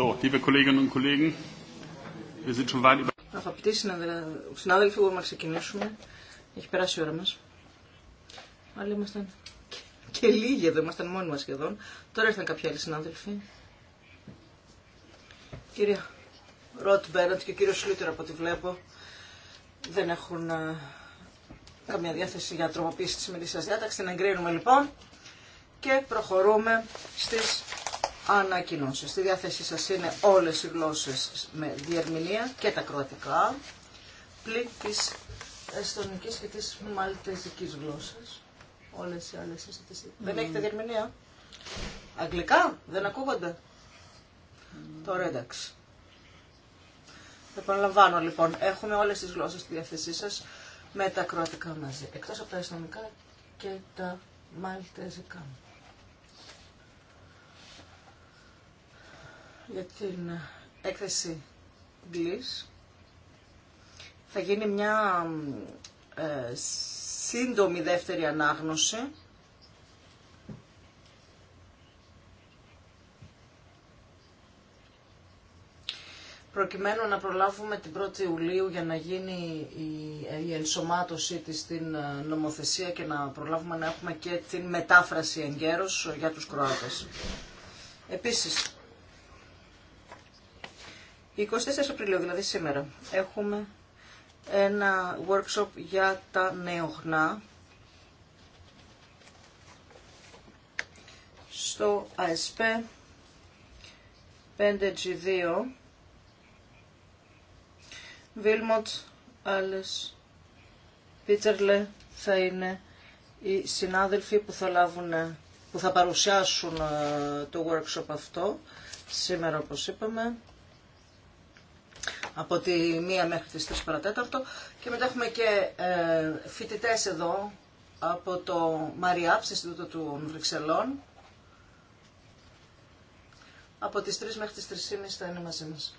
So, Αγαπητοί συνάδελφοι, μπορούμε να ξεκινήσουμε. Έχει περάσει η ώρα μα Αλλά ήμασταν και λίγοι εδώ, ήμασταν μόνοι μα σχεδόν. Τώρα ήρθαν κάποιοι άλλοι συνάδελφοι. Κύριε Ροτ Μπέραντ και ο κύριο Σλούτερ από ό,τι βλέπω δεν έχουν ε, καμία διάθεση για τροποποίηση σημερινή σα διάταξη. Την εγκρίνουμε λοιπόν και προχωρούμε στις Ανακοινώσει. Στη διάθεσή σας είναι όλες οι γλώσσες με διερμηνία και τα κροατικά, πλην τη εστονική και τη μαλτεζική γλώσσα. Όλες οι άλλες mm. Δεν έχετε διερμηνία. Αγγλικά δεν ακούγονται. Mm. Τώρα εντάξει. Επαναλαμβάνω λοιπόν, έχουμε όλες τις γλώσσες στη διάθεσή σας με τα κροατικά μαζί, εκτός από τα εστονικά και τα μαλτεζικά. για την έκθεση Γκλής. Θα γίνει μια ε, σύντομη δεύτερη ανάγνωση. προκειμένου να προλάβουμε την 1η Ιουλίου για να γίνει η, ενσωμάτωσή της στην ε, νομοθεσία και να προλάβουμε να έχουμε και την μετάφραση εγκαίρως για τους Κροάτες. Επίσης, 24 Απριλίου, δηλαδή σήμερα, έχουμε ένα workshop για τα νεογνά στο ASP 5G2 Βίλμοτ, βιλμοντ αλλες Πίτσερλε θα είναι οι συνάδελφοι που θα, λάβουν, που θα παρουσιάσουν ε, το workshop αυτό σήμερα όπως είπαμε από τη μία μέχρι τις 3 παρατέταρτο και μετά έχουμε και ε, φοιτητές εδώ από το Μαριάψ, Ινστιτούτο του Βρυξελών. Από τις 3 μέχρι τις 3.30 θα είναι μαζί μας.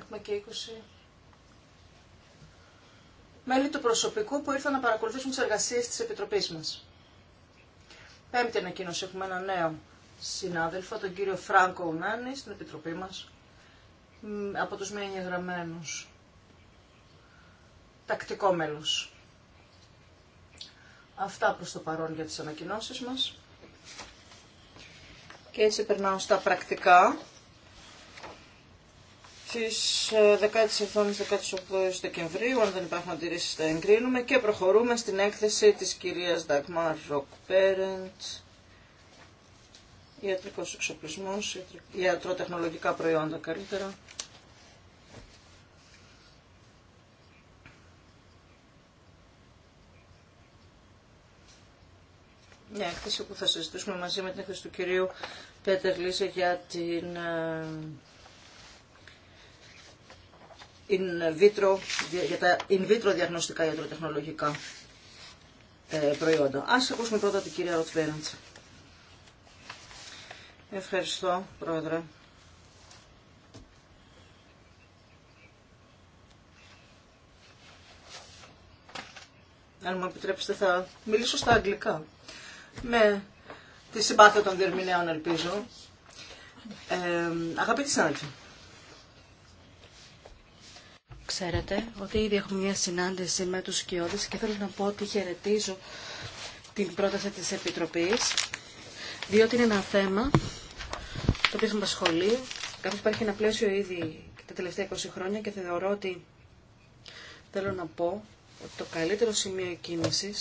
Έχουμε και 20 μέλη του προσωπικού που ήρθαν να παρακολουθήσουν τις εργασίες της Επιτροπής μας. Πέμπτη ανακοίνωση έχουμε ένα νέο συνάδελφο, τον κύριο Φράνκο Ουνάνη, στην Επιτροπή μας από τους μη εγγεγραμμένους. Τακτικό μέλος. Αυτά προς το παρόν για τις ανακοινώσεις μας. Και έτσι περνάω στα πρακτικά της 17ης-18ης η δεκεμβριου αν δεν υπάρχουν αντιρρήσεις θα εγκρίνουμε και προχωρούμε στην έκθεση της κυρίας Dagmar Rock ιατρικός εξοπλισμός, ιατροτεχνολογικά προϊόντα καλύτερα. Μια έκθεση που θα συζητήσουμε μαζί με την έκθεση του κυρίου Πέτερ Λίζε για την ε, in vitro, για τα in vitro διαγνωστικά ιατροτεχνολογικά ε, προϊόντα. Ας ακούσουμε πρώτα την κυρία Ροτβέραντσα. Ευχαριστώ, Πρόεδρε. Αν μου επιτρέψετε θα μιλήσω στα αγγλικά. Με τη συμπάθεια των διερμηνέων ελπίζω. Ε, αγαπητοί συνάδελφοι. Ξέρετε ότι ήδη έχουμε μια συνάντηση με τους σκιώδες και θέλω να πω ότι χαιρετίζω την πρόταση της Επιτροπής διότι είναι ένα θέμα το οποίο μα απασχολεί, καθώ υπάρχει ένα πλαίσιο ήδη τα τελευταία 20 χρόνια και θεωρώ ότι θέλω να πω ότι το καλύτερο σημείο κίνηση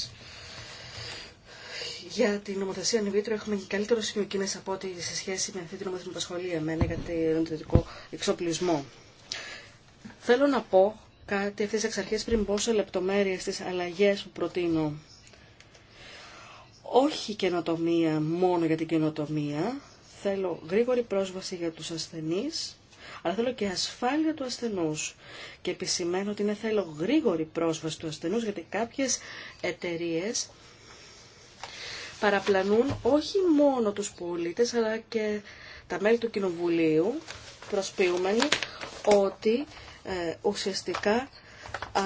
για την νομοθεσία ανεβήτρου έχουμε και καλύτερο σημείο κίνηση από ότι σε σχέση με αυτή την νομοθεσία που απασχολεί εμένα για τον τελικό εξοπλισμό. Θέλω να πω κάτι αυτή εξ αρχή πριν πω σε λεπτομέρειε τι αλλαγέ που προτείνω. Όχι καινοτομία μόνο για την καινοτομία, Θέλω γρήγορη πρόσβαση για τους ασθενείς, αλλά θέλω και ασφάλεια του ασθενούς. Και επισημαίνω ότι είναι θέλω γρήγορη πρόσβαση του ασθενούς, γιατί κάποιες εταιρείε παραπλανούν όχι μόνο τους πολίτες, αλλά και τα μέλη του Κοινοβουλίου, προσποιούμενοι ότι ε, ουσιαστικά α,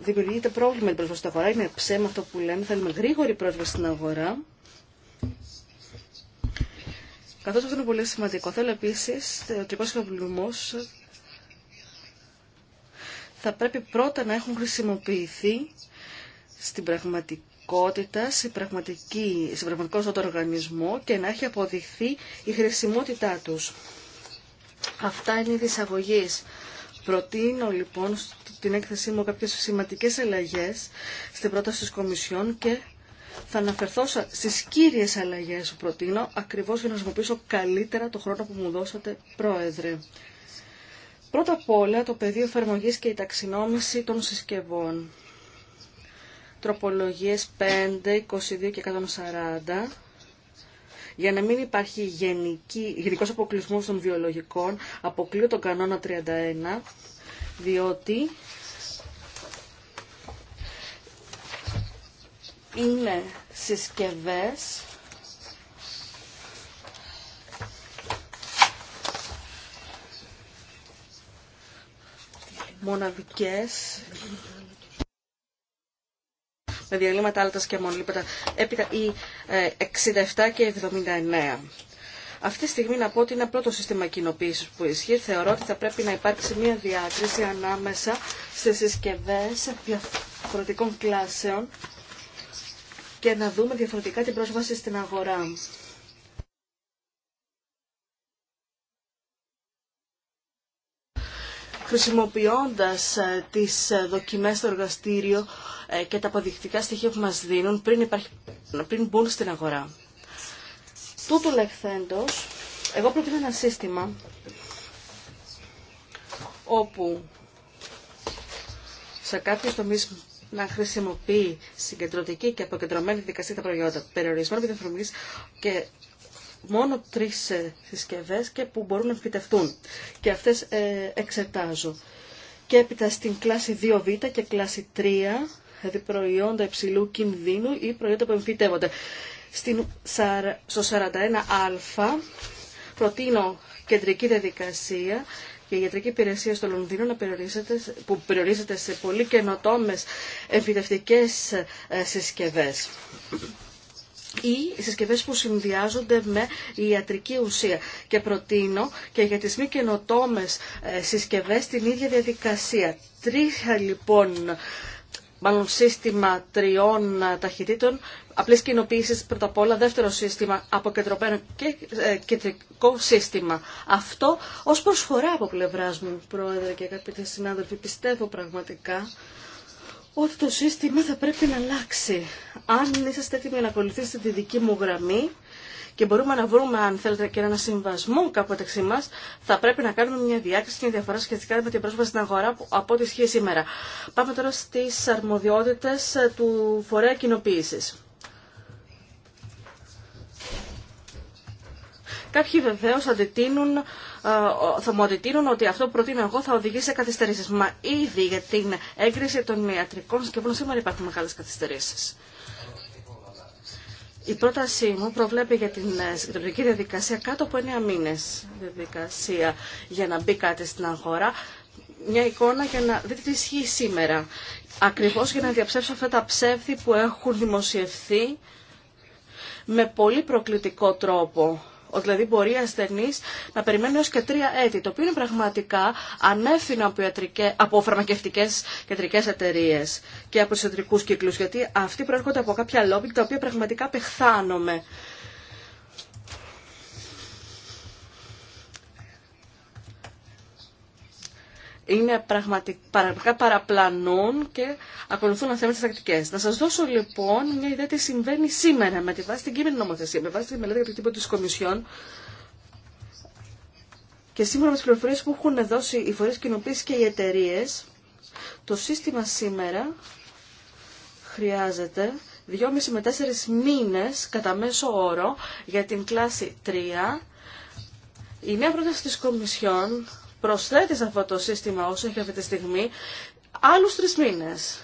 δημιουργείται πρόβλημα την πρόσβαση στην αγορά. Είναι ψέμα αυτό που λένε. Θέλουμε γρήγορη πρόσβαση στην αγορά Καθώς αυτό είναι πολύ σημαντικό, θέλω επίσης ε, ο τρικός θα πρέπει πρώτα να έχουν χρησιμοποιηθεί στην πραγματικότητα, σε, πραγματική, σε πραγματικό στον οργανισμό και να έχει αποδειχθεί η χρησιμότητά τους. Αυτά είναι οι δισαγωγές. Προτείνω λοιπόν στην έκθεσή μου κάποιες σημαντικές αλλαγές στην πρόταση της Κομισιόν και θα αναφερθώ στις κύριες αλλαγές που προτείνω, ακριβώς για να χρησιμοποιήσω καλύτερα το χρόνο που μου δώσατε, Πρόεδρε. Πρώτα απ' όλα, το πεδίο εφαρμογή και η ταξινόμηση των συσκευών. Τροπολογίες 5, 22 και 140 για να μην υπάρχει γενική, γενικός των βιολογικών, αποκλείω τον κανόνα 31, διότι είναι συσκευές μοναδικές με διαλύματα άλλα τα μονολίπετα έπειτα οι 67 ε, και 79. Αυτή τη στιγμή να πω ότι είναι πρώτο σύστημα κοινοποίηση που ισχύει. Θεωρώ ότι θα πρέπει να υπάρξει μια διάκριση ανάμεσα στι συσκευέ διαφορετικών κλάσεων και να δούμε διαφορετικά την πρόσβαση στην αγορά. Χρησιμοποιώντας ε, τις ε, δοκιμές στο εργαστήριο ε, και τα αποδεικτικά στοιχεία που μας δίνουν πριν, υπάρχει, πριν μπουν στην αγορά. Τούτου λεχθέντος, εγώ προτείνω ένα σύστημα όπου σε κάποιες τομείς να χρησιμοποιεί συγκεντρωτική και αποκεντρωμένη δικαστή τα προϊόντα περιορισμένων επιδιαφορμής και μόνο τρει ε, συσκευέ και που μπορούν να φυτευτούν. Και αυτές ε, εξετάζω. Και έπειτα στην κλάση 2β και κλάση 3, δηλαδή προϊόντα υψηλού κινδύνου ή προϊόντα που εμφυτεύονται. Στην, στο 41α προτείνω κεντρική διαδικασία για η ιατρική υπηρεσία στο Λονδίνο να περιορίζεται, που περιορίζεται σε πολύ καινοτόμε εμφυτευτικέ ε, συσκευέ ή συσκευέ που συνδυάζονται με ιατρική ουσία. Και προτείνω και για τι μη καινοτόμε ε, συσκευέ την ίδια διαδικασία. Τρία λοιπόν μάλλον σύστημα τριών ε, ταχυτήτων, απλή κοινοποίηση πρώτα απ' όλα, δεύτερο σύστημα, αποκεντρωμένο και ε, κεντρικό σύστημα. Αυτό ως προσφορά από πλευρά μου, Πρόεδρε και αγαπητοί συνάδελφοι, πιστεύω πραγματικά ότι το σύστημα θα πρέπει να αλλάξει. Αν είσαστε έτοιμοι να ακολουθήσετε τη δική μου γραμμή, και μπορούμε να βρούμε, αν θέλετε, και ένα συμβασμό κάπου μεταξύ μα, θα πρέπει να κάνουμε μια διάκριση και μια διαφορά σχετικά με την πρόσβαση στην αγορά από ό,τι ισχύει σήμερα. Πάμε τώρα στι αρμοδιότητε ε, του φορέα κοινοποίηση. Κάποιοι βεβαίω ε, θα μου αντιτείνουν ότι αυτό που προτείνω εγώ θα οδηγήσει σε καθυστερήσει. Μα ήδη για την έγκριση των ιατρικών συσκευών σήμερα υπάρχουν μεγάλε καθυστερήσει. Η πρότασή μου προβλέπει για την ε, συγκεντρωτική διαδικασία κάτω από 9 μήνες διαδικασία για να μπει κάτι στην αγορά. Μια εικόνα για να δείτε τι ισχύει σήμερα. Ακριβώς για να διαψεύσω αυτά τα ψεύδη που έχουν δημοσιευθεί με πολύ προκλητικό τρόπο δηλαδή μπορεί ασθενή να περιμένει έω και τρία έτη, το οποίο είναι πραγματικά ανεύθυνο από, ιατρικές, από φαρμακευτικές κεντρικέ εταιρείε και από εσωτερικού κύκλου, γιατί αυτοί προέρχονται από κάποια λόμπι τα οποία πραγματικά πεχθάνομαι. είναι πραγματικά παραπλανών και ακολουθούν τι τακτικέ. Να σα δώσω λοιπόν μια ιδέα τι συμβαίνει σήμερα με τη βάση την κείμενη νομοθεσία, με βάση τη μελέτη για τη Κομισιόν και σύμφωνα με τι πληροφορίε που έχουν δώσει οι φορεί κοινοποίηση και οι εταιρείε, το σύστημα σήμερα χρειάζεται 2,5 με 4 μήνε κατά μέσο όρο για την κλάση 3 η νέα πρόταση της Κομισιόν προσθέτει σε αυτό το σύστημα όσο έχει αυτή τη στιγμή άλλους τρεις μήνες.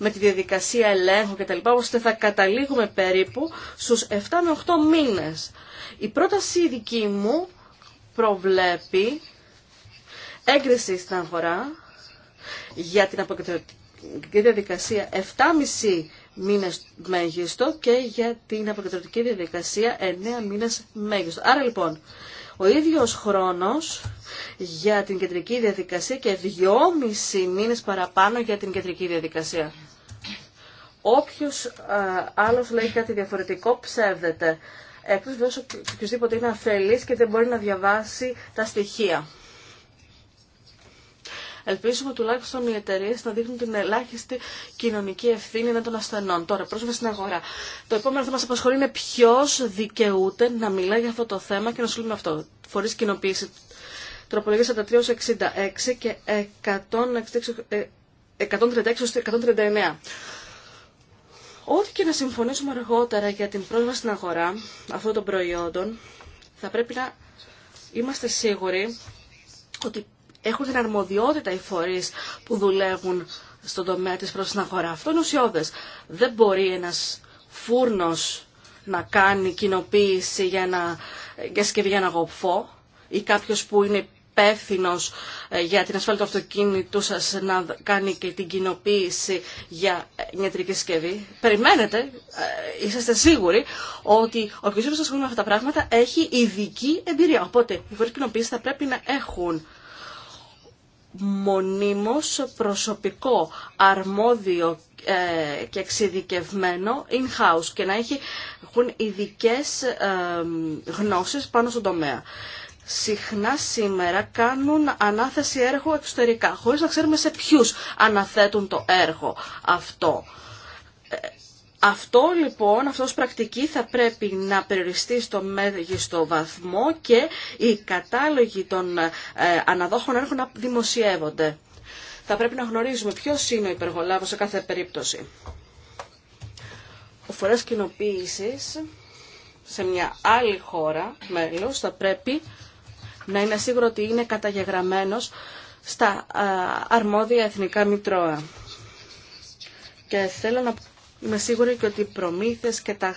Με τη διαδικασία ελέγχου κτλ. ώστε θα καταλήγουμε περίπου στους 7 με 8 μήνες. Η πρόταση δική μου προβλέπει έγκριση στην αγορά για την αποκεντρωτική διαδικασία 7,5 μήνες μέγιστο και για την αποκεντρωτική διαδικασία 9 μήνες μέγιστο. Άρα λοιπόν, ο ίδιος χρόνος για την κεντρική διαδικασία και δυόμισι μήνες παραπάνω για την κεντρική διαδικασία. Όποιος άλλος λέει κάτι διαφορετικό ψεύδεται. Εκτός βέβαια οποιοδήποτε είναι αφελής και δεν μπορεί να διαβάσει τα στοιχεία. Ελπίζουμε τουλάχιστον οι εταιρείε να δείχνουν την ελάχιστη κοινωνική ευθύνη των ασθενών. Τώρα, πρόσβαση στην αγορά. Το επόμενο θέμα μα απασχολεί είναι ποιο δικαιούται να μιλάει για αυτό το θέμα και να σου λέμε αυτό. Φορεί τροπολογία Τροπολογίε 43-66 και 136-139. Ε, ό,τι και να συμφωνήσουμε αργότερα για την πρόσβαση στην αγορά αυτών των προϊόντων, θα πρέπει να είμαστε σίγουροι ότι έχουν την αρμοδιότητα οι φορεί που δουλεύουν στον τομέα τη προ την αγορά. Αυτό είναι ουσιώδε. Δεν μπορεί ένα φούρνο να κάνει κοινοποίηση για, να για συσκευή για ένα γοπφό ή κάποιο που είναι υπεύθυνο ε, για την ασφάλεια του αυτοκίνητου σα να κάνει και την κοινοποίηση για ε, νιατρική σκευή. Περιμένετε, ε, είστε σίγουροι ότι ο οποίο σας με αυτά τα πράγματα έχει ειδική εμπειρία. Οπότε οι φορεί κοινοποίηση θα πρέπει να έχουν μονίμως προσωπικό, αρμόδιο ε, και εξειδικευμένο in-house και να έχει έχουν ειδικέ γνώσεις πάνω στον τομέα. Συχνά σήμερα κάνουν ανάθεση έργου εξωτερικά, χωρίς να ξέρουμε σε ποιους αναθέτουν το έργο αυτό. Ε, αυτό λοιπόν, αυτός πρακτική θα πρέπει να περιοριστεί στο μέγιστο βαθμό και οι κατάλογοι των ε, αναδόχων έρχονται να δημοσιεύονται. Θα πρέπει να γνωρίζουμε ποιος είναι ο υπεργολάβος σε κάθε περίπτωση. Ο φορέας κοινοποίησης σε μια άλλη χώρα μέλος θα πρέπει να είναι σίγουρο ότι είναι καταγεγραμμένος στα ε, αρμόδια εθνικά μητρώα. Και θέλω Είμαι σίγουρη και ότι οι προμήθειες και τα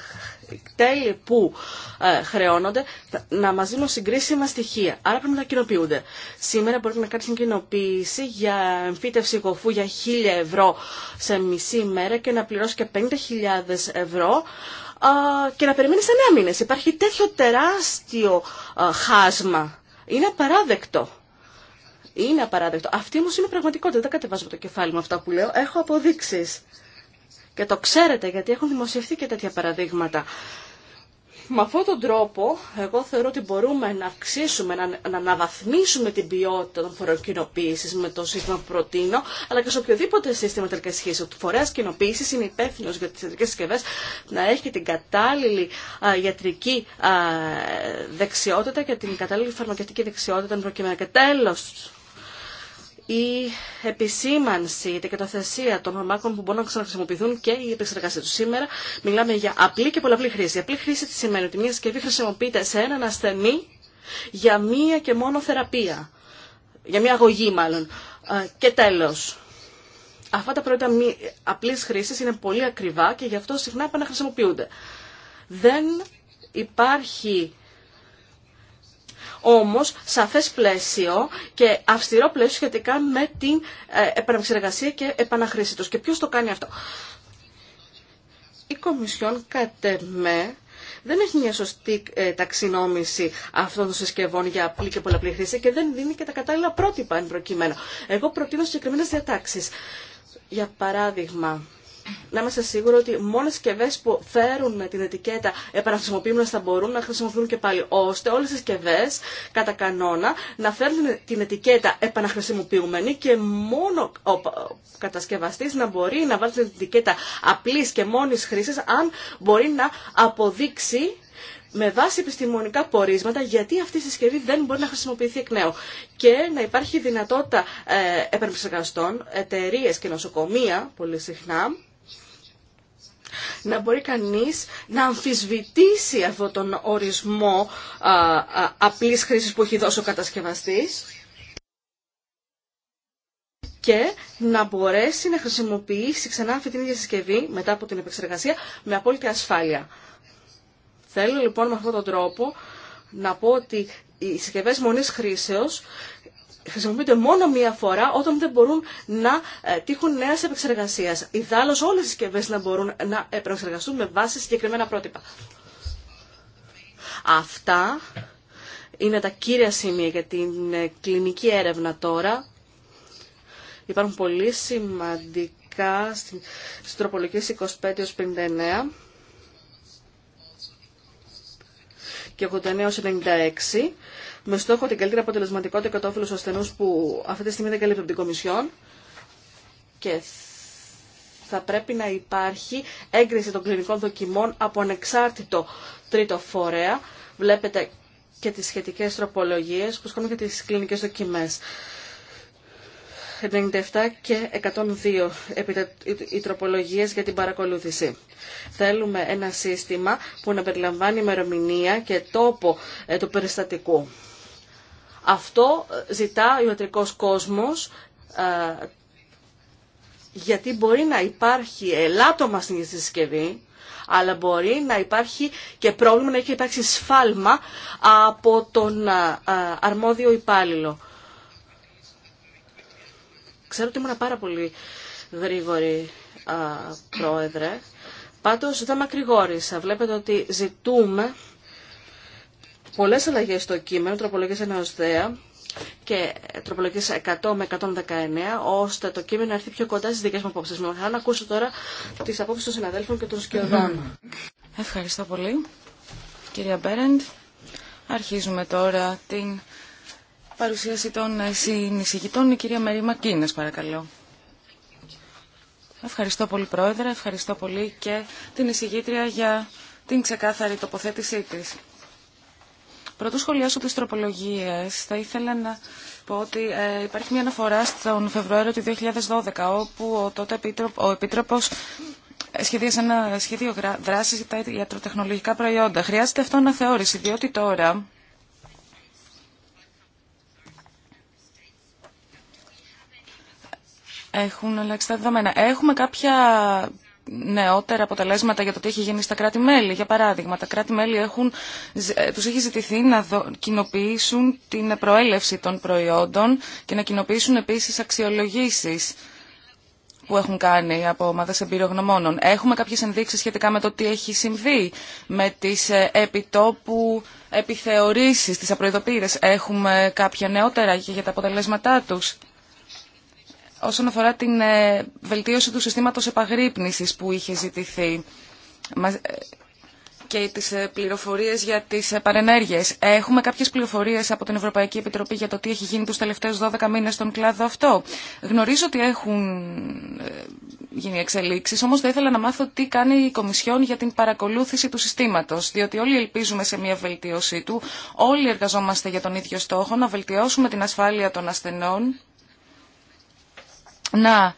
τέλη που ε, χρεώνονται να μας δίνουν συγκρίσιμα στοιχεία. Άρα πρέπει να κοινοποιούνται. Σήμερα μπορείτε να κάνετε κοινοποίηση για εμφύτευση κοφού για 1.000 ευρώ σε μισή μέρα και να πληρώσει και 50.000 ευρώ και να περιμένεις 9 μήνες. Υπάρχει τέτοιο τεράστιο χάσμα. Είναι απαράδεκτο. Είναι απαράδεκτο. Αυτή όμω είναι πραγματικότητα. Δεν κατεβάζω το κεφάλι μου αυτά που λέω. Έχω αποδείξει. Και το ξέρετε γιατί έχουν δημοσιευθεί και τέτοια παραδείγματα. Με αυτόν τον τρόπο, εγώ θεωρώ ότι μπορούμε να αυξήσουμε, να, να αναβαθμίσουμε την ποιότητα των φορέων κοινοποίηση με το σύστημα που προτείνω, αλλά και σε οποιοδήποτε σύστημα τελικά σχέση. Ο φορέα κοινοποίηση είναι υπεύθυνο για τι ιατρικέ συσκευέ να έχει την κατάλληλη α, ιατρική δεξιότητα και την κατάλληλη φαρμακευτική δεξιότητα προκειμένου. Και τέλο, η επισήμανση, η καταθεσία των φαρμάκων που μπορούν να ξαναχρησιμοποιηθούν και η επεξεργασία του. Σήμερα μιλάμε για απλή και πολλαπλή χρήση. απλή χρήση τι σημαίνει ότι μια συσκευή χρησιμοποιείται σε έναν ασθενή για μία και μόνο θεραπεία. Για μία αγωγή μάλλον. Και τέλος, αυτά τα προϊόντα απλής χρήσης είναι πολύ ακριβά και γι' αυτό συχνά επαναχρησιμοποιούνται. Δεν υπάρχει όμως σαφές πλαίσιο και αυστηρό πλαίσιο σχετικά με την ε, επαναξεργασία και επαναχρήση τους. Και ποιος το κάνει αυτό. Η Κομισιόν κατεμέ δεν έχει μια σωστή ε, ταξινόμηση αυτών των συσκευών για απλή και πολλαπλή χρήση και δεν δίνει και τα κατάλληλα πρότυπα εν προκειμένου. Εγώ προτείνω συγκεκριμένε διατάξει. Για παράδειγμα, να είμαστε σίγουροι ότι μόνο οι συσκευέ που φέρουν την ετικέτα επαναχρησιμοποιούμενε θα μπορούν να χρησιμοποιούν και πάλι. ώστε όλε οι συσκευέ κατά κανόνα να φέρουν την ετικέτα επαναχρησιμοποιούμενη και μόνο ο κατασκευαστή να μπορεί να βάλει την ετικέτα απλή και μόνη χρήση αν μπορεί να αποδείξει με βάση επιστημονικά πορίσματα γιατί αυτή η συσκευή δεν μπορεί να χρησιμοποιηθεί εκ νέου. Και να υπάρχει δυνατότητα ε, εταιρείε και νοσοκομεία πολύ συχνά να μπορεί κανείς να αμφισβητήσει αυτόν τον ορισμό απλής χρήσης που έχει δώσει ο κατασκευαστής και να μπορέσει να χρησιμοποιήσει ξανά αυτή την ίδια συσκευή μετά από την επεξεργασία με απόλυτη ασφάλεια. Θέλω λοιπόν με αυτόν τον τρόπο να πω ότι οι συσκευές μονής χρήσεως χρησιμοποιούνται μόνο μία φορά όταν δεν μπορούν να ε, τύχουν νέα επεξεργασία. Ιδάλω όλε οι συσκευέ να μπορούν να επεξεργαστούν με βάση συγκεκριμένα πρότυπα. Αυτά είναι τα κύρια σημεία για την ε, κλινική έρευνα τώρα. Υπάρχουν πολύ σημαντικά στην τροπολογίες 25-59 και 89-96 με στόχο την καλύτερη αποτελεσματικότητα και το όφελο ασθενού που αυτή τη στιγμή δεν καλύπτουν την Κομισιόν. Και θα πρέπει να υπάρχει έγκριση των κλινικών δοκιμών από ανεξάρτητο τρίτο φορέα. Βλέπετε και τις σχετικές τροπολογίες που σκόνουν και τις κλινικές δοκιμές. 97 και 102 οι τροπολογίες για την παρακολούθηση. Θέλουμε ένα σύστημα που να περιλαμβάνει ημερομηνία και τόπο ε, του περιστατικού. Αυτό ζητά ο ιατρικός κόσμος ε, γιατί μπορεί να υπάρχει ελάττωμα στην συσκευή, αλλά μπορεί να υπάρχει και πρόβλημα να έχει υπάρξει σφάλμα από τον ε, αρμόδιο υπάλληλο. Ξέρω ότι ήμουν πάρα πολύ γρήγορη, ε, πρόεδρε. Πάντως δεν ακρηγόρησα. Βλέπετε ότι ζητούμε Πολλέ αλλαγέ στο κείμενο, τροπολογίες 1 ως 10 και τροπολογίες 100 με 119, ώστε το κείμενο να έρθει πιο κοντά στι δικέ μου απόψει. Με χαρά να ακούσω τώρα τι απόψει των συναδέλφων και των σκιωδών. Ευχαριστώ πολύ. Κυρία Μπέρεντ, αρχίζουμε τώρα την παρουσίαση των συνεισηγητών. Η κυρία Μερή Μακίνε, παρακαλώ. Ευχαριστώ πολύ, Πρόεδρε. Ευχαριστώ πολύ και την εισηγήτρια για την ξεκάθαρη τοποθέτησή της. Πρωτού σχολιάσω τις τροπολογίες, θα ήθελα να πω ότι ε, υπάρχει μια αναφορά στον Φεβρουάριο του 2012, όπου ο τότε ο Επίτροπος ε, σχεδίασε ένα σχέδιο δράσης για τα ιατροτεχνολογικά προϊόντα. Χρειάζεται αυτό να θεώρηση, διότι τώρα έχουν αλλάξει τα δεδομένα. Έχουμε κάποια νεότερα αποτελέσματα για το τι έχει γίνει στα κράτη-μέλη. Για παράδειγμα, τα κράτη-μέλη έχουν, ε, τους έχει ζητηθεί να κοινοποιήσουν την προέλευση των προϊόντων και να κοινοποιήσουν επίσης αξιολογήσεις που έχουν κάνει από ομάδες εμπειρογνωμόνων. Έχουμε κάποιες ενδείξεις σχετικά με το τι έχει συμβεί, με τις ε, επιτόπου επιθεωρήσεις, τις απροειδοποίητες. Έχουμε κάποια νεότερα για τα αποτελέσματά τους όσον αφορά την ε, βελτίωση του συστήματος επαγρύπνησης που είχε ζητηθεί ε, και τις ε, πληροφορίες για τις παρενέργειες. Έχουμε κάποιες πληροφορίες από την Ευρωπαϊκή Επιτροπή για το τι έχει γίνει τους τελευταίους 12 μήνες στον κλάδο αυτό. Γνωρίζω ότι έχουν γίνει εξελίξεις, όμως θα ήθελα να μάθω τι κάνει η Κομισιόν για την παρακολούθηση του συστήματος, διότι όλοι ελπίζουμε σε μια βελτίωσή του, όλοι εργαζόμαστε για τον ίδιο στόχο, να βελτιώσουμε την ασφάλεια των ασθενών να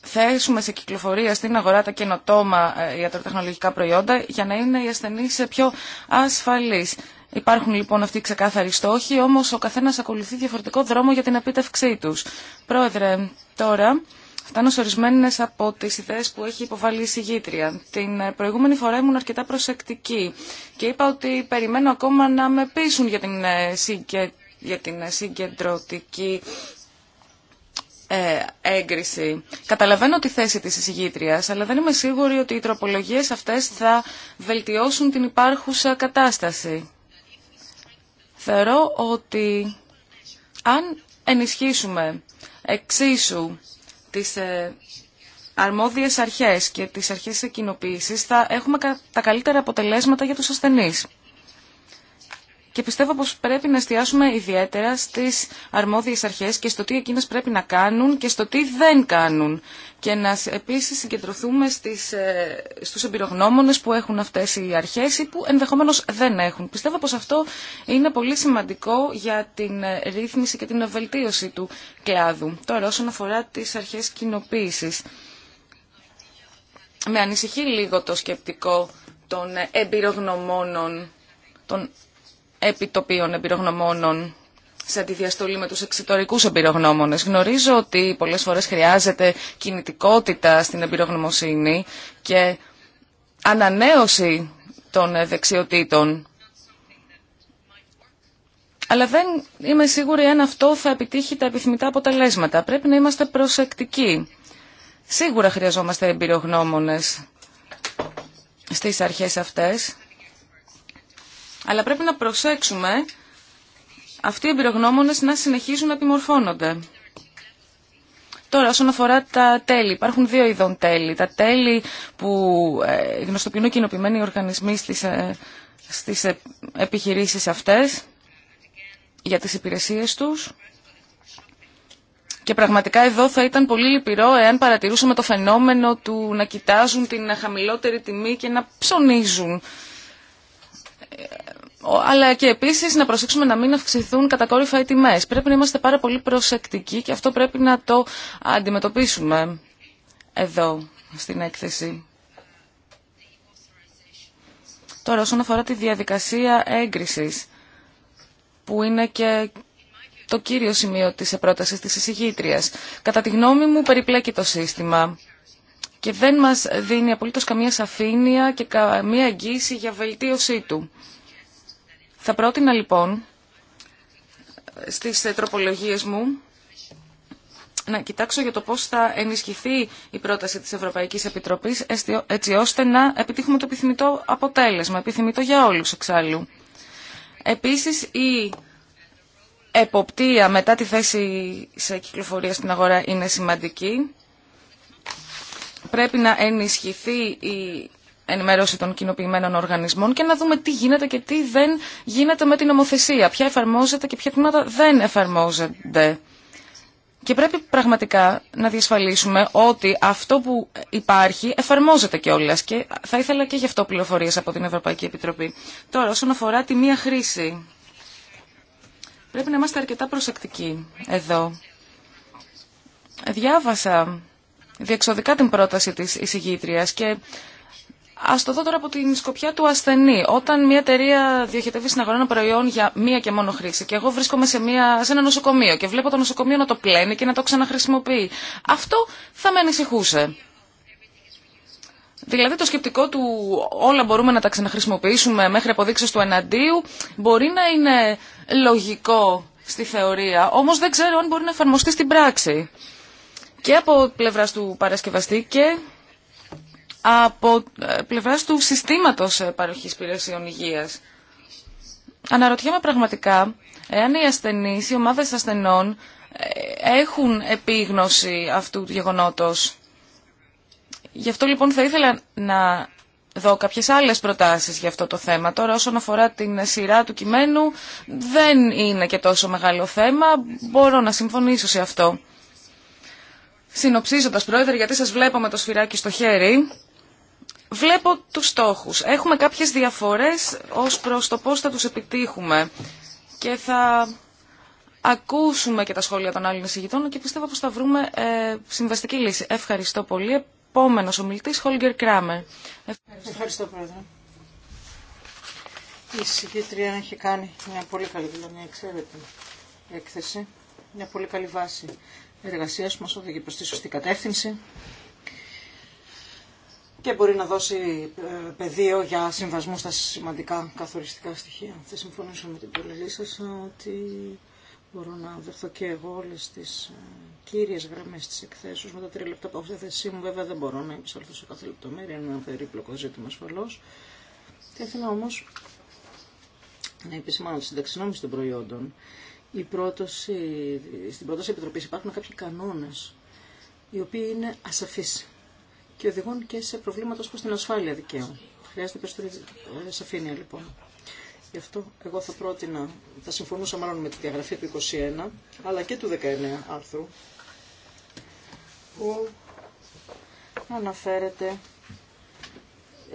θέσουμε σε κυκλοφορία στην αγορά τα καινοτόμα ε, ιατροτεχνολογικά προϊόντα για να είναι οι ασθενείς πιο ασφαλείς. Υπάρχουν λοιπόν αυτοί οι ξεκάθαροι στόχοι, όμως ο καθένας ακολουθεί διαφορετικό δρόμο για την επίτευξή τους. Πρόεδρε, τώρα φτάνω σε ορισμένε από τι ιδέε που έχει υποβάλει η συγγήτρια. Την ε, προηγούμενη φορά ήμουν αρκετά προσεκτική και είπα ότι περιμένω ακόμα να με πείσουν για την, ε, συγκε... για την συγκεντρωτική ε, έγκριση. Καταλαβαίνω τη θέση της εισηγήτριας, αλλά δεν είμαι σίγουρη ότι οι τροπολογίες αυτές θα βελτιώσουν την υπάρχουσα κατάσταση. Θεωρώ ότι αν ενισχύσουμε εξίσου τις ε, αρμόδιες αρχές και τις αρχές εκκοινοποίησης, θα έχουμε τα καλύτερα αποτελέσματα για τους ασθενείς. Και πιστεύω πως πρέπει να εστιάσουμε ιδιαίτερα στις αρμόδιες αρχές και στο τι εκείνες πρέπει να κάνουν και στο τι δεν κάνουν. Και να επίσης συγκεντρωθούμε στις, ε, στους εμπειρογνώμονες που έχουν αυτές οι αρχές ή που ενδεχομένως δεν έχουν. Πιστεύω πως αυτό είναι πολύ σημαντικό για την ε, ρύθμιση και την βελτίωση του κλάδου. Τώρα όσον αφορά τις αρχές κοινοποίησης. Με ανησυχεί λίγο το σκεπτικό των ε, εμπειρογνωμόνων, των επιτοπίων εμπειρογνωμόνων σε αντιδιαστολή με τους εξωτερικούς εμπειρογνώμονες. Γνωρίζω ότι πολλές φορές χρειάζεται κινητικότητα στην εμπειρογνωμοσύνη και ανανέωση των δεξιοτήτων. Αλλά δεν είμαι σίγουρη αν αυτό θα επιτύχει τα επιθυμητά αποτελέσματα. Πρέπει να είμαστε προσεκτικοί. Σίγουρα χρειαζόμαστε εμπειρογνώμονες στις αρχές αυτές. Αλλά πρέπει να προσέξουμε αυτοί οι εμπειρογνώμονες να συνεχίζουν να επιμορφώνονται. Τώρα, όσον αφορά τα τέλη, υπάρχουν δύο ειδών τέλη. Τα τέλη που ε, γνωστοποιούν κοινοποιημένοι οργανισμοί στις, ε, στις ε, επιχειρήσεις αυτές για τις υπηρεσίες τους. Και πραγματικά εδώ θα ήταν πολύ λυπηρό εάν παρατηρούσαμε το φαινόμενο του να κοιτάζουν την χαμηλότερη τιμή και να ψωνίζουν αλλά και επίσης να προσέξουμε να μην αυξηθούν κατακόρυφα οι τιμές. Πρέπει να είμαστε πάρα πολύ προσεκτικοί και αυτό πρέπει να το αντιμετωπίσουμε εδώ στην έκθεση. Τώρα όσον αφορά τη διαδικασία έγκρισης που είναι και το κύριο σημείο της πρότασης της εισηγήτριας. Κατά τη γνώμη μου περιπλέκει το σύστημα και δεν μας δίνει απολύτως καμία σαφήνεια και καμία εγγύηση για βελτίωσή του. Θα πρότεινα λοιπόν στις ε, τροπολογίες μου να κοιτάξω για το πώς θα ενισχυθεί η πρόταση της Ευρωπαϊκής Επιτροπής έτσι ώστε να επιτύχουμε το επιθυμητό αποτέλεσμα, επιθυμητό για όλους εξάλλου. Επίσης η εποπτεία μετά τη θέση σε κυκλοφορία στην αγορά είναι σημαντική. Πρέπει να ενισχυθεί η ενημέρωση των κοινοποιημένων οργανισμών και να δούμε τι γίνεται και τι δεν γίνεται με την νομοθεσία, ποια εφαρμόζεται και ποια τμήματα δεν εφαρμόζονται. Και πρέπει πραγματικά να διασφαλίσουμε ότι αυτό που υπάρχει εφαρμόζεται και κιόλα. Και θα ήθελα και γι' αυτό πληροφορίε από την Ευρωπαϊκή Επιτροπή. Τώρα, όσον αφορά τη μία χρήση, πρέπει να είμαστε αρκετά προσεκτικοί εδώ. Διάβασα διεξοδικά την πρόταση της εισηγήτριας και Α το δω τώρα από την σκοπιά του ασθενή. Όταν μια εταιρεία διοχετεύει στην αγορά ένα προϊόν για μία και μόνο χρήση και εγώ βρίσκομαι σε, μια, σε ένα νοσοκομείο και βλέπω το νοσοκομείο να το πλένει και να το ξαναχρησιμοποιεί, αυτό θα με ανησυχούσε. Δηλαδή το σκεπτικό του όλα μπορούμε να τα ξαναχρησιμοποιήσουμε μέχρι αποδείξεις του εναντίου μπορεί να είναι λογικό στη θεωρία, όμως δεν ξέρω αν μπορεί να εφαρμοστεί στην πράξη. Και από πλευράς του παρασκευαστή και από ε, πλευράς του συστήματος ε, παροχής υπηρεσιών υγείας. Αναρωτιέμαι πραγματικά εάν οι ασθενείς, οι ομάδες ασθενών ε, έχουν επίγνωση αυτού του γεγονότος. Γι' αυτό λοιπόν θα ήθελα να δω κάποιες άλλες προτάσεις για αυτό το θέμα. Τώρα όσον αφορά την σειρά του κειμένου δεν είναι και τόσο μεγάλο θέμα, μπορώ να συμφωνήσω σε αυτό. Συνοψίζοντας πρόεδρε γιατί σας βλέπω με το σφυράκι στο χέρι, Βλέπω τους στόχους. Έχουμε κάποιες διαφορές ως προς το πώς θα τους επιτύχουμε και θα ακούσουμε και τα σχόλια των άλλων εισηγητών και πιστεύω πως θα βρούμε ε, συμβαστική λύση. Ευχαριστώ πολύ. Επόμενο ομιλητή, Χόλγκερ Κράμερ. Ευχαριστώ. Ευχαριστώ, Πρόεδρε. Η εισηγήτρια έχει κάνει μια πολύ καλή δουλειά, μια εξαίρετη έκθεση, μια πολύ καλή βάση εργασία που μα οδηγεί προ τη σωστή κατεύθυνση και μπορεί να δώσει ε, πεδίο για συμβασμού στα σημαντικά καθοριστικά στοιχεία. Θα συμφωνήσω με την πολιτική σας ότι μπορώ να δεχθώ και εγώ όλε τι ε, κύριε γραμμέ τη εκθέσεω. Με τα τρία λεπτά που έχω στη μου, βέβαια δεν μπορώ να επισέλθω σε κάθε λεπτομέρεια, είναι ένα περίπλοκο ζήτημα ασφαλώ. Θα ήθελα όμω να επισημάνω τη συνταξινόμηση των προϊόντων. Η πρόταση, στην πρόταση επιτροπή υπάρχουν κάποιοι κανόνε οι οποίοι είναι ασαφείς και οδηγούν και σε προβλήματα προ την ασφάλεια δικαίου. Χρειάζεται περισσότερη σαφήνεια λοιπόν. Γι' αυτό εγώ θα πρότεινα, θα συμφωνούσα μάλλον με τη διαγραφή του 21, αλλά και του 19 άρθρου, που αναφέρεται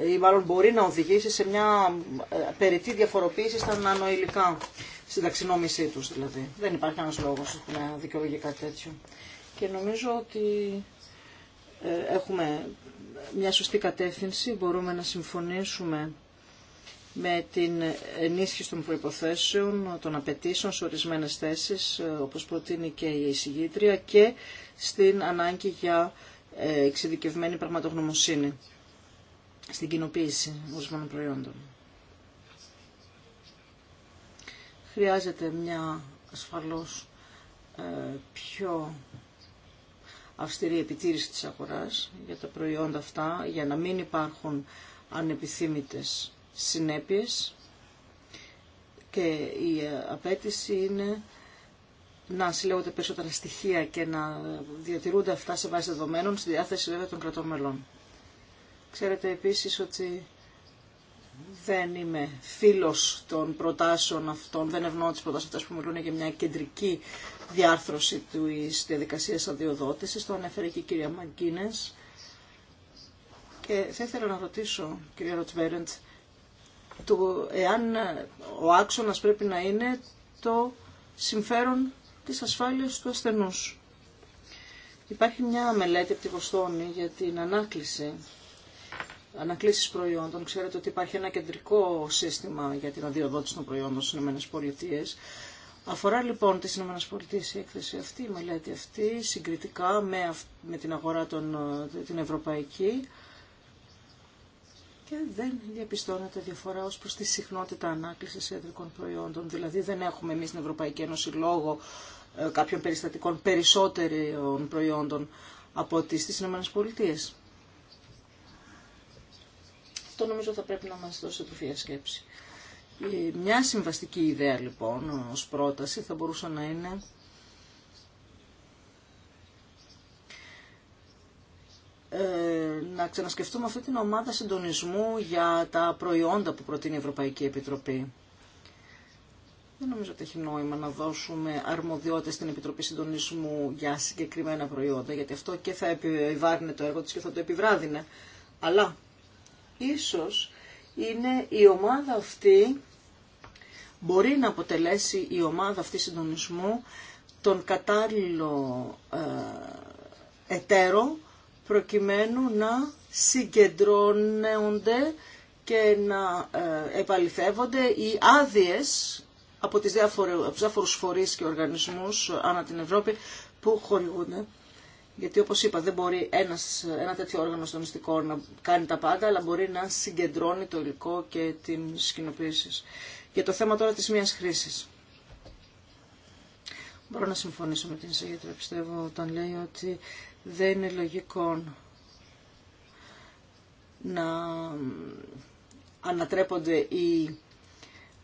ή μάλλον μπορεί να οδηγήσει σε μια ε, περιττή διαφοροποίηση στα νανοηλικά, στην ταξινόμησή τους δηλαδή. Δεν υπάρχει κανένας λόγος να δικαιολογεί κάτι τέτοιο. Και νομίζω ότι ε, έχουμε μια σωστή κατεύθυνση, μπορούμε να συμφωνήσουμε με την ενίσχυση των προϋποθέσεων, των απαιτήσεων σε ορισμένες θέσεις, ε, όπως προτείνει και η εισηγήτρια, και στην ανάγκη για ε, εξειδικευμένη πραγματογνωμοσύνη στην κοινοποίηση ορισμένων προϊόντων. Χρειάζεται μια ασφαλώς πιο αυστηρή επιτήρηση της αγοράς για τα προϊόντα αυτά, για να μην υπάρχουν ανεπιθύμητες συνέπειες και η ε, απέτηση είναι να συλλέγονται περισσότερα στοιχεία και να διατηρούνται αυτά σε βάση δεδομένων στη διάθεση βέβαια των κρατών μελών. Ξέρετε επίσης ότι δεν είμαι φίλος των προτάσεων αυτών, δεν ευνοώ τις προτάσεις αυτές που μιλούν για μια κεντρική διάρθρωση της διαδικασίας αδειοδότησης. Το ανέφερε και η κυρία Μαγκίνες. Και θα ήθελα να ρωτήσω, κυρία Ροτσβέρεντ, το εάν ο άξονας πρέπει να είναι το συμφέρον της ασφάλειας του ασθενούς. Υπάρχει μια μελέτη από τη Βοστόνη για την ανάκληση ανακλήσεις προϊόντων. Ξέρετε ότι υπάρχει ένα κεντρικό σύστημα για την αδειοδότηση των προϊόντων στις ΗΠΑ. Αφορά λοιπόν τις ΗΠΑ η έκθεση αυτή, η μελέτη αυτή, συγκριτικά με, με την αγορά των, ε, την ευρωπαϊκή και δεν διαπιστώνεται διαφορά ως προς τη συχνότητα ανάκλησης ιατρικών προϊόντων. Δηλαδή δεν έχουμε εμείς στην Ευρωπαϊκή Ένωση λόγο ε, κάποιων περιστατικών περισσότερων προϊόντων από τις στις αυτό νομίζω θα πρέπει να μας δώσει τροφία σκέψη. Μια συμβαστική ιδέα λοιπόν ως πρόταση θα μπορούσε να είναι ε, να ξανασκεφτούμε αυτή την ομάδα συντονισμού για τα προϊόντα που προτείνει η Ευρωπαϊκή Επιτροπή. Δεν νομίζω ότι έχει νόημα να δώσουμε αρμοδιότητες στην Επιτροπή Συντονισμού για συγκεκριμένα προϊόντα, γιατί αυτό και θα επιβάρυνε το έργο της και θα το επιβράδυνε. Αλλά ίσως είναι η ομάδα αυτή, μπορεί να αποτελέσει η ομάδα αυτή συντονισμού τον κατάλληλο ε, εταίρο προκειμένου να συγκεντρώνονται και να ε, επαληθεύονται οι άδειες από τις διάφορους φορείς και οργανισμούς ανά την Ευρώπη που χορηγούνται γιατί όπως είπα δεν μπορεί ένας, ένα τέτοιο όργανο μυστικό να κάνει τα πάντα, αλλά μπορεί να συγκεντρώνει το υλικό και την σκηνοποίηση. Για το θέμα τώρα τη μίας χρήση. Μπορώ να συμφωνήσω με την εισαγήτρια, πιστεύω, όταν λέει ότι δεν είναι λογικό να ανατρέπονται οι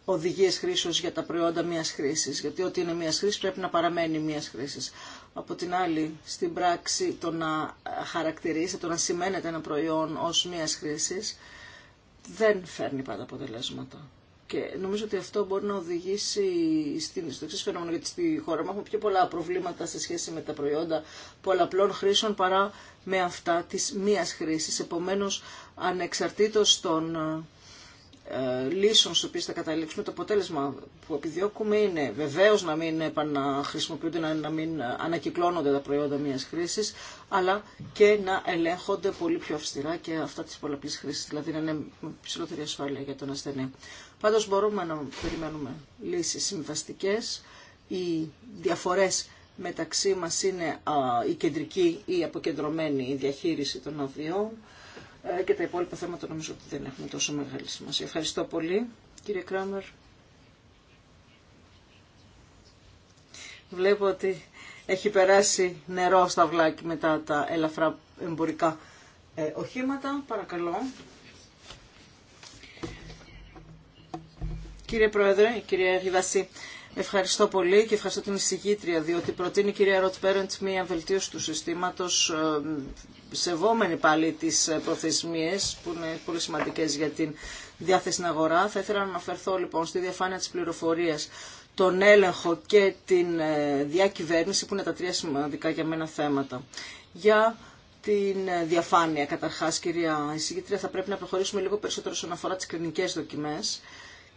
οδηγίες χρήσεως για τα προϊόντα μίας χρήσης, γιατί ό,τι είναι μίας χρήσης πρέπει να παραμένει μίας χρήσης από την άλλη στην πράξη το να χαρακτηρίζεται, το να σημαίνεται ένα προϊόν ως μίας χρήσης, δεν φέρνει πάντα αποτελέσματα. Και νομίζω ότι αυτό μπορεί να οδηγήσει στην, στο εξή φαινόμενο, γιατί στη χώρα μου έχουμε πιο πολλά προβλήματα σε σχέση με τα προϊόντα πολλαπλών χρήσεων παρά με αυτά της μίας χρήσης. Επομένως, ανεξαρτήτως των ε, λύσεων στις οποίες θα καταλήξουμε, το αποτέλεσμα που επιδιώκουμε είναι βεβαίως να μην επαναχρησιμοποιούνται, να μην ανακυκλώνονται τα προϊόντα μιας χρήσης, αλλά και να ελέγχονται πολύ πιο αυστηρά και αυτά τις πολλαπλής χρήσης, δηλαδή να είναι με ψηλότερη ασφάλεια για τον ασθενή. Πάντως μπορούμε να περιμένουμε λύσεις συμβαστικέ, οι διαφορές μεταξύ μας είναι η κεντρική ή αποκεντρωμένη διαχείριση των αδειών, ε, και τα υπόλοιπα θέματα νομίζω ότι δεν έχουν τόσο μεγάλη σημασία. Ευχαριστώ πολύ, κύριε Κράμερ. Βλέπω ότι έχει περάσει νερό στα βλάκι μετά τα ελαφρά εμπορικά ε, οχήματα. Παρακαλώ. Κύριε Πρόεδρε, κύριε Ριβασί, ευχαριστώ πολύ και ευχαριστώ την εισηγήτρια, διότι προτείνει η κυρία Ροτ Πέρεντ μία βελτίωση του συστήματος ε, σεβόμενοι πάλι τις ε, προθεσμίες που είναι πολύ σημαντικές για την διάθεση στην αγορά. Θα ήθελα να αναφερθώ λοιπόν στη διαφάνεια της πληροφορίας, τον έλεγχο και την ε, διακυβέρνηση που είναι τα τρία σημαντικά για μένα θέματα. Για την ε, διαφάνεια καταρχάς κυρία εισηγήτρια θα πρέπει να προχωρήσουμε λίγο περισσότερο όσον αφορά τις κλινικέ δοκιμές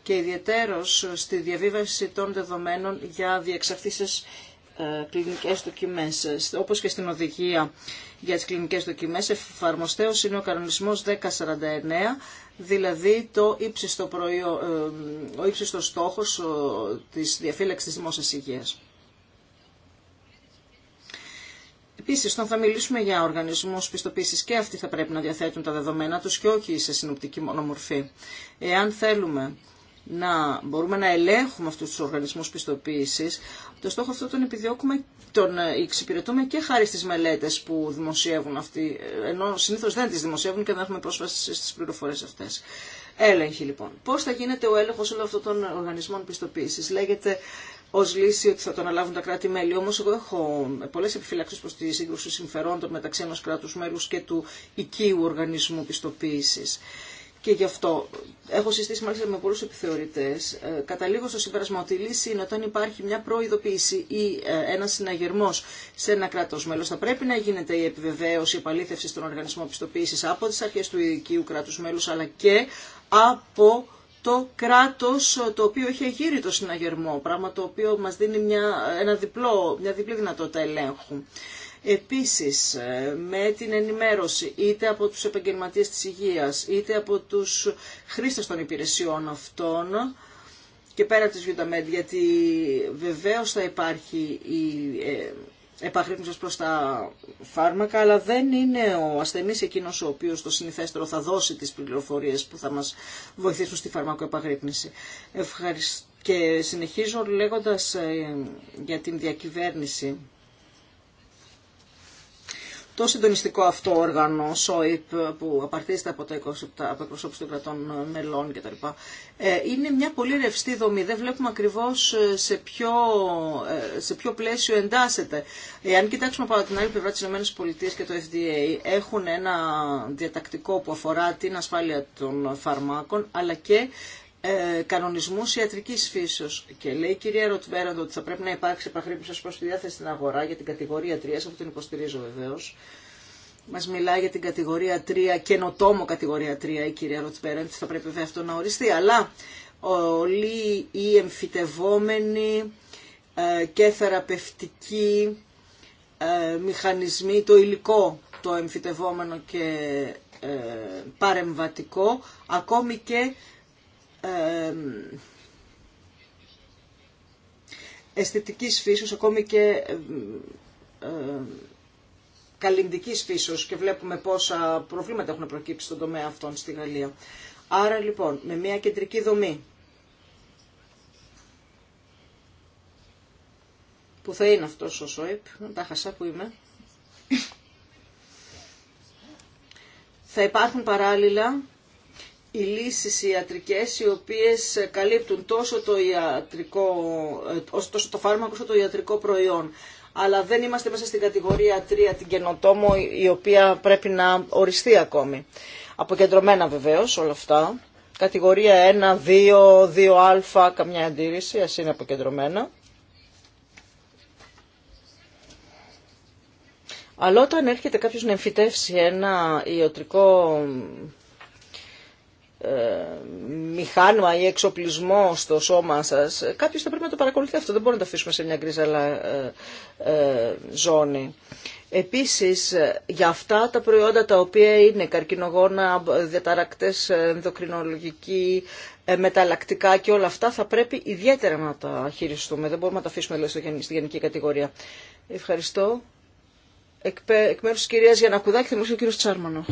και ιδιαίτερως στη διαβίβαση των δεδομένων για διεξαρτήσεις ε, κλινικές δοκιμές. Ε, όπως και στην οδηγία για τις κλινικές δοκιμές, εφαρμοστέως είναι ο κανονισμός 1049, δηλαδή το ύψιστο προϊό, ε, ο ύψιστος στόχος της διαφύλαξης της δημόσιας υγείας. Επίση, όταν θα μιλήσουμε για οργανισμού πιστοποίηση και αυτοί θα πρέπει να διαθέτουν τα δεδομένα του και όχι σε συνοπτική μονομορφή. Εάν θέλουμε να μπορούμε να ελέγχουμε αυτού του οργανισμού πιστοποίηση, το στόχο αυτό τον επιδιώκουμε, τον ε, εξυπηρετούμε και χάρη στι μελέτε που δημοσιεύουν αυτοί, ε, ενώ συνήθω δεν τι δημοσιεύουν και δεν έχουμε πρόσβαση στι πληροφορίες αυτέ. Έλεγχη λοιπόν. Πώ θα γίνεται ο έλεγχο όλων αυτών των οργανισμών πιστοποίηση. Λέγεται ω λύση ότι θα τον αναλάβουν τα κράτη-μέλη. Όμω, εγώ έχω πολλέ επιφυλάξει προ τη σύγκρουση συμφερόντων μεταξύ ενό κράτου μέλου και του οικίου οργανισμού πιστοποίηση. Και γι' αυτό έχω συστήσει μάλιστα με πολλούς επιθεωρητές, ε, καταλήγω στο συμπέρασμα ότι η λύση είναι όταν υπάρχει μια προειδοποίηση ή ε, ένα συναγερμός σε ένα κράτος μέλος, θα πρέπει να γίνεται η επιβεβαίωση, η επαλήθευση στον οργανισμό πιστοποίησης από τις αρχές του ειδικίου κράτους μέλους, αλλά και από το κράτος ε, το οποίο έχει γύρει το συναγερμό, πράγμα το οποίο μας δίνει μια, ένα διπλό, μια διπλή δυνατότητα ελέγχου. Επίσης, ε, με την ενημέρωση είτε από τους επαγγελματίες της υγείας, είτε από τους χρήστες των υπηρεσιών αυτών, και πέρα από τις βιουταμέντ γιατί βεβαίως θα υπάρχει η ε, επαγρύπνησης προς τα φάρμακα, αλλά δεν είναι ο ασθενής εκείνος ο οποίος το συνηθέστερο θα δώσει τις πληροφορίες που θα μας βοηθήσουν στη φαρμακοεπαγρύπνηση. Ευχαριστώ. Και συνεχίζω λέγοντας ε, για την διακυβέρνηση το συντονιστικό αυτό όργανο, ΣΟΙΠ, που απαρτίζεται από τα 27, των κρατών μελών κτλ. Ε, είναι μια πολύ ρευστή δομή. Δεν βλέπουμε ακριβώς ε, σε ποιο, ε, σε ποιο πλαίσιο εντάσσεται. Αν κοιτάξουμε από την άλλη πλευρά τι ΗΠΑ και το FDA, έχουν ένα διατακτικό που αφορά την ασφάλεια των φαρμάκων, αλλά και ε, κανονισμού ιατρική φύσεω. Και λέει η κυρία Ροτβέραντο ότι θα πρέπει να υπάρξει επαγρύπνηση προ τη διάθεση στην αγορά για την κατηγορία 3, αυτό την υποστηρίζω βεβαίω. Μα μιλάει για την κατηγορία 3, καινοτόμο κατηγορία 3 η κυρία Ροτβέραντο, θα πρέπει βέβαια αυτό να οριστεί. Αλλά όλοι οι εμφυτευόμενοι ε, και θεραπευτικοί ε, μηχανισμοί, το υλικό, το εμφυτευόμενο και ε, παρεμβατικό, ακόμη και αισθητικής φύσεως, ακόμη και καλλιντικής φύσεως και βλέπουμε πόσα προβλήματα έχουν προκύψει στον τομέα αυτών στη Γαλλία. Άρα λοιπόν, με μια κεντρική δομή που θα είναι αυτός ο ΣΟΕΠ, τα χασά που είμαι, θα υπάρχουν παράλληλα οι λύσεις ιατρικές οι οποίες καλύπτουν τόσο το, ιατρικό, ε, τόσο το φάρμακο όσο το ιατρικό προϊόν. Αλλά δεν είμαστε μέσα στην κατηγορία 3, την καινοτόμο, η οποία πρέπει να οριστεί ακόμη. Αποκεντρωμένα βεβαίως όλα αυτά. Κατηγορία 1, 2, 2α, καμιά αντίρρηση, ας είναι αποκεντρωμένα. Αλλά όταν έρχεται κάποιος να εμφυτεύσει ένα ιατρικό ε, μηχάνημα ή εξοπλισμό στο σώμα σας, ε, κάποιος θα πρέπει να το παρακολουθεί αυτό. Δεν μπορούμε να το αφήσουμε σε μια γκρίζα ε, ζώνη. Επίσης, για αυτά τα προϊόντα τα οποία είναι καρκινογόνα, διαταρακτές ενδοκρινολογικοί, μεταλλακτικά και όλα αυτά θα πρέπει ιδιαίτερα να τα χειριστούμε. Δεν μπορούμε να τα αφήσουμε δηλαδή, στη γενική κατηγορία. Ευχαριστώ. Εκ μέρους της κυρίας Γιανακουδάκη, θα ο κύριος Τσάρμανο.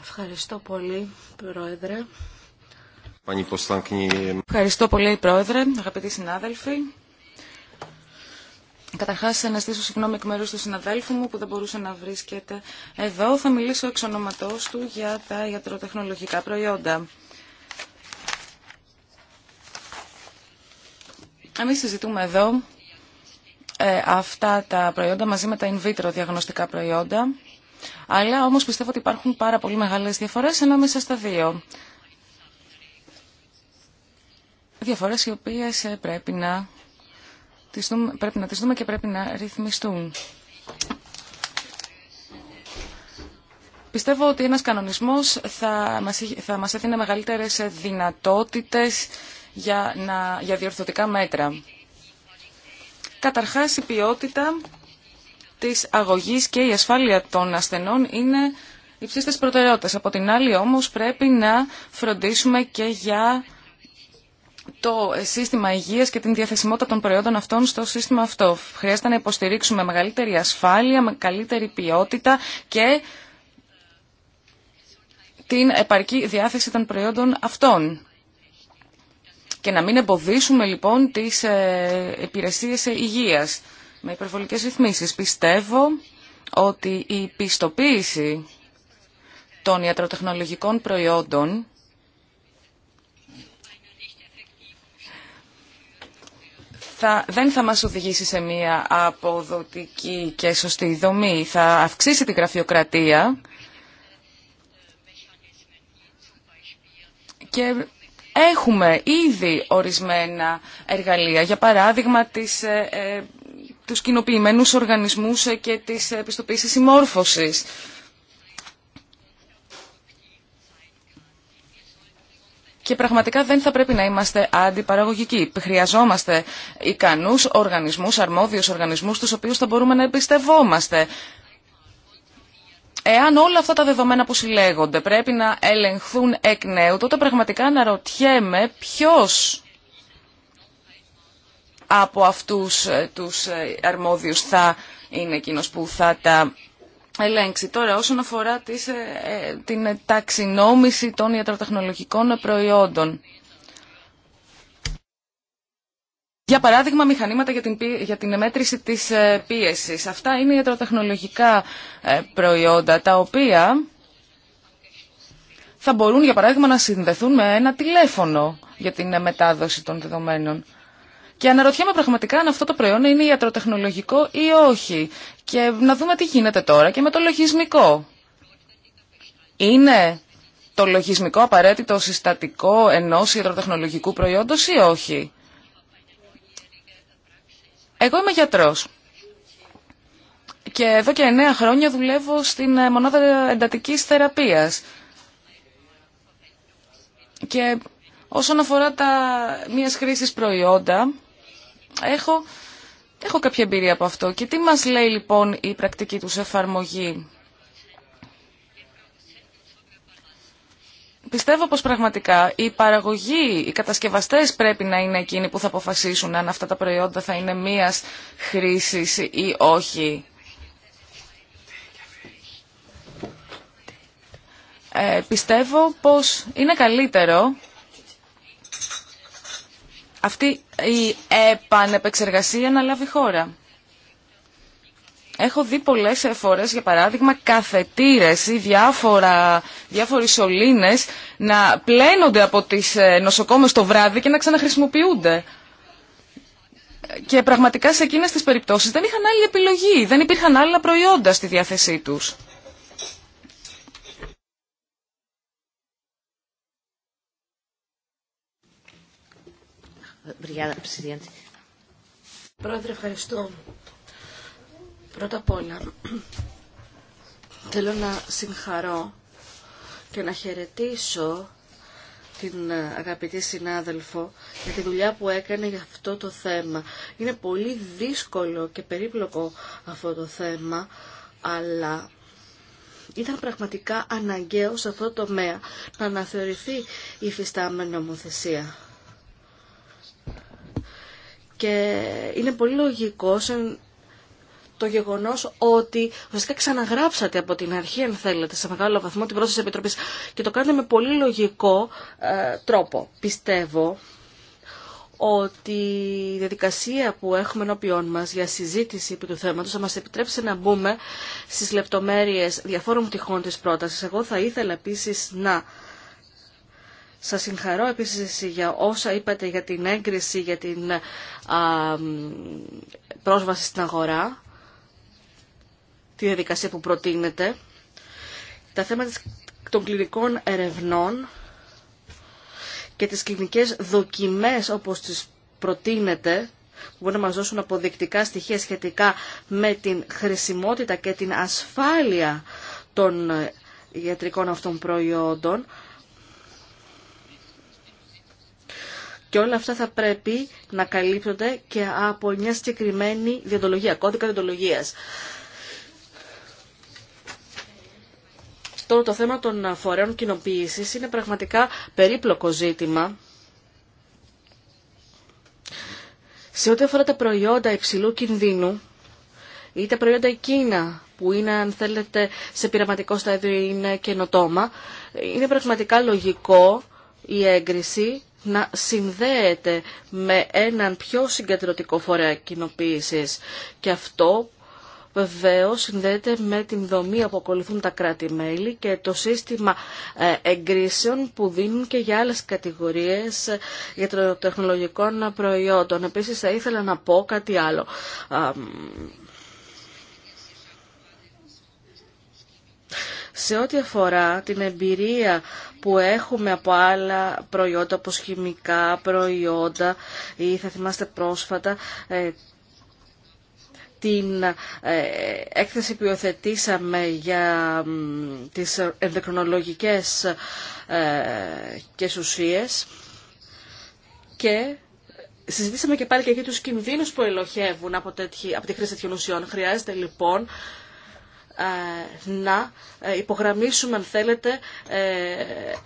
Ευχαριστώ πολύ, Πρόεδρε. Ευχαριστώ πολύ, Πρόεδρε, αγαπητοί συνάδελφοι. Καταρχάς, να στήσω συγγνώμη εκ μέρους του συναδέλφου μου που δεν μπορούσε να βρίσκεται εδώ. Θα μιλήσω εξ ονοματός του για τα ιατροτεχνολογικά προϊόντα. Εμείς συζητούμε εδώ ε, αυτά τα προϊόντα μαζί με τα in vitro διαγνωστικά προϊόντα αλλά όμως πιστεύω ότι υπάρχουν πάρα πολύ μεγάλες διαφορές ανάμεσα στα δύο. Διαφορές οι οποίες ε, πρέπει να τις δούμε, πρέπει να και πρέπει να ρυθμιστούν. Πιστεύω ότι ένας κανονισμός θα μας, θα μας έδινε μεγαλύτερες δυνατότητες για, να, για διορθωτικά μέτρα. Καταρχάς η ποιότητα της αγωγής και η ασφάλεια των ασθενών είναι υψίστες προτεραιότητες. Από την άλλη όμως πρέπει να φροντίσουμε και για το σύστημα υγεία και την διαθεσιμότητα των προϊόντων αυτών στο σύστημα αυτό. Χρειάζεται να υποστηρίξουμε μεγαλύτερη ασφάλεια, με καλύτερη ποιότητα και την επαρκή διάθεση των προϊόντων αυτών. Και να μην εμποδίσουμε λοιπόν τις ε, υπηρεσίες υγείας με υπερβολικές ρυθμίσεις. Πιστεύω ότι η πιστοποίηση των ιατροτεχνολογικών προϊόντων θα, δεν θα μας οδηγήσει σε μια αποδοτική και σωστή δομή. Θα αυξήσει την γραφειοκρατία και έχουμε ήδη ορισμένα εργαλεία. Για παράδειγμα, τις ε, ε, τους κοινοποιημένους οργανισμούς ε, και τις επιστοποίησεις συμμόρφωσης. Και πραγματικά δεν θα πρέπει να είμαστε αντιπαραγωγικοί. Χρειαζόμαστε ικανούς οργανισμούς, αρμόδιους οργανισμούς, τους οποίους θα μπορούμε να εμπιστευόμαστε. Εάν όλα αυτά τα δεδομένα που συλλέγονται πρέπει να ελεγχθούν εκ νέου, τότε πραγματικά αναρωτιέμαι ποιος από αυτούς ε, τους ε, αρμόδιους θα είναι εκείνο που θα τα ελέγξει. Τώρα, όσον αφορά τις, ε, την ταξινόμηση των ιατροτεχνολογικών προϊόντων. Για παράδειγμα, μηχανήματα για την, για την μέτρηση της πίεσης. Αυτά είναι ιατροτεχνολογικά προϊόντα, τα οποία θα μπορούν, για παράδειγμα, να συνδεθούν με ένα τηλέφωνο για την μετάδοση των δεδομένων. Και αναρωτιέμαι πραγματικά αν αυτό το προϊόν είναι ιατροτεχνολογικό ή όχι. Και να δούμε τι γίνεται τώρα και με το λογισμικό. Είναι το λογισμικό απαραίτητο συστατικό ενός ιατροτεχνολογικού προϊόντος ή όχι. Εγώ είμαι γιατρός. Και εδώ και εννέα χρόνια δουλεύω στην ε, μονάδα εντατικής θεραπείας. Και όσον αφορά τα μίας χρήσης προϊόντα, έχω, έχω κάποια εμπειρία από αυτό. Και τι μας λέει λοιπόν η πρακτική τους εφαρμογή. Πιστεύω πως πραγματικά οι παραγωγοί, οι κατασκευαστές πρέπει να είναι εκείνοι που θα αποφασίσουν αν αυτά τα προϊόντα θα είναι μίας χρήσης ή όχι. Ε, πιστεύω πως είναι καλύτερο αυτή η επανεπεξεργασία να λάβει χώρα. Έχω δει πολλές φορές, για παράδειγμα, καθετήρες ή διάφορα, διάφοροι να πλένονται από τις ε, νοσοκόμες το βράδυ και να ξαναχρησιμοποιούνται. Και πραγματικά σε εκείνες τις περιπτώσεις δεν είχαν άλλη επιλογή, δεν υπήρχαν άλλα προϊόντα στη διάθεσή τους. Πρόεδρε, ευχαριστώ. Πρώτα απ' όλα, θέλω να συγχαρώ και να χαιρετήσω την αγαπητή συνάδελφο για τη δουλειά που έκανε για αυτό το θέμα. Είναι πολύ δύσκολο και περίπλοκο αυτό το θέμα, αλλά ήταν πραγματικά αναγκαίο σε αυτό το τομέα να αναθεωρηθεί η φυστάμενη νομοθεσία. Και είναι πολύ λογικό σαν το γεγονό ότι ουσιαστικά ξαναγράψατε από την αρχή, αν θέλετε, σε μεγάλο βαθμό την πρόταση τη Επιτροπή και το κάνετε με πολύ λογικό ε, τρόπο. Πιστεύω ότι η διαδικασία που έχουμε ενώπιόν μας για συζήτηση επί του θέματος θα μας επιτρέψει να μπούμε στις λεπτομέρειες διαφόρων πτυχών της πρότασης. Εγώ θα ήθελα επίσης να σας συγχαρώ επίσης για όσα είπατε για την έγκριση, για την πρόσβαση στην αγορά, τη διαδικασία που προτείνεται. Τα θέματα των κλινικών ερευνών και τις κλινικές δοκιμές όπως τις προτείνεται, που μπορεί να μας δώσουν αποδεικτικά στοιχεία σχετικά με την χρησιμότητα και την ασφάλεια των ε, ιατρικών αυτών προϊόντων, Και όλα αυτά θα πρέπει να καλύπτονται και από μια συγκεκριμένη διοντολογία, κώδικα διοντολογίας. Τώρα το θέμα των φορέων κοινοποίηση είναι πραγματικά περίπλοκο ζήτημα. Σε ό,τι αφορά τα προϊόντα υψηλού κινδύνου ή τα προϊόντα εκείνα που είναι, αν θέλετε, σε πειραματικό στάδιο είναι καινοτόμα, είναι πραγματικά λογικό η έγκριση να συνδέεται με έναν πιο συγκεντρωτικό φορέα κοινοποίηση. Και αυτό βεβαίω συνδέεται με την δομή που ακολουθούν τα κράτη-μέλη και το σύστημα ε, εγκρίσεων που δίνουν και για άλλες κατηγορίες ε, για προϊόντων. Επίσης θα ήθελα να πω κάτι άλλο. Σε ό,τι αφορά την εμπειρία που έχουμε από άλλα προϊόντα, όπως χημικά προϊόντα ή θα θυμάστε πρόσφατα, ε, την ε, έκθεση που υιοθετήσαμε για τις ενδεκρονολογικές ε, και σουσίες και συζητήσαμε και πάλι και εκεί τους κινδύνους που ελοχεύουν από, από τη χρήση τέτοιων ουσιών. Χρειάζεται λοιπόν να ε, υπογραμμίσουμε αν θέλετε ε,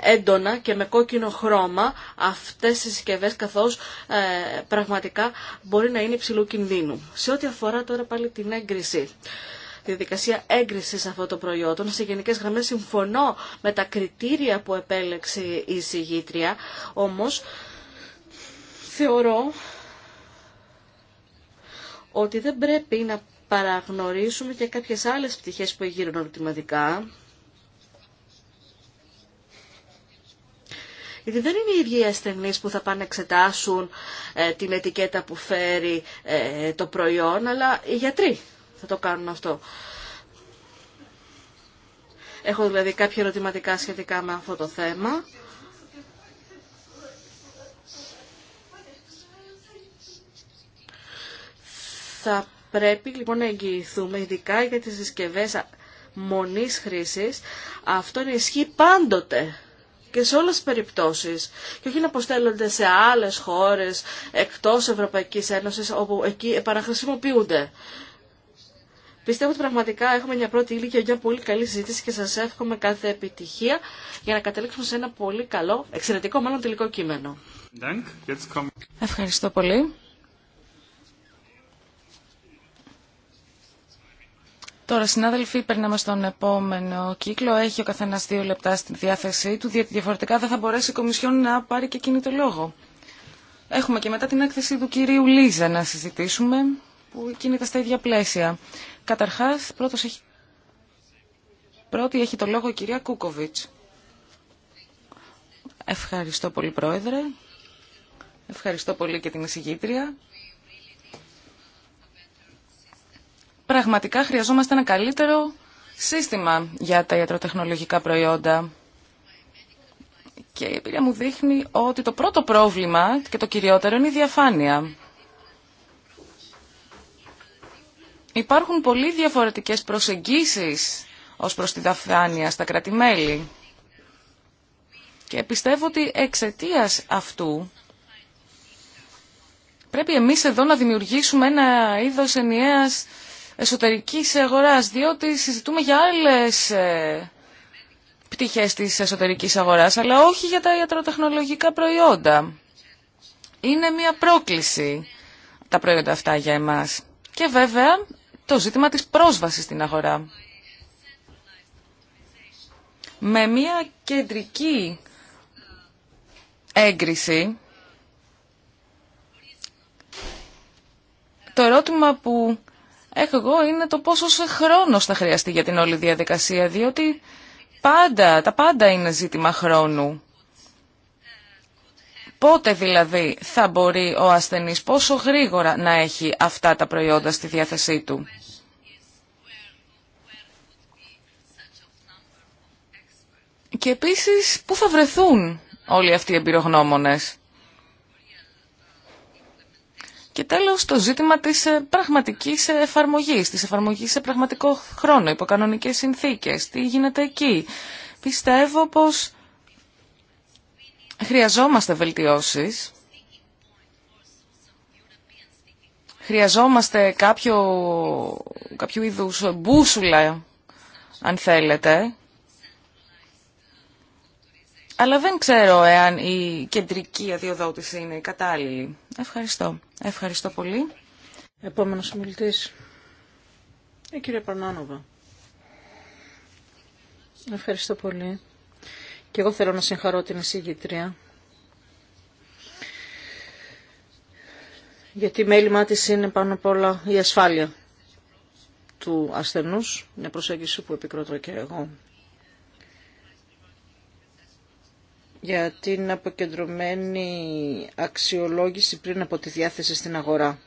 έντονα και με κόκκινο χρώμα αυτές τις συσκευέ καθώς ε, πραγματικά μπορεί να είναι υψηλού κινδύνου. Σε ό,τι αφορά τώρα πάλι την έγκριση τη διαδικασία έγκριση αυτών των προϊόντων. Σε γενικέ γραμμέ συμφωνώ με τα κριτήρια που επέλεξε η συγγήτρια, όμω θεωρώ ότι δεν πρέπει να παραγνωρίσουμε και κάποιες άλλες πτυχές που γύρουν ερωτηματικά. Γιατί δεν είναι οι ίδιοι οι ασθενείς που θα πάνε να εξετάσουν ε, την ετικέτα που φέρει ε, το προϊόν, αλλά οι γιατροί θα το κάνουν αυτό. Έχω δηλαδή κάποια ερωτηματικά σχετικά με αυτό το θέμα. Θα πρέπει λοιπόν να εγγυηθούμε ειδικά για τις συσκευές μονής χρήσης. Αυτό ισχύει πάντοτε και σε όλες τις περιπτώσεις και όχι να αποστέλλονται σε άλλες χώρες εκτός Ευρωπαϊκής Ένωσης όπου εκεί επαναχρησιμοποιούνται. Πιστεύω ότι πραγματικά έχουμε μια πρώτη ύλη και μια πολύ καλή συζήτηση και σας εύχομαι κάθε επιτυχία για να καταλήξουμε σε ένα πολύ καλό, εξαιρετικό μάλλον τελικό κείμενο. Ευχαριστώ πολύ. Τώρα, συνάδελφοι, περνάμε στον επόμενο κύκλο. Έχει ο καθένα δύο λεπτά στη διάθεσή του, διότι διαφορετικά δεν θα μπορέσει η Κομισιόν να πάρει και εκείνη το λόγο. Έχουμε και μετά την έκθεση του κυρίου Λίζα να συζητήσουμε, που κινείται στα ίδια πλαίσια. Καταρχά, έχει... πρώτη έχει το λόγο η κυρία Κούκοβιτ. Ευχαριστώ πολύ, Πρόεδρε. Ευχαριστώ πολύ και την εισηγήτρια. πραγματικά χρειαζόμαστε ένα καλύτερο σύστημα για τα ιατροτεχνολογικά προϊόντα. Και η εμπειρία μου δείχνει ότι το πρώτο πρόβλημα και το κυριότερο είναι η διαφάνεια. Υπάρχουν πολύ διαφορετικές προσεγγίσεις ως προς τη διαφάνεια στα κρατημέλη. Και πιστεύω ότι εξαιτίας αυτού πρέπει εμείς εδώ να δημιουργήσουμε ένα είδος ενιαίας εσωτερικής αγοράς, διότι συζητούμε για άλλες ε, πτυχές της εσωτερικής αγοράς, αλλά όχι για τα ιατροτεχνολογικά προϊόντα. Είναι μια πρόκληση τα προϊόντα αυτά για εμάς. Και βέβαια το ζήτημα της πρόσβασης στην αγορά. Με μια κεντρική έγκριση, το ερώτημα που έχω εγώ είναι το πόσο χρόνος θα χρειαστεί για την όλη διαδικασία, διότι πάντα, τα πάντα είναι ζήτημα χρόνου. Πότε δηλαδή θα μπορεί ο ασθενής πόσο γρήγορα να έχει αυτά τα προϊόντα στη διάθεσή του. Και επίσης, πού θα βρεθούν όλοι αυτοί οι εμπειρογνώμονες. Και τέλος το ζήτημα της ε, πραγματική ε, εφαρμογής, τη εφαρμογή σε πραγματικό χρόνο, υπό κανονικές συνθήκες, τι γίνεται εκεί. Πιστεύω πως χρειαζόμαστε βελτιώσεις, χρειαζόμαστε κάποιο, κάποιο είδους μπούσουλα, αν θέλετε, αλλά δεν ξέρω εάν η κεντρική αδειοδότηση είναι η κατάλληλη. Ευχαριστώ. Ευχαριστώ πολύ. Επόμενος ομιλητής, η κυρία Πανάνοβα. Ευχαριστώ πολύ. Και εγώ θέλω να συγχαρώ την εισηγήτρια. Γιατί μέλημά της είναι πάνω απ' όλα η ασφάλεια του ασθενούς, μια προσέγγιση που επικροτώ και εγώ. για την αποκεντρωμένη αξιολόγηση πριν από τη διάθεση στην αγορά.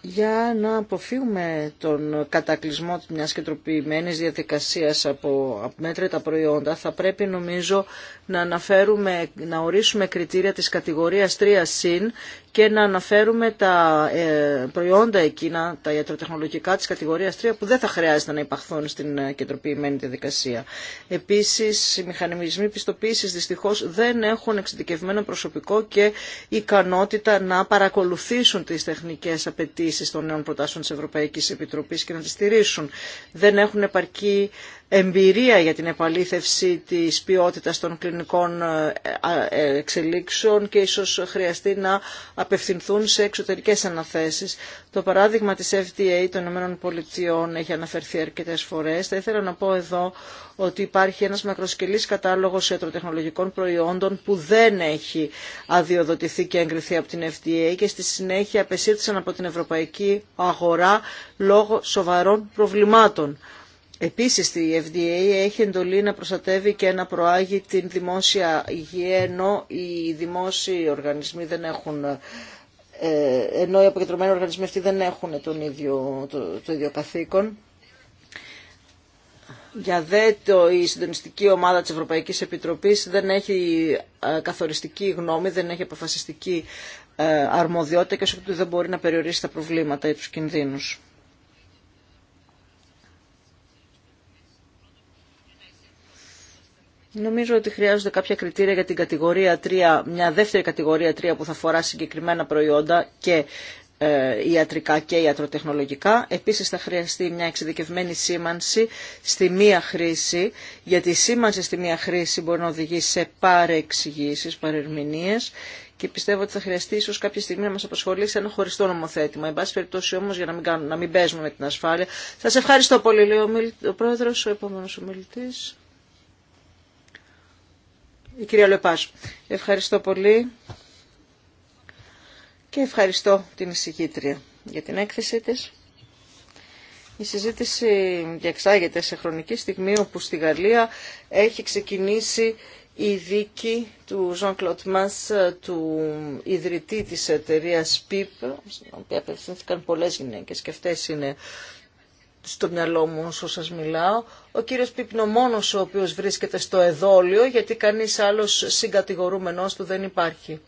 Για να αποφύγουμε τον κατακλυσμό μιας κεντροποιημένης διαδικασίας από μέτρητα προϊόντα θα πρέπει νομίζω να αναφέρουμε, να ορίσουμε κριτήρια της κατηγορίας 3 συν και να αναφέρουμε τα ε, προϊόντα εκείνα, τα ιατροτεχνολογικά της κατηγορίας 3 που δεν θα χρειάζεται να υπαχθούν στην ε, κεντροποιημένη διαδικασία. Επίσης, οι μηχανισμοί πιστοποίησης δυστυχώς δεν έχουν εξειδικευμένο προσωπικό και ικανότητα να παρακολουθήσουν τις τεχνικές απαιτήσει των νέων προτάσεων της Ευρωπαϊκής Επιτροπής και να τις στηρίσουν. Δεν έχουν επαρκή εμπειρία για την επαλήθευση της ποιότητας των κλινικών ε, ε, εξελίξεων και ίσως χρειαστεί να απευθυνθούν σε εξωτερικές αναθέσεις. Το παράδειγμα της FDA των ΗΠΑ έχει αναφερθεί αρκετές φορές. Θα ήθελα να πω εδώ ότι υπάρχει ένας μακροσκελής κατάλογος ιατροτεχνολογικών προϊόντων που δεν έχει αδειοδοτηθεί και εγκριθεί από την FDA και στη συνέχεια απεσύρθησαν από την ευρωπαϊκή αγορά λόγω σοβαρών προβλημάτων. Επίσης η FDA έχει εντολή να προστατεύει και να προάγει την δημόσια υγεία ενώ οι δημόσιοι οργανισμοί δεν έχουν ε, ενώ οι αποκεντρωμένοι οργανισμοί αυτοί δεν έχουν τον ίδιο, το, το ίδιο καθήκον. Για δε η συντονιστική ομάδα της Ευρωπαϊκής Επιτροπής δεν έχει ε, καθοριστική γνώμη, δεν έχει αποφασιστική ε, αρμοδιότητα και όσο δεν μπορεί να περιορίσει τα προβλήματα ή τους κινδύνους. Νομίζω ότι χρειάζονται κάποια κριτήρια για την κατηγορία 3, μια δεύτερη κατηγορία 3 που θα αφορά συγκεκριμένα προϊόντα και ε, ιατρικά και ιατροτεχνολογικά. Επίσης θα χρειαστεί μια εξειδικευμένη σήμανση στη μία χρήση, γιατί η σήμανση στη μία χρήση μπορεί να οδηγεί σε παρεξηγήσεις, παρερμηνίες και πιστεύω ότι θα χρειαστεί ίσω κάποια στιγμή να μα απασχολήσει ένα χωριστό νομοθέτημα. Εν πάση περιπτώσει όμω, για να μην, να μην παίζουμε με την ασφάλεια. Σα ευχαριστώ πολύ, λέει ο, ο πρόεδρο, ο επόμενο ομιλητή. Η κυρία Ευχαριστώ πολύ και ευχαριστώ την εισηγήτρια για την έκθεσή της. Η συζήτηση διαξάγεται σε χρονική στιγμή όπου στη Γαλλία έχει ξεκινήσει η δίκη του Ζων Κλωτμάς, του ιδρυτή της εταιρείας PIP, στην οποία απευθύνθηκαν πολλές γυναίκες και αυτές είναι στο μυαλό μου όσο σας μιλάω, ο κύριος Πίπνο μόνος ο οποίος βρίσκεται στο εδόλιο γιατί κανείς άλλος συγκατηγορούμενος του δεν υπάρχει.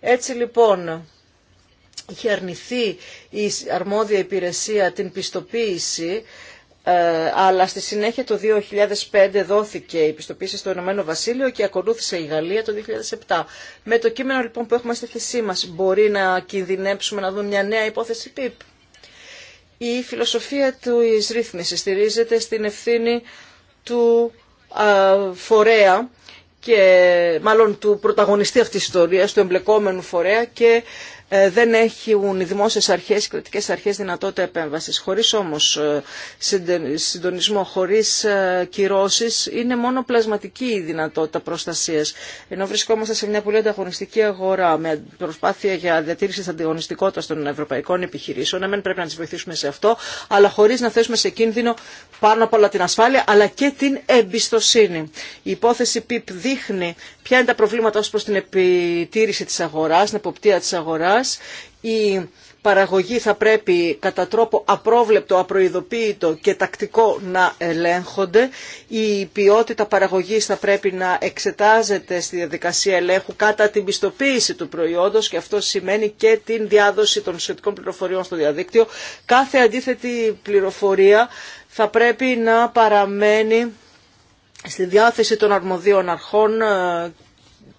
Έτσι λοιπόν είχε αρνηθεί η αρμόδια υπηρεσία την πιστοποίηση ε, αλλά στη συνέχεια το 2005 δόθηκε η πιστοποίηση στο Ηνωμένο Βασίλειο και ακολούθησε η Γαλλία το 2007. Με το κείμενο λοιπόν που έχουμε στη θέσή μας μπορεί να κινδυνέψουμε να δούμε μια νέα υπόθεση ΠΙΠ. Η φιλοσοφία του ρύθμιση στηρίζεται στην ευθύνη του φορέα και μάλλον του πρωταγωνιστή αυτής της ιστορίας, του εμπλεκόμενου φορέα και δεν έχουν οι δημόσιες αρχές, οι κρατικές αρχές δυνατότητα επέμβασης. Χωρίς όμως συντονισμό, χωρίς κυρώσεις, είναι μόνο πλασματική η δυνατότητα προστασίας. Ενώ βρισκόμαστε σε μια πολύ ανταγωνιστική αγορά, με προσπάθεια για διατήρηση της ανταγωνιστικότητας των ευρωπαϊκών επιχειρήσεων, εμένα πρέπει να τις βοηθήσουμε σε αυτό, αλλά χωρίς να θέσουμε σε κίνδυνο πάνω απ' όλα την ασφάλεια, αλλά και την εμπιστοσύνη. Η υπόθεση PIP δείχνει ποια είναι τα προβλήματα ως προς την επιτήρηση της αγοράς, την εποπτεία της αγοράς, η παραγωγή θα πρέπει κατά τρόπο απρόβλεπτο, απροειδοποίητο και τακτικό να ελέγχονται. Η ποιότητα παραγωγής θα πρέπει να εξετάζεται στη διαδικασία ελέγχου κατά την πιστοποίηση του προϊόντος και αυτό σημαίνει και την διάδοση των σχετικών πληροφοριών στο διαδίκτυο. Κάθε αντίθετη πληροφορία θα πρέπει να παραμένει στη διάθεση των αρμοδίων αρχών ε,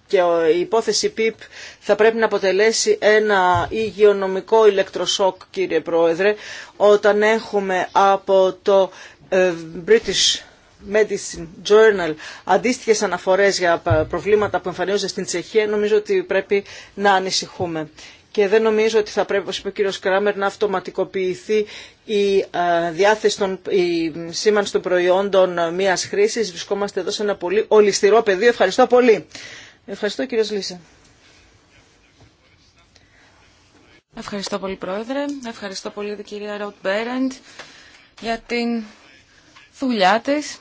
και η υπόθεση ΠΙΠ θα πρέπει να αποτελέσει ένα υγειονομικό ηλεκτροσόκ, κύριε Πρόεδρε, όταν έχουμε από το ε, British Medicine Journal αντίστοιχες αναφορές για προβλήματα που εμφανίζονται στην Τσεχία, νομίζω ότι πρέπει να ανησυχούμε. Και δεν νομίζω ότι θα πρέπει, όπως είπε ο κύριος Κράμερ, να αυτοματικοποιηθεί η ε, διάθεση των, σήμανση των προϊόντων μίας χρήσης. Βρισκόμαστε εδώ σε ένα πολύ ολιστηρό πεδίο. Ευχαριστώ πολύ. Ευχαριστώ κύριε Λίσσα. Ευχαριστώ πολύ Πρόεδρε, ευχαριστώ πολύ την κυρία Ροτ Μπέρεντ για την δουλειά της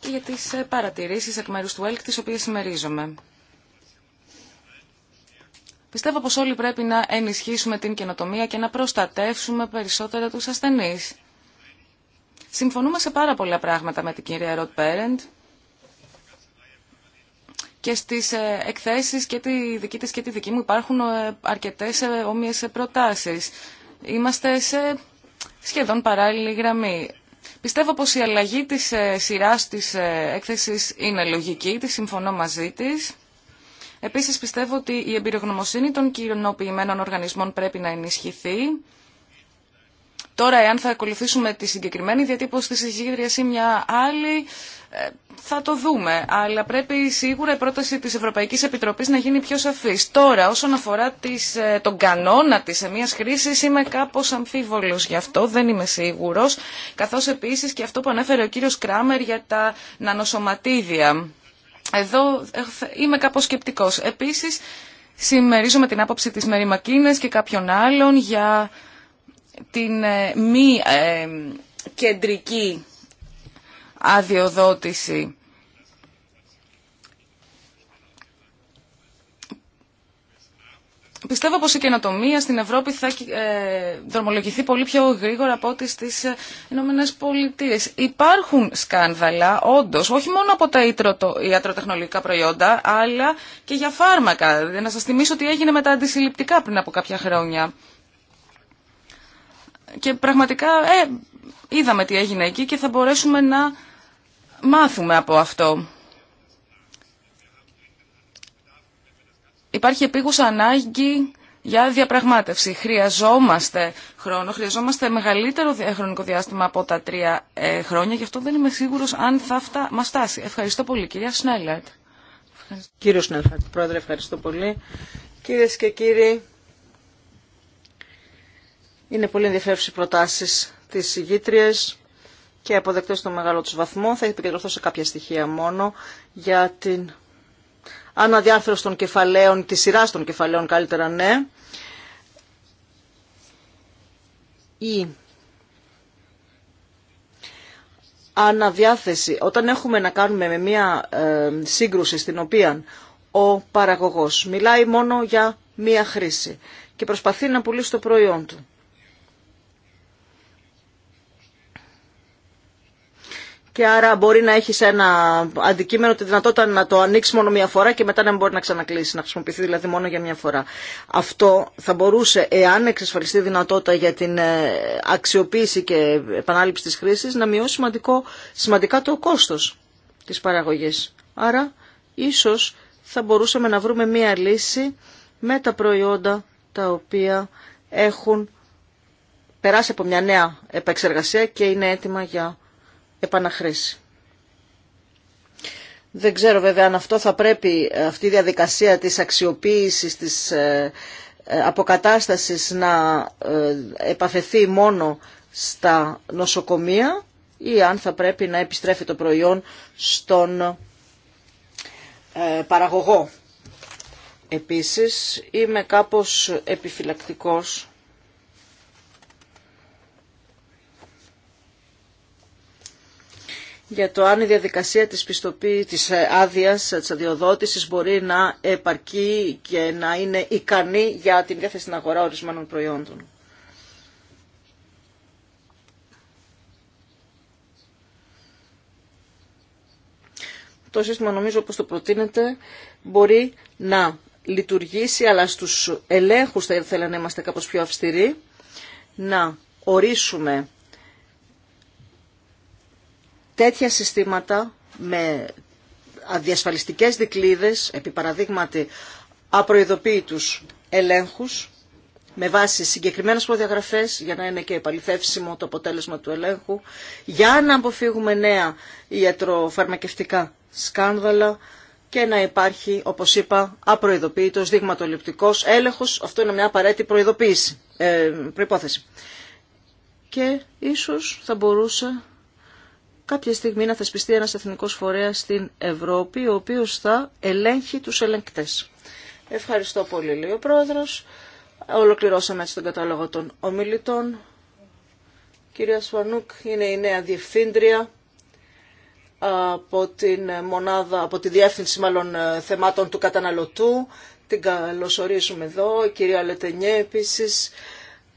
και για τις ε, παρατηρήσεις εκ μέρους του ΕΛΚ τις οποίες συμμερίζομαι. Πιστεύω πως όλοι πρέπει να ενισχύσουμε την καινοτομία και να προστατεύσουμε περισσότερα τους ασθενείς. Συμφωνούμε σε πάρα πολλά πράγματα με την κυρία Ροτ Πέρεντ και στις ε, εκθέσεις και τη δική της και τη δική μου υπάρχουν ε, αρκετές ε, όμοιες προτάσεις. Είμαστε σε σχεδόν παράλληλη γραμμή. Πιστεύω πως η αλλαγή της σειράς της έκθεσης είναι λογική, τη συμφωνώ μαζί της. Επίσης πιστεύω ότι η εμπειρογνωμοσύνη των κοινοποιημένων οργανισμών πρέπει να ενισχυθεί Τώρα, εάν θα ακολουθήσουμε τη συγκεκριμένη διατύπωση τη εισηγήτριας ή μια άλλη, ε, θα το δούμε. Αλλά πρέπει σίγουρα η πρόταση τη Ευρωπαϊκή Επιτροπή να γίνει πιο σαφή. Τώρα, όσον αφορά τις, ε, τον κανόνα τη μια χρήση, είμαι κάπω αμφίβολο γι' αυτό, δεν είμαι σίγουρο. Καθώ επίση και αυτό που ανέφερε ο κύριο Κράμερ για τα νανοσωματίδια. Εδώ ε, είμαι κάπως σκεπτικός. Επίσης, συμμερίζομαι την άποψη της Μερή και κάποιων άλλων για την ε, μη ε, κεντρική αδειοδότηση Πιστεύω πως η καινοτομία στην Ευρώπη θα ε, δρομολογηθεί πολύ πιο γρήγορα από ό,τι στις Ηνωμένες Πολιτείες. Υπάρχουν σκάνδαλα, όντως, όχι μόνο από τα ιατροτεχνολογικά προϊόντα, αλλά και για φάρμακα. Να σας θυμίσω ότι έγινε με τα αντισυλληπτικά πριν από κάποια χρόνια και πραγματικά ε, είδαμε τι έγινε εκεί και θα μπορέσουμε να μάθουμε από αυτό. Υπάρχει επίγουσα ανάγκη για διαπραγμάτευση. Χρειαζόμαστε χρόνο, χρειαζόμαστε μεγαλύτερο χρονικό διάστημα από τα τρία ε, χρόνια, γι' αυτό δεν είμαι σίγουρος αν θα αυτά μας στάσει. Ευχαριστώ πολύ, κυρία Σνέλαρτ. Κύριο Σνέλαρτ, πρόεδρε, ευχαριστώ πολύ. Κυρίε και κύριοι, είναι πολύ ενδιαφέρουσε οι προτάσεις της ηγήτριας και αποδεκτέ στο μεγάλο του βαθμό. Θα επικεντρωθώ σε κάποια στοιχεία μόνο για την αναδιάρθρωση των κεφαλαίων, τη σειρά των κεφαλαίων καλύτερα ναι. Η αναδιάθεση, όταν έχουμε να κάνουμε με μία ε, σύγκρουση στην οποία ο παραγωγός μιλάει μόνο για μία χρήση και προσπαθεί να πουλήσει το προϊόν του και άρα μπορεί να έχει ένα αντικείμενο τη δυνατότητα να το ανοίξει μόνο μία φορά και μετά να μπορεί να ξανακλείσει, να χρησιμοποιηθεί δηλαδή μόνο για μία φορά. Αυτό θα μπορούσε, εάν εξασφαλιστεί δυνατότητα για την ε, αξιοποίηση και επανάληψη τη χρήση, να μειώσει σημαντικό, σημαντικά το κόστο τη παραγωγή. Άρα, ίσω θα μπορούσαμε να βρούμε μία λύση με τα προϊόντα τα οποία έχουν περάσει από μια νέα επεξεργασία και είναι έτοιμα για δεν ξέρω βέβαια αν αυτό θα πρέπει, ε, αυτή η διαδικασία της αξιοποίησης, της ε, ε, αποκατάστασης να επαφεθεί μόνο στα νοσοκομεία ή αν θα πρέπει να επιστρέφει το προϊόν στον παραγωγό. Επίσης είμαι κάπως επιφυλακτικός για το αν η διαδικασία της πιστοποίησης της ε, άδειας, ε, της αδειοδότησης μπορεί να επαρκεί και να είναι ικανή για την διάθεση στην αγορά ορισμένων προϊόντων. Το σύστημα νομίζω όπως το προτείνεται μπορεί να λειτουργήσει αλλά στους ελέγχους θα ήθελα να είμαστε κάπως πιο αυστηροί να ορίσουμε τέτοια συστήματα με αδιασφαλιστικές δικλίδες, επί παραδείγματι απροειδοποίητους ελέγχους, με βάση συγκεκριμένες προδιαγραφές για να είναι και επαληθεύσιμο το αποτέλεσμα του ελέγχου, για να αποφύγουμε νέα ιατροφαρμακευτικά σκάνδαλα και να υπάρχει, όπως είπα, απροειδοποίητος δειγματοληπτικός έλεγχος. Αυτό είναι μια απαραίτητη προειδοποίηση, ε, προϋπόθεση. Και ίσως θα μπορούσε κάποια στιγμή να θεσπιστεί ένας εθνικός φορέας στην Ευρώπη, ο οποίος θα ελέγχει τους ελεγκτές. Ευχαριστώ πολύ, λέει ο Πρόεδρος. Ολοκληρώσαμε έτσι τον κατάλογο των ομιλητών. Κυρία Σφανούκ είναι η νέα διευθύντρια από, την μονάδα, από τη Διεύθυνση μάλλον, ε, Θεμάτων του Καταναλωτού. Την καλωσορίζουμε εδώ. Η κυρία Λετενιέ επίσης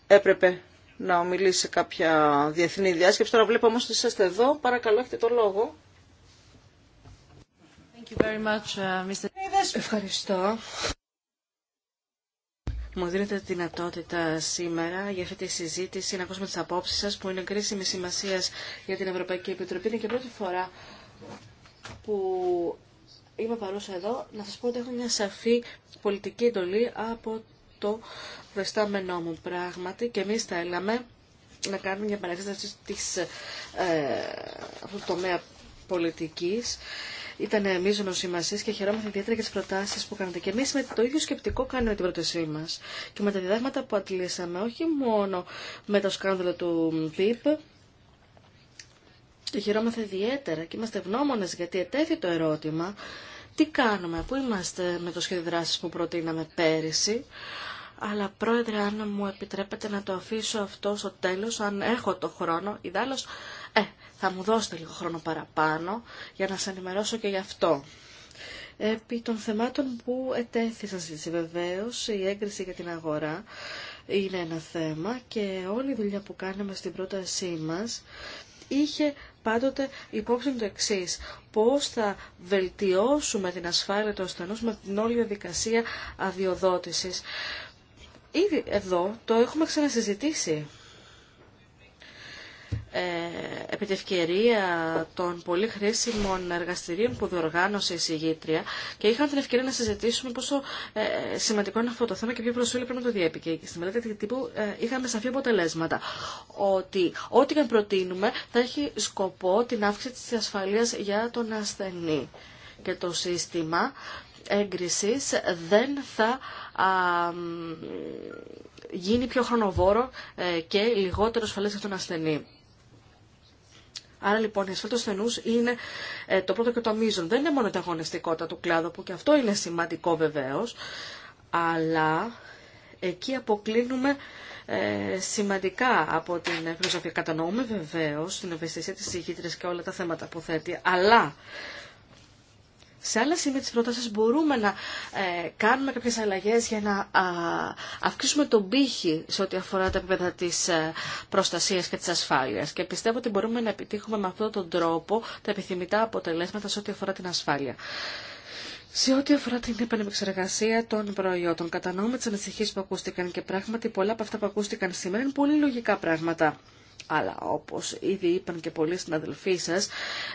έπρεπε να ομιλήσει σε κάποια διεθνή διάσκεψη. Τώρα βλέπω όμως ότι είστε εδώ. Παρακαλώ, έχετε το λόγο. Thank you very much, uh, Mr. Ευχαριστώ. Μου δίνετε τη δυνατότητα σήμερα για αυτή τη συζήτηση να ακούσουμε τις απόψεις σας που είναι κρίσιμη σημασία για την Ευρωπαϊκή Επιτροπή. Είναι και πρώτη φορά που είμαι παρούσα εδώ να σας πω ότι έχω μια σαφή πολιτική εντολή από το βρεστάμενό μου πράγματι και εμείς θέλαμε να κάνουμε μια παρακολουθήση της ε, αυτού του τομέα πολιτικής. Ήταν μείζονο σημασία και χαιρόμαστε ιδιαίτερα για τι προτάσει που κάνατε. Και εμεί με το ίδιο σκεπτικό κάνουμε την πρότασή μα και με τα διδάγματα που αντλήσαμε, όχι μόνο με το σκάνδαλο του ΠΙΠ, και χαιρόμαστε ιδιαίτερα και είμαστε ευγνώμονε γιατί ετέθη το ερώτημα τι κάνουμε, πού είμαστε με το σχέδιο δράση που προτείναμε πέρυσι, αλλά πρόεδρε αν μου επιτρέπετε να το αφήσω αυτό στο τέλος, αν έχω το χρόνο, ιδάλλως, ε, θα μου δώσετε λίγο χρόνο παραπάνω για να σας ενημερώσω και γι' αυτό. Επί των θεμάτων που ετέθησαν συζήτηση βεβαίω, η έγκριση για την αγορά είναι ένα θέμα και όλη η δουλειά που κάναμε στην πρότασή μας είχε πάντοτε υπόψη το εξή. Πώς θα βελτιώσουμε την ασφάλεια του ασθενούς με την όλη διαδικασία αδειοδότησης. Ήδη εδώ το έχουμε ξανασυζητήσει. Ε, επί τη ευκαιρία των πολύ χρήσιμων εργαστηρίων που διοργάνωσε η συγγήτρια και είχαμε την ευκαιρία να συζητήσουμε πόσο ε, σημαντικό είναι αυτό το θέμα και ποιο προσφύλλο πρέπει να το διέπηκε. Και μελέτη τύπου ε, είχαμε σαφή αποτελέσματα ότι ό,τι και αν προτείνουμε θα έχει σκοπό την αύξηση της ασφαλείας για τον ασθενή. Και το σύστημα έγκρισης δεν θα γίνει πιο χρονοβόρο ε, και λιγότερο ασφαλές για τον ασθενή. Άρα λοιπόν η ασφαλή του ασθενού είναι ε, το πρώτο και το μείζον. Δεν είναι μόνο η αγωνιστικότητα του κλάδου που και αυτό είναι σημαντικό βεβαίω, αλλά εκεί αποκλίνουμε ε, σημαντικά από την φιλοσοφία. Κατανοούμε βεβαίω την ευαισθησία τη ηγήτρια και όλα τα θέματα που θέτει, αλλά σε άλλα σημεία της πρότασης μπορούμε να ε, κάνουμε κάποιες αλλαγές για να αυξήσουμε τον πύχη σε ό,τι αφορά τα επίπεδα της ε, προστασίας και της ασφάλειας. Και πιστεύω ότι μπορούμε να επιτύχουμε με αυτόν τον τρόπο τα επιθυμητά αποτελέσματα σε ό,τι αφορά την ασφάλεια. Σε ό,τι αφορά την επανεπεξεργασία των προϊόντων, κατανοούμε τι ανησυχίε που ακούστηκαν και πράγματι πολλά από αυτά που ακούστηκαν σήμερα είναι πολύ λογικά πράγματα. Αλλά όπως ήδη είπαν και πολλοί συναδελφοί σας,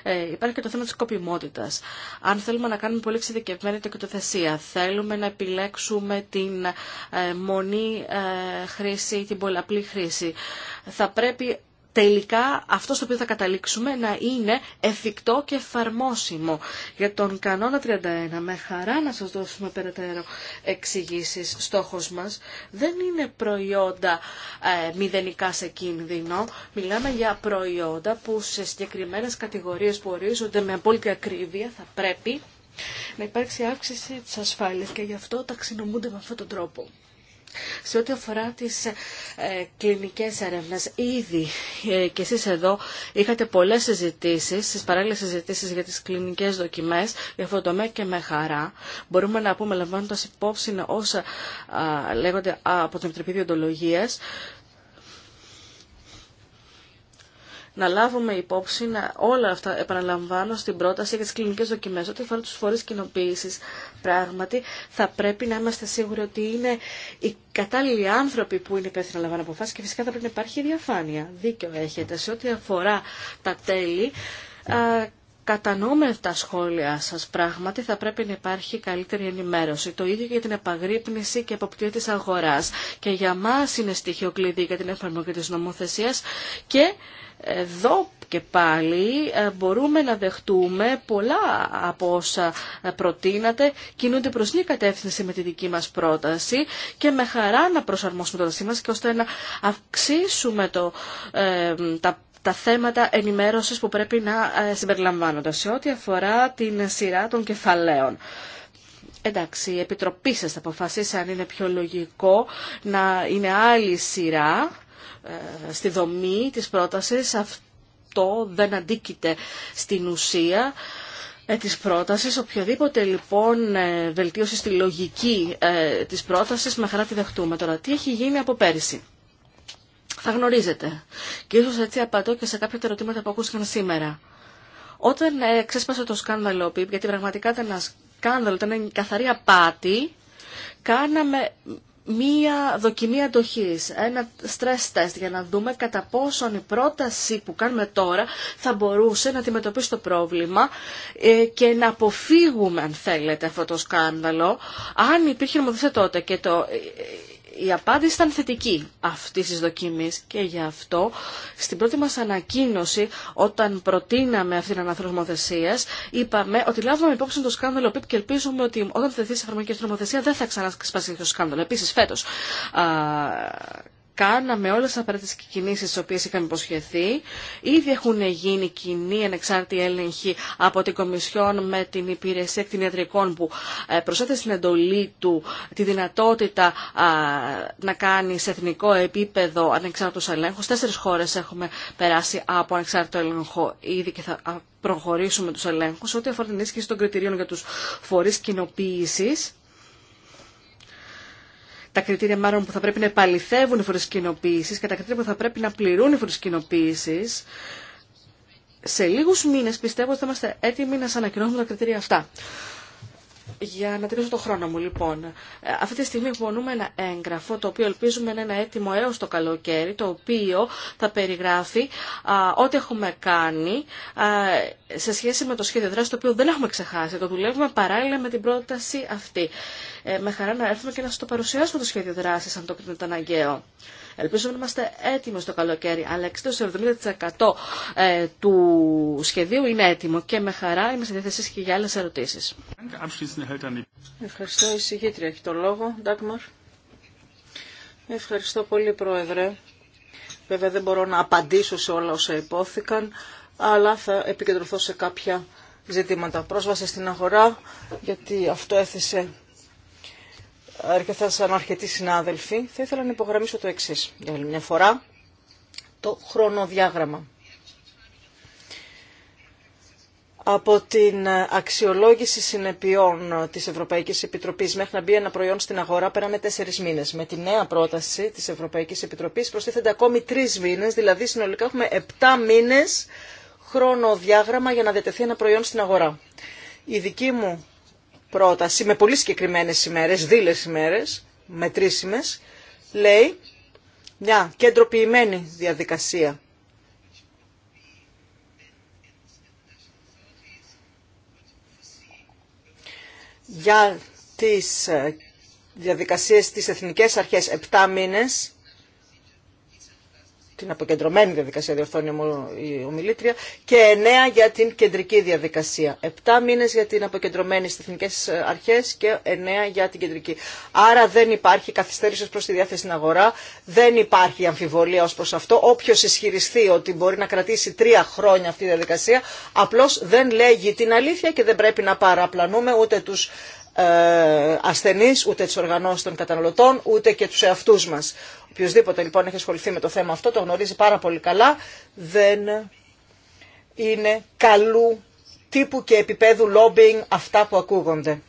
ε, υπάρχει και το θέμα της σκοπιμότητας. Αν θέλουμε να κάνουμε πολύ εξειδικευμένη τεκτοθεσία, θέλουμε να επιλέξουμε την ε, μονή ε, χρήση ή την πολλαπλή χρήση, θα πρέπει τελικά αυτό στο οποίο θα καταλήξουμε να είναι εφικτό και εφαρμόσιμο. Για τον κανόνα 31, με χαρά να σας δώσουμε περαιτέρω εξηγήσει στόχος μας, δεν είναι προϊόντα ε, μηδενικά σε κίνδυνο. Μιλάμε για προϊόντα που σε συγκεκριμένες κατηγορίες που ορίζονται με απόλυτη ακρίβεια θα πρέπει να υπάρξει αύξηση της ασφάλειας και γι' αυτό ταξινομούνται με αυτόν τον τρόπο. Σε ό,τι αφορά τις ε, κλινικές έρευνες, ήδη ε, και εσείς εδώ είχατε πολλές συζητήσεις, τις παράλληλες συζητήσεις για τις κλινικές δοκιμές, για αυτό το με και με χαρά. Μπορούμε να πούμε, λαμβάνοντας υπόψη όσα λέγονται από την Επιτροπή Διοντολογίας, να λάβουμε υπόψη να όλα αυτά, επαναλαμβάνω, στην πρόταση για τι κλινικέ δοκιμέ, Ό,τι αφορά του φορεί κοινοποίηση, πράγματι, θα πρέπει να είμαστε σίγουροι ότι είναι οι κατάλληλοι άνθρωποι που είναι υπεύθυνοι να λαμβάνουν αποφάσεις και φυσικά θα πρέπει να υπάρχει διαφάνεια. Δίκιο έχετε σε ό,τι αφορά τα τέλη. Κατανοούμε τα σχόλια σα, πράγματι, θα πρέπει να υπάρχει καλύτερη ενημέρωση. Το ίδιο για την επαγρύπνηση και εποπτεία τη αγορά. Και για μα είναι στοιχείο κλειδί για την εφαρμογή τη νομοθεσία και εδώ και πάλι ε, μπορούμε να δεχτούμε πολλά από όσα ε, προτείνατε, κινούνται προς την κατεύθυνση με τη δική μας πρόταση και με χαρά να προσαρμόσουμε το δασί μας και ώστε να αυξήσουμε το, ε, τα τα θέματα ενημέρωσης που πρέπει να συμπεριλαμβάνονται σε ό,τι αφορά την σειρά των κεφαλαίων. Εντάξει, η Επιτροπή σας θα αποφασίσει αν είναι πιο λογικό να είναι άλλη σειρά ε, στη δομή της πρότασης. Αυτό δεν αντίκειται στην ουσία ε, της πρότασης. Οποιοδήποτε λοιπόν ε, βελτίωση στη λογική της πρότασης με χαρά τη δεχτούμε. Τώρα τι έχει γίνει από πέρυσι. Θα γνωρίζετε. Και ίσως έτσι απαντώ και σε κάποια ερωτήματα που ακούστηκαν σήμερα. Όταν ε, ξέσπασε το σκάνδαλο γιατί πραγματικά ήταν ένα σκάνδαλο, ήταν καθαρή απάτη, κάναμε μία δοκιμή αντοχής, ένα stress test για να δούμε κατά πόσον η πρόταση που κάνουμε τώρα θα μπορούσε να αντιμετωπίσει το πρόβλημα ε, και να αποφύγουμε αν θέλετε αυτό το σκάνδαλο αν υπήρχε νομοθεσία τότε και το ε, η απάντηση ήταν θετική αυτή τη δοκιμή και γι' αυτό στην πρώτη μα ανακοίνωση, όταν προτείναμε αυτή την αναθρομοθεσία είπαμε ότι λάβουμε υπόψη το σκάνδαλο ΠΙΠ και ελπίζουμε ότι όταν θεθεί σε εφαρμογή αυτή νομοθεσία δεν θα ξανασπάσει το σκάνδαλο. Επίση, φέτο κάναμε όλες τις απαραίτητες κινήσεις τις οποίες είχαμε υποσχεθεί. Ήδη έχουν γίνει κοινή ανεξάρτητη έλεγχη από την Κομισιόν με την Υπηρεσία Εκτινιατρικών που ε, προσέθεσε στην εντολή του τη δυνατότητα να κάνει σε εθνικό επίπεδο ανεξάρτητος ελέγχους. Τέσσερις χώρες έχουμε περάσει από ανεξάρτητο έλεγχο ήδη και θα προχωρήσουμε τους ελέγχους. Ό,τι αφορά την ίσχυση των κριτηρίων για τους φορείς κοινοποίησης, τα κριτήρια μάλλον που θα πρέπει να επαληθεύουν οι φορές και τα κριτήρια που θα πρέπει να πληρούν οι φορές σε λίγους μήνες πιστεύω ότι θα είμαστε έτοιμοι να σας ανακοινώσουμε τα κριτήρια αυτά. Για να τελειώσω το χρόνο μου, λοιπόν. Ε, αυτή τη στιγμή εκπονούμε ένα έγγραφο, το οποίο ελπίζουμε να είναι έτοιμο έω το καλοκαίρι, το οποίο θα περιγράφει ό,τι έχουμε κάνει σε σχέση με το σχέδιο δράση, το οποίο δεν έχουμε ξεχάσει. Το δουλεύουμε παράλληλα με την πρόταση αυτή. Ε, με χαρά να έρθουμε και να σα το παρουσιάσουμε το σχέδιο δράση, αν το κρίνετε αναγκαίο. Ελπίζω να είμαστε έτοιμοι στο καλοκαίρι, αλλά 60-70% ε, του σχεδίου είναι έτοιμο και με χαρά είμαι σε διάθεσή και για άλλε ερωτήσει. Ευχαριστώ, η συγγήτρια έχει το λόγο. Ντάκμαρ. Ευχαριστώ πολύ, Πρόεδρε. Βέβαια δεν μπορώ να απαντήσω σε όλα όσα υπόθηκαν αλλά θα επικεντρωθώ σε κάποια ζητήματα. Πρόσβαση στην αγορά, γιατί αυτό έθεσε αρκετά σαν αρκετοί συνάδελφοι. Θα ήθελα να υπογραμμίσω το εξή για άλλη μια φορά, το χρονοδιάγραμμα. Από την αξιολόγηση συνεπειών της Ευρωπαϊκής Επιτροπής μέχρι να μπει ένα προϊόν στην αγορά πέραμε τέσσερις μήνες. Με τη νέα πρόταση της Ευρωπαϊκής Επιτροπής προστίθενται ακόμη τρεις μήνες, δηλαδή συνολικά έχουμε επτά μήνες χρονοδιάγραμμα για να διατεθεί ένα προϊόν στην αγορά. Η δική μου πρόταση με πολύ συγκεκριμένες ημέρες, δίλε ημέρες, μετρήσιμε, λέει μια κεντροποιημένη διαδικασία. Για τις ε, διαδικασίες της Εθνικές Αρχές 7 μήνες την αποκεντρωμένη διαδικασία, διορθώνει η ομιλήτρια, και εννέα για την κεντρική διαδικασία. Επτά μήνες για την αποκεντρωμένη στις εθνικέ ε, αρχές και εννέα για την κεντρική. Άρα δεν υπάρχει καθυστέρηση προ τη διάθεση στην αγορά, δεν υπάρχει αμφιβολία ω προ αυτό. Όποιο ισχυριστεί ότι μπορεί να κρατήσει τρία χρόνια αυτή η διαδικασία, απλώ δεν λέγει την αλήθεια και δεν πρέπει να παραπλανούμε ούτε τους ε, ασθενείς, ούτε τις οργανώσει των καταναλωτών, ούτε και τους εαυτούς μας. Οποιοςδήποτε λοιπόν έχει ασχοληθεί με το θέμα αυτό το γνωρίζει πάρα πολύ καλά. Δεν είναι καλού τύπου και επίπεδου lobbying αυτά που ακούγονται.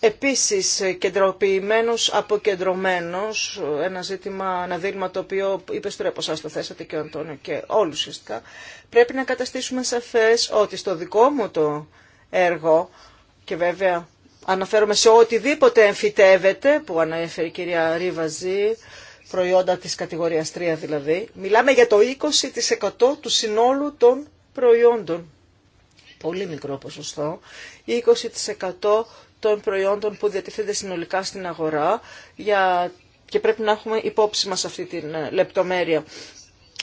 Επίσης κεντροποιημένος, αποκεντρωμένος, ένα ζήτημα, ένα δίλημα το οποίο είπε τώρα από το θέσατε και ο Αντώνιο και όλου ουσιαστικά, πρέπει να καταστήσουμε σαφές ότι στο δικό μου το έργο και βέβαια αναφέρομαι σε οτιδήποτε εμφυτεύεται που αναφέρει η κυρία Ρίβαζη, προϊόντα της κατηγορίας 3 δηλαδή, μιλάμε για το 20% του συνόλου των προϊόντων. Πολύ μικρό ποσοστό, 20% των προϊόντων που διατίθενται συνολικά στην αγορά για... και πρέπει να έχουμε υπόψη μας αυτή την ε, λεπτομέρεια.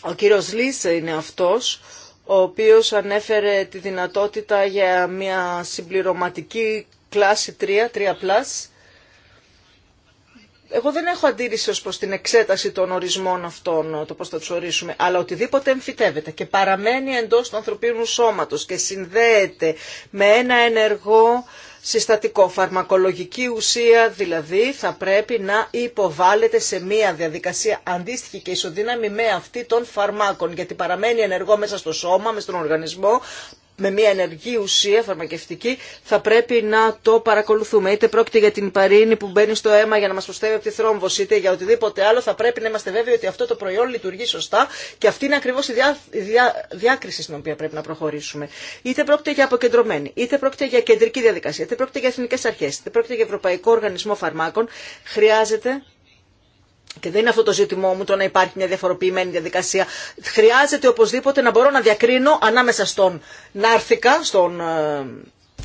Ο κύριος Λίσε είναι αυτός ο οποίος ανέφερε τη δυνατότητα για μια συμπληρωματική κλάση 3, 3+, εγώ δεν έχω αντίρρηση ως προς την εξέταση των ορισμών αυτών, το πώς θα τους ορίσουμε, αλλά οτιδήποτε εμφυτεύεται και παραμένει εντός του ανθρωπίνου σώματος και συνδέεται με ένα ενεργό συστατικό, φαρμακολογική ουσία δηλαδή θα πρέπει να υποβάλλεται σε μια διαδικασία αντίστοιχη και ισοδύναμη με αυτή των φαρμάκων γιατί παραμένει ενεργό μέσα στο σώμα, μέσα στον οργανισμό με μια ενεργή ουσία φαρμακευτική θα πρέπει να το παρακολουθούμε. Είτε πρόκειται για την παρίνη που μπαίνει στο αίμα για να μα προστεύει από τη θρόμβωση, είτε για οτιδήποτε άλλο, θα πρέπει να είμαστε βέβαιοι ότι αυτό το προϊόν λειτουργεί σωστά και αυτή είναι ακριβώ η διάκριση στην οποία πρέπει να προχωρήσουμε. Είτε πρόκειται για αποκεντρωμένη, είτε πρόκειται για κεντρική διαδικασία, είτε πρόκειται για εθνικέ αρχέ, είτε πρόκειται για Ευρωπαϊκό Οργανισμό Φαρμάκων, χρειάζεται και δεν είναι αυτό το ζήτημό μου το να υπάρχει μια διαφοροποιημένη διαδικασία. Χρειάζεται οπωσδήποτε να μπορώ να διακρίνω ανάμεσα στον ναρθικά, στον ε,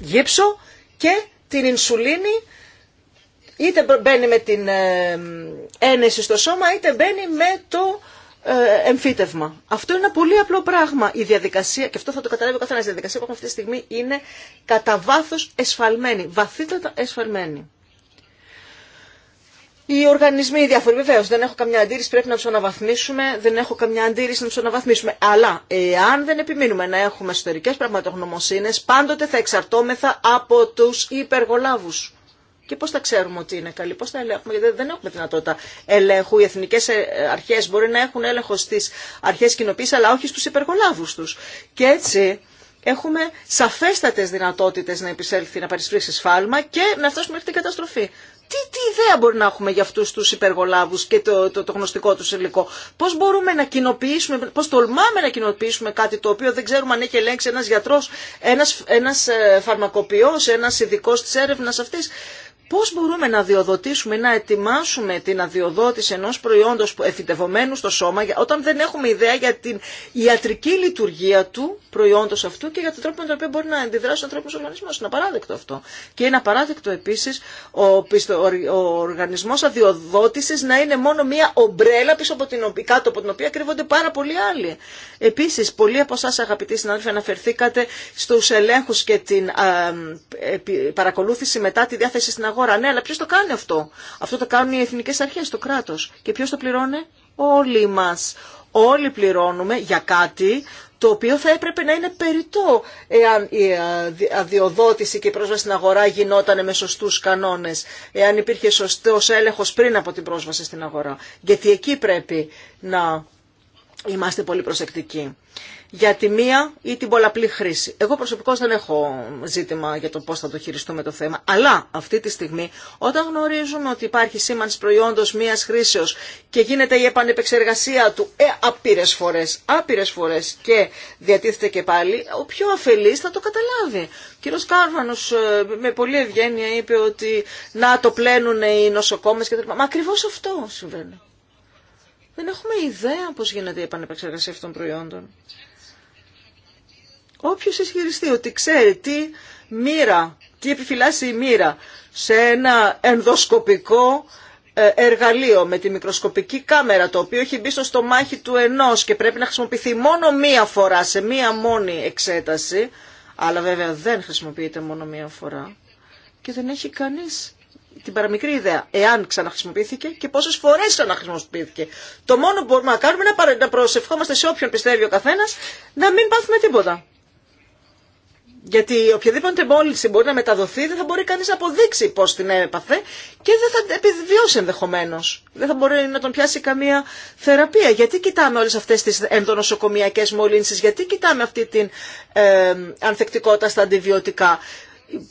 γύψο και την ινσουλίνη είτε μπαίνει με την ε, ένεση στο σώμα είτε μπαίνει με το ε, εμφύτευμα. Αυτό είναι ένα πολύ απλό πράγμα. Η διαδικασία, και αυτό θα το καταλάβει ο καθένα, η διαδικασία που έχουμε αυτή τη στιγμή είναι κατά βάθο εσφαλμένη, βαθύτατα εσφαλμένη. Οι οργανισμοί, οι διάφοροι, βεβαίω δεν έχω καμιά αντίρρηση, πρέπει να του αναβαθμίσουμε, δεν έχω καμιά αντίρρηση να του αναβαθμίσουμε. Αλλά εάν δεν επιμείνουμε να έχουμε εσωτερικέ πραγματογνωμοσύνε, πάντοτε θα εξαρτώμεθα από του υπεργολάβου. Και πώ θα ξέρουμε ότι είναι καλή, πώ θα ελέγχουμε, γιατί δεν έχουμε δυνατότητα ελέγχου. Οι εθνικέ ε, αρχέ μπορεί να έχουν έλεγχο στι αρχέ κοινοποίηση, αλλά όχι στου υπεργολάβου του. Και έτσι έχουμε σαφέστατες δυνατότητες να επισέλθει, να παρισφρήσει σφάλμα και να φτάσουμε μέχρι την καταστροφή τι, τι ιδέα μπορεί να έχουμε για αυτούς τους υπεργολάβους και το, το, γνωστικό τους υλικό. Πώς μπορούμε να κοινοποιήσουμε, πώς τολμάμε να κοινοποιήσουμε κάτι το οποίο δεν ξέρουμε αν έχει ελέγξει ένας γιατρός, ένας, ένας ε, φαρμακοποιός, ένας ειδικός της έρευνας πώς μπορούμε να αδειοδοτήσουμε, να ετοιμάσουμε την αδειοδότηση ενός προϊόντος εφητευωμένου στο σώμα όταν δεν έχουμε ιδέα για την ιατρική λειτουργία του προϊόντος αυτού και για τον τρόπο με τον οποίο μπορεί να αντιδράσει ο ανθρώπινος οργανισμός. Είναι απαράδεκτο αυτό. Και είναι απαράδεκτο επίσης ο, οργανισμός αδειοδότησης να είναι μόνο μία ομπρέλα πίσω από την, κάτω από την οποία κρύβονται πάρα πολλοί άλλοι. Επίσης, πολλοί από εσάς αγαπητοί συνάδελφοι αναφερθήκατε στους ελέγχους και την παρακολούθηση μετά τη διάθεση στην χώρα. Ναι, αλλά ποιο το κάνει αυτό. Αυτό το κάνουν οι εθνικέ αρχέ, το κράτο. Και ποιο το πληρώνει, όλοι μα. Όλοι πληρώνουμε για κάτι το οποίο θα έπρεπε να είναι περιττό εάν η αδειοδότηση και η πρόσβαση στην αγορά γινόταν με σωστού κανόνε. εάν υπήρχε σωστός έλεγχο πριν από την πρόσβαση στην αγορά. Γιατί εκεί πρέπει να είμαστε πολύ προσεκτικοί για τη μία ή την πολλαπλή χρήση. Εγώ προσωπικώς δεν έχω ζήτημα για το πώς θα το χειριστούμε το θέμα, αλλά αυτή τη στιγμή όταν γνωρίζουμε ότι υπάρχει σήμανση προϊόντος μίας χρήσεως και γίνεται η επανεπεξεργασία του ε, άπειρες φορές, άπειρες φορές και διατίθεται και πάλι, ο πιο αφελής θα το καταλάβει. Ο κύριος Κάρβανος ε, με πολλή ευγένεια είπε ότι να το πλένουν οι νοσοκόμες και Μα ακριβώς αυτό συμβαίνει. Δεν έχουμε ιδέα πώς γίνεται η επανεπεξεργασία αυτών των προϊόντων. Όποιος ισχυριστεί ότι ξέρει τι μοίρα, τι επιφυλάσσει η μοίρα σε ένα ενδοσκοπικό ε, εργαλείο με τη μικροσκοπική κάμερα το οποίο έχει μπει στο στομάχι του ενός και πρέπει να χρησιμοποιηθεί μόνο μία φορά σε μία μόνη εξέταση αλλά βέβαια δεν χρησιμοποιείται μόνο μία φορά και δεν έχει κανείς την παραμικρή ιδέα εάν ξαναχρησιμοποιήθηκε και πόσες φορές ξαναχρησιμοποιήθηκε. Το μόνο που μπορούμε να κάνουμε είναι να προσευχόμαστε σε όποιον πιστεύει ο καθένας να μην πάθουμε τίποτα. Γιατί οποιαδήποτε μόλυνση μπορεί να μεταδοθεί δεν θα μπορεί κανείς να αποδείξει πώς την έπαθε και δεν θα επιβιώσει ενδεχομένω. Δεν θα μπορεί να τον πιάσει καμία θεραπεία. Γιατί κοιτάμε όλες αυτές τις ενδονοσοκομιακές μολύνσεις, γιατί κοιτάμε αυτή την ε, ανθεκτικότητα στα αντιβιωτικά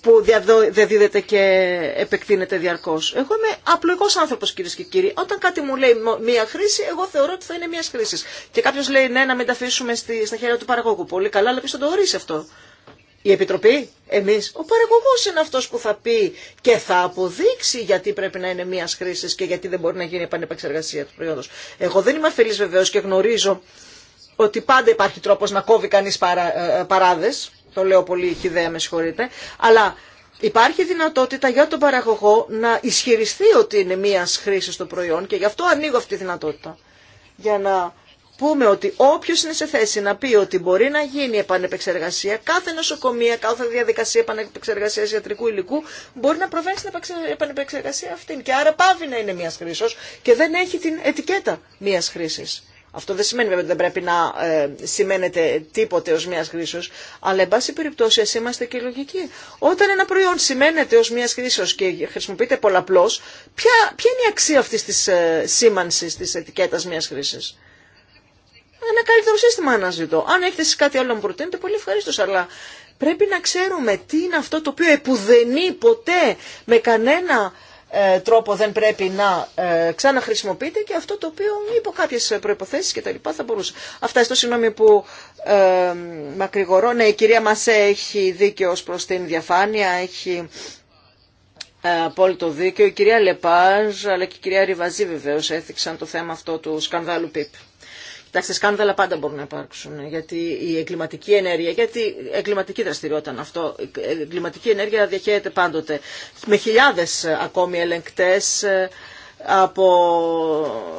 που διαδίδεται και επεκτείνεται διαρκώς. Εγώ είμαι απλοϊκός άνθρωπος κυρίες και κύριοι. Όταν κάτι μου λέει μία χρήση, εγώ θεωρώ ότι θα είναι μία χρήση. Και κάποιο λέει ναι να μην τα αφήσουμε στη, στα χέρια του παραγωγού. Πολύ καλά, αλλά ποιος θα αυτό η Επιτροπή, εμείς, ο παραγωγός είναι αυτός που θα πει και θα αποδείξει γιατί πρέπει να είναι μια χρήση και γιατί δεν μπορεί να γίνει επανεπεξεργασία του προϊόντος. Εγώ δεν είμαι αφελής βεβαίως και γνωρίζω ότι πάντα υπάρχει τρόπος να κόβει κανείς παρά, ε, ε, παράδες, το λέω πολύ χιδέα, με συγχωρείτε, αλλά Υπάρχει δυνατότητα για τον παραγωγό να ισχυριστεί ότι είναι μία χρήση το προϊόν και γι' αυτό ανοίγω αυτή τη δυνατότητα. Για να πούμε ότι όποιος είναι σε θέση να πει ότι μπορεί να γίνει επανεπεξεργασία, κάθε νοσοκομεία, κάθε διαδικασία επανεπεξεργασίας ιατρικού υλικού μπορεί να προβαίνει στην επανεπεξεργασία αυτή Και άρα πάβει να είναι μιας χρήσης και δεν έχει την ετικέτα μιας χρήσης. Αυτό δεν σημαίνει βέβαια ότι δεν πρέπει να ε, σημαίνεται τίποτε ω μια χρήσεως, αλλά εν πάση περιπτώσει α είμαστε και λογικοί. Όταν ένα προϊόν σημαίνεται ω μια χρήσεως και χρησιμοποιείται πολλαπλώ, ποια, ποια είναι η αξία αυτής της ε, σήμανση τη ετικέτα μια χρήση ένα καλύτερο σύστημα αναζητώ. Αν έχετε εσείς κάτι άλλο να μου προτείνετε, πολύ ευχαρίστω, αλλά πρέπει να ξέρουμε τι είναι αυτό το οποίο επουδενεί ποτέ με κανένα ε, τρόπο δεν πρέπει να ε, ξαναχρησιμοποιείται και αυτό το οποίο υπό κάποιε τα λοιπά θα μπορούσε. Αυτά στο συγγνώμη που ε, μακρηγορώ. Ναι, η κυρία Μασέ έχει δίκαιο προς την διαφάνεια, έχει ε, απόλυτο δίκαιο. Η κυρία Λεπάζ αλλά και η κυρία Ριβαζή βεβαίω έθιξαν το θέμα αυτό του σκανδάλου ΠΙΠ. Εντάξει, σκάνδαλα πάντα μπορούν να υπάρξουν, γιατί η εγκληματική ενέργεια, γιατί εγκληματική δραστηριότητα αυτό, η εγκληματική ενέργεια διαχέεται πάντοτε με χιλιάδες ακόμη ελεγκτές ε, από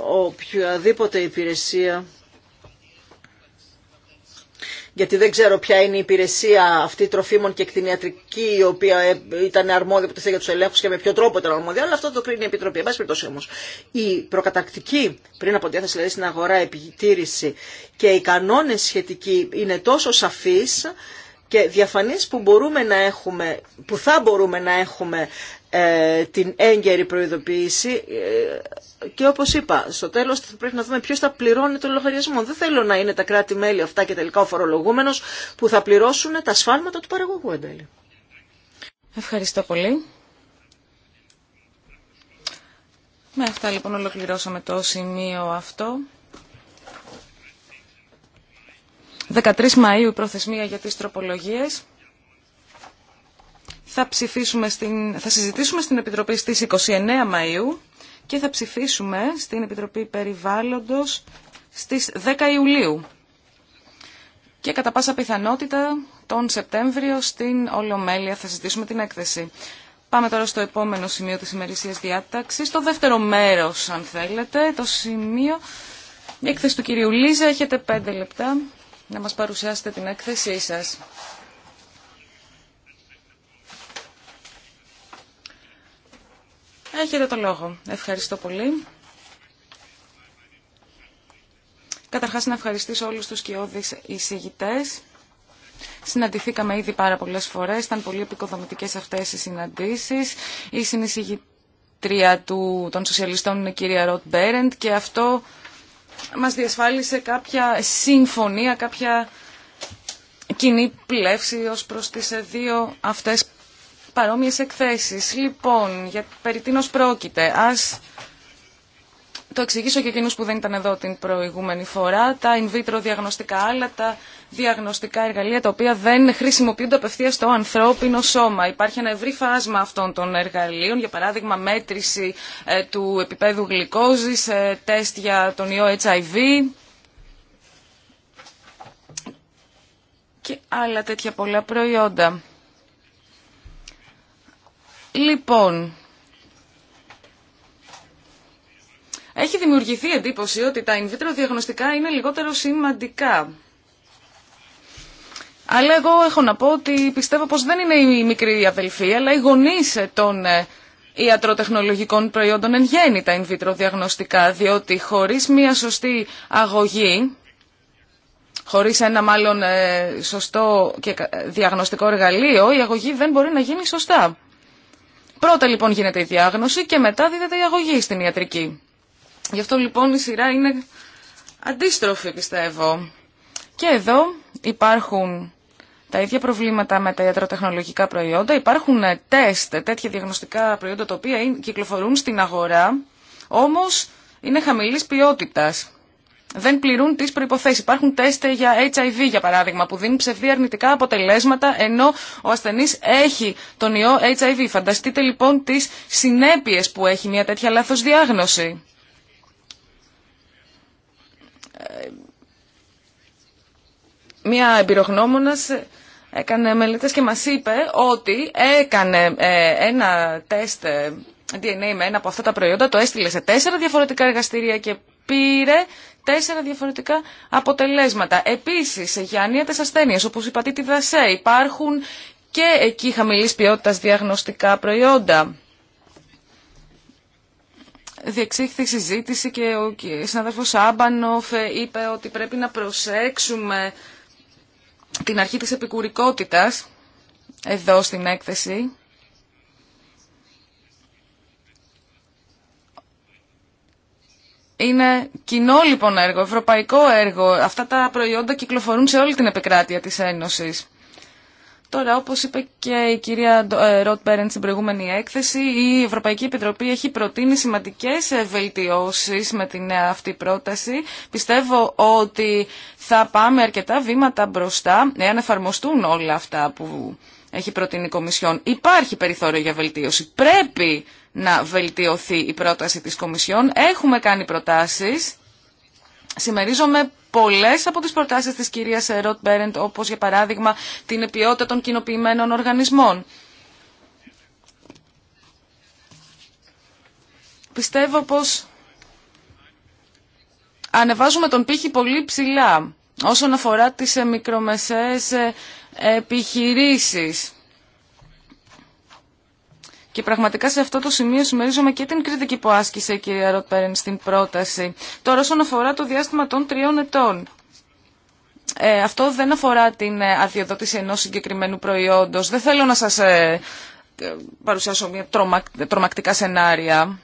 οποιαδήποτε υπηρεσία γιατί δεν ξέρω ποια είναι η υπηρεσία αυτή τροφίμων και κτηνιατρική, η οποία ε, ήταν αρμόδια που για του ελέγχου και με ποιο τρόπο ήταν αρμόδια, αλλά αυτό το κρίνει η Επιτροπή. Εν πάση όμω, η προκαταρκτική, πριν από διάθεση δηλαδή στην αγορά επιτήρηση και οι κανόνε σχετικοί είναι τόσο σαφεί και διαφανείς που, μπορούμε να έχουμε, που θα μπορούμε να έχουμε ε, την έγκαιρη προειδοποίηση ε, και όπως είπα, στο τέλος θα πρέπει να δούμε ποιος θα πληρώνει το λογαριασμό. Δεν θέλω να είναι τα κράτη-μέλη αυτά και τελικά ο φορολογούμενος που θα πληρώσουν τα σφάλματα του παραγωγού εν τέλει. Ευχαριστώ πολύ. Με αυτά λοιπόν ολοκληρώσαμε το σημείο αυτό. 13 Μαΐου η προθεσμία για τις τροπολογίες. Θα, ψηφίσουμε στην, θα συζητήσουμε στην Επιτροπή στις 29 Μαΐου και θα ψηφίσουμε στην Επιτροπή Περιβάλλοντος στις 10 Ιουλίου και κατά πάσα πιθανότητα τον Σεπτέμβριο στην Ολομέλεια θα συζητήσουμε την έκθεση. Πάμε τώρα στο επόμενο σημείο της ημερησίας διάταξης, το δεύτερο μέρος αν θέλετε, το σημείο η έκθεση του κυρίου Λίζα, έχετε πέντε λεπτά να μας παρουσιάσετε την έκθεσή σας. Έχετε το λόγο. Ευχαριστώ πολύ. Καταρχάς να ευχαριστήσω όλους τους κοιόδης εισηγητές. Συναντηθήκαμε ήδη πάρα πολλές φορές, ήταν πολύ επικοδομητικές αυτές οι συναντήσεις. Η συνεισηγητρία του, των σοσιαλιστών είναι η κυρία Ροτ Μπέρεντ και αυτό μας διασφάλισε κάποια συμφωνία, κάποια κοινή πλεύση ως προς τις δύο αυτές παρόμοιες εκθέσεις. Λοιπόν, για περί τίνος πρόκειται. Ας το εξηγήσω και εκείνους που δεν ήταν εδώ την προηγούμενη φορά. Τα in vitro διαγνωστικά άλλα, τα διαγνωστικά εργαλεία τα οποία δεν χρησιμοποιούνται απευθεία στο ανθρώπινο σώμα. Υπάρχει ένα ευρύ φάσμα αυτών των εργαλείων, για παράδειγμα μέτρηση ε, του επίπεδου γλυκόζης, ε, τεστ για τον ιό HIV... και άλλα τέτοια πολλά προϊόντα. Λοιπόν, έχει δημιουργηθεί εντύπωση ότι τα in vitro διαγνωστικά είναι λιγότερο σημαντικά. Αλλά εγώ έχω να πω ότι πιστεύω πως δεν είναι η μικρή αδελφή, αλλά οι γονείς των ε, ιατροτεχνολογικών προϊόντων εν γέννη τα in vitro διαγνωστικά, διότι χωρίς μια σωστή αγωγή, χωρίς ένα μάλλον ε, σωστό και διαγνωστικό εργαλείο, η αγωγή δεν μπορεί να γίνει σωστά. Πρώτα λοιπόν γίνεται η διάγνωση και μετά δίδεται η αγωγή στην ιατρική. Γι' αυτό λοιπόν η σειρά είναι αντίστροφη πιστεύω. Και εδώ υπάρχουν τα ίδια προβλήματα με τα ιατροτεχνολογικά προϊόντα. Υπάρχουν ε, τεστ, τέτοια διαγνωστικά προϊόντα τα οποία κυκλοφορούν στην αγορά, όμως είναι χαμηλής ποιότητας δεν πληρούν τις προϋποθέσεις. Υπάρχουν τεστ για HIV, για παράδειγμα, που δίνουν ψευδή αρνητικά αποτελέσματα, ενώ ο ασθενής έχει τον ιό HIV. Φανταστείτε λοιπόν τις συνέπειες που έχει μια τέτοια λάθος διάγνωση. Ε, μια εμπειρογνώμονας έκανε μελέτες και μας είπε ότι έκανε ε, ένα τεστ ε, DNA με ένα από αυτά τα προϊόντα, το έστειλε σε τέσσερα διαφορετικά εργαστήρια και πήρε τέσσερα διαφορετικά αποτελέσματα. Επίσης, σε ανίατες ασθένειε, όπως η πατήτη δασέ, υπάρχουν και εκεί χαμηλής ποιότητας διαγνωστικά προϊόντα. Διεξήχθη συζήτηση και ο συναδέλφος Άμπανοφ είπε ότι πρέπει να προσέξουμε την αρχή της επικουρικότητας εδώ στην έκθεση είναι κοινό λοιπόν έργο, ευρωπαϊκό έργο. Αυτά τα προϊόντα κυκλοφορούν σε όλη την επικράτεια της Ένωσης. Τώρα, όπως είπε και η κυρία ε, Ροτ Μπέρεντ στην προηγούμενη έκθεση, η Ευρωπαϊκή Επιτροπή έχει προτείνει σημαντικές ε, βελτιώσεις με την ε, αυτή πρόταση. Πιστεύω ότι θα πάμε αρκετά βήματα μπροστά, εάν εφαρμοστούν όλα αυτά που έχει προτείνει η Κομισιόν. Υπάρχει περιθώριο για βελτίωση. Πρέπει να βελτιωθεί η πρόταση της Κομισιόν. Έχουμε κάνει προτάσεις. Σημερίζομαι πολλές από τις προτάσεις της κυρίας Ροτ Μπέρεντ, όπως για παράδειγμα την ποιότητα των κοινοποιημένων οργανισμών. Πιστεύω πως ανεβάζουμε τον πύχη πολύ ψηλά όσον αφορά τις μικρομεσαίες επιχειρήσεις. Και πραγματικά σε αυτό το σημείο συμμερίζομαι και την κριτική που άσκησε η κυρία Ροτπέρεν στην πρόταση. Τώρα όσον αφορά το διάστημα των τριών ετών. Ε, αυτό δεν αφορά την ε, αδειοδότηση ενός συγκεκριμένου προϊόντος. Δεν θέλω να σας ε, παρουσιάσω μια τρομακτικά σενάρια.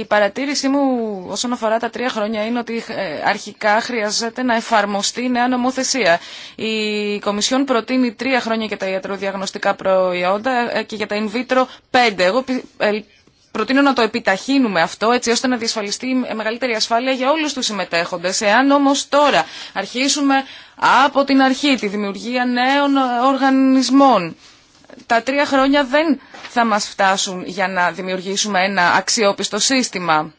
Η παρατήρησή μου όσον αφορά τα τρία χρόνια είναι ότι ε, αρχικά χρειάζεται να εφαρμοστεί νέα νομοθεσία. Η Κομισιόν προτείνει τρία χρόνια για τα ιατροδιαγνωστικά προϊόντα ε, και για τα in vitro πέντε. Εγώ ε, προτείνω να το επιταχύνουμε αυτό έτσι ώστε να διασφαλιστεί μεγαλύτερη ασφάλεια για όλους τους συμμετέχοντες. Εάν όμως τώρα αρχίσουμε από την αρχή τη δημιουργία νέων οργανισμών, τα τρία χρόνια δεν θα μας φτάσουν για να δημιουργήσουμε ένα αξιόπιστο σύστημα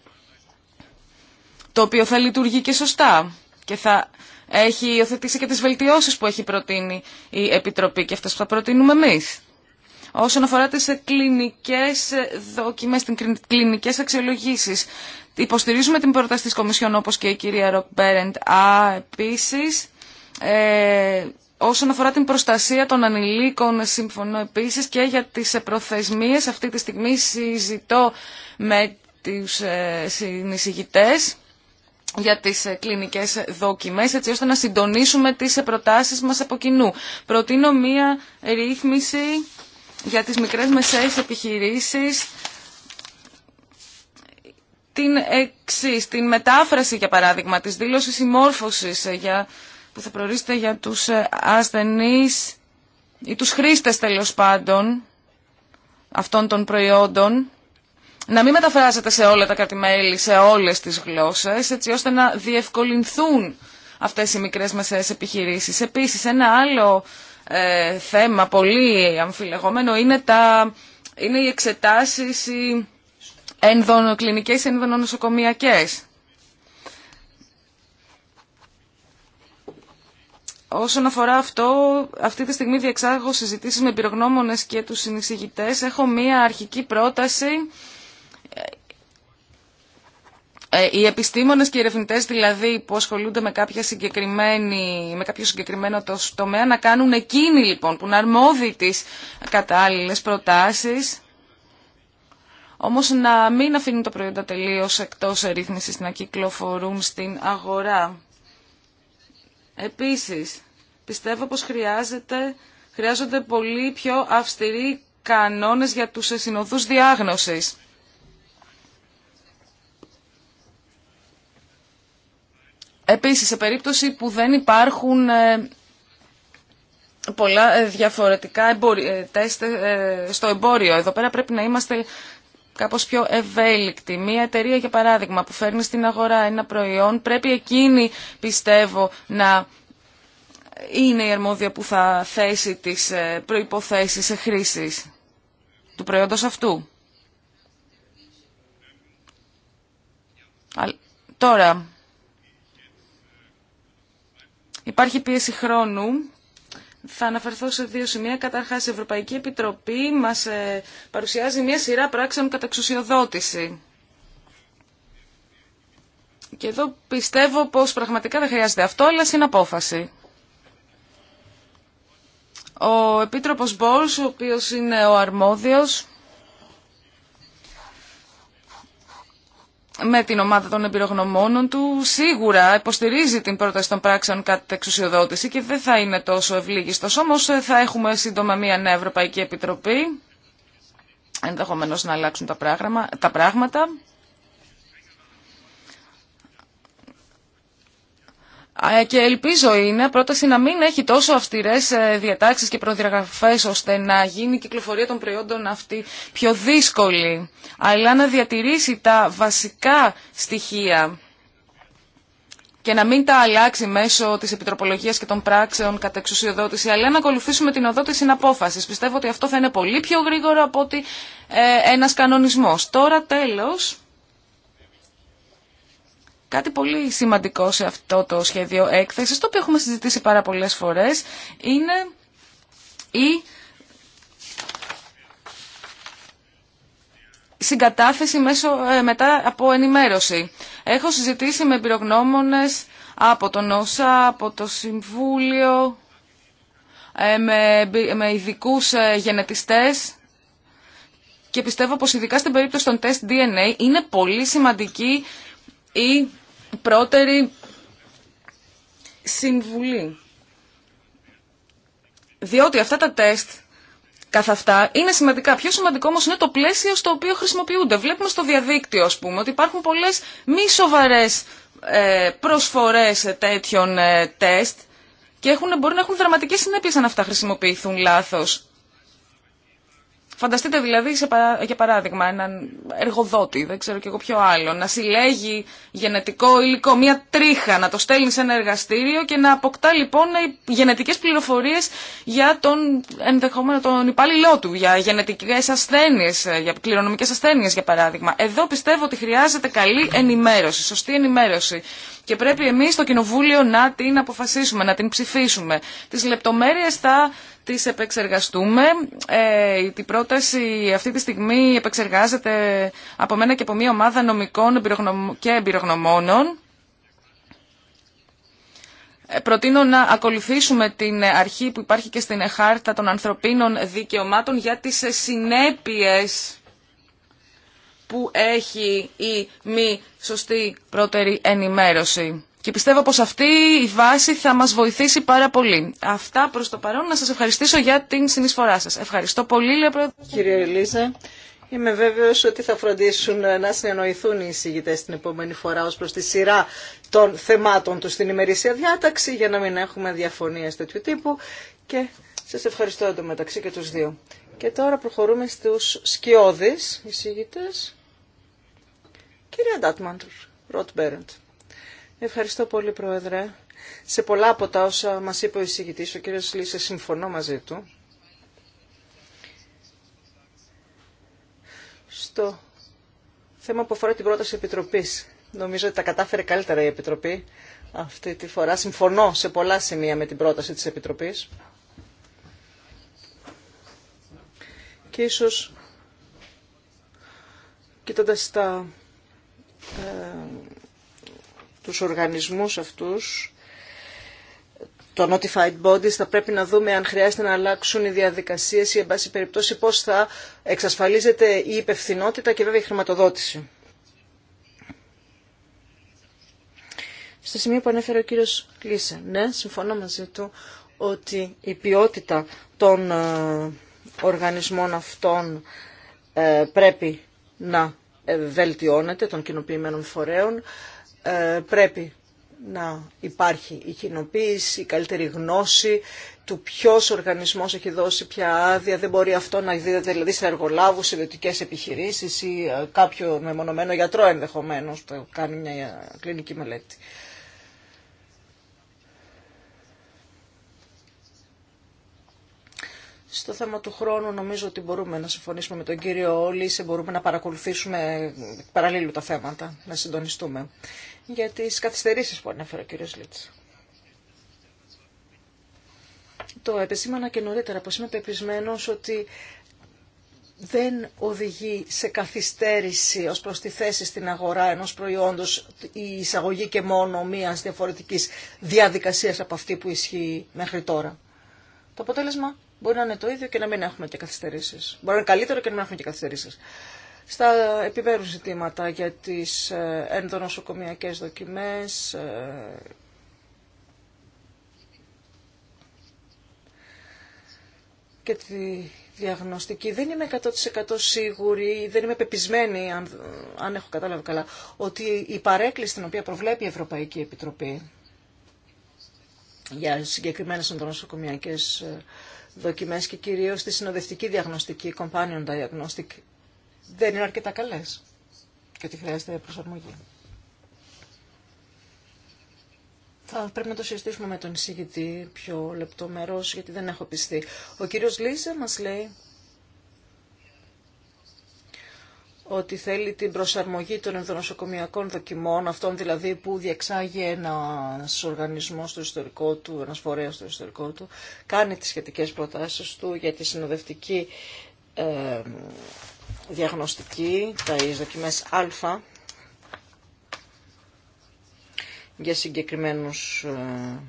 το οποίο θα λειτουργεί και σωστά και θα έχει υιοθετήσει και τις βελτιώσεις που έχει προτείνει η Επιτροπή και αυτές που θα προτείνουμε εμείς. Όσον αφορά τις κλινικές δοκιμές, τις κλινικές αξιολογήσεις, υποστηρίζουμε την πρόταση της Κομισιόν όπως και η κυρία Ροκ Μπέρεντ. Α, επίσης, ε, Όσον αφορά την προστασία των ανηλίκων, συμφωνώ επίση και για τις ε, προθεσμίες. Αυτή τη στιγμή συζητώ με τους ε, συνεισηγητές για τις ε, κλινικές δοκιμές, έτσι ώστε να συντονίσουμε τις προτάσεις μας από κοινού. Προτείνω μία ρύθμιση για τις μικρές μεσαίες επιχειρήσεις, την εξής, την μετάφραση για παράδειγμα της δήλωσης συμμόρφωσης για που θα προορίζεται για τους ε, ασθενείς ή τους χρήστες τέλος πάντων αυτών των προϊόντων να μην μεταφράζεται σε όλα τα κατημέλη, σε όλες τις γλώσσες, έτσι ώστε να διευκολυνθούν αυτές οι μικρές μεσαίες επιχειρήσεις. Επίσης, ένα άλλο ε, θέμα πολύ αμφιλεγόμενο είναι, τα, είναι οι εξετάσεις οι ενδονοκλινικές Όσον αφορά αυτό, αυτή τη στιγμή διεξάγω συζητήσεις με πυρογνώμονες και του συνεισηγητές. Έχω μία αρχική πρόταση. Ε, οι επιστήμονες και οι ερευνητέ δηλαδή που ασχολούνται με, κάποια συγκεκριμένη, με κάποιο συγκεκριμένο τομέα να κάνουν εκείνη, λοιπόν που να αρμόδιοι τις κατάλληλες προτάσεις όμως να μην αφήνουν το προϊόντα τελείως εκτός ρύθμισης να κυκλοφορούν στην αγορά. Επίσης, πιστεύω πως χρειάζεται, χρειάζονται πολύ πιο αυστηροί κανόνες για τους συνοδούς διάγνωσης. Επίσης, σε περίπτωση που δεν υπάρχουν ε, πολλά ε, διαφορετικά ε, τεστ στο εμπόριο, εδώ πέρα πρέπει να είμαστε κάπως πιο ευέλικτη. Μία εταιρεία, για παράδειγμα, που φέρνει στην αγορά ένα προϊόν, πρέπει εκείνη, πιστεύω, να είναι η αρμόδια που θα θέσει τις ε, προϋποθέσεις χρήσης του προϊόντος αυτού. Τώρα, υπάρχει πίεση χρόνου. Θα αναφερθώ σε δύο σημεία. Καταρχάς, η Ευρωπαϊκή Επιτροπή μας ε, παρουσιάζει μια σειρά πράξεων κατά εξουσιοδότηση. Και εδώ πιστεύω πως πραγματικά δεν χρειάζεται αυτό, αλλά είναι απόφαση. Ο Επίτροπος Μπόλς, ο οποίος είναι ο αρμόδιος, με την ομάδα των εμπειρογνωμόνων του, σίγουρα υποστηρίζει την πρόταση των πράξεων κατά την εξουσιοδότηση και δεν θα είναι τόσο ευλίγιστος. Όμως ε, θα έχουμε σύντομα μια νέα Ευρωπαϊκή Επιτροπή, ενδεχομένως να αλλάξουν τα πράγματα. Ε, και ελπίζω είναι πρόταση να μην έχει τόσο αυστηρές ε, διατάξεις και προδιαγραφέ, ώστε να γίνει η κυκλοφορία των προϊόντων αυτή πιο δύσκολη, αλλά να διατηρήσει τα βασικά στοιχεία και να μην τα αλλάξει μέσω τη επιτροπολογία και των πράξεων κατά εξουσιοδότηση, αλλά να ακολουθήσουμε την οδό τη συναπόφαση. Πιστεύω ότι αυτό θα είναι πολύ πιο γρήγορο από ότι ε, ένα κανονισμό. Τώρα τέλο. Κάτι πολύ σημαντικό σε αυτό το σχέδιο έκθεσης, το οποίο έχουμε συζητήσει πάρα πολλές φορές, είναι η συγκατάθεση μέσω, ε, μετά από ενημέρωση. Έχω συζητήσει με εμπειρογνώμονες από τον ΩΣΑ, από το Συμβούλιο, ε, με, με ειδικού ε, γενετιστές και πιστεύω πως ειδικά στην περίπτωση των τεστ DNA είναι πολύ σημαντική η πρώτερη συμβουλή. Διότι αυτά τα τεστ καθ' αυτά είναι σημαντικά. Πιο σημαντικό όμω είναι το πλαίσιο στο οποίο χρησιμοποιούνται. Βλέπουμε στο διαδίκτυο, ας πούμε, ότι υπάρχουν πολλές μη σοβαρέ ε, προσφορέ τέτοιων ε, τεστ και έχουν, μπορεί να έχουν δραματικές συνέπειε αν αυτά χρησιμοποιηθούν λάθος. Φανταστείτε δηλαδή, σε παρά... για παράδειγμα, έναν εργοδότη, δεν ξέρω και εγώ ποιο άλλο, να συλλέγει γενετικό υλικό, μία τρίχα, να το στέλνει σε ένα εργαστήριο και να αποκτά λοιπόν γενετικές πληροφορίες για τον ενδεχόμενο τον υπάλληλό του, για γενετικές ασθένειες, για κληρονομικές ασθένειες για παράδειγμα. Εδώ πιστεύω ότι χρειάζεται καλή ενημέρωση, σωστή ενημέρωση. Και πρέπει εμείς στο Κοινοβούλιο να την αποφασίσουμε, να την ψηφίσουμε. Τις λεπτομέρειες θα τις επεξεργαστούμε. Ε, πρόταση αυτή τη στιγμή επεξεργάζεται από μένα και από μια ομάδα νομικών και εμπειρογνωμόνων. Ε, προτείνω να ακολουθήσουμε την αρχή που υπάρχει και στην Χάρτα των Ανθρωπίνων Δικαιωμάτων για τις συνέπειες που έχει η μη σωστή πρώτερη ενημέρωση. Και πιστεύω πως αυτή η βάση θα μας βοηθήσει πάρα πολύ. Αυτά προς το παρόν. Να σας ευχαριστήσω για την συνεισφορά σας. Ευχαριστώ πολύ, πρόεδρε. Κύριε Ελίζα, είμαι βέβαιος ότι θα φροντίσουν να συνεννοηθούν οι εισηγητές την επόμενη φορά ως προς τη σειρά των θεμάτων του στην ημερήσια διάταξη για να μην έχουμε διαφωνίες τέτοιου τύπου. Και σας ευχαριστώ μεταξύ και τους δύο. Και τώρα προχωρούμε στους σκιώδεις εισηγητές. Κύριε Ντάτμαντουρ, Ροτ Μπέρεντ. Ευχαριστώ πολύ, Πρόεδρε. Σε πολλά από τα όσα μας είπε ο εισηγητής, ο κύριος Λύσε, συμφωνώ μαζί του. Στο θέμα που αφορά την πρόταση Επιτροπής. Νομίζω ότι τα κατάφερε καλύτερα η Επιτροπή αυτή τη φορά. Συμφωνώ σε πολλά σημεία με την πρόταση της Επιτροπής. Και ίσως, κοιτώντας τα ε, τους οργανισμούς αυτούς, το notified bodies, θα πρέπει να δούμε αν χρειάζεται να αλλάξουν οι διαδικασίες ή, εν πάση περιπτώσει, πώς θα εξασφαλίζεται η υπευθυνότητα και βέβαια η χρηματοδότηση. Στο σημείο που ανέφερε ο κύριος Κλίσε, ναι, συμφωνώ μαζί του ότι η ποιότητα των ε, οργανισμών αυτών ε, πρέπει να ε, βελτιώνεται των κοινοποιημένων φορέων. Ε, πρέπει να υπάρχει η κοινοποίηση, η καλύτερη γνώση του ποιο οργανισμό έχει δώσει ποια άδεια. Δεν μπορεί αυτό να δίδεται δηλαδή σε εργολάβου, σε ιδιωτικέ επιχειρήσει ή ε, κάποιο μεμονωμένο γιατρό ενδεχομένω που κάνει μια ε, κλινική μελέτη. Στο θέμα του χρόνου νομίζω ότι μπορούμε να συμφωνήσουμε με τον κύριο Όλη, μπορούμε να παρακολουθήσουμε παραλλήλου τα θέματα, να συντονιστούμε για τις καθυστερήσεις που ανέφερε ο κύριος Λίτς. Το επεσήμανα και νωρίτερα, πως είμαι πεπισμένος ότι δεν οδηγεί σε καθυστέρηση ως προς τη θέση στην αγορά ενός προϊόντος η εισαγωγή και μόνο μίας διαφορετικής διαδικασίας από αυτή που ισχύει μέχρι τώρα. Το αποτέλεσμα μπορεί να είναι το ίδιο και να μην έχουμε και καθυστερήσεις. Μπορεί να είναι καλύτερο και να μην έχουμε και καθυστερήσεις στα επιμέρους ζητήματα για τις ε, ενδονοσοκομιακές δοκιμές, ε, και τη διαγνωστική. Δεν είμαι 100% σίγουρη, δεν είμαι πεπισμένη, αν, έχω κατάλαβει καλά, ότι η παρέκκληση την οποία προβλέπει η Ευρωπαϊκή Επιτροπή για συγκεκριμένες ενδονοσοκομιακές ε, δοκιμές και κυρίως τη συνοδευτική διαγνωστική, companion diagnostic δεν είναι αρκετά καλές και ότι χρειάζεται προσαρμογή. Θα πρέπει να το συζητήσουμε με τον εισηγητή πιο λεπτομερώς, γιατί δεν έχω πιστεί. Ο κύριος Λίζε μας λέει ότι θέλει την προσαρμογή των ενδονοσοκομιακών δοκιμών, αυτών δηλαδή που διεξάγει ένα οργανισμό στο ιστορικό του, ένα φορέα στο ιστορικό του, κάνει τι σχετικέ προτάσει του για τη συνοδευτική ε, διαγνωστική, τα δοκιμές α, για συγκεκριμένους ε,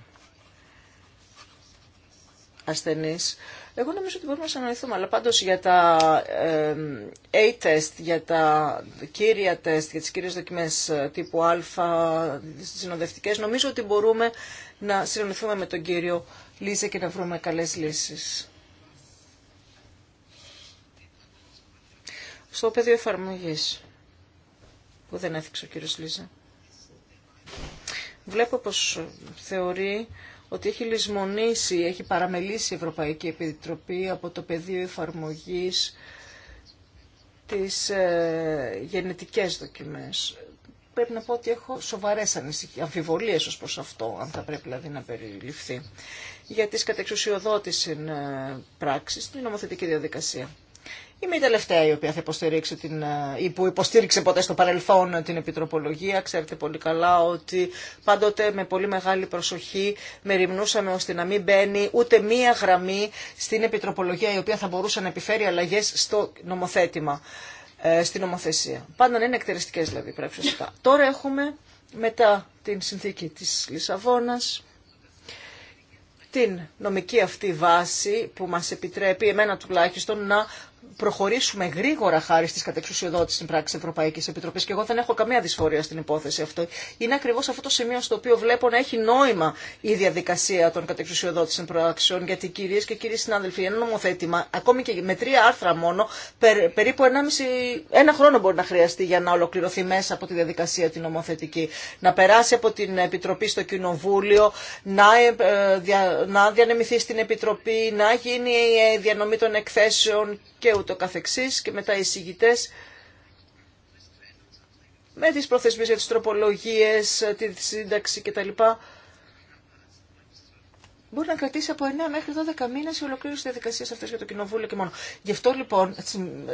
ασθενείς. Εγώ νομίζω ότι μπορούμε να συναντηθούμε, αλλά πάντως για τα ε, A-test, για τα κύρια τεστ, για τις κύριες δοκιμές ε, τύπου α, τις συνοδευτικές, νομίζω ότι μπορούμε να συναντηθούμε με τον κύριο Λίζε και να βρούμε καλές λύσεις. στο πεδίο εφαρμογή, που δεν έθιξε ο κύριος Λίζα. Βλέπω πως θεωρεί ότι έχει λησμονήσει, έχει παραμελήσει η Ευρωπαϊκή Επιτροπή από το πεδίο εφαρμογής τις ε, γενετικές δοκιμές. Πρέπει να πω ότι έχω σοβαρές αμφιβολίες ως προς αυτό, αν θα πρέπει δηλαδή να περιληφθεί, για τις ε, πράξεις στην νομοθετική διαδικασία. Είμαι η τελευταία η οποία θα υποστηρίξει την, ε, ή που υποστήριξε ποτέ στο παρελθόν την επιτροπολογία. Ξέρετε πολύ καλά ότι πάντοτε με πολύ μεγάλη προσοχή μεριμνούσαμε ώστε να μην μπαίνει ούτε μία γραμμή στην επιτροπολογία η οποία θα μπορούσε να επιφέρει αλλαγέ στο νομοθέτημα, ε, στην νομοθεσία. Πάντα είναι εκτεριστικέ δηλαδή πρέπει σωστά. Τώρα έχουμε μετά την συνθήκη τη Λισαβόνα, την νομική αυτή βάση που μας επιτρέπει εμένα τουλάχιστον να προχωρήσουμε γρήγορα χάρη στι κατεξουσιοδότηση στην πράξη Ευρωπαϊκής Επιτροπής και εγώ δεν έχω καμία δυσφορία στην υπόθεση αυτή. Είναι ακριβώ αυτό το σημείο στο οποίο βλέπω να έχει νόημα η διαδικασία των κατεξουσιοδότησεων πράξεων γιατί κυρίε και κύριοι συνάδελφοι ένα νομοθέτημα ακόμη και με τρία άρθρα μόνο περίπου 1,5, ένα χρόνο μπορεί να χρειαστεί για να ολοκληρωθεί μέσα από τη διαδικασία την νομοθετική να περάσει από την Επιτροπή στο Κοινοβούλιο να, ε, ε, να διανεμηθεί στην Επιτροπή να γίνει η ε, διανομή των εκθέσεων και και ούτω καθεξής και μετά οι με τις προθεσμίες για τις τροπολογίες, τη σύνταξη κτλ μπορεί να κρατήσει από 9 μέχρι 12 μήνε η ολοκλήρωση τη διαδικασία αυτή για το Κοινοβούλιο και μόνο. Γι' αυτό λοιπόν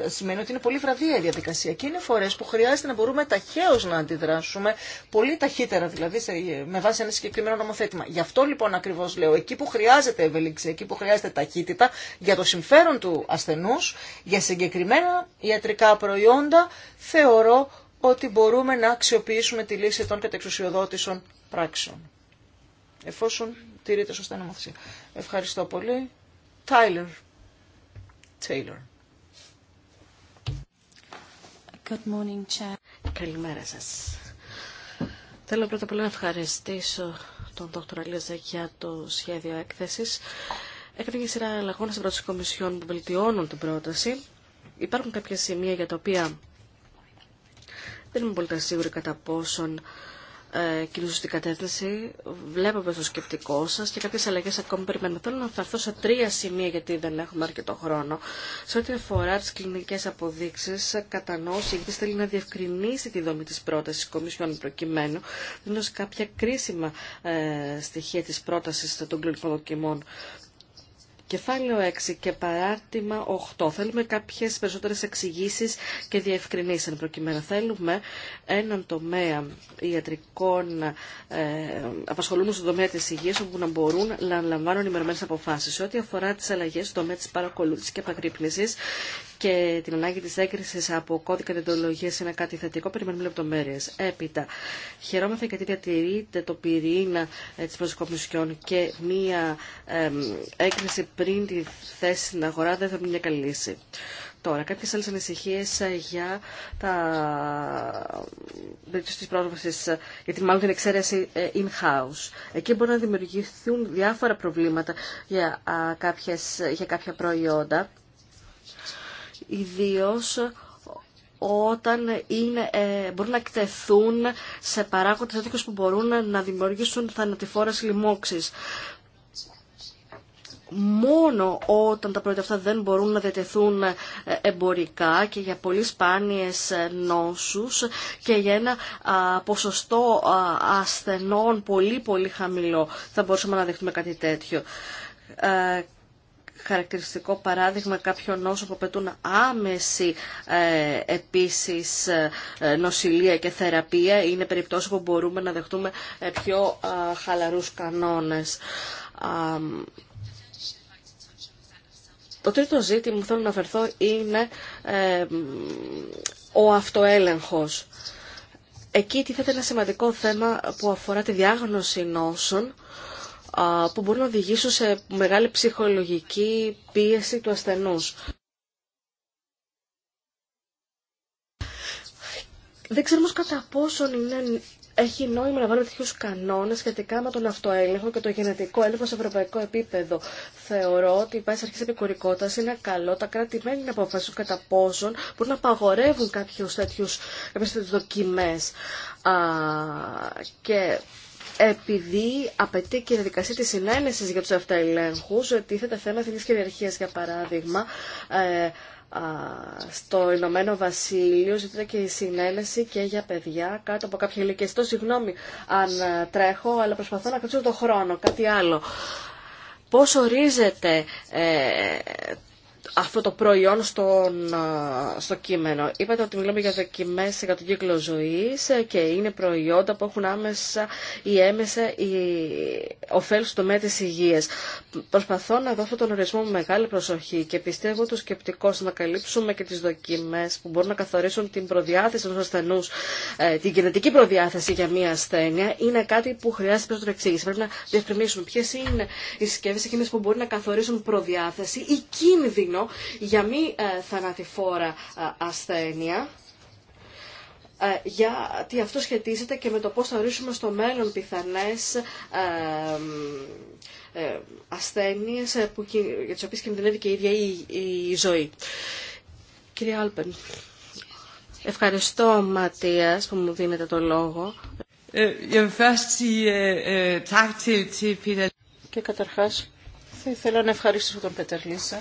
σημαίνει ότι είναι πολύ βραδία η διαδικασία και είναι φορέ που χρειάζεται να μπορούμε ταχαίω να αντιδράσουμε, πολύ ταχύτερα δηλαδή σε, με βάση ένα συγκεκριμένο νομοθέτημα. Γι' αυτό λοιπόν ακριβώ λέω, εκεί που χρειάζεται ευελιξία, εκεί που χρειάζεται ταχύτητα, για το συμφέρον του ασθενού, για συγκεκριμένα ιατρικά προϊόντα, θεωρώ ότι μπορούμε να αξιοποιήσουμε τη λύση των κατεξουσιοδότησων πράξεων εφόσον τηρείται σωστά η νομοθεσία. Ευχαριστώ πολύ. Τάιλερ. Τέιλορ. Good morning, Καλημέρα σας. Θέλω πρώτα πολύ όλα να ευχαριστήσω τον Δ. Αλίζα για το σχέδιο έκθεσης. Έκανε και σειρά αλλαγών στην πρόταση κομισιών που βελτιώνουν την πρόταση. Υπάρχουν κάποια σημεία για τα οποία δεν είμαι πολύ σίγουρη κατά πόσον κινούσε στην κατεύθυνση. Βλέπαμε το σκεπτικό σα και κάποιε αλλαγέ ακόμη περιμένουμε. Θέλω να αφαιρθώ σε τρία σημεία γιατί δεν έχουμε αρκετό χρόνο. Σε ό,τι αφορά τι κλινικέ αποδείξει, κατανόηση γιατί θέλει να διευκρινίσει τη δομή τη πρόταση Κομισιόν προκειμένου, δίνοντα κάποια κρίσιμα ε, στοιχεία τη πρόταση των κλινικών δοκιμών Κεφάλαιο 6 και παράρτημα 8. Θέλουμε κάποιες περισσότερες εξηγήσει και διευκρινήσεις εν προκειμένου. Θέλουμε έναν τομέα ιατρικών ε, απασχολούμενων στον τομέα της υγείας όπου να μπορούν να λαμβάνουν ημερωμένε αποφάσεις. ό,τι αφορά τις αλλαγές στο τομέα της παρακολούθησης και επαγρύπνησης και την ανάγκη της έγκρισης από κώδικα διοντολογίας είναι κάτι θετικό, περιμένουμε λεπτομέρειες. Έπειτα, χαιρόμαστε γιατί διατηρείται το πυρήνα ε, της προσκοπησιών και μία έγκριση πριν τη θέση στην αγορά δεν θα είναι μια καλή λύση. Τώρα, κάποιε άλλε ανησυχίε ε, για τα περίπτωση τη πρόσβαση, ε, γιατί μάλλον την εξαίρεση in-house. Εκεί μπορεί να δημιουργηθούν διάφορα προβλήματα για, κάποιες, για κάποια προϊόντα ιδίως όταν είναι, ε, μπορούν να εκτεθούν σε παράγοντες τέτοιους που μπορούν να δημιουργήσουν θανατηφόρες λοιμώξεις. Μόνο όταν τα πρώτα αυτά δεν μπορούν να διατεθούν ε, εμπορικά και για πολύ σπάνιες ε, νόσους και για ένα ποσοστό ασθενών πολύ πολύ χαμηλό θα μπορούσαμε να δεχτούμε κάτι τέτοιο χαρακτηριστικό παράδειγμα κάποιων νόσο που απαιτούν άμεση ε, επίσης ε, νοσηλεία και θεραπεία. Είναι περιπτώσεις που μπορούμε να δεχτούμε ε, πιο χαλαρούς κανόνες. Το τρίτο ζήτημα που θέλω να αφαιρθώ είναι ο αυτοέλεγχος. Εκεί τίθεται ένα σημαντικό θέμα που αφορά τη διάγνωση νόσων που μπορούν να οδηγήσουν σε μεγάλη ψυχολογική πίεση του ασθενούς. Δεν ξέρουμε κατά πόσον είναι, έχει νόημα να βάλουμε τέτοιου κανόνε σχετικά με τον αυτοέλεγχο και το γενετικό έλεγχο σε ευρωπαϊκό επίπεδο. Θεωρώ ότι η σε αρχή επικουρικότητα είναι καλό τα κράτη-μέλη να αποφασίσουν κατά πόσον μπορούν να απαγορεύουν κάποιε τέτοιε δοκιμέ. Και επειδή απαιτεί και η διαδικασία τη συνένεση για του αυταελέγχου, τίθεται θέμα εθνική κυριαρχία, για παράδειγμα. Ε, στο Ηνωμένο Βασίλειο ζητείται και η συνένεση και για παιδιά κάτω από κάποια ηλικία. Στο συγγνώμη αν ε, τρέχω, αλλά προσπαθώ να κρατήσω το χρόνο, κάτι άλλο. Πώς ορίζεται ε, αυτό το προϊόν στο κείμενο. Είπατε ότι μιλάμε για δοκιμέ για τον κύκλο ζωή ε, και είναι προϊόντα που έχουν άμεσα ή έμεσα η εμεσα η στο τομέα της υγείας. Προσπαθώ να δώσω τον ορισμό με μεγάλη προσοχή και πιστεύω το σκεπτικό να καλύψουμε και τι δοκιμέ που μπορούν να καθορίσουν την προδιάθεση των ασθενού, ε, την γενετική προδιάθεση για μία ασθένεια, είναι κάτι που χρειάζεται περισσότερη εξήγηση. Πρέπει να διευκρινίσουμε ποιε είναι οι συσκευέ εκείνε που μπορεί να καθορίσουν προδιάθεση ή κίνδυνο για μη ε, θανατηφόρα ε, ασθένεια ε, γιατί αυτό σχετίζεται και με το πώς θα ορίσουμε στο μέλλον πιθανές ε, ασθένειες που, για τις οποίες κινδυνεύει και η ίδια η, ζωή. Κύριε Άλπεν, ευχαριστώ Ματίας που μου δίνετε το λόγο. Και καταρχάς θα ήθελα να ευχαριστήσω τον Πέτερ Λίσσα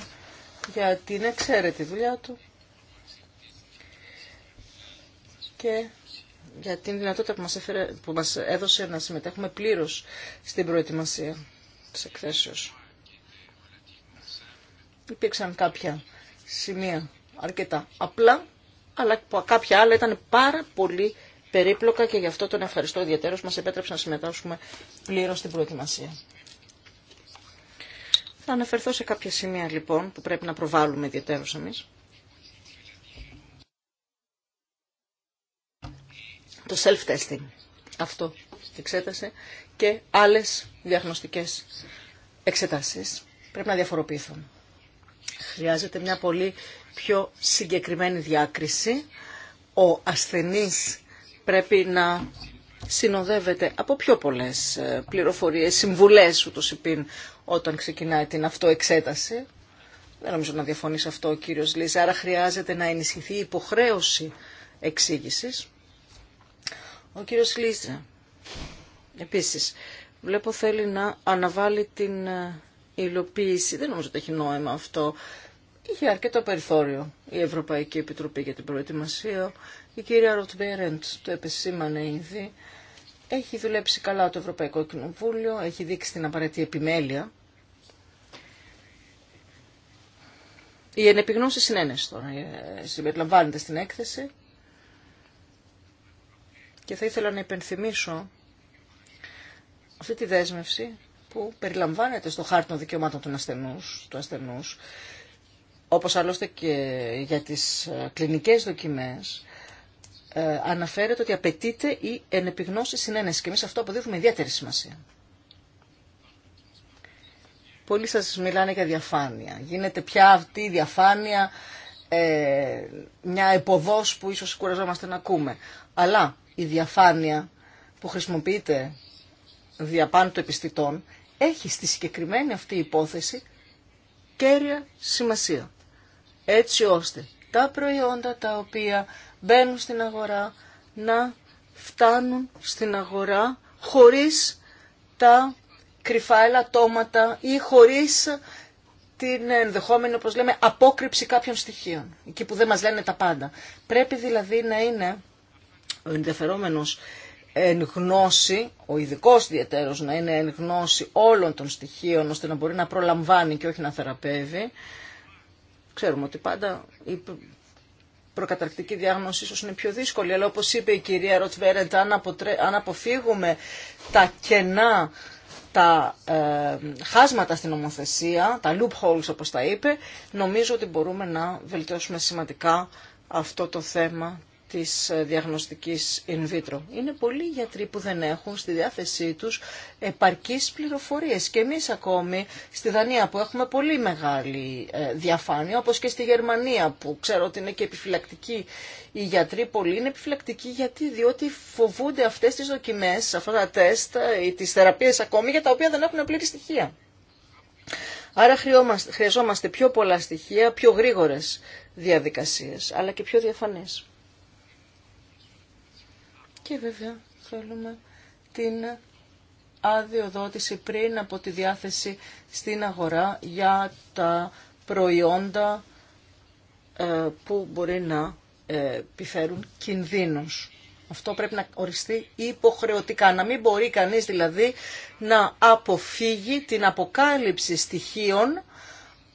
για την εξαίρετη δουλειά του και για την δυνατότητα που μας, έφερε, που μας έδωσε να συμμετέχουμε πλήρως στην προετοιμασία της εκθέσεως. Υπήρξαν κάποια σημεία αρκετά απλά, αλλά κάποια άλλα ήταν πάρα πολύ περίπλοκα και γι' αυτό τον ευχαριστώ ιδιαίτερως μας επέτρεψε να συμμετάσχουμε πλήρως στην προετοιμασία. Θα αναφερθώ σε κάποια σημεία λοιπόν που πρέπει να προβάλλουμε ιδιαίτερως εμείς. Το self-testing. Αυτό εξέτασε και άλλες διαγνωστικές εξετάσεις. Πρέπει να διαφοροποιηθούν. Χρειάζεται μια πολύ πιο συγκεκριμένη διάκριση. Ο ασθενής πρέπει να συνοδεύεται από πιο πολλές ε, πληροφορίες, συμβουλές ούτω υπήν όταν ξεκινάει την αυτοεξέταση. Δεν νομίζω να διαφωνεί σε αυτό ο κύριος Λίζα, άρα χρειάζεται να ενισχυθεί η υποχρέωση εξήγηση. Ο κύριος Λίζα, επίσης, βλέπω θέλει να αναβάλει την ε, υλοποίηση. Δεν νομίζω ότι έχει νόημα αυτό. Είχε αρκετό περιθώριο η Ευρωπαϊκή Επιτροπή για την προετοιμασία. Η κυρία Ροτμπέρεντ το επεσήμανε ήδη. Έχει δουλέψει καλά το Ευρωπαϊκό Κοινοβούλιο, έχει δείξει την απαραίτητη επιμέλεια. Η ενεπιγνώση συνένεση τώρα ε, συμπεριλαμβάνεται στην έκθεση και θα ήθελα να υπενθυμίσω αυτή τη δέσμευση που περιλαμβάνεται στο χάρτη των δικαιωμάτων των ασθενούς, του ασθενούς όπως άλλωστε και για τις ε, κλινικές δοκιμές ε, αναφέρεται ότι απαιτείται η ενεπιγνώση συνένεση και εμεί αυτό αποδίδουμε ιδιαίτερη σημασία. Πολλοί σας μιλάνε για διαφάνεια. Γίνεται πια αυτή η διαφάνεια ε, μια εποδός που ίσως κουραζόμαστε να ακούμε. Αλλά η διαφάνεια που χρησιμοποιείται διαπάνω των επιστητών έχει στη συγκεκριμένη αυτή υπόθεση κέρια σημασία. Έτσι ώστε τα προϊόντα τα οποία μπαίνουν στην αγορά, να φτάνουν στην αγορά χωρίς τα κρυφά ελαττώματα ή χωρίς την ενδεχόμενη, όπως λέμε, απόκρυψη κάποιων στοιχείων, εκεί που δεν μας λένε τα πάντα. Πρέπει δηλαδή να είναι ο ενδιαφερόμενος εν γνώση, ο ειδικό ιδιαίτερο να είναι εν γνώση όλων των στοιχείων, ώστε να μπορεί να προλαμβάνει και όχι να θεραπεύει. Ξέρουμε ότι πάντα προκαταρκτική διάγνωση ίσως είναι πιο δύσκολη, αλλά όπως είπε η κυρία Ροτσβέρεντ, αν, αν αποφύγουμε τα κενά, τα ε, χάσματα στην νομοθεσία, τα loopholes όπως τα είπε, νομίζω ότι μπορούμε να βελτιώσουμε σημαντικά αυτό το θέμα της ε, διαγνωστικής in vitro. Είναι πολλοί γιατροί που δεν έχουν στη διάθεσή τους επαρκείς πληροφορίες. Και εμείς ακόμη στη Δανία που έχουμε πολύ μεγάλη ε, διαφάνεια, όπως και στη Γερμανία που ξέρω ότι είναι και επιφυλακτική οι γιατροί πολλοί είναι επιφυλακτικοί γιατί διότι φοβούνται αυτές τις δοκιμές, αυτά τα τεστ ε, ή τις θεραπείες ακόμη για τα οποία δεν έχουν πλήρη στοιχεία. Άρα χρειαζόμαστε πιο πολλά στοιχεία, πιο γρήγορες διαδικασίες, αλλά και πιο διαφανείς και βέβαια θέλουμε την δότηση πριν από τη διάθεση στην αγορά για τα προϊόντα ε, που μπορεί να ε, επιφέρουν κινδύνους. Αυτό πρέπει να οριστεί υποχρεωτικά, να μην μπορεί κανείς δηλαδή να αποφύγει την αποκάλυψη στοιχείων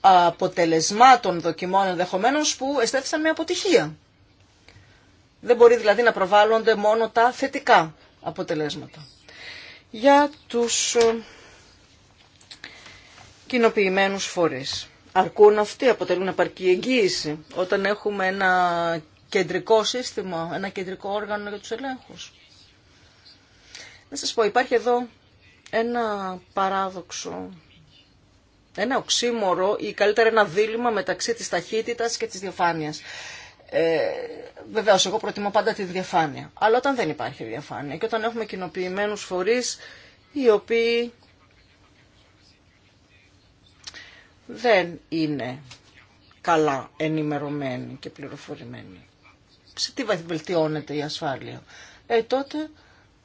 αποτελεσμάτων δοκιμών ενδεχομένω που εστέθησαν με αποτυχία. Δεν μπορεί δηλαδή να προβάλλονται μόνο τα θετικά αποτελέσματα. Για τους ε, κοινοποιημένους φορείς. Αρκούν αυτοί, αποτελούν επαρκή εγγύηση όταν έχουμε ένα κεντρικό σύστημα, ένα κεντρικό όργανο για τους ελέγχους. Να σας πω, υπάρχει εδώ ένα παράδοξο, ένα οξύμορο ή καλύτερα ένα δίλημα μεταξύ της ταχύτητας και της διαφάνειας. Ε, Βεβαίω, εγώ προτιμώ πάντα τη διαφάνεια. Αλλά όταν δεν υπάρχει διαφάνεια και όταν έχουμε κοινοποιημένου φορεί οι οποίοι δεν είναι καλά ενημερωμένοι και πληροφορημένοι. Σε τι βελτιώνεται η ασφάλεια. Ε, τότε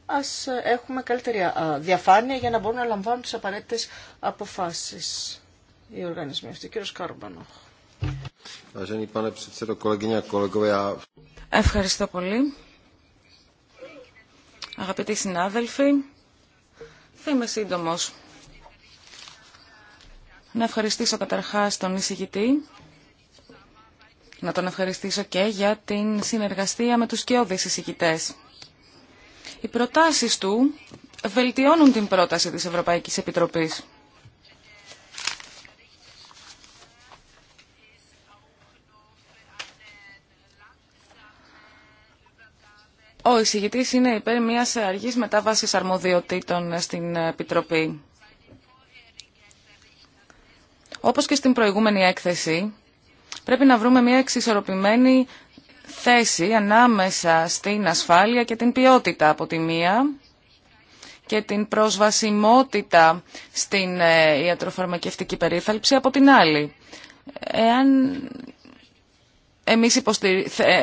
ας έχουμε καλύτερη διαφάνεια για να μπορούν να λαμβάνουν τις απαραίτητες αποφάσεις οι οργανισμοί αυτοί. Κύριος Κάρμπανοχ. Ευχαριστώ πολύ. Αγαπητοί συνάδελφοι, θα είμαι σύντομο. Να ευχαριστήσω καταρχά τον εισηγητή, να τον ευχαριστήσω και για την συνεργασία με τους κοιόδη εισηγητέ. Οι προτάσεις του βελτιώνουν την πρόταση της Ευρωπαϊκής Επιτροπής. Ο εισηγητή είναι υπέρ μια αργής μετάβαση αρμοδιοτήτων στην Επιτροπή. Όπως και στην προηγούμενη έκθεση, πρέπει να βρούμε μια εξισορροπημένη θέση ανάμεσα στην ασφάλεια και την ποιότητα από τη μία και την προσβασιμότητα στην ε, ιατροφαρμακευτική περίθαλψη από την άλλη. Εάν εμείς, υποστηρι... Ε,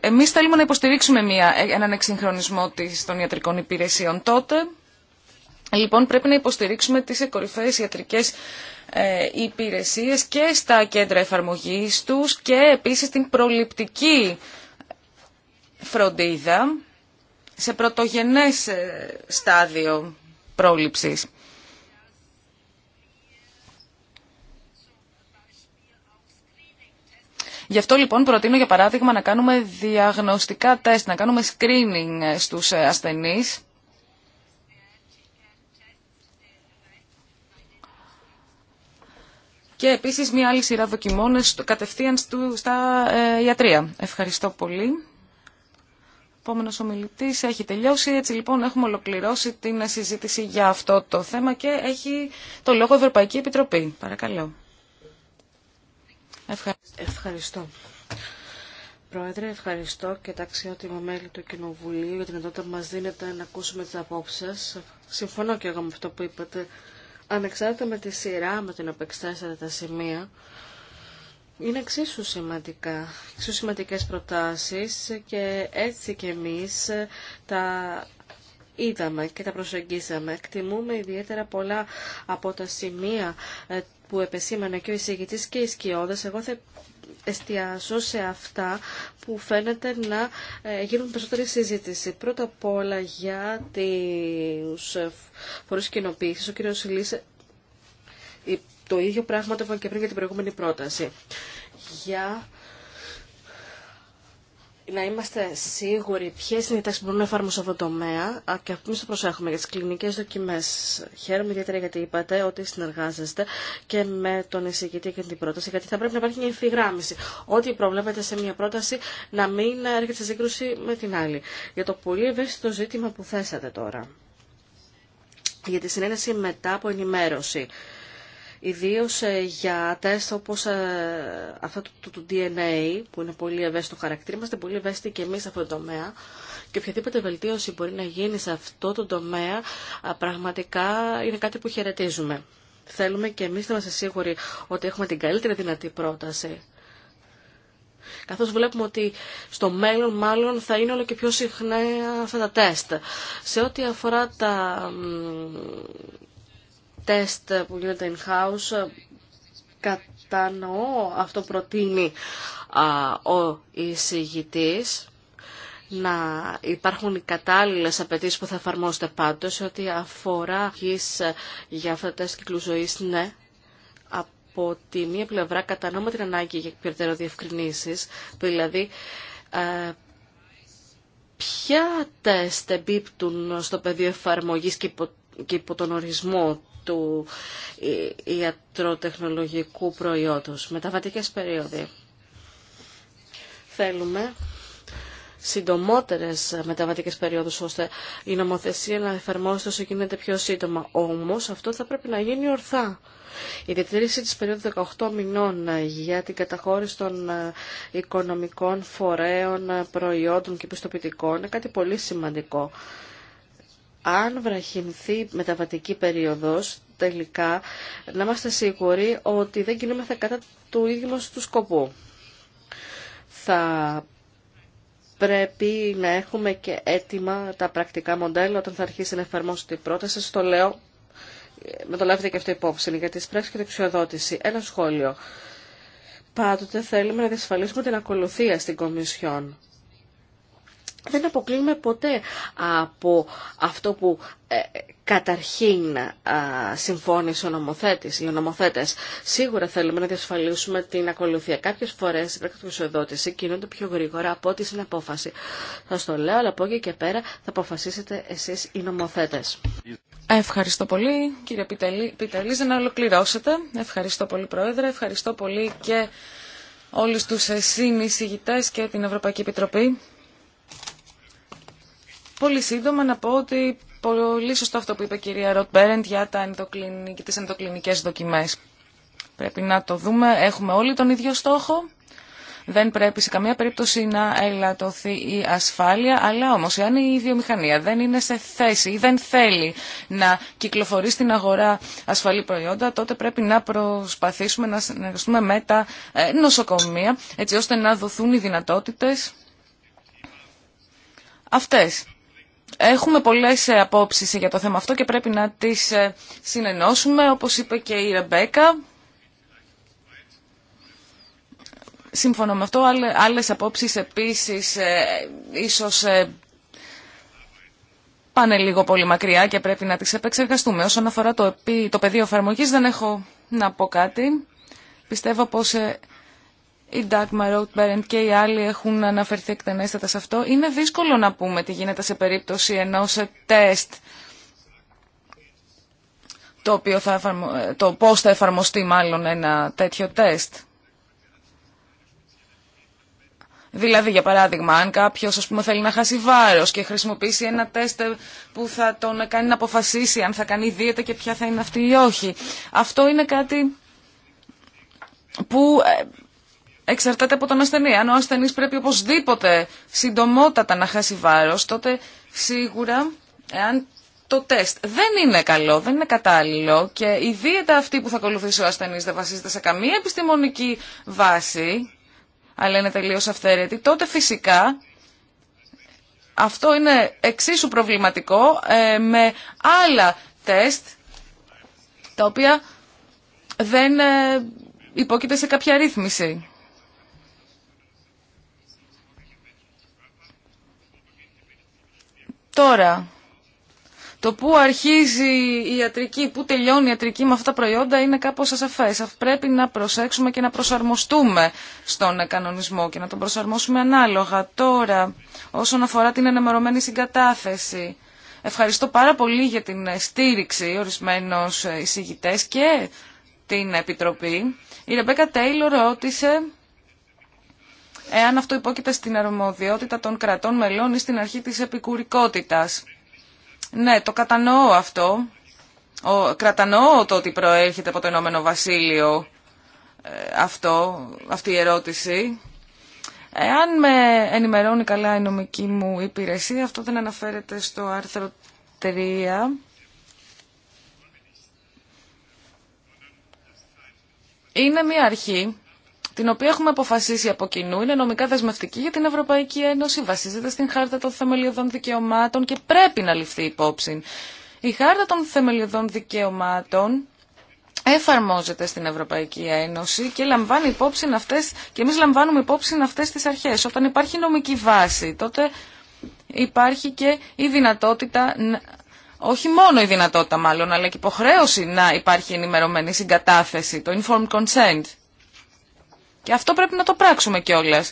εμείς θέλουμε να υποστηρίξουμε μια... Ε, έναν εξυγχρονισμό της... των ιατρικών υπηρεσιών. Τότε, λοιπόν, πρέπει να υποστηρίξουμε τις κορυφαίες ιατρικές ε, υπηρεσίες και στα κέντρα εφαρμογής τους και επίσης την προληπτική φροντίδα σε πρωτογενές στάδιο πρόληψης. Γι' αυτό λοιπόν προτείνω για παράδειγμα να κάνουμε διαγνωστικά τεστ, να κάνουμε screening ε, στους ε, ασθενείς. Και επίσης μια άλλη σειρά δοκιμών κατευθείαν στα ε, ιατρία. Ευχαριστώ πολύ. Επόμενος ομιλητής έχει τελειώσει. Έτσι λοιπόν έχουμε ολοκληρώσει την συζήτηση για αυτό το θέμα και έχει το λόγο Ευρωπαϊκή Επιτροπή. Παρακαλώ. Ευχαριστώ. Πρόεδρε, ευχαριστώ και τα αξιότιμα μέλη του Κοινοβουλίου για την εντότητα που μας δίνετε να ακούσουμε τις απόψεις Συμφωνώ και εγώ με αυτό που είπατε. Ανεξάρτητα με τη σειρά με την οποία τα σημεία, είναι εξίσου σημαντικά, εξίσου σημαντικές προτάσεις και έτσι και εμείς τα είδαμε και τα προσεγγίσαμε. Εκτιμούμε ιδιαίτερα πολλά από τα σημεία ε, που επεσήμανε και ο εισηγητής και οι σκιώδες, εγώ θα εστιάσω σε αυτά που φαίνεται να ε, γίνουν περισσότερη συζήτηση. Πρώτα απ' όλα για τους ε, φορείς κοινοποίησης, ο κύριος Λύς ε, το ίδιο πράγμα το είπαμε και πριν για την προηγούμενη πρόταση. Για να είμαστε σίγουροι ποιε είναι οι τάξει που να εφαρμόσουν σε αυτό το τομέα και εμεί το προσέχουμε για τι κλινικέ δοκιμέ. Χαίρομαι ιδιαίτερα γιατί είπατε ότι συνεργάζεστε και με τον εισηγητή και την πρόταση, γιατί θα πρέπει να υπάρχει μια ευθυγράμμιση. Ό,τι προβλέπετε σε μια πρόταση να μην έρχεται σε σύγκρουση με την άλλη. Για το πολύ ευαίσθητο ζήτημα που θέσατε τώρα. Για τη συνένεση μετά από ενημέρωση ιδίως ε, για τεστ όπως ε, αυτό του DNA που είναι πολύ ευαίσθητο χαρακτήρα. Είμαστε πολύ ευαίσθητοι και εμείς σε αυτό το τομέα και οποιαδήποτε βελτίωση μπορεί να γίνει σε αυτό το τομέα πραγματικά είναι κάτι που χαιρετίζουμε. Θέλουμε και εμείς να είμαστε σίγουροι ότι έχουμε την καλύτερη δυνατή πρόταση. Καθώς βλέπουμε ότι στο μέλλον μάλλον θα είναι όλο και πιο συχνά αυτά τα τεστ. Σε ό,τι αφορά τα τεστ που γίνεται in-house, κατανοώ αυτό προτείνει ο εισηγητής να υπάρχουν οι κατάλληλες απαιτήσεις που θα εφαρμόζονται πάντως ότι αφορά για αυτά τα τεστ κύκλου ζωής, ναι, από τη μία πλευρά κατανοούμε την ανάγκη για περαιτέρω διευκρινήσεις, δηλαδή ε, ποια τεστ εμπίπτουν στο πεδίο εφαρμογής και υπό, και υπό τον ορισμό του ε, ιατροτεχνολογικού προϊόντος. Μεταβατικές περίοδοι. Θέλουμε συντομότερες μεταβατικές περίοδους ώστε η νομοθεσία να εφαρμόσει όσο γίνεται πιο σύντομα. Όμως αυτό θα πρέπει να γίνει ορθά. Η διατήρηση της περίοδου 18 μηνών ε, για την καταχώρηση των ε, οικονομικών φορέων, προϊόντων και πιστοποιητικών είναι κάτι πολύ σημαντικό αν βραχυνθεί μεταβατική περίοδος, τελικά, να είμαστε σίγουροι ότι δεν κινούμεθα κατά του ίδιου μας του σκοπού. Θα πρέπει να έχουμε και έτοιμα τα πρακτικά μοντέλα όταν θα αρχίσει να εφαρμόσετε η πρόταση. Στο λέω, με το λάβετε και αυτό υπόψη, για τις πράξεις και την εξοδότηση. Ένα σχόλιο. Πάντοτε θέλουμε να διασφαλίσουμε την ακολουθία στην Κομισιόν δεν αποκλείουμε ποτέ από αυτό που ε, καταρχήν ε, συμφώνησε ο νομοθέτης ή οι νομοθέτες. Σίγουρα θέλουμε να διασφαλίσουμε την ακολουθία. Κάποιες φορές η πρακτικοσοδότηση ακολουθια καποιες φορες η εισοδοτηση κινουνται πιο γρήγορα από ό,τι στην απόφαση. Θα στο λέω, αλλά από εκεί και πέρα θα αποφασίσετε εσείς οι νομοθέτες. Ευχαριστώ πολύ κύριε Πιταλίζα να ολοκληρώσετε. Ευχαριστώ πολύ Πρόεδρε, ευχαριστώ πολύ και όλους τους ε, συνησυγητέ και την Ευρωπαϊκή Επιτροπή. Πολύ σύντομα να πω ότι πολύ σωστό αυτό που είπε η κυρία Ροτ Μπέρεντ για τα ενδοκλινικ... τις ενδοκλινικές δοκιμές. Πρέπει να το δούμε. Έχουμε όλοι τον ίδιο στόχο. Δεν πρέπει σε καμία περίπτωση να ελαττωθεί η ασφάλεια, αλλά όμως εάν η βιομηχανία δεν είναι σε θέση ή δεν θέλει να κυκλοφορεί στην αγορά ασφαλή προϊόντα, τότε πρέπει να προσπαθήσουμε να συνεργαστούμε με τα ε, νοσοκομεία, έτσι ώστε να δοθούν οι δυνατότητες αυτές. Έχουμε πολλές ε, απόψεις για το θέμα αυτό και πρέπει να τις ε, συνενώσουμε, όπως είπε και η Ρεμπέκα. Σύμφωνα με αυτό, άλλες απόψεις επίσης ε, ίσως πάνε λίγο πολύ μακριά και πρέπει να τις επεξεργαστούμε. Όσον αφορά το, το πεδίο εφαρμογής δεν έχω να πω κάτι. Πιστεύω πως η Dagmar Rothberg και οι άλλοι έχουν αναφερθεί εκτενέστατα σε αυτό, είναι δύσκολο να πούμε τι γίνεται σε περίπτωση ενός τεστ το, οποίο θα το πώς θα εφαρμοστεί μάλλον ένα τέτοιο τεστ. Δηλαδή, για παράδειγμα, αν κάποιο θέλει να χάσει βάρο και χρησιμοποιήσει ένα τεστ που θα τον κάνει να αποφασίσει αν θα κάνει δίαιτα και ποια θα είναι αυτή ή όχι. Αυτό είναι κάτι που ε, εξαρτάται από τον ασθενή. Αν ο ασθενή πρέπει οπωσδήποτε συντομότατα να χάσει βάρο, τότε σίγουρα εάν το τεστ δεν είναι καλό, δεν είναι κατάλληλο και η δίαιτα αυτή που θα ακολουθήσει ο ασθενή δεν βασίζεται σε καμία επιστημονική βάση, αλλά είναι τελείω αυθαίρετη, τότε φυσικά αυτό είναι εξίσου προβληματικό ε, με άλλα τεστ τα οποία δεν ε, υπόκειται σε κάποια ρύθμιση. Τώρα, το πού αρχίζει η ιατρική, πού τελειώνει η ιατρική με αυτά τα προϊόντα είναι κάπως ασαφές. Πρέπει να προσέξουμε και να προσαρμοστούμε στον κανονισμό και να τον προσαρμόσουμε ανάλογα. Τώρα, όσον αφορά την ενημερωμένη συγκατάθεση, ευχαριστώ πάρα πολύ για την στήριξη ορισμένους εισηγητές και την Επιτροπή. Η Ρεμπέκα Τέιλο ρώτησε εάν αυτό υπόκειται στην αρμοδιότητα των κρατών μελών ή στην αρχή της επικουρικότητας. Ναι, το κατανοώ αυτό. Ο, κρατανοώ το ότι προέρχεται από το Ενώμενο Βασίλειο ε, αυτό, αυτή η ερώτηση. Εάν με ενημερώνει καλά η νομική μου υπηρεσία, αυτό δεν αναφέρεται στο άρθρο 3. Είναι μια αρχή την οποία έχουμε αποφασίσει από κοινού, είναι νομικά δεσμευτική για την Ευρωπαϊκή Ένωση, βασίζεται στην Χάρτα των Θεμελιωδών Δικαιωμάτων και πρέπει να ληφθεί υπόψη. Η Χάρτα των Θεμελιωδών Δικαιωμάτων εφαρμόζεται στην Ευρωπαϊκή Ένωση και λαμβάνει υπόψη αυτές, και εμείς λαμβάνουμε υπόψη αυτές τις αρχές. Όταν υπάρχει νομική βάση, τότε υπάρχει και η δυνατότητα, όχι μόνο η δυνατότητα μάλλον, αλλά και η υποχρέωση να υπάρχει ενημερωμένη συγκατάθεση, το informed consent. Και αυτό πρέπει να το πράξουμε κιόλα.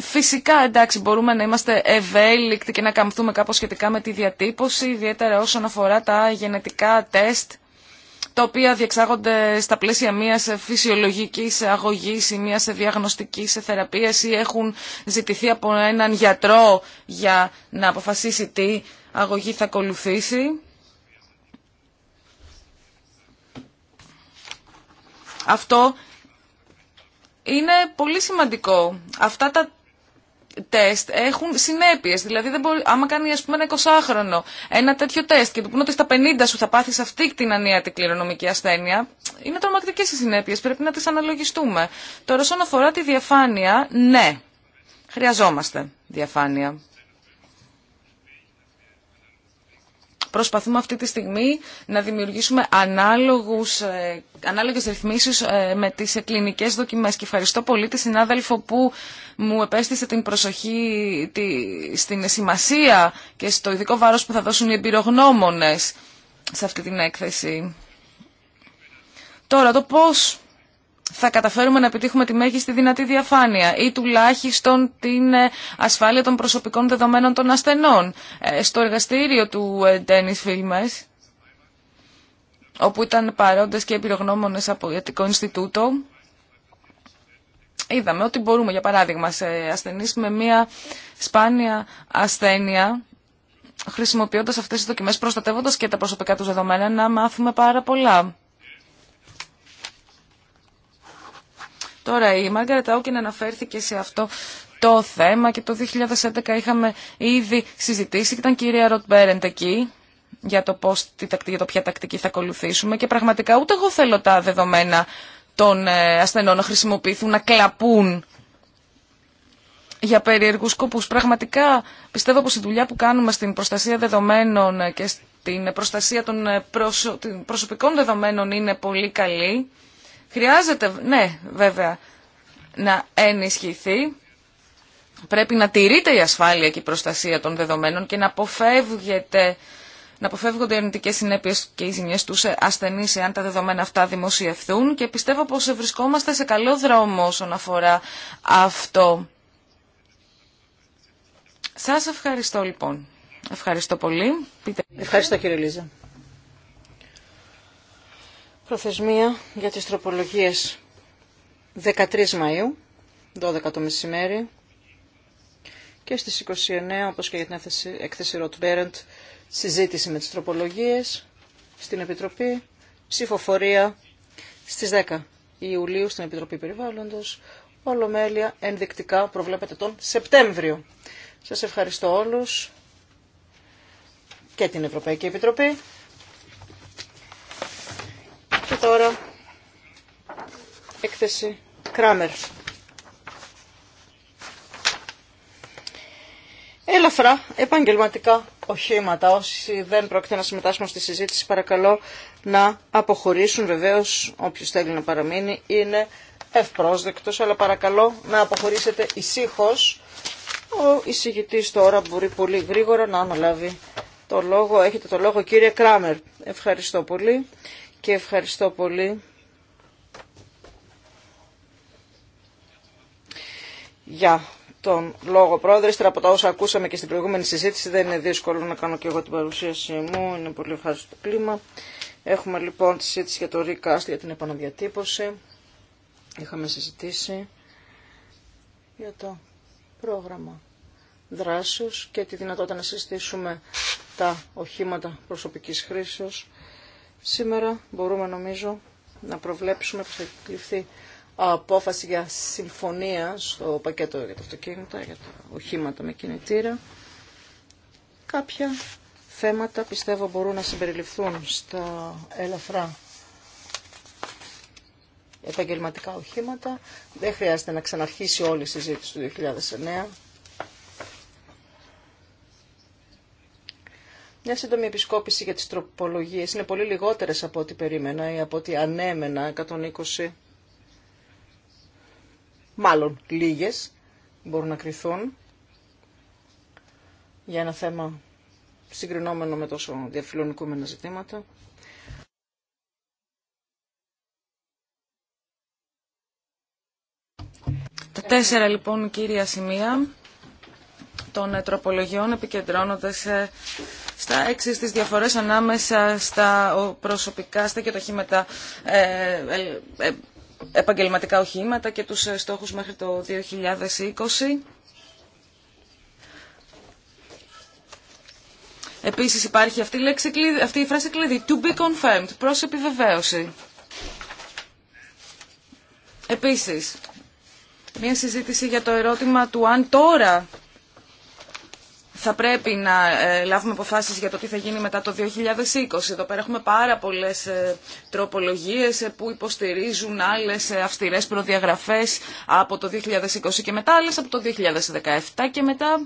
Φυσικά, εντάξει, μπορούμε να είμαστε ευέλικτοι και να καμφθούμε κάπως σχετικά με τη διατύπωση, ιδιαίτερα όσον αφορά τα γενετικά τεστ, τα οποία διεξάγονται στα πλαίσια μιας φυσιολογικής αγωγής ή μιας διαγνωστικής θεραπείας ή έχουν ζητηθεί από έναν γιατρό για να αποφασίσει τι αγωγή θα ακολουθήσει. Αυτό είναι πολύ σημαντικό. Αυτά τα τεστ έχουν συνέπειε. Δηλαδή, δεν άμα κάνει ας πούμε, ένα ένα τέτοιο τεστ και του πούνε ότι στα 50 σου θα πάθει αυτή την ανίατη κληρονομική ασθένεια, είναι τρομακτικέ οι συνέπειε. Πρέπει να τι αναλογιστούμε. Τώρα, όσον αφορά τη διαφάνεια, ναι, χρειαζόμαστε διαφάνεια. Προσπαθούμε αυτή τη στιγμή να δημιουργήσουμε ανάλογους, ε, ανάλογες ρυθμίσεις ε, με τις κλινικές δοκιμές. Και ευχαριστώ πολύ τη συνάδελφο που μου επέστησε την προσοχή τη, στην σημασία και στο ειδικό βάρος που θα δώσουν οι εμπειρογνώμονες σε αυτή την έκθεση. Τώρα το πώς θα καταφέρουμε να επιτύχουμε τη μέγιστη δυνατή διαφάνεια ή τουλάχιστον την ε, ασφάλεια των προσωπικών δεδομένων των ασθενών. Ε, στο εργαστήριο του ε, Dennis Filmes, όπου ήταν παρόντες και επιρρογνώμονες από το Ιατρικό Ινστιτούτο, είδαμε ότι μπορούμε, για παράδειγμα, σε ασθενείς με μία σπάνια ασθένεια, χρησιμοποιώντας αυτές τις δοκιμές, προστατεύοντας και τα προσωπικά τους δεδομένα, να μάθουμε πάρα πολλά. Τώρα η Μάγκαρα Τάουκιν αναφέρθηκε σε αυτό το θέμα και το 2011 είχαμε ήδη συζητήσει. και Ήταν κυρία Ροτ Μπέρεντ εκεί για το, πώς, για το ποια τακτική θα ακολουθήσουμε και πραγματικά ούτε εγώ θέλω τα δεδομένα των ε, ασθενών να χρησιμοποιηθούν, να κλαπούν για περιεργού σκοπούς. Πραγματικά πιστεύω πως η δουλειά που κάνουμε στην προστασία δεδομένων και στην προστασία των ε, προσωπικών δεδομένων είναι πολύ καλή Χρειάζεται, ναι, βέβαια, να ενισχυθεί. Πρέπει να τηρείται η ασφάλεια και η προστασία των δεδομένων και να αποφεύγεται να αποφεύγονται οι αρνητικέ συνέπειε και οι ζημιέ του ασθενεί εάν τα δεδομένα αυτά δημοσιευθούν και πιστεύω πω βρισκόμαστε σε καλό δρόμο όσον αφορά αυτό. Σα ευχαριστώ λοιπόν. Ευχαριστώ πολύ. Ευχαριστώ κύριε Λίζα. Προθεσμία για τις τροπολογίες 13 Μαΐου, 12 το μεσημέρι, και στις 29, όπως και για την έκθεση Ροτ Μπέρεντ, συζήτηση με τις τροπολογίες στην Επιτροπή, ψηφοφορία στις 10 Ιουλίου στην Επιτροπή Περιβάλλοντος, ολομέλεια ενδεικτικά προβλέπεται τον Σεπτέμβριο. Σας ευχαριστώ όλους και την Ευρωπαϊκή Επιτροπή. Και τώρα έκθεση Κράμερ. Ελαφρά επαγγελματικά οχήματα. Όσοι δεν πρόκειται να συμμετάσχουν στη συζήτηση παρακαλώ να αποχωρήσουν. Βεβαίω, όποιο θέλει να παραμείνει είναι ευπρόσδεκτο, αλλά παρακαλώ να αποχωρήσετε ησύχω. Ο εισηγητή τώρα μπορεί πολύ γρήγορα να αναλάβει το λόγο. Έχετε το λόγο κύριε Κράμερ. Ευχαριστώ πολύ και ευχαριστώ πολύ για τον λόγο πρόεδρε. Ύστερα από τα όσα ακούσαμε και στην προηγούμενη συζήτηση δεν είναι δύσκολο να κάνω και εγώ την παρουσίασή μου. Είναι πολύ ευχάριστο το κλίμα. Έχουμε λοιπόν τη συζήτηση για το recast, για την επαναδιατύπωση. Είχαμε συζητήσει για το πρόγραμμα δράσεως και τη δυνατότητα να συζητήσουμε τα οχήματα προσωπικής χρήσεως Σήμερα μπορούμε νομίζω να προβλέψουμε που θα εκλειφθεί απόφαση για συμφωνία στο πακέτο για τα αυτοκίνητα, για τα οχήματα με κινητήρα. Κάποια θέματα πιστεύω μπορούν να συμπεριληφθούν στα ελαφρά επαγγελματικά οχήματα. Δεν χρειάζεται να ξαναρχίσει όλη η συζήτηση του 2009. Μια σύντομη επισκόπηση για τις τροπολογίες. Είναι πολύ λιγότερες από ό,τι περίμενα ή από ό,τι ανέμενα, 120. Μάλλον λίγες μπορούν να κρυθούν για ένα θέμα συγκρινόμενο με τόσο διαφιλονικούμενα ζητήματα. Τα τέσσερα λοιπόν κύρια σημεία των ε, τροπολογιών επικεντρώνονται σε στα έξι στι διαφορέ ανάμεσα στα προσωπικά στα και οχήματα, ε, ε, ε, επαγγελματικά οχήματα και τους ε, στόχους μέχρι το 2020. Επίσης υπάρχει αυτή η, λέξη, αυτή η φράση κλειδί, to be confirmed, προς επιβεβαίωση. Επίσης, μια συζήτηση για το ερώτημα του αν τώρα θα πρέπει να ε, λάβουμε αποφάσεις για το τι θα γίνει μετά το 2020. Εδώ πέρα έχουμε πάρα πολλές ε, τροπολογίες ε, που υποστηρίζουν άλλες αυστηρές προδιαγραφές από το 2020 και μετά, άλλες από το 2017 και μετά.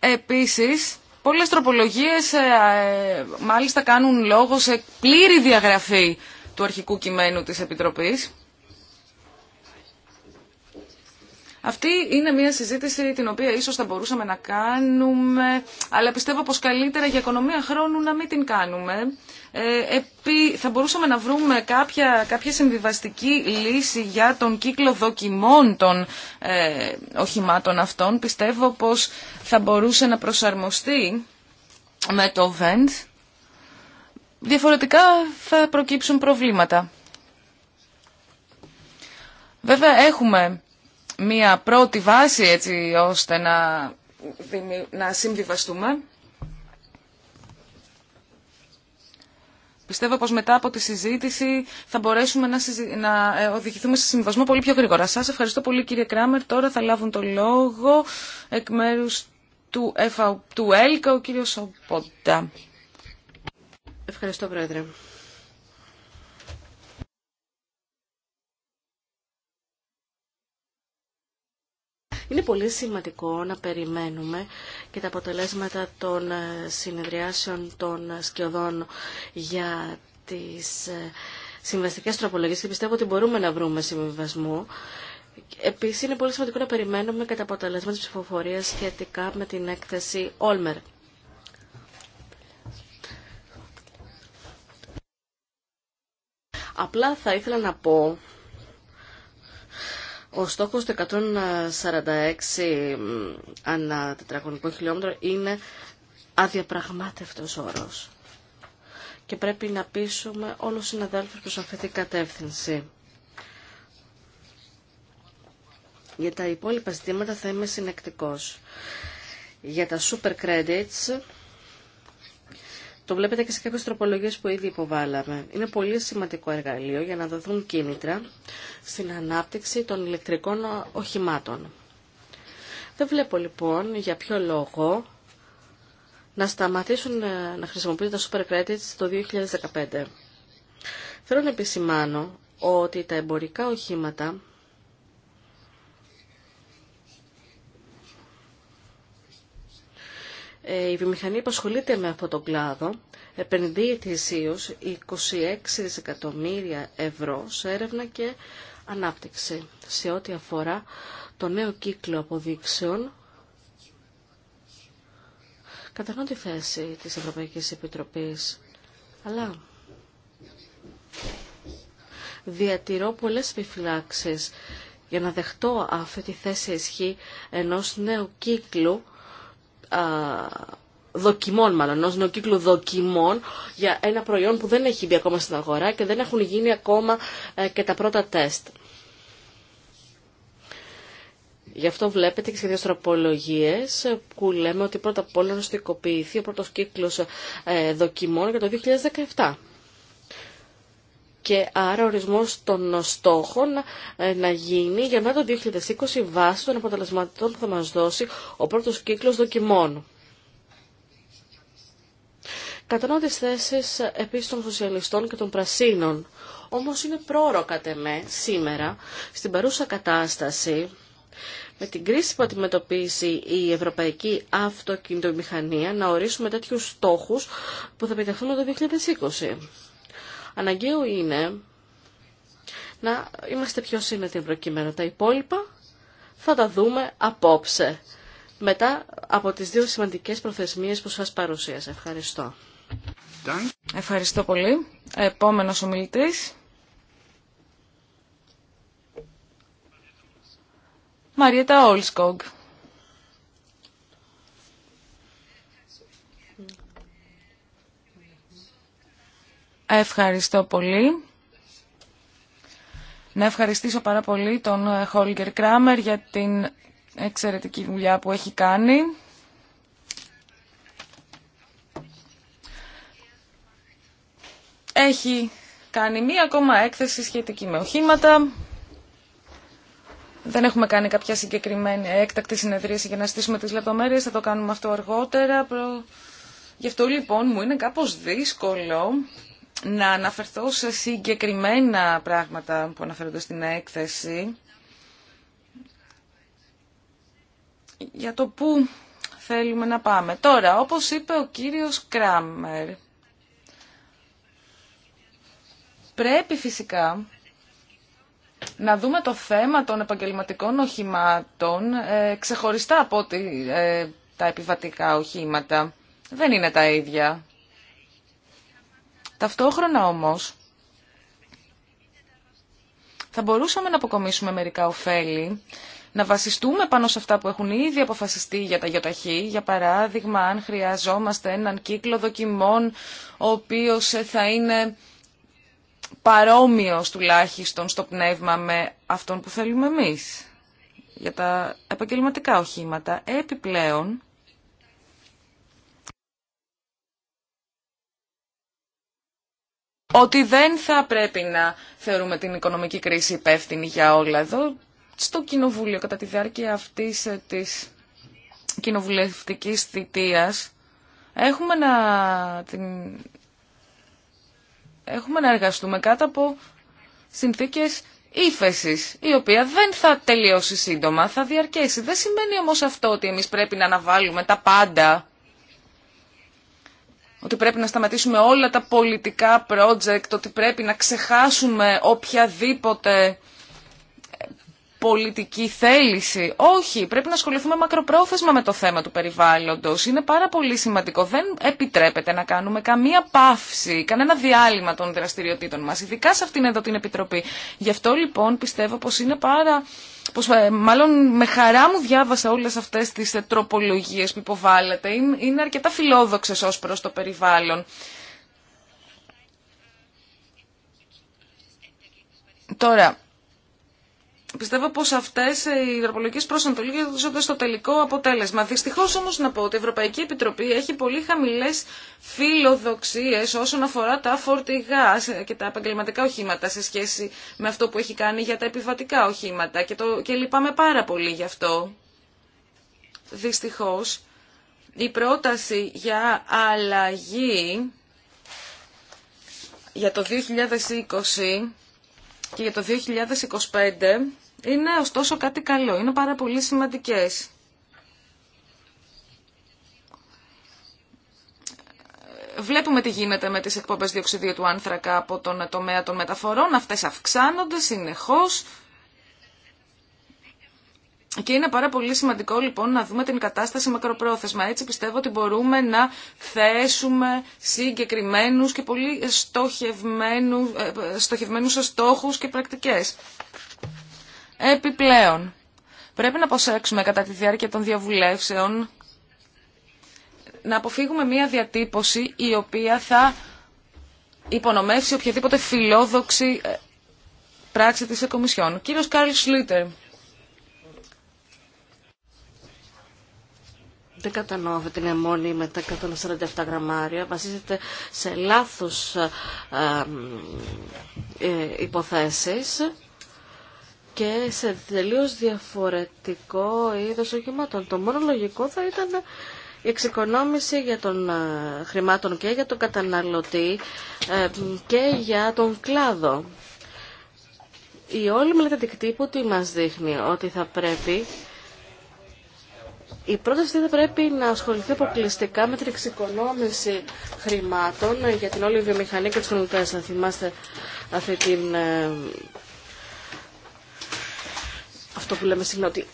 Επίσης, Πολλές τροπολογίες ε, ε, μάλιστα κάνουν λόγο σε πλήρη διαγραφή του αρχικού κειμένου της Επιτροπής. Αυτή είναι μια συζήτηση την οποία ίσως θα μπορούσαμε να κάνουμε, αλλά πιστεύω πως καλύτερα για οικονομία χρόνου να μην την κάνουμε. Ε, επί, θα μπορούσαμε να βρούμε κάποια, κάποια συμβιβαστική λύση για τον κύκλο δοκιμών των ε, οχημάτων αυτών. Πιστεύω πως θα μπορούσε να προσαρμοστεί με το VENT. Διαφορετικά θα προκύψουν προβλήματα. Βέβαια έχουμε μία πρώτη βάση έτσι ώστε να, να συμβιβαστούμε. Πιστεύω πως μετά από τη συζήτηση θα μπορέσουμε να, να ε, οδηγηθούμε σε συμβασμό πολύ πιο γρήγορα. Σας ευχαριστώ πολύ κύριε Κράμερ. Τώρα θα λάβουν το λόγο εκ μέρους του, ΕΦΑ... του ΕΛΚΑ ο κύριος Σοποτά. Ευχαριστώ πρόεδρε. Είναι πολύ σημαντικό να περιμένουμε και τα αποτελέσματα των ε, συνεδριάσεων των ε, σκιωδών για τις ε, συμβαστικές τροπολογίες και πιστεύω ότι μπορούμε να βρούμε συμβιβασμό. Επίσης είναι πολύ σημαντικό να περιμένουμε τα αποτελέσματα της ψηφοφορίας σχετικά με την έκθεση Όλμερ. Απλά θα ήθελα να πω ο στόχος του 146 ανά τετραγωνικό χιλιόμετρο είναι αδιαπραγμάτευτος όρος. Και πρέπει να πείσουμε όλους τους συναδέλφους προς αυτή την κατεύθυνση. Για τα υπόλοιπα ζητήματα θα είμαι συνεκτικός. Για τα super credits το βλέπετε και σε κάποιες τροπολογίες που ήδη υποβάλαμε. Είναι πολύ σημαντικό εργαλείο για να δοθούν κίνητρα στην ανάπτυξη των ηλεκτρικών οχημάτων. Δεν βλέπω λοιπόν για ποιο λόγο να σταματήσουν ε, να χρησιμοποιούν τα super credits το 2015. Θέλω να επισημάνω ότι τα εμπορικά οχήματα Ε, η βιομηχανή που με αυτό το κλάδο επενδύει ετησίως 26 δισεκατομμύρια ευρώ σε έρευνα και ανάπτυξη σε ό,τι αφορά το νέο κύκλο αποδείξεων Κατανοώ τη θέση της Ευρωπαϊκής Επιτροπής, αλλά διατηρώ πολλές επιφυλάξεις για να δεχτώ αυτή τη θέση ισχύ ενός νέου κύκλου δοκιμών μάλλον, ως νοοκύκλου δοκιμών για ένα προϊόν που δεν έχει μπει ακόμα στην αγορά και δεν έχουν γίνει ακόμα ε, και τα πρώτα τεστ. Γι' αυτό βλέπετε και σε τροπολογίες που λέμε ότι πρώτα απ' όλα να ο πρώτο κύκλο ε, δοκιμών για το 2017 και άρα ορισμός των στόχων ε, να γίνει για μετά το 2020 βάσει των αποτελεσματών που θα μας δώσει ο πρώτος κύκλος δοκιμών. Κατανοώ τις θέσεις ε, επίσης των σοσιαλιστών και των πρασίνων. Όμως είναι πρόωρο κατ' σήμερα, στην παρούσα κατάσταση, με την κρίση που αντιμετωπίζει η ευρωπαϊκή αυτοκινητομηχανία, να ορίσουμε τέτοιους στόχους που θα επιτευχθούν το 2020. Αναγκαίο είναι να είμαστε πιο σύνετοι προκειμένου. Τα υπόλοιπα θα τα δούμε απόψε. Μετά από τις δύο σημαντικές προθεσμίες που σας παρουσίασα. Ευχαριστώ. Ευχαριστώ πολύ. Επόμενος ομιλητής. Μαρίτα Όλσκογκ. Ευχαριστώ πολύ. Να ευχαριστήσω πάρα πολύ τον Χόλγκερ Κράμερ για την εξαιρετική δουλειά που έχει κάνει. Έχει κάνει μία ακόμα έκθεση σχετική με οχήματα. Δεν έχουμε κάνει κάποια συγκεκριμένη έκτακτη συνεδρίαση για να στήσουμε τις λεπτομέρειες, θα το κάνουμε αυτό αργότερα. Γι' αυτό λοιπόν μου είναι κάπως δύσκολο να αναφερθώ σε συγκεκριμένα πράγματα που αναφέρονται στην έκθεση για το πού θέλουμε να πάμε. Τώρα, όπως είπε ο κύριος Κράμερ, πρέπει φυσικά να δούμε το θέμα των επαγγελματικών οχημάτων ε, ξεχωριστά από ότι, ε, τα επιβατικά οχήματα. Δεν είναι τα ίδια. Ταυτόχρονα όμως θα μπορούσαμε να αποκομίσουμε μερικά ωφέλη, να βασιστούμε πάνω σε αυτά που έχουν ήδη αποφασιστεί για τα γιοταχή. Για παράδειγμα, αν χρειαζόμαστε έναν κύκλο δοκιμών, ο οποίος θα είναι παρόμοιος τουλάχιστον στο πνεύμα με αυτόν που θέλουμε εμείς για τα επαγγελματικά οχήματα. Επιπλέον, ότι δεν θα πρέπει να θεωρούμε την οικονομική κρίση υπεύθυνη για όλα εδώ στο Κοινοβούλιο κατά τη διάρκεια αυτής ε, της κοινοβουλευτικής θητείας έχουμε να, έχουμε να εργαστούμε κάτω από συνθήκες ύφεση, η οποία δεν θα τελειώσει σύντομα, θα διαρκέσει. Δεν σημαίνει όμως αυτό ότι εμείς πρέπει να αναβάλουμε τα πάντα ότι πρέπει να σταματήσουμε όλα τα πολιτικά project, ότι πρέπει να ξεχάσουμε οποιαδήποτε πολιτική θέληση. Όχι, πρέπει να ασχοληθούμε μακροπρόθεσμα με το θέμα του περιβάλλοντος. Είναι πάρα πολύ σημαντικό. Δεν επιτρέπεται να κάνουμε καμία παύση, κανένα διάλειμμα των δραστηριοτήτων μας, ειδικά σε αυτήν εδώ την Επιτροπή. Γι' αυτό λοιπόν πιστεύω πως είναι πάρα... Πως, ε, μάλλον με χαρά μου διάβασα όλες αυτές τις ε, τροπολογίες που υποβάλλατε. Είναι αρκετά φιλόδοξες ως προς το περιβάλλον. Τώρα, Πιστεύω πω αυτέ ε, οι προσανατολίε προσανατολίζονται στο τελικό αποτέλεσμα. Δυστυχώ όμω να πω ότι η Ευρωπαϊκή Επιτροπή έχει πολύ χαμηλέ φιλοδοξίε όσον αφορά τα φορτηγά και τα επαγγελματικά οχήματα σε σχέση με αυτό που έχει κάνει για τα επιβατικά οχήματα και, το, και λυπάμαι πάρα πολύ γι' αυτό. Δυστυχώ η πρόταση για αλλαγή για το 2020 και για το 2025 είναι ωστόσο κάτι καλό, είναι πάρα πολύ σημαντικές. Βλέπουμε τι γίνεται με τις εκπομπές διοξιδίου του άνθρακα από τον τομέα των μεταφορών. Αυτές αυξάνονται συνεχώς. Και είναι πάρα πολύ σημαντικό λοιπόν να δούμε την κατάσταση μακροπρόθεσμα. Έτσι πιστεύω ότι μπορούμε να θέσουμε συγκεκριμένους και πολύ στοχευμένους, ε, στοχευμένους στόχους και πρακτικές. Επιπλέον, πρέπει να προσέξουμε κατά τη διάρκεια των διαβουλεύσεων να αποφύγουμε μία διατύπωση η οποία θα υπονομεύσει οποιαδήποτε φιλόδοξη ε, πράξη της Εκομισιόν. κύριος Κάρλ Σλίτερ. Δεν κατανοώ αυτή την αιμόνη με τα 147 γραμμάρια. Βασίζεται σε λάθος ε, ε, υποθέσεις και σε τελείως διαφορετικό είδος οχημάτων. Το μόνο λογικό θα ήταν η εξοικονόμηση για των ε, χρημάτων και για τον καταναλωτή ε, και για τον κλάδο. Η όλη μελέτη αντικτύπου τι μας δείχνει, ότι θα πρέπει η πρόταση θα πρέπει να ασχοληθεί αποκλειστικά με την εξοικονόμηση χρημάτων για την όλη βιομηχανία και τους χρονιτές. Θα θυμάστε αυτή την ε, αυτό που λέμε συχνά ότι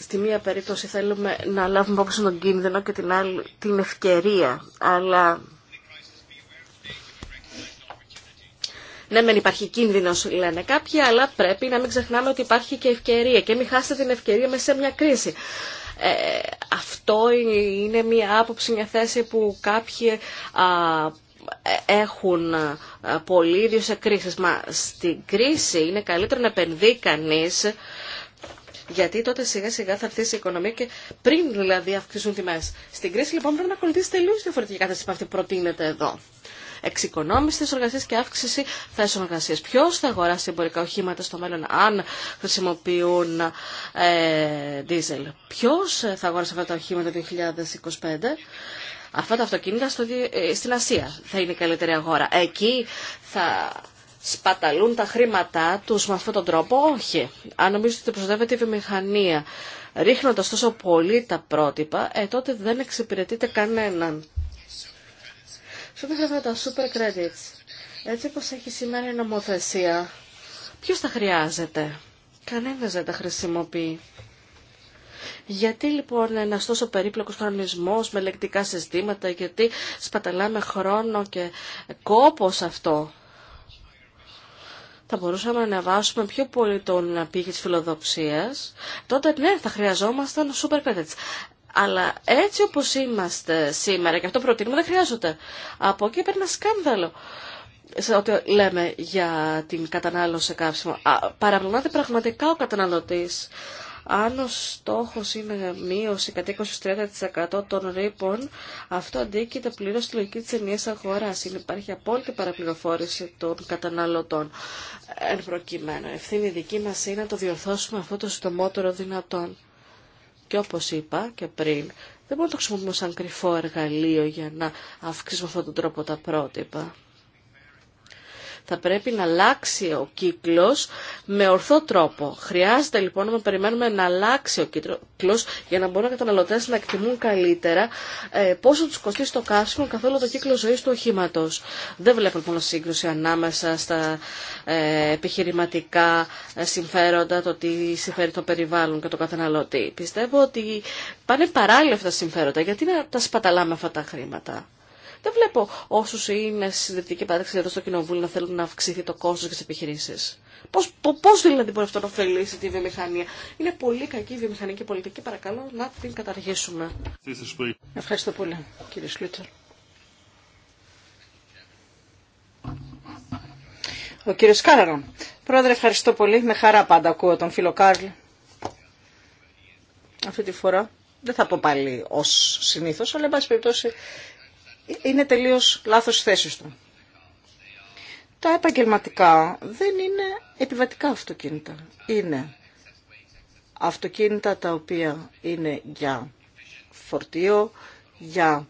στη μία περίπτωση θέλουμε να λάβουμε υπόψη τον κίνδυνο και την άλλη την ευκαιρία. Αλλά ναι μεν υπάρχει κίνδυνο, λένε κάποιοι αλλά πρέπει να μην ξεχνάμε ότι υπάρχει και ευκαιρία και μην χάσετε την ευκαιρία μέσα σε μια κρίση. Ε, αυτό είναι μια άποψη, μια θέση που κάποιοι έχουν πολύ ίδιο σε κρίσεις. Μα στην κρίση είναι καλύτερο να επενδύει κανείς γιατί τότε σιγά σιγά θα έρθει η οικονομία και πριν δηλαδή αυξήσουν τιμέ. Στην κρίση λοιπόν πρέπει να ακολουθήσει τελείω διαφορετική κατάσταση από αυτή που προτείνεται εδώ. Εξοικονόμηση τη εργασία και αύξηση θέσεων εργασία. Ποιο θα αγοράσει εμπορικά οχήματα στο μέλλον αν χρησιμοποιούν ε, δίζελ. Ποιο θα αγοράσει αυτά τα οχήματα το 2025. Αυτά τα αυτοκίνητα ε, στην Ασία θα είναι η καλύτερη αγορά. Εκεί θα σπαταλούν τα χρήματά τους με αυτόν τον τρόπο. Όχι. Αν νομίζετε ότι προστατεύεται η βιομηχανία ρίχνοντας τόσο πολύ τα πρότυπα, ε, τότε δεν εξυπηρετείται κανέναν. Σου με τα super credits. Έτσι όπως έχει σήμερα η νομοθεσία, ποιος τα χρειάζεται. κανένα δεν τα χρησιμοποιεί. Γιατί λοιπόν ένα τόσο περίπλοκο χρονισμό με λεκτικά συστήματα, γιατί σπαταλάμε χρόνο και κόπο σε αυτό θα μπορούσαμε να ανεβάσουμε πιο πολύ τον πύχη της φιλοδοξίας, τότε ναι, θα χρειαζόμασταν super credits. Αλλά έτσι όπως είμαστε σήμερα, και αυτό προτείνουμε, δεν χρειάζονται. Από εκεί πέρα ένα σκάνδαλο. Σε ό,τι λέμε για την κατανάλωση καύσιμο. Παραπλανάται πραγματικά ο καταναλωτής. Αν ο στόχο ειναι είναι μείωση κατά 20-30% των ρήπων, αυτό αντίκειται πλήρω στη λογική τη ενιαία αγοράς. Είναι, υπάρχει απόλυτη παραπληροφόρηση των καταναλωτών. Εν προκειμένου, ευθύνη δική μας είναι να το διορθώσουμε αυτό το συντομότερο δυνατόν. Και όπω είπα και πριν, δεν μπορούμε να το χρησιμοποιούμε σαν κρυφό εργαλείο για να αυξήσουμε αυτόν τον τρόπο τα πρότυπα. Θα πρέπει να αλλάξει ο κύκλος με ορθό τρόπο. Χρειάζεται λοιπόν να περιμένουμε να αλλάξει ο κύκλος για να μπορούν οι καταναλωτές να εκτιμούν καλύτερα ε, πόσο τους κοστίζει το καύσιμο καθόλου το κύκλο ζωής του οχήματος. Δεν βλέπω λοιπόν σύγκρουση ανάμεσα στα ε, επιχειρηματικά ε, συμφέροντα, το τι συμφέρει το περιβάλλον και το καταναλωτή. Πιστεύω ότι πάνε παράλληλα αυτά τα συμφέροντα. Γιατί να τα σπαταλάμε αυτά τα χρήματα. Δεν βλέπω όσου είναι και παράξενοι εδώ στο Κοινοβούλιο να θέλουν να αυξηθεί το κόστο για τι επιχειρήσει. Πώ δηλαδή μπορεί αυτό να ωφελήσει τη βιομηχανία. Είναι πολύ κακή η βιομηχανική πολιτική. Παρακαλώ να την καταργήσουμε. Ευχαριστώ πολύ, κύριε Σλίτσερ. Ο κύριος Κάραρον. Πρόεδρε, ευχαριστώ πολύ. Με χαρά πάντα ακούω τον φίλο Κάρλ. Αυτή τη φορά δεν θα πω πάλι ως συνήθως, αλλά εν πάση περιπτώσει είναι τελείως λάθος θέση του. Τα επαγγελματικά δεν είναι επιβατικά αυτοκίνητα. Είναι αυτοκίνητα τα οποία είναι για φορτίο, για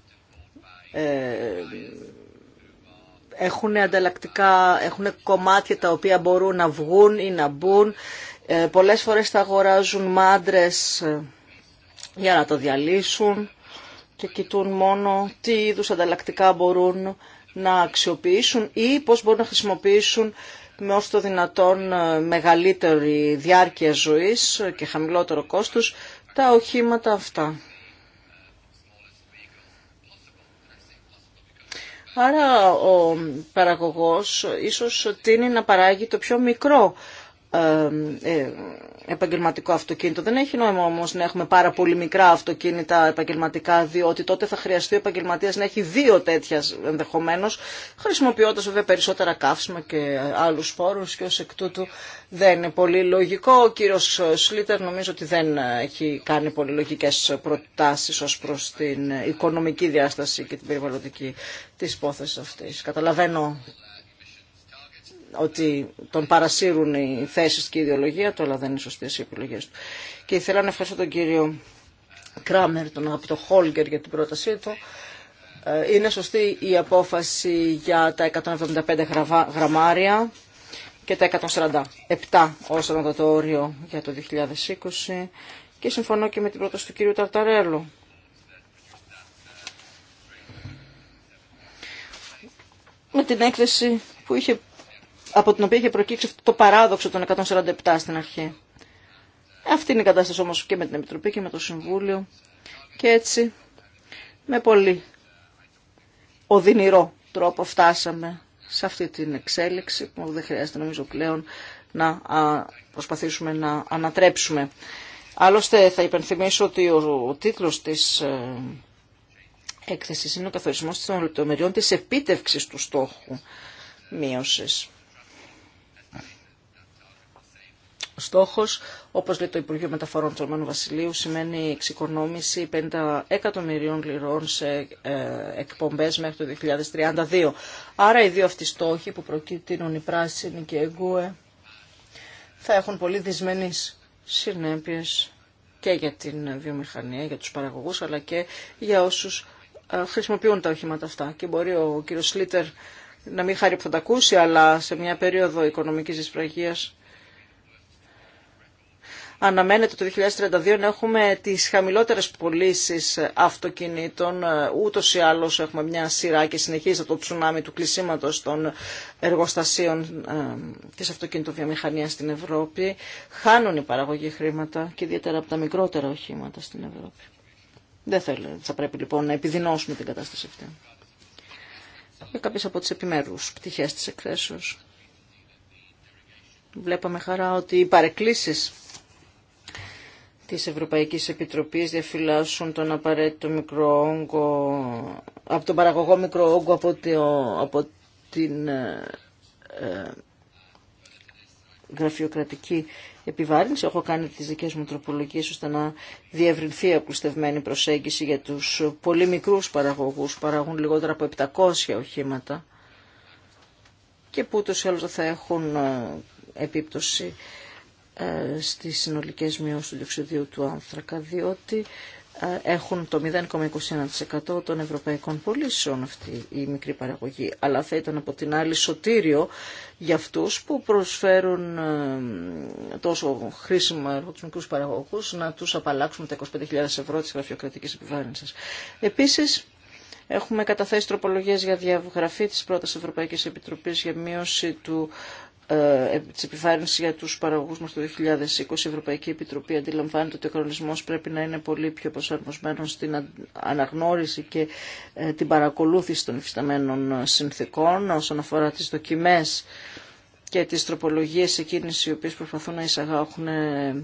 ε, έχουν ανταλλακτικά, έχουν κομμάτια τα οποία μπορούν να βγουν ή να μπουν. Ε, πολλές φορές τα αγοράζουν μάντρες ε, για να το διαλύσουν και κοιτούν μόνο τι είδους ανταλλακτικά μπορούν να αξιοποιήσουν ή πώς μπορούν να χρησιμοποιήσουν με όσο το δυνατόν ε, μεγαλύτερη διάρκεια ζωής και χαμηλότερο κόστος τα οχήματα αυτά. Άρα ο παραγωγός ίσως τίνει να παράγει το πιο μικρό ε, επαγγελματικό αυτοκίνητο. Δεν έχει νόημα όμως να έχουμε πάρα πολύ μικρά αυτοκίνητα επαγγελματικά, διότι τότε θα χρειαστεί ο επαγγελματίας να έχει δύο τέτοια ενδεχομένω, χρησιμοποιώντα βέβαια περισσότερα καύσιμα και άλλου φόρου, και ω εκ τούτου δεν είναι πολύ λογικό. Ο κύριο Σλίτερ νομίζω ότι δεν έχει κάνει πολύ λογικές προτάσεις ω προς την οικονομική διάσταση και την περιβαλλοντική τη υπόθεση αυτή. Καταλαβαίνω ότι τον παρασύρουν οι θέσεις και η ιδεολογία του, αλλά δεν είναι σωστέ οι επιλογέ του. Και ήθελα να ευχαριστώ τον κύριο Κράμερ, τον το Χόλγκερ για την πρότασή του. Ε, είναι σωστή η απόφαση για τα 175 γραμμάρια και τα 147 ως το όριο για το 2020 και συμφωνώ και με την πρόταση του κύριου Ταρταρέλου. Με την έκθεση που είχε από την οποία είχε προκύψει το παράδοξο των 147 στην αρχή. Αυτή είναι η κατάσταση όμως και με την Επιτροπή και με το Συμβούλιο και έτσι με πολύ οδυνηρό τρόπο φτάσαμε σε αυτή την εξέλιξη που δεν χρειάζεται νομίζω πλέον να προσπαθήσουμε να ανατρέψουμε. Άλλωστε θα υπενθυμίσω ότι ο τίτλος της ε, έκθεσης είναι ο καθορισμός των λεπτομεριών της επίτευξης του στόχου μείωσης. στόχος. Όπως λέει το Υπουργείο Μεταφορών του Ορμένου Βασιλείου, σημαίνει εξοικονόμηση 50 εκατομμυρίων λιρών σε ε, εκπομπές μέχρι το 2032. Άρα οι δύο αυτοί στόχοι που προκύπτουν οι πράσινοι και οι εγκούε, θα έχουν πολύ δυσμενεί συνέπειες και για την βιομηχανία, για τους παραγωγούς, αλλά και για όσους ε, χρησιμοποιούν τα οχήματα αυτά. Και μπορεί ο κύριο Σλίτερ να μην χάρη που θα τα ακούσει, αλλά σε μια περίοδο οικονομικής δυσπραγίας αναμένεται το 2032 να έχουμε τις χαμηλότερες πωλήσει αυτοκινήτων. Ε, ούτως ή άλλως έχουμε μια σειρά και συνεχίζεται το τσουνάμι του κλεισίματος των εργοστασίων ε, της αυτοκινητοβιομηχανίας στην Ευρώπη. Χάνουν οι παραγωγοί χρήματα και ιδιαίτερα από τα μικρότερα οχήματα στην Ευρώπη. Δεν θέλω θα πρέπει λοιπόν να επιδεινώσουμε την κατάσταση αυτή. Για ε, κάποιε από τι επιμέρου πτυχέ τη εκθέσεω. Βλέπαμε χαρά ότι οι παρεκκλήσει της Ευρωπαϊκής Επιτροπής διαφυλάσσουν τον απαραίτητο μικρό όγκο, από τον παραγωγό μικρό όγκο από, την ε, ε, γραφειοκρατική επιβάρυνση. Έχω κάνει τις δικές μου τροπολογίες ώστε να διευρυνθεί η ακουστευμένη προσέγγιση για τους πολύ μικρούς παραγωγούς, παράγουν λιγότερα από 700 οχήματα και που ούτως ή θα έχουν ε, επίπτωση ε, στις συνολικές μειώσεις του διοξιδίου του άνθρακα, διότι ε, έχουν το 0,21% των ευρωπαϊκών πωλήσεων αυτή η μικρή παραγωγή. Αλλά θα ήταν από την άλλη σωτήριο για αυτούς που προσφέρουν ε, τόσο χρήσιμα έργο παραγωγούς να τους απαλλάξουμε τα 25.000 ευρώ της γραφειοκρατικής επιβάρυνσης. Επίσης, Έχουμε καταθέσει τροπολογίες για διαγραφή της πρώτης Ευρωπαϊκής Επιτροπής για μείωση του ε, τη επιβάρυνση για του παραγωγού μα το 2020, η Ευρωπαϊκή Επιτροπή αντιλαμβάνεται ότι ο κανονισμό πρέπει να είναι πολύ πιο προσαρμοσμένο στην αναγνώριση και ε, την παρακολούθηση των υφισταμένων συνθήκων όσον αφορά τι δοκιμέ και τις τροπολογίες εκείνε οι οποίε προσπαθούν να εισαγάγουν ε,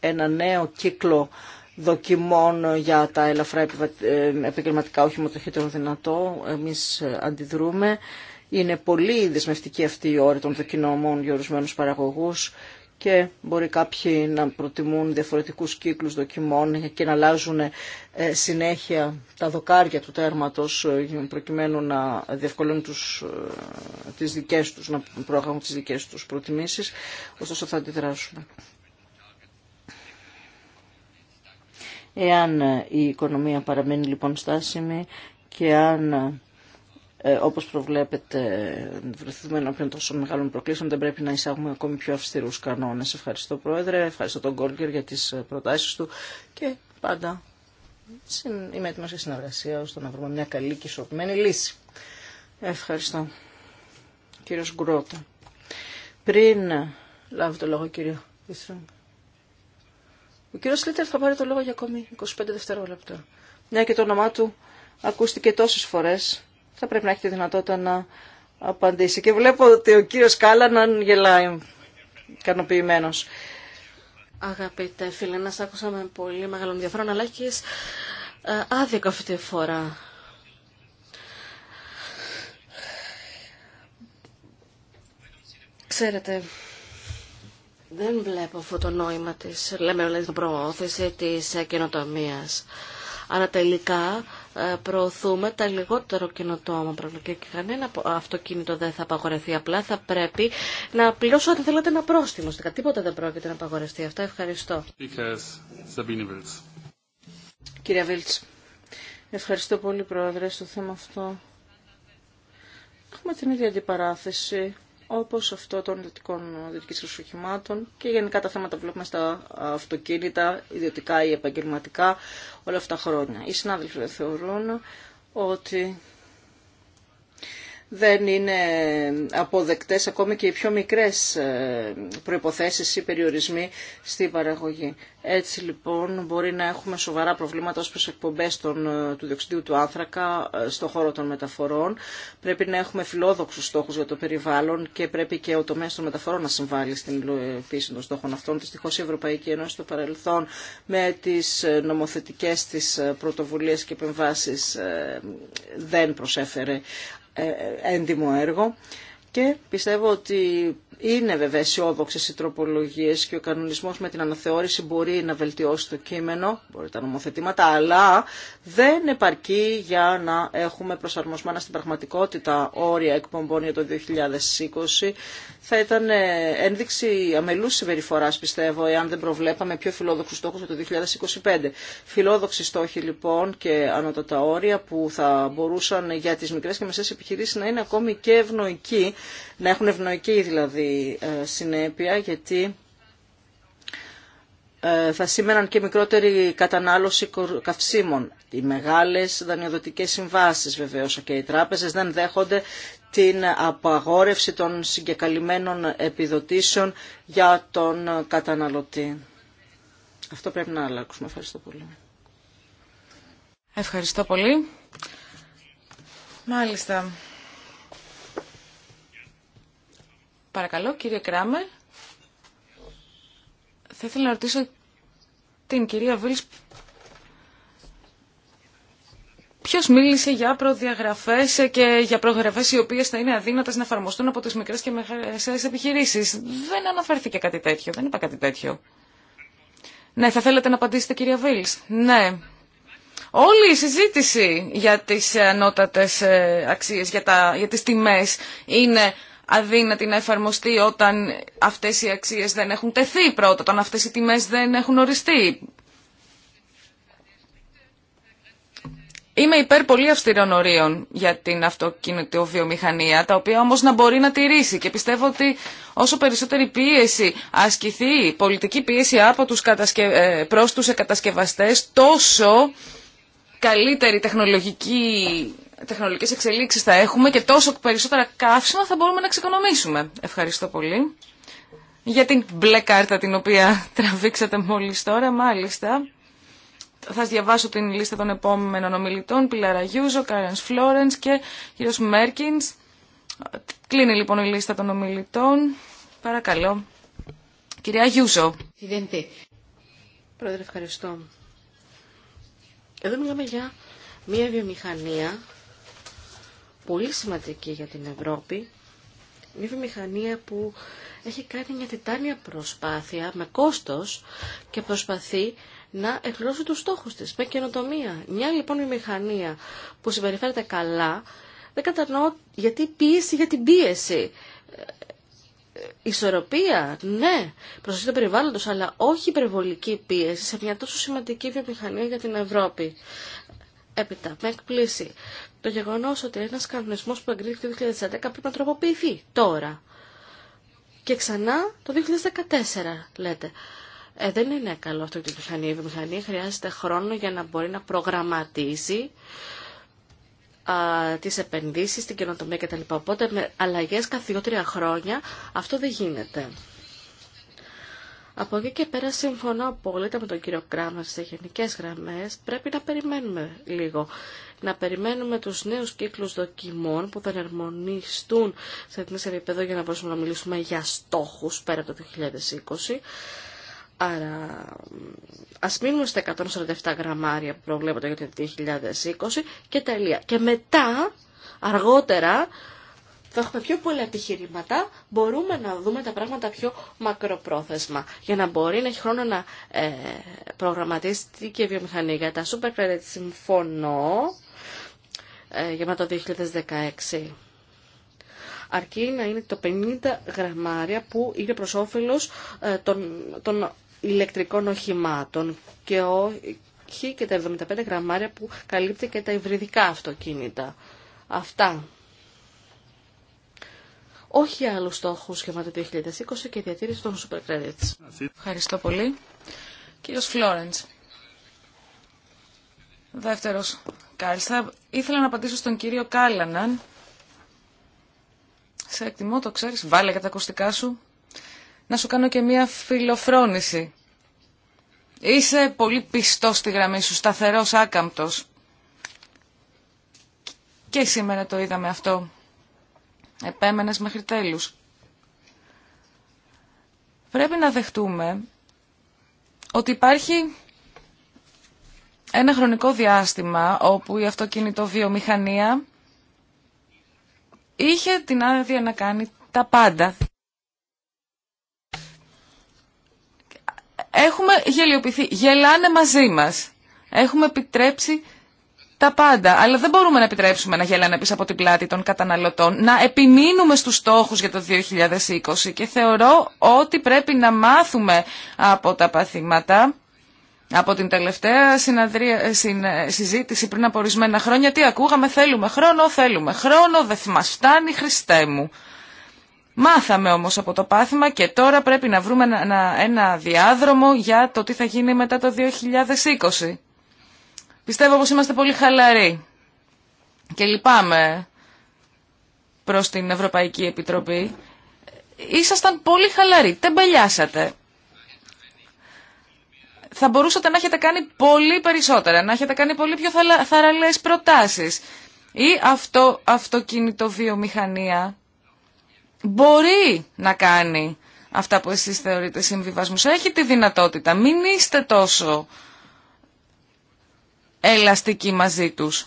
ένα νέο κύκλο δοκιμών για τα ελαφρά ε, επαγγελματικά οχήματα δυνατό Εμείς αντιδρούμε. Είναι πολύ δεσμευτική αυτή η ώρα των δοκινομών για ορισμένου παραγωγού και μπορεί κάποιοι να προτιμούν διαφορετικούς κύκλους δοκιμών και να αλλάζουν ε, συνέχεια τα δοκάρια του τέρματος ε, προκειμένου να διευκολύνουν τους, ε, τις δικές τους, να προαγάγουν τις δικές τους προτιμήσεις, ωστόσο θα αντιδράσουμε. Εάν η οικονομία παραμένει λοιπόν στάσιμη και αν ε, όπως προβλέπετε βρεθούμε ενώπιον τόσων μεγάλων προκλήσεων δεν πρέπει να εισάγουμε ακόμη πιο αυστηρούς κανόνες. Ευχαριστώ Πρόεδρε, ευχαριστώ τον Γκόλγκερ για τις ε, προτάσεις του και πάντα είμαι έτοιμος για συνεργασία ώστε να βρούμε μια καλή και ισορροπημένη λύση. Ευχαριστώ. Κύριος Γκρότα. Πριν λάβω το λόγο κύριο ο κύριος Λίτερ θα πάρει το λόγο για ακόμη 25 δευτερόλεπτα. Μια και το όνομά του ακούστηκε τόσες φορές θα πρέπει να έχει τη δυνατότητα να απαντήσει. Και βλέπω ότι ο κύριος Κάλαναν γελάει ικανοποιημένο. Αγαπητέ φίλε, να σ' άκουσα με πολύ μεγάλο ενδιαφέρον, αλλά έχει ε, άδικο αυτή τη φορά. Ξέρετε, δεν βλέπω αυτό το νόημα της, λέμε δηλαδή την προώθηση της καινοτομίας. Αλλά τελικά ε, προωθούμε τα λιγότερο καινοτόμα προβλήματα και κανένα αυτοκίνητο δεν θα απαγορευτεί. Απλά θα πρέπει να πληρώσω αν θέλετε ένα πρόστιμο. Τίποτα δεν πρόκειται να απαγορευτεί. αυτό. ευχαριστώ. Κυρία Βίλτς, ευχαριστώ πολύ Πρόεδρε στο θέμα αυτό. Έχουμε την ίδια αντιπαράθεση όπως αυτό των δυτικών δυτικής ρωσοχημάτων και γενικά τα θέματα που βλέπουμε στα αυτοκίνητα, ιδιωτικά ή επαγγελματικά, όλα αυτά χρόνια. Οι συνάδελφοι θεωρούν ότι δεν είναι αποδεκτές ακόμη και οι πιο μικρές ε, προϋποθέσεις ή περιορισμοί στην παραγωγή. Έτσι λοιπόν μπορεί να έχουμε σοβαρά προβλήματα ως προς εκπομπές των, ε, του διοξιδίου του άνθρακα ε, στον χώρο των μεταφορών. Πρέπει να έχουμε φιλόδοξους στόχους για το περιβάλλον και πρέπει και ο τομέας των μεταφορών να συμβάλλει στην υλοποίηση των στόχων αυτών. Δυστυχώς η Ευρωπαϊκή Ένωση στο παρελθόν με τις νομοθετικές της πρωτοβουλίες και επεμβάσεις δεν προσέφερε έντιμο έργο και πιστεύω ότι είναι βέβαια αισιόδοξε οι τροπολογίε και ο κανονισμό με την αναθεώρηση μπορεί να βελτιώσει το κείμενο, μπορεί τα νομοθετήματα, αλλά δεν επαρκεί για να έχουμε προσαρμοσμένα στην πραγματικότητα όρια εκπομπών για το 2020. Θα ήταν ε, ένδειξη αμελού συμπεριφορά, πιστεύω, εάν δεν προβλέπαμε πιο φιλόδοξου στόχου για το 2025. Φιλόδοξοι στόχοι λοιπόν και ανώτατα όρια που θα μπορούσαν για τι μικρέ και μεσαίε επιχειρήσει να είναι ακόμη και ευνοϊκοί, να έχουν ευνοϊκή δηλαδή ε, συνέπεια γιατί ε, θα σήμεραν και μικρότερη κατανάλωση καυσίμων. Οι μεγάλες δανειοδοτικές συμβάσεις βεβαίως και οι τράπεζες δεν δέχονται την απαγόρευση των συγκεκαλυμμένων επιδοτήσεων για τον καταναλωτή. Αυτό πρέπει να αλλάξουμε. Ευχαριστώ πολύ. Ευχαριστώ πολύ. Μάλιστα. Παρακαλώ, κύριε Κράμερ. Θα ήθελα να ρωτήσω την κυρία Βίλς ποιος μίλησε για προδιαγραφές και για προγραφές οι οποίες θα είναι αδύνατες να εφαρμοστούν από τι μικρές και μεγάλες επιχειρήσεις. Δεν αναφέρθηκε κάτι τέτοιο. Δεν είπα κάτι τέτοιο. Ναι, θα θέλετε να απαντήσετε, κυρία Βίλ. Ναι. Όλη η συζήτηση για τις ανώτατες ε, αξίες, για, τα, για τις τιμές είναι αδύνατη να εφαρμοστεί όταν αυτές οι αξίες δεν έχουν τεθεί πρώτα, όταν αυτές οι τιμές δεν έχουν οριστεί. Είμαι υπέρ πολύ αυστηρών ορίων για την αυτοκινητοβιομηχανία, τα οποία όμως να μπορεί να τηρήσει και πιστεύω ότι όσο περισσότερη πίεση ασκηθεί, πολιτική πίεση από τους κατασκε... Ε, προς τους εκατασκευαστές τόσο καλύτερη τεχνολογική Τεχνολογικέ εξελίξεις θα έχουμε και τόσο περισσότερα καύσιμα θα μπορούμε να ξεκονομήσουμε. Ευχαριστώ πολύ για την μπλε κάρτα την οποία τραβήξατε μόλις τώρα, μάλιστα. Θα διαβάσω την λίστα των επόμενων ομιλητών, Πιλάρα Γιούζο, Κάρεν Φλόρενς και κύριο Μέρκινς. Κλείνει λοιπόν η λίστα των ομιλητών. Παρακαλώ. Κυρία Γιούζο. Πρόεδρε, ευχαριστώ. Εδώ μιλάμε για μια βιομηχανία πολύ σημαντική για την Ευρώπη. Μια βιομηχανία που έχει κάνει μια τιτάνια προσπάθεια με κόστος και προσπαθεί να εκπληρώσει τους στόχους της με καινοτομία. Μια λοιπόν βιομηχανία που συμπεριφέρεται καλά δεν κατανοώ γιατί πίεση για την πίεση. Ισορροπία, ναι, Προσοχή του περιβάλλοντος, αλλά όχι υπερβολική πίεση σε μια τόσο σημαντική βιομηχανία για την Ευρώπη. Έπειτα, με εκπλήσει το γεγονό ότι ένα κανονισμό που εγκρίθηκε το 2010 πρέπει να τροποποιηθεί τώρα. Και ξανά το 2014 λέτε. Ε, δεν είναι καλό αυτό και η μηχανή Η μηχανή χρειάζεται χρόνο για να μπορεί να προγραμματίσει τι επενδύσει, την καινοτομία κτλ. Οπότε με αλλαγέ καθε κάθε δύο-τρία χρόνια αυτό δεν γίνεται. Από εκεί και πέρα συμφωνώ απόλυτα με τον κύριο Κράμα σε γενικέ γραμμές. Πρέπει να περιμένουμε λίγο να περιμένουμε τους νέους κύκλους δοκιμών που θα εναρμονιστούν σε εθνές επίπεδο για να μπορούμε να μιλήσουμε για στόχους πέρα από το 2020. Άρα ας μείνουμε στα 147 γραμμάρια που προβλέπονται για το 2020 και τελεία. Και μετά, αργότερα, θα έχουμε πιο πολλά επιχειρήματα, μπορούμε να δούμε τα πράγματα πιο μακροπρόθεσμα. Για να μπορεί να έχει χρόνο να ε, προγραμματίσει και η βιομηχανία. Για τα super credit συμφωνώ. Ε, για το 2016. Αρκεί να είναι το 50 γραμμάρια που είναι προς όφελος ε, των, των ηλεκτρικών οχημάτων και όχι και τα 75 γραμμάρια που καλύπτει και τα υβριδικά αυτοκίνητα. Αυτά. Όχι άλλου στόχου γεμάτο το 2020 και διατήρηση των super credits. Ευχαριστώ πολύ. Κύριος Φλόρεντς. Δεύτερος Κάλιστα, ήθελα να απαντήσω στον κύριο Κάλαναν. Σε εκτιμώ, το ξέρεις. Βάλε για τα ακουστικά σου. Να σου κάνω και μία φιλοφρόνηση. Είσαι πολύ πιστός στη γραμμή σου, σταθερός, άκαμπτος. Και σήμερα το είδαμε αυτό. Επέμενες μέχρι τέλους. Πρέπει να δεχτούμε ότι υπάρχει ένα χρονικό διάστημα όπου η βιομηχανία είχε την άδεια να κάνει τα πάντα. Έχουμε γελιοποιηθεί, γελάνε μαζί μας. Έχουμε επιτρέψει τα πάντα. Αλλά δεν μπορούμε να επιτρέψουμε να γελάνε πίσω από την πλάτη των καταναλωτών. Να επιμείνουμε στους στόχους για το 2020 και θεωρώ ότι πρέπει να μάθουμε από τα παθήματα από την τελευταία συναδρία, ε, ε, συζήτηση πριν από ορισμένα χρόνια, τι ακούγαμε, θέλουμε χρόνο, θέλουμε χρόνο, δεν μας φτάνει, Χριστέ μου. Μάθαμε όμως από το πάθημα και τώρα πρέπει να βρούμε ένα διάδρομο για το τι θα γίνει μετά το 2020. Πιστεύω πως είμαστε πολύ χαλαροί και λυπάμαι προς την Ευρωπαϊκή Επιτροπή. Ήσασταν πολύ χαλαροί, δεν θα μπορούσατε να έχετε κάνει πολύ περισσότερα, να έχετε κάνει πολύ πιο θαραλές προτάσεις. Η αυτο, βιομηχανία μπορεί να κάνει αυτά που εσείς θεωρείτε συμβιβασμούς. Έχει τη δυνατότητα. Μην είστε τόσο ελαστικοί μαζί τους.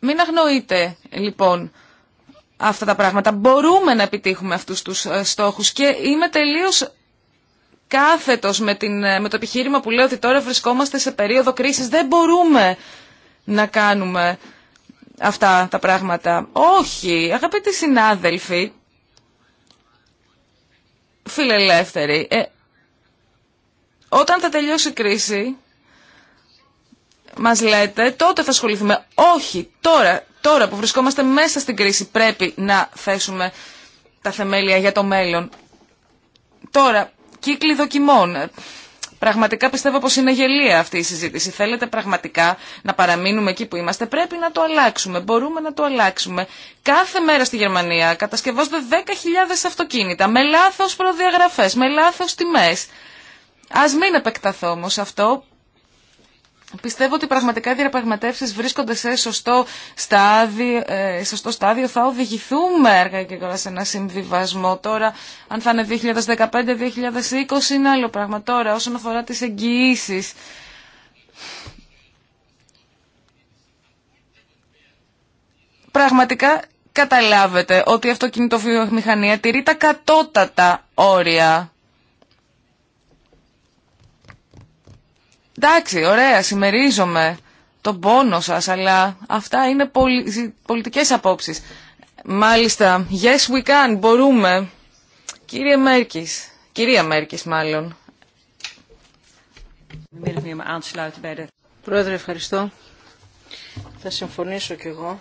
Μην αγνοείτε, λοιπόν, αυτά τα πράγματα. Μπορούμε να επιτύχουμε αυτούς τους ε, στόχους και είμαι τελείως κάθετος με, ε, με το επιχείρημα που λέω ότι τώρα βρισκόμαστε σε περίοδο κρίσης. Δεν μπορούμε να κάνουμε αυτά τα πράγματα. Όχι, αγαπητοί συνάδελφοι, φιλελεύθεροι, ε, όταν θα τελειώσει η κρίση μας λέτε, τότε θα ασχοληθούμε. Όχι, τώρα, τώρα που βρισκόμαστε μέσα στην κρίση πρέπει να θέσουμε τα θεμέλια για το μέλλον. Τώρα, κύκλοι δοκιμών. Πραγματικά πιστεύω πως είναι γελία αυτή η συζήτηση. Θέλετε πραγματικά να παραμείνουμε εκεί που είμαστε. Πρέπει να το αλλάξουμε. Μπορούμε να το αλλάξουμε. Κάθε μέρα στη Γερμανία κατασκευάζονται 10.000 αυτοκίνητα με λάθος προδιαγραφές, με λάθος τιμές. Ας μην επεκταθώ όμως αυτό. Πιστεύω ότι πραγματικά οι διαπραγματεύσει βρίσκονται σε σωστό στάδιο, ε, σωστό στάδιο. Θα οδηγηθούμε έργα και τώρα σε ένα συμβιβασμό. Τώρα, αν θα είναι 2015-2020, είναι άλλο πράγμα. Τώρα, όσον αφορά τι εγγυήσει. Πραγματικά καταλάβετε ότι η αυτοκινητοβιομηχανία τηρεί τα κατώτατα όρια εντάξει, ωραία, συμμερίζομαι τον πόνο σας, αλλά αυτά είναι πολι... πολιτικές απόψεις. Μάλιστα, yes we can, μπορούμε. Κύριε Μέρκης, κυρία Μέρκης μάλλον. Πρόεδρε, ευχαριστώ. Θα συμφωνήσω κι εγώ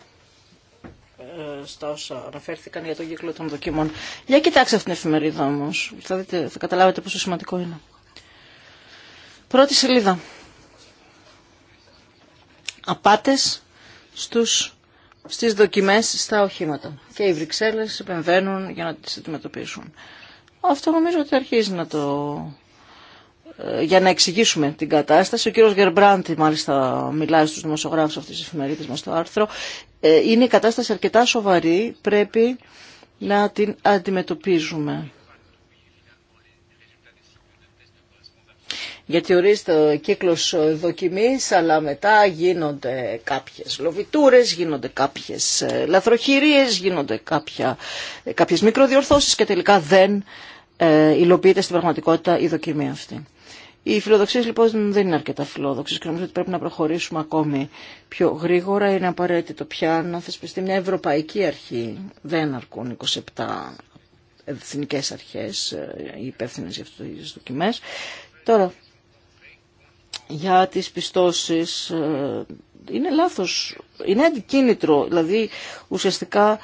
ε, στα όσα αναφέρθηκαν για τον κύκλο των δοκίμων. Για κοιτάξτε αυτήν την εφημερίδα όμως, θα, δείτε, θα καταλάβετε πόσο σημαντικό είναι. Πρώτη σελίδα. Απάτες στους, στις δοκιμές στα οχήματα. Και οι Βρυξέλλες επεμβαίνουν για να τις αντιμετωπίσουν. Αυτό νομίζω ότι αρχίζει να το... Ε, για να εξηγήσουμε την κατάσταση, ο κύριος Γερμπράντη μάλιστα μιλάει στους δημοσιογράφους αυτής της εφημερίδας μας στο άρθρο, ε, είναι η κατάσταση αρκετά σοβαρή, πρέπει να την αντιμετωπίζουμε. γιατί ορίζεται ο κύκλος δοκιμής, αλλά μετά γίνονται κάποιες λοβιτούρες, γίνονται κάποιες ε, λαθροχειρίες, γίνονται κάποιε κάποιες μικροδιορθώσεις και τελικά δεν ε, υλοποιείται στην πραγματικότητα η δοκιμή αυτή. Οι φιλοδοξίε λοιπόν δεν είναι αρκετά φιλόδοξε και νομίζω ότι πρέπει να προχωρήσουμε ακόμη πιο γρήγορα. Είναι απαραίτητο πια να θεσπιστεί μια ευρωπαϊκή αρχή. Δεν αρκούν 27 εθνικέ αρχέ ε, υπεύθυνε για αυτέ τι δοκιμέ. Τώρα, για τις πιστώσεις ε, είναι λάθος, είναι αντικίνητρο, δηλαδή ουσιαστικά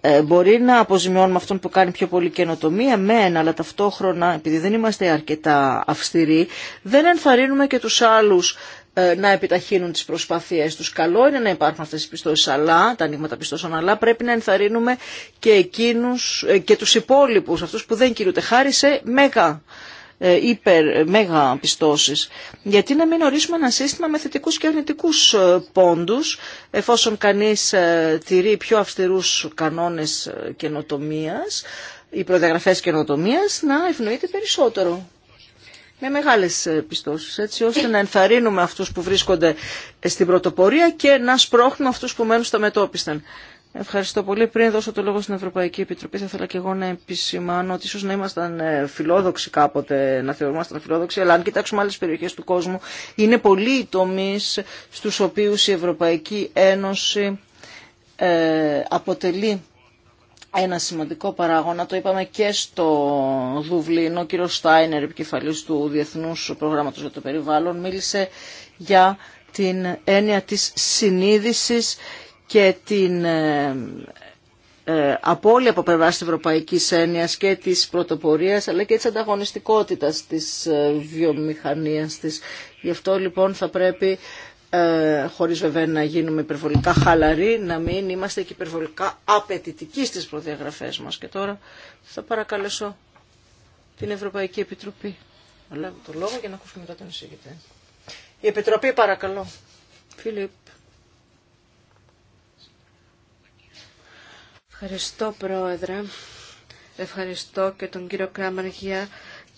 ε, μπορεί να αποζημιώνουμε αυτόν που κάνει πιο πολύ καινοτομία, μεν, αλλά ταυτόχρονα, επειδή δεν είμαστε αρκετά αυστηροί, δεν ενθαρρύνουμε και τους άλλους ε, να επιταχύνουν τις προσπάθειές τους. Καλό είναι να υπάρχουν αυτές τις πιστώσεις, αλλά, τα ανοίγματα πιστώσεων, αλλά πρέπει να ενθαρρύνουμε και, εκείνους, και τους υπόλοιπους, αυτούς που δεν κινούνται χάρη σε μέγα ε, υπερ, μέγα πιστώσεις. Γιατί να μην ορίσουμε ένα σύστημα με θετικούς και αρνητικούς ε, πόντους, εφόσον κανείς ε, τηρεί πιο αυστηρούς κανόνες καινοτομίας, οι προδιαγραφές καινοτομίας, να ευνοείται περισσότερο με μεγάλες πιστώσεις, έτσι ώστε να ενθαρρύνουμε αυτούς που βρίσκονται στην πρωτοπορία και να σπρώχνουμε αυτούς που μένουν στα Ευχαριστώ πολύ. Πριν δώσω το λόγο στην Ευρωπαϊκή Επιτροπή, θα ήθελα και εγώ να επισημάνω ότι ίσω να ήμασταν ε, φιλόδοξοι κάποτε, να θεωρούμασταν φιλόδοξοι, αλλά αν κοιτάξουμε άλλε περιοχέ του κόσμου, είναι πολλοί οι τομεί στου οποίου η Ευρωπαϊκή Ένωση ε, αποτελεί ένα σημαντικό παράγωνα, το είπαμε και στο Δουβλίνο, ο κύριο Στάινερ, επικεφαλής του Διεθνού Προγράμματος για το Περιβάλλον, μίλησε για την έννοια της συνείδησης και την ε, ε, απώλεια από πλευρά τη Ευρωπαϊκή Έννοια και τη πρωτοπορία αλλά και τη ανταγωνιστικότητα τη ε, βιομηχανία τη. Γι' αυτό λοιπόν θα πρέπει, ε, χωρί βέβαια να γίνουμε υπερβολικά χαλαροί, να μην είμαστε και υπερβολικά απαιτητικοί στι προδιαγραφέ μα. Και τώρα θα παρακαλέσω την Ευρωπαϊκή Επιτροπή. Αλλά το λόγο για να ακούσουμε μετά τον εισηγητή. Η Επιτροπή παρακαλώ. Φίλιπ. Ευχαριστώ, Πρόεδρε. Ευχαριστώ και τον κύριο Κράμερ για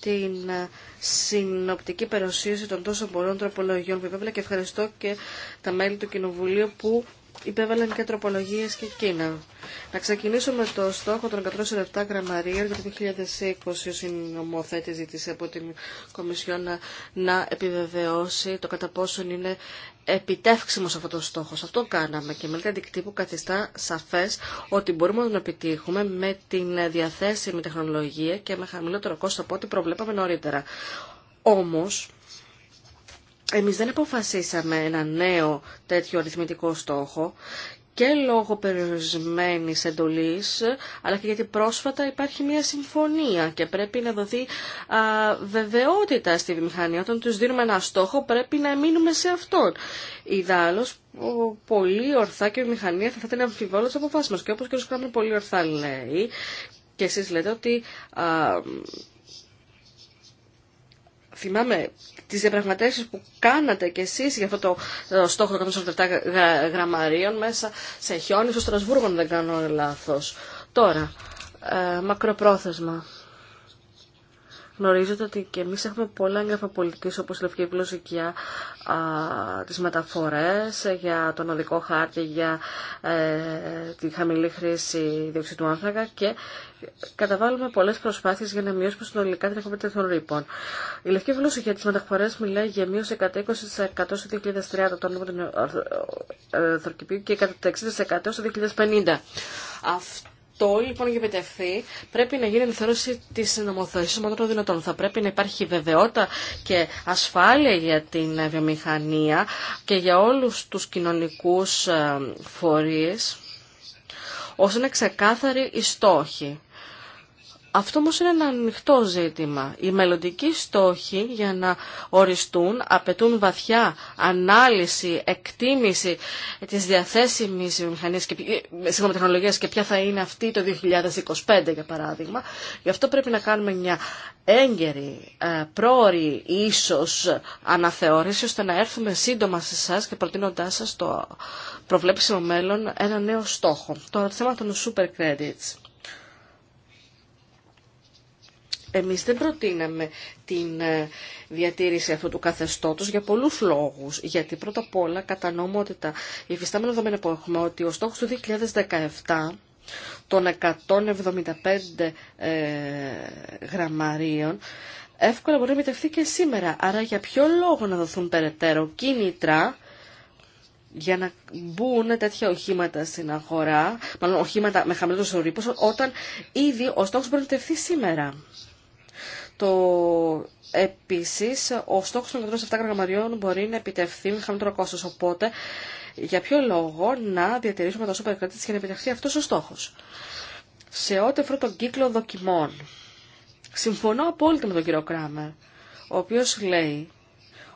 την ε, συνοπτική παρουσίαση των τόσο πολλών τροπολογιών που και ευχαριστώ και τα μέλη του Κοινοβουλίου που υπέβαλαν και τροπολογίε και εκείνα. Να ξεκινήσουμε με το στόχο των 147 γραμμαρίων για το 2020. Ο συνομοθέτη ζήτησε από την Κομισιόν να, να επιβεβαιώσει το κατά πόσον είναι επιτεύξιμο αυτό το στόχο. Αυτό κάναμε και μελέτη αντικτύπου καθιστά σαφέ ότι μπορούμε να τον επιτύχουμε με την διαθέσιμη τεχνολογία και με χαμηλότερο κόστο από ό,τι προβλέπαμε νωρίτερα. Όμως, εμείς δεν αποφασίσαμε ένα νέο τέτοιο αριθμητικό στόχο και λόγω περιορισμένης εντολής, αλλά και γιατί πρόσφατα υπάρχει μια συμφωνία και πρέπει να δοθεί α, βεβαιότητα στη βιομηχανία. Όταν τους δίνουμε ένα στόχο πρέπει να μείνουμε σε αυτόν. Ιδάλλως, πολύ ορθά και η βιομηχανία θα ήταν να αποφάσιμος. Και όπως και ο Σκράμερ πολύ ορθά λέει, και εσείς λέτε ότι α, θυμάμαι τις διαπραγματεύσεις που κάνατε κι εσείς για αυτό το ε, στόχο των 147 γραμμαρίων μέσα σε χιόνι στο Στρασβούργο, αν δεν κάνω λάθος. Τώρα, ε, μακροπρόθεσμα. Γνωρίζετε ότι και εμείς έχουμε πολλά έγγραφα πολιτικής όπως η Λευκή Βλώση για α, τις μεταφορές, για τον οδικό χάρτη, για ε, τη χαμηλή χρήση του άνθρακα και καταβάλουμε πολλές προσπάθειες για να μειώσουμε συνολικά την εκπομπή των ρήπων. Η Λευκή Βλώση για τις μεταφορές μιλάει για μείωση 120% στο 2030 των του ε, ε, και κατά 60% στο 2050. Αυτό αυτό λοιπόν για επιτευχθεί πρέπει να γίνει ενθέρωση τη νομοθεσία μόνο των δυνατών. Θα πρέπει να υπάρχει βεβαιότητα και ασφάλεια για την βιομηχανία και για όλου του κοινωνικού ε, φορεί ώστε να ξεκάθαροι οι στόχοι. Αυτό όμως είναι ένα ανοιχτό ζήτημα. Οι μελλοντικοί στόχοι για να οριστούν απαιτούν βαθιά ανάλυση, εκτίμηση της διαθέσιμης μηχανής και, ε, τεχνολογίας και ποια θα είναι αυτή το 2025 για παράδειγμα. Γι' αυτό πρέπει να κάνουμε μια έγκαιρη, ε, πρόορη ίσως αναθεώρηση ώστε να έρθουμε σύντομα σε εσά και προτείνοντα σας το προβλέψιμο μέλλον ένα νέο στόχο. Τώρα το θέμα των super credits. Εμείς δεν προτείναμε την ε, διατήρηση αυτού του καθεστώτος για πολλούς λόγους. Γιατί πρώτα απ' όλα κατανοούμε ότι τα υφιστάμενα που έχουμε ότι ο στόχος του 2017 των 175 ε, γραμμαρίων εύκολα μπορεί να επιτευχθεί και σήμερα. Άρα για ποιο λόγο να δοθούν περαιτέρω κίνητρα για να μπουν τέτοια οχήματα στην αγορά, μάλλον οχήματα με χαμηλό ρήπο, όταν ήδη ο στόχος μπορεί να επιτευχθεί σήμερα. Το Επίση, ο στόχο των αυτά 7 γραμμαριών μπορεί να επιτευχθεί με χαμηλότερο κόστο. Οπότε, για ποιο λόγο να διατηρήσουμε τα σούπερ κρατήτη για να επιτευχθεί αυτό ο στόχο. Σε ό,τι αφορά τον κύκλο δοκιμών, συμφωνώ απόλυτα με τον κύριο Κράμερ, ο οποίο λέει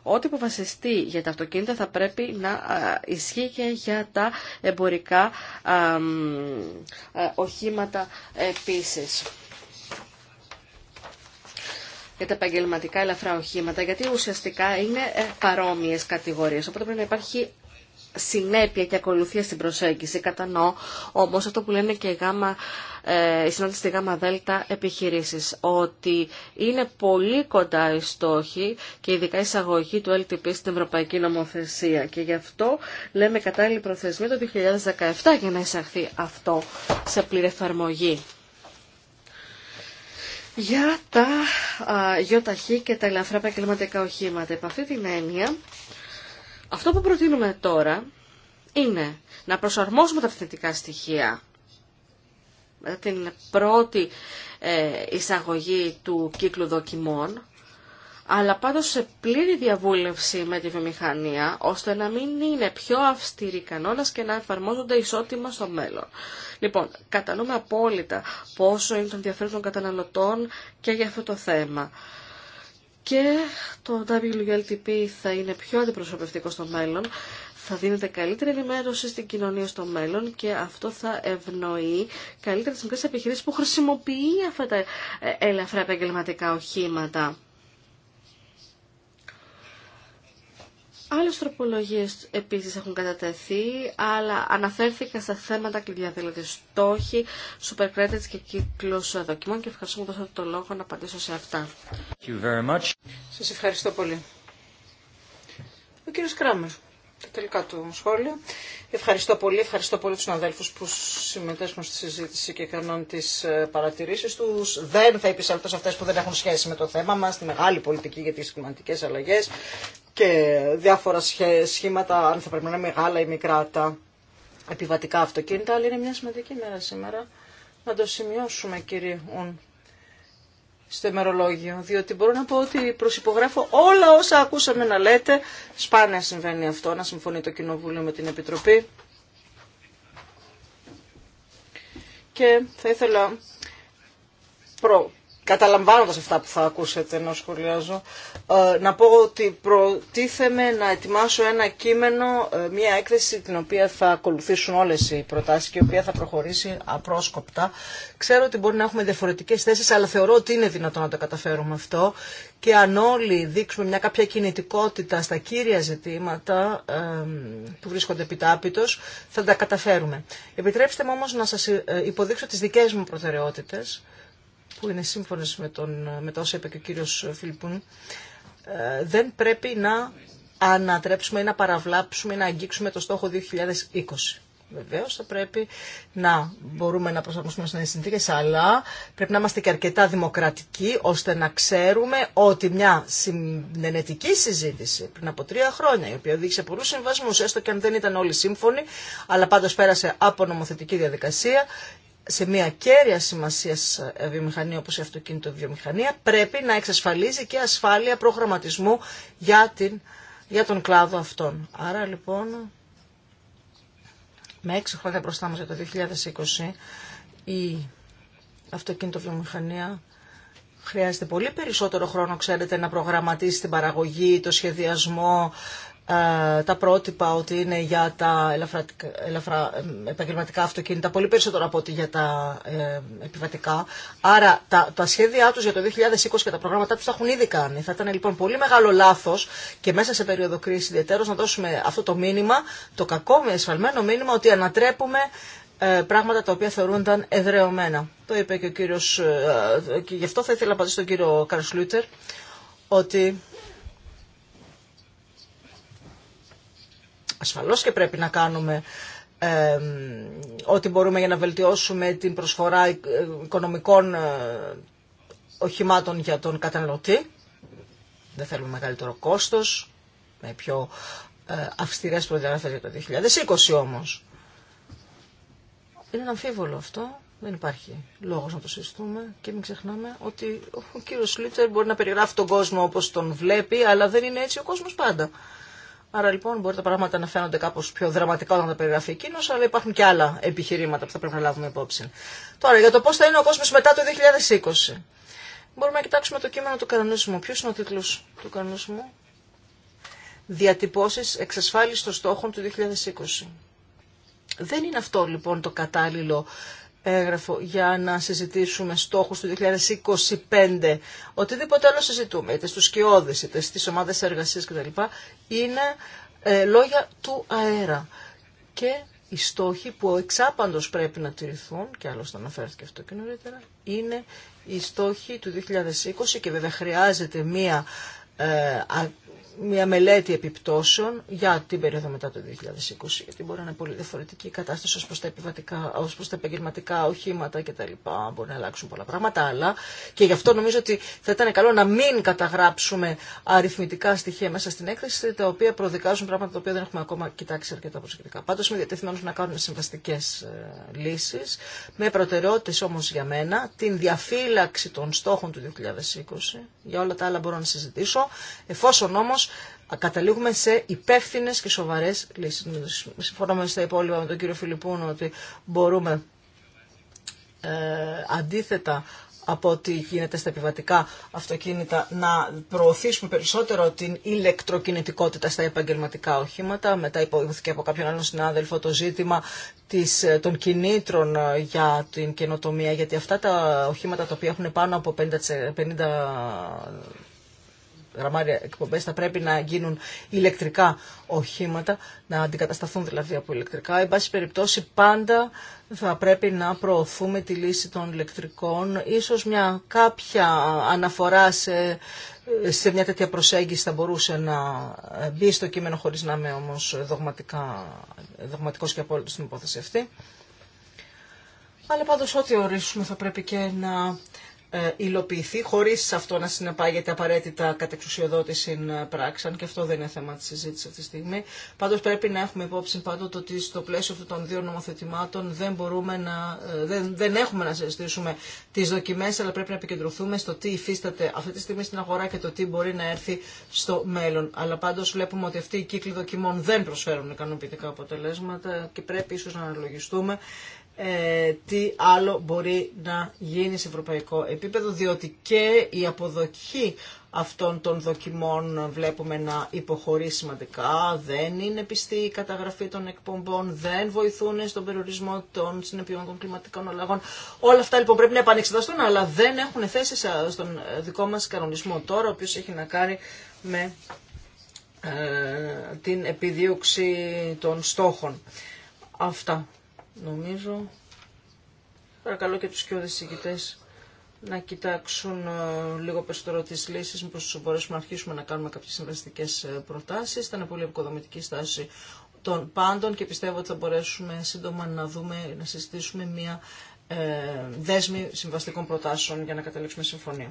ότι αποφασιστεί για τα αυτοκίνητα θα πρέπει να ισχύει και για τα εμπορικά οχήματα επίσης για τα επαγγελματικά ελαφρά οχήματα, γιατί ουσιαστικά είναι ε, παρόμοιε κατηγορίε, Οπότε πρέπει να υπάρχει συνέπεια και ακολουθία στην προσέγγιση. Κατανοώ όμω αυτό που λένε και οι γάμα, ε, συνάντηση στη ΓΔ δέλτα επιχειρήσεις, ότι είναι πολύ κοντά οι στόχοι και ειδικά η εισαγωγή του LTP στην Ευρωπαϊκή Νομοθεσία. Και γι' αυτό λέμε κατάλληλη προθεσμία το 2017 για να εισαχθεί αυτό σε πλήρη εφαρμογή για τα γιοταχή και τα ελαφρά επαγγελματικά οχήματα. Επ' αυτή την έννοια, αυτό που προτείνουμε τώρα είναι να προσαρμόσουμε τα αυθεντικά στοιχεία με την πρώτη ε, εισαγωγή του κύκλου δοκιμών αλλά πάντως σε πλήρη διαβούλευση με τη βιομηχανία, ώστε να μην είναι πιο αυστηροί κανόνας και να εφαρμόζονται ισότιμα στο μέλλον. Λοιπόν, κατανοούμε απόλυτα πόσο είναι το ενδιαφέρον των καταναλωτών και για αυτό το θέμα. Και το WLTP θα είναι πιο αντιπροσωπευτικό στο μέλλον, θα δίνεται καλύτερη ενημέρωση στην κοινωνία στο μέλλον και αυτό θα ευνοεί καλύτερα τις μικρές επιχειρήσεις που χρησιμοποιεί αυτά τα ελαφρά επαγγελματικά οχήματα. Άλλε τροπολογίε επίση έχουν κατατεθεί, αλλά αναφέρθηκα στα θέματα κλειδιά, δηλαδή στόχοι, super credits και κυκλο δοκιμών και ευχαριστώ που δώσατε το λόγο να απαντήσω σε αυτά. Σα ευχαριστώ πολύ. Ο κύριο Κράμερ, τα τελικά του σχόλιο. Ευχαριστώ πολύ, ευχαριστώ πολύ του αδέλφους που συμμετέχουν στη συζήτηση και κάνουν τι ε, παρατηρήσει του. Δεν θα επισέλθω σε αυτές που δεν έχουν σχέση με το θέμα μας, τη μεγάλη πολιτική για τι κλιματικέ αλλαγέ και διάφορα σχήματα, αν θα πρέπει να είναι μεγάλα ή μικρά τα επιβατικά αυτοκίνητα, αλλά είναι μια σημαντική μέρα σήμερα να το σημειώσουμε κύριε Ουν στο ημερολόγιο, διότι μπορώ να πω ότι προσυπογράφω όλα όσα ακούσαμε να λέτε. Σπάνια συμβαίνει αυτό, να συμφωνεί το Κοινοβούλιο με την Επιτροπή. Και θα ήθελα προ καταλαμβάνοντας αυτά που θα ακούσετε ενώ σχολιάζω, ε, να πω ότι προτίθεμαι να ετοιμάσω ένα κείμενο, ε, μια έκθεση την οποία θα ακολουθήσουν όλες οι προτάσεις και η οποία θα προχωρήσει απρόσκοπτα. Ξέρω ότι μπορεί να έχουμε διαφορετικές θέσεις, αλλά θεωρώ ότι είναι δυνατό να το καταφέρουμε αυτό και αν όλοι δείξουμε μια κάποια κινητικότητα στα κύρια ζητήματα ε, που βρίσκονται επιτάπητος, θα τα καταφέρουμε. Επιτρέψτε μου όμως να σας υποδείξω τις δικές μου προτεραιότητες που είναι σύμφωνες με, τον, με όσα είπε και ο κύριος Φιλπούν, ε, δεν πρέπει να ανατρέψουμε ή να παραβλάψουμε ή να αγγίξουμε το στόχο 2020. Βεβαίω θα πρέπει να μπορούμε να προσαρμοστούμε στι νέε συνθήκε, αλλά πρέπει να είμαστε και αρκετά δημοκρατικοί ώστε να ξέρουμε ότι μια συνενετική συζήτηση πριν από τρία χρόνια, η οποία θα πρεπει να μπορουμε να προσαρμοστουμε στις νεε πολλού συμβασμού, έστω και αν δεν ήταν όλοι σύμφωνοι, αλλά πάντω πέρασε από νομοθετική διαδικασία, σε μια κέρια σημασία ε, βιομηχανία όπως η αυτοκίνητο βιομηχανία πρέπει να εξασφαλίζει και ασφάλεια προγραμματισμού για, την, για τον κλάδο αυτόν. Άρα λοιπόν με έξι χρόνια μπροστά μας για το 2020 η αυτοκίνητο βιομηχανία χρειάζεται πολύ περισσότερο χρόνο, ξέρετε, να προγραμματίσει την παραγωγή, το σχεδιασμό, ε, τα πρότυπα ότι είναι για τα ελαφρα, ελαφρα, ε, επαγγελματικά αυτοκίνητα πολύ περισσότερο από ότι για τα ε, επιβατικά. Άρα τα, τα σχέδιά τους για το 2020 και τα προγράμματά τους τα έχουν ήδη κάνει. Θα ήταν λοιπόν πολύ μεγάλο λάθος και μέσα σε περίοδο κρίση ιδιαίτερως να δώσουμε αυτό το μήνυμα, το κακό με εσφαλμένο μήνυμα ότι ανατρέπουμε πράγματα τα οποία θεωρούνταν εδρεωμένα. Το είπε και ο κύριος, και γι' αυτό θα ήθελα να απαντήσω στον κύριο Καρσλούτερ, ότι Ασφαλώς και πρέπει να κάνουμε ό,τι μπορούμε για να βελτιώσουμε την προσφορά ε, οικονομικών ε, οχημάτων για τον καταναλωτή. Δεν θέλουμε μεγαλύτερο κόστος, με πιο ε, αυστηρές προδιαγραφές για το 2020 όμως. Είναι αμφίβολο αυτό. Δεν υπάρχει λόγος να το συζητούμε και μην ξεχνάμε ότι ο κύριος Λίτσερ μπορεί να περιγράφει τον κόσμο όπως τον βλέπει, αλλά δεν είναι έτσι ο κόσμος πάντα. Άρα λοιπόν μπορεί τα πράγματα να φαίνονται κάπω πιο δραματικά όταν τα περιγράφει εκείνο, αλλά υπάρχουν και άλλα επιχειρήματα που θα πρέπει να λάβουμε υπόψη. Τώρα, για το πώ θα είναι ο κόσμο μετά το 2020. Μπορούμε να κοιτάξουμε το κείμενο του κανονισμού. Ποιο είναι ο τίτλο του κανονισμού, Διατυπώσει εξασφάλιση των στόχων του 2020. Δεν είναι αυτό λοιπόν το κατάλληλο για να συζητήσουμε στόχους του 2025. Οτιδήποτε άλλο συζητούμε, είτε στους σκιώδες, είτε στις ομάδες εργασίας κτλ. Είναι ε, λόγια του αέρα. Και οι στόχοι που εξάπαντος πρέπει να τηρηθούν, και άλλωστε αναφέρθηκε αυτό και νωρίτερα, είναι οι στόχοι του 2020 και βέβαια χρειάζεται μία ε, μια μελέτη επιπτώσεων για την περίοδο μετά το 2020, γιατί μπορεί να είναι πολύ διαφορετική η κατάσταση ως προς τα, επιβατικά, ως προς τα επαγγελματικά οχήματα κτλ. Μπορεί να αλλάξουν πολλά πράγματα, αλλά και γι' αυτό νομίζω ότι θα ήταν καλό να μην καταγράψουμε αριθμητικά στοιχεία μέσα στην έκθεση, τα οποία προδικάζουν πράγματα τα οποία δεν έχουμε ακόμα κοιτάξει αρκετά προσεκτικά. Πάντως είμαι διατεθειμένος να κάνουμε συμβαστικέ ε, λύσεις, με προτεραιότητες όμως για μένα, την διαφύλαξη των στόχων του 2020, για όλα τα άλλα μπορώ να συζητήσω, εφόσον όμως καταλήγουμε σε υπεύθυνε και σοβαρέ λύσει. Συμφωνώ με στα υπόλοιπα με τον κύριο Φιλιππούν ότι μπορούμε ε, αντίθετα από ό,τι γίνεται στα επιβατικά αυτοκίνητα, να προωθήσουμε περισσότερο την ηλεκτροκινητικότητα στα επαγγελματικά οχήματα. Μετά υποδοθήκε από κάποιον άλλον συνάδελφο το ζήτημα της, ε, των κινήτρων ε, για την καινοτομία, γιατί αυτά τα οχήματα τα οποία έχουν πάνω από 50, 50 γραμμάρια εκπομπέ θα πρέπει να γίνουν ηλεκτρικά οχήματα, να αντικατασταθούν δηλαδή από ηλεκτρικά. Εν πάση περιπτώσει, πάντα θα πρέπει να προωθούμε τη λύση των ηλεκτρικών. Ίσως μια κάποια αναφορά σε, σε μια τέτοια προσέγγιση θα μπορούσε να μπει στο κείμενο χωρίς να είμαι όμως δογματικά, δογματικός και απόλυτος στην υπόθεση αυτή. Αλλά πάντως ό,τι ορίσουμε θα πρέπει και να ε, υλοποιηθεί χωρίς αυτό να συνεπάγεται απαραίτητα εξουσιοδότηση ε, πράξαν και αυτό δεν είναι θέμα της συζήτησης αυτή τη στιγμή. Πάντως πρέπει να έχουμε υπόψη πάντοτε ότι στο πλαίσιο αυτών των δύο νομοθετημάτων δεν, μπορούμε να, ε, δεν, δεν έχουμε να συζητήσουμε τις δοκιμές αλλά πρέπει να επικεντρωθούμε στο τι υφίσταται αυτή τη στιγμή στην αγορά και το τι μπορεί να έρθει στο μέλλον. Αλλά πάντως βλέπουμε ότι αυτοί οι κύκλοι δοκιμών δεν προσφέρουν ικανοποιητικά αποτελέσματα και πρέπει ίσως να αναλογιστούμε ε, τι άλλο μπορεί να γίνει σε ευρωπαϊκό επίπεδο, διότι και η αποδοχή αυτών των δοκιμών βλέπουμε να υποχωρεί σημαντικά, δεν είναι πιστή η καταγραφή των εκπομπών, δεν βοηθούν στον περιορισμό των συνεπειών των κλιματικών αλλαγών. Όλα αυτά λοιπόν πρέπει να επανεξεταστούν, αλλά δεν έχουν θέση στον δικό μας κανονισμό τώρα, ο οποίος έχει να κάνει με ε, την επιδίωξη των στόχων. Αυτά. Νομίζω. Παρακαλώ και τους και δυσηγητές να κοιτάξουν ε, λίγο περισσότερο τις λύσεις, μήπως μπορέσουμε να αρχίσουμε να κάνουμε κάποιες συμβαστικές ε, προτάσεις. Ήταν πολύ επικοδομητική στάση των πάντων και πιστεύω ότι θα μπορέσουμε σύντομα να δούμε, να συζητήσουμε μια ε, δέσμη συμβαστικών προτάσεων για να καταλήξουμε συμφωνία.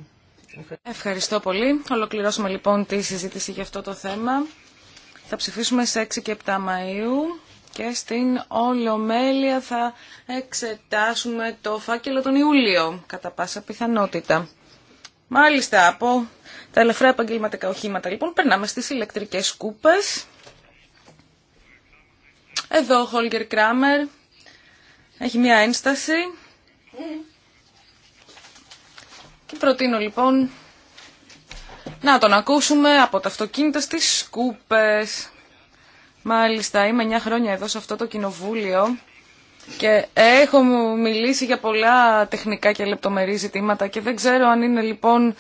Ευχαριστώ πολύ. Ολοκληρώσουμε λοιπόν τη συζήτηση για αυτό το θέμα. Θα ψηφίσουμε σε 6 και 7 Μαΐου και στην Ολομέλεια θα εξετάσουμε το φάκελο τον Ιούλιο, κατά πάσα πιθανότητα. Μάλιστα, από τα ελευθερά επαγγελματικά οχήματα, λοιπόν, περνάμε στις ηλεκτρικές σκούπες. Εδώ ο Χόλγκερ Κράμερ έχει μία ένσταση. Και προτείνω, λοιπόν, να τον ακούσουμε από τα αυτοκίνητα στις σκούπες. Μάλιστα, είμαι 9 χρόνια εδώ σε αυτό το κοινοβούλιο και έχω μιλήσει για πολλά τεχνικά και λεπτομερή ζητήματα και δεν ξέρω αν είναι λοιπόν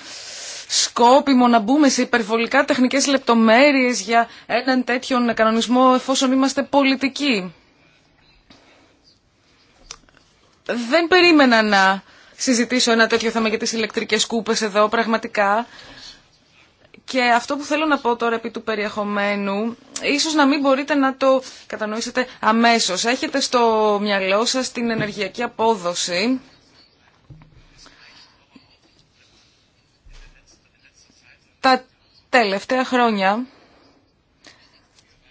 σκόπιμο να μπούμε σε υπερβολικά τεχνικές λεπτομέρειες για έναν τέτοιον κανονισμό εφόσον είμαστε πολιτικοί. Δεν περίμενα να συζητήσω ένα τέτοιο θέμα για τις ηλεκτρικές κούπες εδώ πραγματικά. Και αυτό που θέλω να πω τώρα επί του περιεχομένου, ίσως να μην μπορείτε να το κατανοήσετε αμέσως. Έχετε στο μυαλό σας την ενεργειακή απόδοση. Τα τελευταία χρόνια,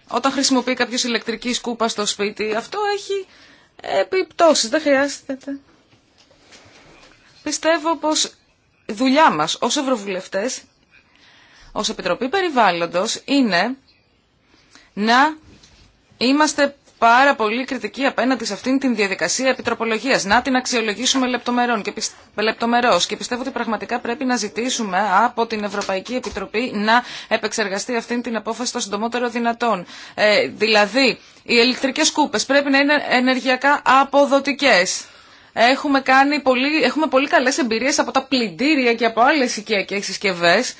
όταν χρησιμοποιεί κάποιος ηλεκτρική σκούπα στο σπίτι, αυτό έχει επιπτώσεις, δεν χρειάζεται. Πιστεύω πως δουλειά μας ως ευρωβουλευτές ως Επιτροπή Περιβάλλοντος είναι να είμαστε πάρα πολύ κριτικοί απέναντι σε αυτήν την διαδικασία επιτροπολογίας, να την αξιολογήσουμε λεπτομερών και λεπτομερώς και πιστεύω ότι πραγματικά πρέπει να ζητήσουμε από την Ευρωπαϊκή Επιτροπή να επεξεργαστεί αυτήν την απόφαση το συντομότερο δυνατόν. Ε, δηλαδή, οι ηλεκτρικές κούπες πρέπει να είναι ενεργειακά αποδοτικές. Έχουμε, κάνει πολύ, έχουμε πολύ καλές εμπειρίες από τα πλυντήρια και από άλλες οικιακές συσκευές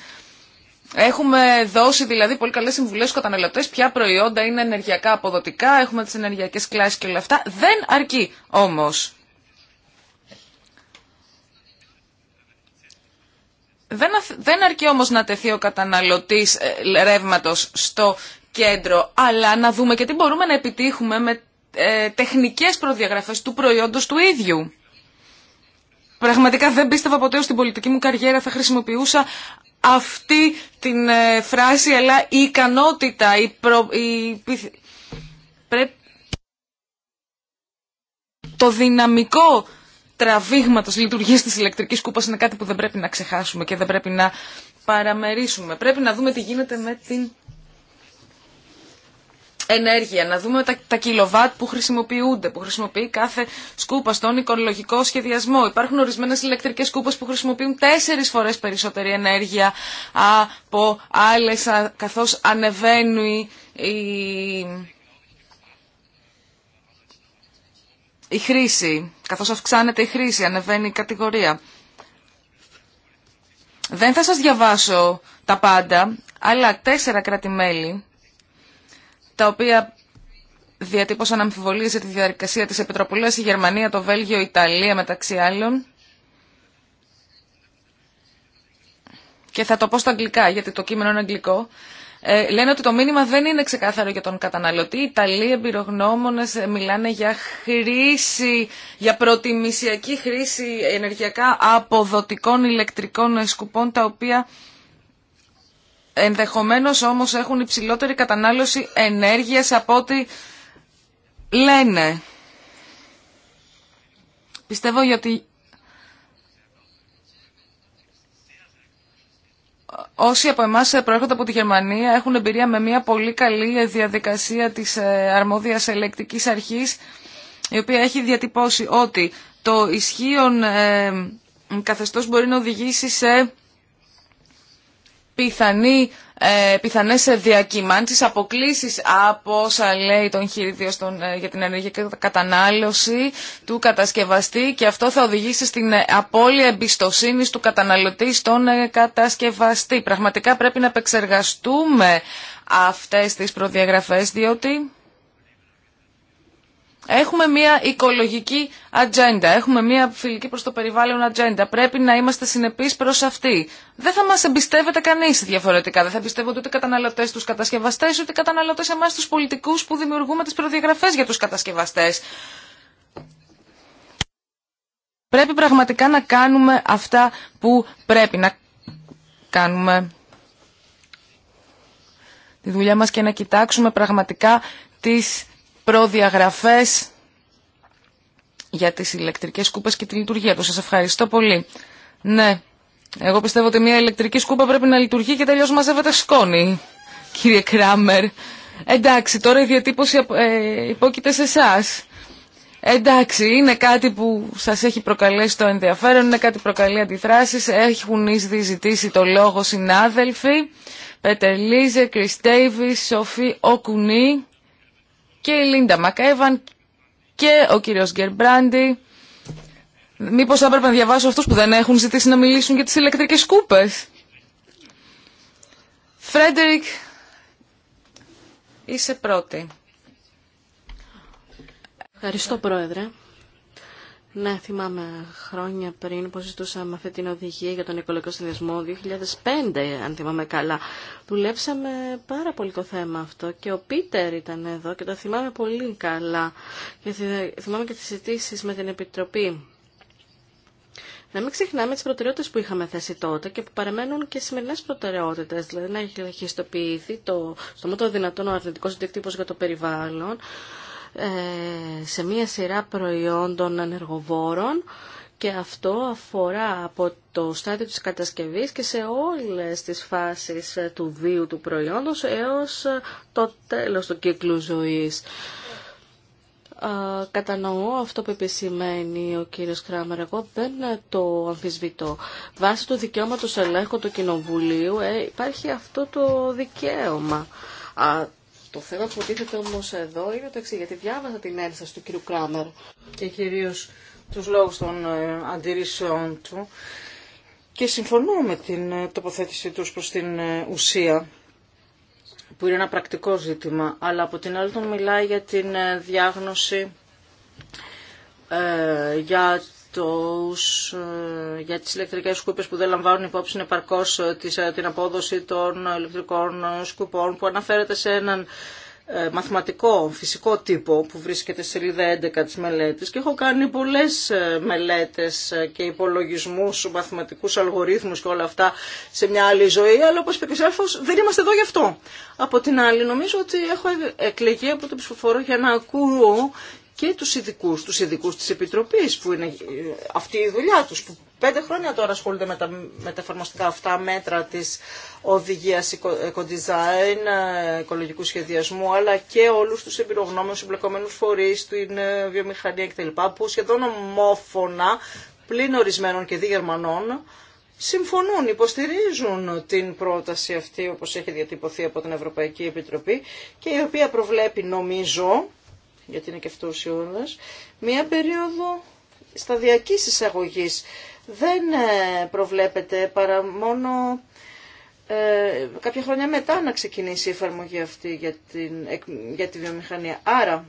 Έχουμε δώσει δηλαδή πολύ καλές συμβουλές στους καταναλωτές ποια προϊόντα είναι ενεργειακά αποδοτικά, έχουμε τις ενεργειακές κλάσεις και όλα αυτά. Δεν αρκεί όμως. Δεν αρκεί όμως να τεθεί ο καταναλωτής ε, ρεύματος στο κέντρο, αλλά να δούμε και τι μπορούμε να επιτύχουμε με ε, τεχνικές προδιαγραφές του προϊόντος του ίδιου. Πραγματικά δεν πίστευα ποτέ ότι στην πολιτική μου καριέρα θα χρησιμοποιούσα αυτή την ε, φράση, αλλά η ικανότητα, η, προ... η... το δυναμικό τραβήγματος λειτουργίας της ηλεκτρικής κούπας είναι κάτι που δεν πρέπει να ξεχάσουμε και δεν πρέπει να παραμερίσουμε. Πρέπει να δούμε τι γίνεται με την ενέργεια, να δούμε τα, κιλοβάτ που χρησιμοποιούνται, που χρησιμοποιεί κάθε σκούπα στον οικολογικό σχεδιασμό. Υπάρχουν ορισμένες ηλεκτρικές σκούπες που χρησιμοποιούν τέσσερις φορές περισσότερη ενέργεια από άλλες, καθώς ανεβαίνει η, χρήση, καθώς αυξάνεται η χρήση, ανεβαίνει η κατηγορία. Δεν θα σας διαβάσω τα πάντα, αλλά τέσσερα κράτη-μέλη τα οποία διατύπωσαν αμφιβολίες για τη διαδικασία της Επιτροπολίας, η Γερμανία, το Βέλγιο, η Ιταλία μεταξύ άλλων. Και θα το πω στα αγγλικά, γιατί το κείμενο είναι αγγλικό. Ε, λένε ότι το μήνυμα δεν είναι ξεκάθαρο για τον καταναλωτή. Οι Ιταλοί εμπειρογνώμονες ε, μιλάνε για χρήση, για προτιμησιακή χρήση ενεργειακά αποδοτικών ηλεκτρικών ε, σκουπών, τα οποία Ενδεχομένως όμως έχουν υψηλότερη κατανάλωση ενέργειας από ό,τι λένε. Πιστεύω ότι όσοι από εμάς προέρχονται από τη Γερμανία έχουν εμπειρία με μια πολύ καλή διαδικασία της ε, αρμόδιας ελεκτικής αρχής η οποία έχει διατυπώσει ότι το ισχύον ε, καθεστώς μπορεί να οδηγήσει σε πιθανή, ε, πιθανές διακυμάνσεις, αποκλήσεις από όσα λέει τον χειρίδιο στον, ε, για την ενεργειακή κατανάλωση του κατασκευαστή και αυτό θα οδηγήσει στην ε, απώλεια εμπιστοσύνης του καταναλωτή στον ε, κατασκευαστή. Πραγματικά πρέπει να επεξεργαστούμε αυτές τις προδιαγραφές διότι Έχουμε μια οικολογική ατζέντα, έχουμε μια φιλική προς το περιβάλλον ατζέντα. Πρέπει να είμαστε συνεπείς προς αυτή. Δεν θα μας εμπιστεύεται κανείς διαφορετικά. Δεν θα εμπιστεύονται ούτε καταναλωτές τους κατασκευαστές, ούτε καταναλωτές εμάς τους πολιτικούς που δημιουργούμε τις προδιαγραφές για τους κατασκευαστές. Πρέπει πραγματικά να κάνουμε αυτά που πρέπει να κάνουμε τη δουλειά μας και να κοιτάξουμε πραγματικά τις προδιαγραφές για τις ηλεκτρικές σκούπες και τη λειτουργία τους. Σας ευχαριστώ πολύ. Ναι, εγώ πιστεύω ότι μια ηλεκτρική σκούπα πρέπει να λειτουργεί και τελειώς μαζεύεται σκόνη, κύριε Κράμερ. Εντάξει, τώρα η διατύπωση ε, υπόκειται σε εσά. Εντάξει, είναι κάτι που σας έχει προκαλέσει το ενδιαφέρον, είναι κάτι που προκαλεί αντιδράσεις, έχουν ήδη ζητήσει το λόγο συνάδελφοι. Πέτερ Λίζε, Κριστέιβι, Σοφή Οκουνή και η Λίντα Μακέβαν και ο κύριος Γκερμπράντι. Μήπως θα έπρεπε να διαβάσω αυτούς που δεν έχουν ζητήσει να μιλήσουν για τις ηλεκτρικές σκούπες. Φρέντερικ, είσαι πρώτη. Ευχαριστώ, Πρόεδρε. Ναι, θυμάμαι χρόνια πριν που ζητούσαμε αυτή την οδηγία για τον οικολογικό συνδυασμό 2005, αν θυμάμαι καλά. Δουλέψαμε πάρα πολύ το θέμα αυτό και ο Πίτερ ήταν εδώ και το θυμάμαι πολύ καλά. Και θυμάμαι και τις συζητήσεις με την Επιτροπή. Να μην ξεχνάμε τις προτεραιότητες που είχαμε θέσει τότε και που παραμένουν και σημερινές προτεραιότητες, δηλαδή να έχει ελαχιστοποιηθεί το, στο μότο δυνατόν ο αρνητικός δίκτυπος για το περιβάλλον, ε, σε μία σειρά προϊόντων ενεργοβόρων και αυτό αφορά από το στάδιο της κατασκευής και σε όλες τις φάσεις του βίου του προϊόντος έως το τέλος του κύκλου ζωής. Κατανοώ αυτό που επισημαίνει ο κύριος Κράμερ. Εγώ δεν το αμφισβητώ. Βάσει του δικαιώματος ελέγχου του Κοινοβουλίου ε, υπάρχει αυτό το δικαίωμα το θέμα που τίθεται όμω εδώ είναι το εξή, γιατί διάβασα την ένσταση του κ. Κράμερ και κυρίω του λόγου των ε, αντιρρήσεών του και συμφωνώ με την ε, τοποθέτησή του προ την ε, ουσία που είναι ένα πρακτικό ζήτημα, αλλά από την άλλη τον μιλάει για την διάγνωση, για τους, ε, για τις ηλεκτρικές σκούπες που δεν λαμβάνουν υπόψη επαρκώς ε, ε, την απόδοση των ηλεκτρικών σκουπών που αναφέρεται σε έναν μαθηματικό, φυσικό τύπο που βρίσκεται στη σελίδα 11 της μελέτης και έχω κάνει πολλές μελέτες και υπολογισμούς, μαθηματικούς αλγορίθμους και όλα αυτά σε μια άλλη ζωή, αλλά όπως είπε και δεν είμαστε εδώ γι' αυτό. Από την άλλη νομίζω ότι έχω εκλεγεί από το ψηφοφόρο για να ακούω και τους ειδικούς τους ειδικούς της Επιτροπής που είναι ε, αυτή η δουλειά τους που πέντε χρόνια τώρα ασχολούνται με τα, με εφαρμοστικά αυτά μέτρα της οδηγίας ε, οικολογικού σχεδιασμού αλλά και όλους τους εμπειρογνώμενους εμπλεκόμενους φορείς, την ε, βιομηχανία κτλ που σχεδόν ομόφωνα πλην ορισμένων και διγερμανών συμφωνούν, υποστηρίζουν την πρόταση αυτή όπως έχει διατυπωθεί από την Ευρωπαϊκή Επιτροπή και η οποία προβλέπει νομίζω γιατί είναι και αυτό μία περίοδο σταδιακής εισαγωγής. Δεν ε, προβλέπεται παρά μόνο ε, κάποια χρόνια μετά να ξεκινήσει η εφαρμογή αυτή για, για τη βιομηχανία. Άρα,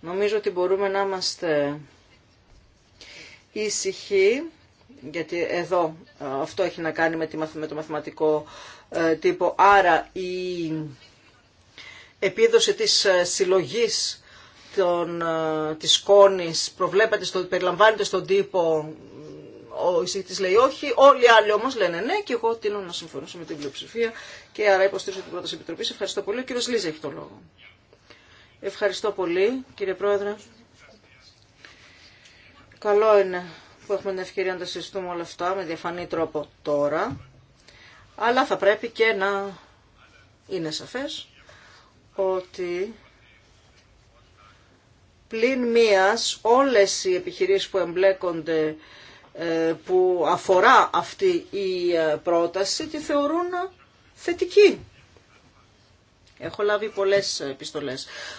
νομίζω ότι μπορούμε να είμαστε ήσυχοι, γιατί εδώ ε, αυτό έχει να κάνει με, το μαθηματικό ε, τύπο, άρα η επίδοση της ε, συλλογής των, ε, της σκόνης προβλέπεται, στο, περιλαμβάνεται στον τύπο ο εισηγητή λέει όχι, όλοι οι άλλοι όμω λένε ναι και εγώ τίνω να συμφωνήσω με την πλειοψηφία και άρα υποστήριζω την πρόταση επιτροπή. Ευχαριστώ πολύ. Ο κύριο Λίζα έχει το λόγο. Ευχαριστώ πολύ κύριε Πρόεδρε. Καλό είναι που έχουμε την ευκαιρία να τα συζητούμε όλα αυτά με διαφανή τρόπο τώρα, αλλά θα πρέπει και να είναι σαφές ότι πλην μίας όλες οι επιχειρήσεις που εμπλέκονται ε, που αφορά αυτή η ε, πρόταση τη θεωρούν θετική Έχω λάβει πολλές ε, επιστολέ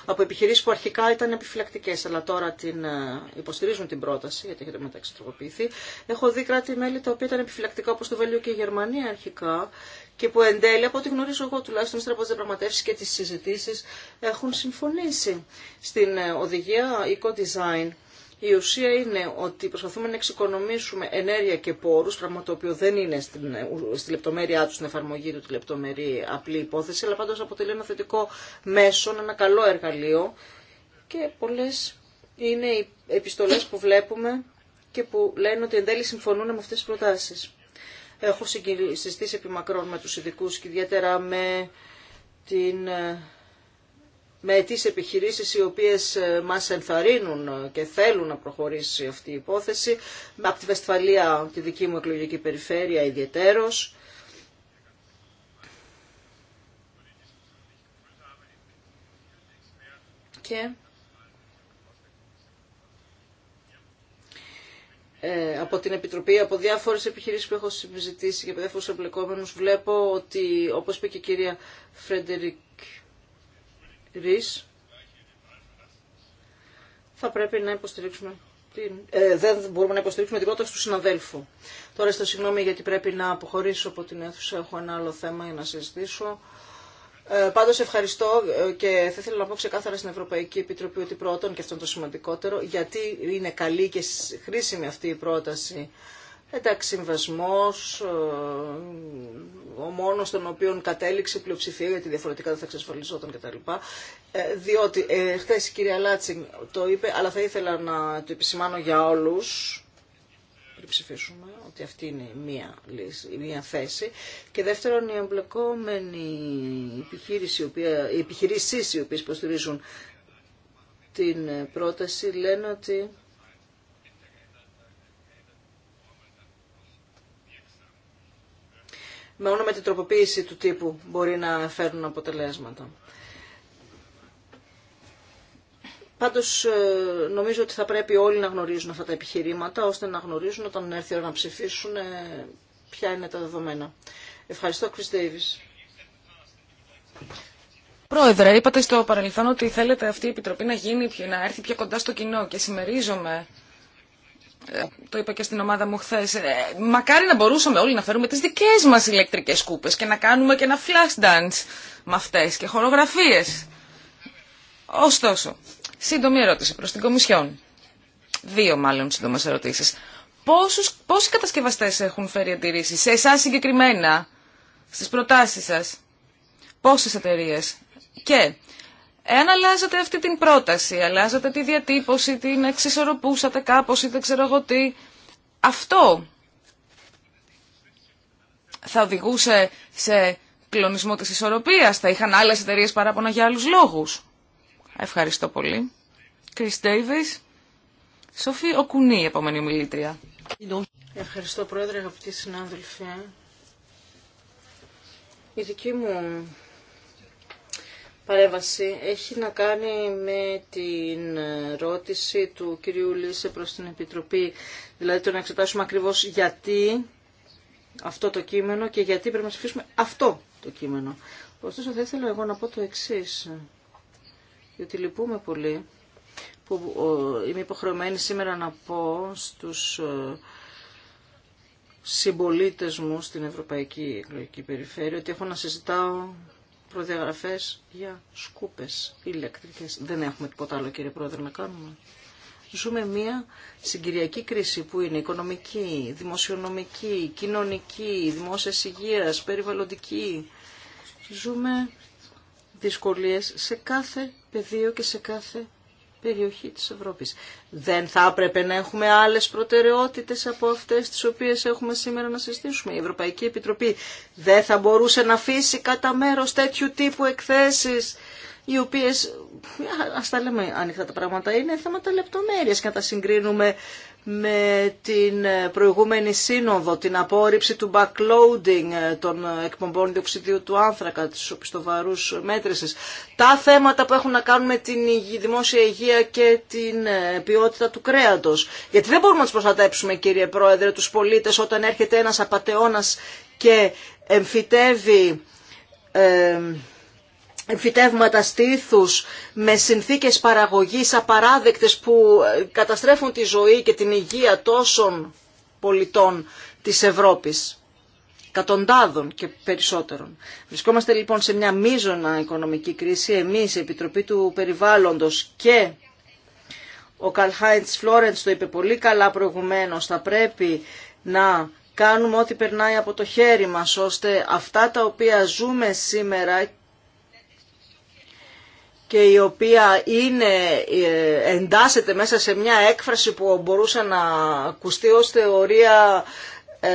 από επιχειρήσει που αρχικά ήταν επιφυλακτικέ, αλλά τώρα την ε, υποστηρίζουν την πρόταση, γιατί έχετε μεταξύ Έχω δει κράτη-μέλη τα οποία ήταν επιφυλακτικά, όπω το Βέλιο και η Γερμανία αρχικά, και που εν τέλει, από ό,τι γνωρίζω εγώ τουλάχιστον ύστερα διαπραγματεύσει και τι συζητήσει έχουν συμφωνήσει στην ε, οδηγία Eco Design η ουσία είναι ότι προσπαθούμε να εξοικονομήσουμε ενέργεια και πόρους, πράγμα το οποίο δεν είναι στην, στη λεπτομέρειά του, στην εφαρμογή του, τη λεπτομερή απλή υπόθεση, αλλά πάντως αποτελεί ένα θετικό μέσο, ένα καλό εργαλείο και πολλές είναι οι επιστολές που βλέπουμε και που λένε ότι εν τέλει συμφωνούν με αυτές τις προτάσεις. Έχω συστήσει επιμακρών με τους ειδικού και ιδιαίτερα με την ε, με τις επιχειρήσεις οι οποίες ε, μας ενθαρρύνουν ε, και θέλουν να προχωρήσει αυτή η υπόθεση, από τη Βεσφαλία, τη δική μου εκλογική περιφέρεια ιδιαιτέρως. Και... Ε, από την Επιτροπή, από διάφορες επιχειρήσεις που έχω συζητήσει και από διάφορους εμπλεκόμενους βλέπω ότι, όπως είπε και η κυρία Φρεντερικ ΡΙΣ θα πρέπει να υποστηρίξουμε την... ε, δεν μπορούμε να υποστηρίξουμε την πρόταση του συναδέλφου. Τώρα στο συγγνώμη γιατί πρέπει να αποχωρήσω από την αίθουσα, έχω ένα άλλο θέμα για να συζητήσω. Ε, πάντως ευχαριστώ ε, και θα ήθελα να πω ξεκάθαρα στην Ευρωπαϊκή Επιτροπή ότι πρώτον, και αυτό είναι το σημαντικότερο, γιατί είναι καλή και χρήσιμη αυτή η πρόταση Εντάξει, συμβασμός, ε, ο μόνος τον οποίο κατέληξε η πλειοψηφία, γιατί διαφορετικά δεν θα εξασφαλιζόταν κτλ. Ε, διότι ε, η κυρία Λάτσινγκ το είπε, αλλά θα ήθελα να το επισημάνω για όλους, πριν ψηφίσουμε, ότι αυτή είναι μία, λύση, μία θέση. Και δεύτερον, η εμπλεκόμενη επιχείρηση, οι επιχειρήσει οι οποίε υποστηρίζουν την πρόταση λένε ότι με την τροποποίηση του τύπου μπορεί να φέρνουν αποτελέσματα. Πάντως ε, νομίζω ότι θα πρέπει όλοι να γνωρίζουν αυτά τα επιχειρήματα, ώστε να γνωρίζουν όταν έρθει η ώρα να ψηφίσουν ε, ποια είναι τα δεδομένα. Ευχαριστώ, Chris Davis. Πρόεδρε, είπατε στο παρελθόν ότι θέλετε αυτή η επιτροπή να, γίνει, να έρθει πιο κοντά στο κοινό και συμμερίζομαι ε, το είπα και στην ομάδα μου χθε. Ε, μακάρι να μπορούσαμε όλοι να φέρουμε τις δικές μας ηλεκτρικές κούπε και να κάνουμε και ένα flash dance με αυτές και χορογραφίες. Ωστόσο, σύντομη ερώτηση προς την Κομισιόν. Δύο μάλλον σύντομέ ερωτήσει. πόσοι κατασκευαστές έχουν φέρει αντιρρήσει σε εσά συγκεκριμένα, στι προτάσει σας, πόσε εταιρείε. και Εάν αλλάζετε αυτή την πρόταση, αλλάζετε τη διατύπωση, την εξισορροπούσατε κάπως ή δεν ξέρω εγώ τι, αυτό θα οδηγούσε σε κλονισμό της ισορροπίας, θα είχαν άλλες εταιρείε παράπονα για άλλους λόγους. Ευχαριστώ πολύ. Chris Davis, Σοφή Οκουνή, επόμενη μιλήτρια. Ευχαριστώ Πρόεδρε, αγαπητοί συνάδελφοι. Η δική μου παρέμβαση έχει να κάνει με την ρώτηση του κυρίου Λίσε προς την Επιτροπή, δηλαδή το να εξετάσουμε ακριβώς γιατί αυτό το κείμενο και γιατί πρέπει να ψηφίσουμε αυτό το κείμενο. Ωστόσο δεν ήθελα εγώ να πω το εξή, γιατί λυπούμε πολύ που είμαι υποχρεωμένη σήμερα να πω στους ε, συμπολίτες μου στην Ευρωπαϊκή Εκλογική Περιφέρεια ότι έχω να συζητάω Προδιαγραφέ για σκούπε ηλεκτρικέ. Δεν έχουμε τίποτα άλλο κύριε Πρόεδρε να κάνουμε. Ζούμε μια συγκυριακή κρίση που είναι οικονομική, δημοσιονομική, κοινωνική, δημόσια υγείας, περιβαλλοντική. Ζούμε δυσκολίες σε κάθε πεδίο και σε κάθε περιοχή της Ευρώπης. Δεν θα έπρεπε να έχουμε άλλες προτεραιότητες από αυτές τις οποίες έχουμε σήμερα να συστήσουμε. Η Ευρωπαϊκή Επιτροπή δεν θα μπορούσε να αφήσει κατά μέρο τέτοιου τύπου εκθέσεις οι οποίες, ας τα λέμε ανοιχτά τα πράγματα, είναι θέματα λεπτομέρειας και να τα συγκρίνουμε με την προηγούμενη σύνοδο, την απόρριψη του backloading των εκπομπών διοξιδίου του άνθρακα, της οπισθοβαρούς μέτρησης, τα θέματα που έχουν να κάνουν με την δημόσια υγεία και την ε, ποιότητα του κρέατος. Γιατί δεν μπορούμε να τους προστατέψουμε κύριε Πρόεδρε τους πολίτες όταν έρχεται ένας απατεώνας και εμφυτεύει... Ε, εμφυτεύματα στήθους με συνθήκες παραγωγής απαράδεκτες που ε, καταστρέφουν τη ζωή και την υγεία τόσων πολιτών της Ευρώπης, κατοντάδων και περισσότερων. Βρισκόμαστε λοιπόν σε μια μείζωνα οικονομική κρίση, εμείς, η Επιτροπή του Περιβάλλοντος και ο Καλχάιντς Φλόρεντς το είπε πολύ καλά προηγουμένως, θα πρέπει να κάνουμε ό,τι περνάει από το χέρι μας, ώστε αυτά τα οποία ζούμε σήμερα και η οποία είναι, ε, εντάσσεται μέσα σε μια έκφραση που μπορούσε να ακουστεί ως θεωρία ε,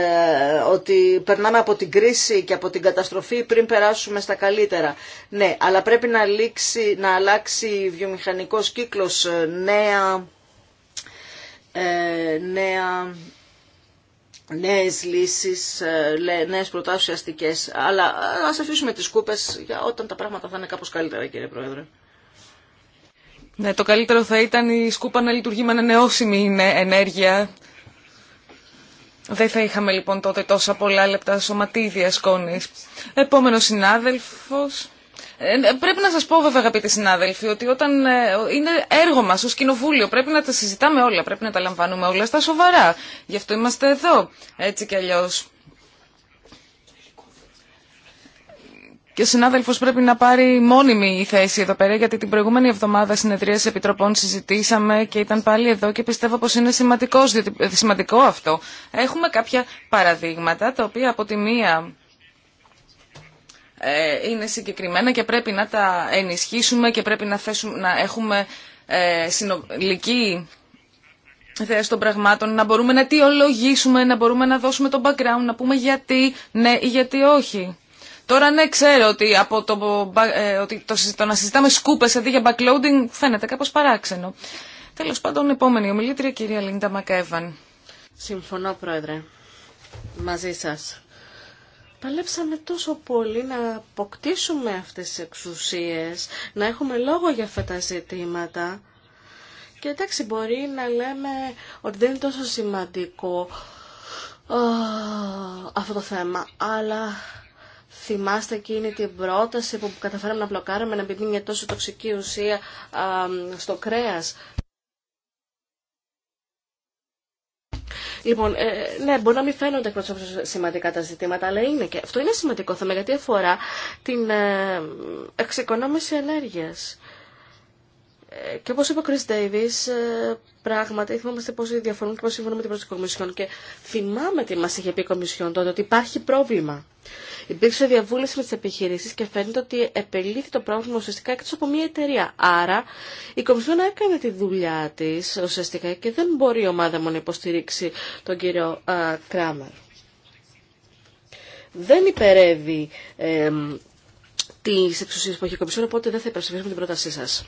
ότι περνάμε από την κρίση και από την καταστροφή πριν περάσουμε στα καλύτερα. Ναι, αλλά πρέπει να, λήξει, να αλλάξει βιομηχανικός κύκλος ε, νέα, ε, νέα νέες λύσεις, ε, νέες προτάσεις αστικές. Αλλά ας αφήσουμε τις κούπες για όταν τα πράγματα θα είναι κάπως καλύτερα κύριε Πρόεδρε. Ναι, το καλύτερο θα ήταν η σκούπα να λειτουργεί με ανανεώσιμη ενέργεια. Δεν θα είχαμε λοιπόν τότε τόσα πολλά λεπτά σωματίδια σκόνης. Επόμενο συνάδελφος. Ε, ε, πρέπει να σας πω βέβαια αγαπητοί συνάδελφοι ότι όταν ε, είναι έργο μας ως κοινοβούλιο πρέπει να τα συζητάμε όλα, πρέπει να τα λαμβάνουμε όλα στα σοβαρά. Γι' αυτό είμαστε εδώ, έτσι κι αλλιώς. και ο συνάδελφο, πρέπει να πάρει μόνιμη η θέση εδώ πέρα γιατί την προηγούμενη εβδομάδα συνεδρία επιτροπών συζητήσαμε και ήταν πάλι εδώ και πιστεύω πως είναι ε, σημαντικό αυτό. Έχουμε κάποια παραδείγματα τα οποία από τη μία ε, είναι συγκεκριμένα και πρέπει να τα ενισχύσουμε και πρέπει να, θέσουμε, να έχουμε ε, συνολική θέση των πραγμάτων, να μπορούμε να αιτιολογήσουμε, να μπορούμε να δώσουμε το background, να πούμε γιατί ναι ή γιατί όχι. Τώρα ναι, ξέρω ότι, από το, ε, ότι το, το να συζητάμε σκούπες αντί για backloading φαίνεται κάπως παράξενο. Τέλος πάντων, επόμενη ομιλήτρια, κυρία Λίντα Μακέβαν. Συμφωνώ, Πρόεδρε, μαζί σα. Παλέψαμε τόσο πολύ να αποκτήσουμε αυτές τις εξουσίες, να έχουμε λόγο για αυτά τα ζητήματα. Και εντάξει, μπορεί να λέμε ότι δεν είναι τόσο σημαντικό αυτό το θέμα, αλλά Θυμάστε εκείνη την πρόταση που καταφέραμε να μπλοκάρουμε να μπει μια τόσο τοξική ουσία στο κρέας. Λοιπόν, ε, ε, ναι, μπορεί να μην φαίνονται εκ σημαντικά τα ζητήματα, αλλά είναι και αυτό είναι σημαντικό θέμα γιατί αφορά την ε, εξοικονόμηση ενέργειας και όπω είπε ο Chris Davis, ε, πράγματι θυμάμαστε πώς διαφωνούμε και πώ συμφωνούν με την πρόταση Κομισιόν. Και θυμάμαι τι μα είχε πει η Κομισιόν τότε, ότι υπάρχει πρόβλημα. Υπήρξε διαβούλευση με τι επιχειρήσει και φαίνεται ότι επελήθη το πρόβλημα ουσιαστικά εκτό από μια εταιρεία. Άρα η Κομισιόν έκανε τη δουλειά τη ουσιαστικά και δεν μπορεί η ομάδα μου να υποστηρίξει τον κύριο Κράμαρ. Δεν υπερεύει ε, τις που έχει η Κομισιόν, οπότε δεν θα την πρότασή σας.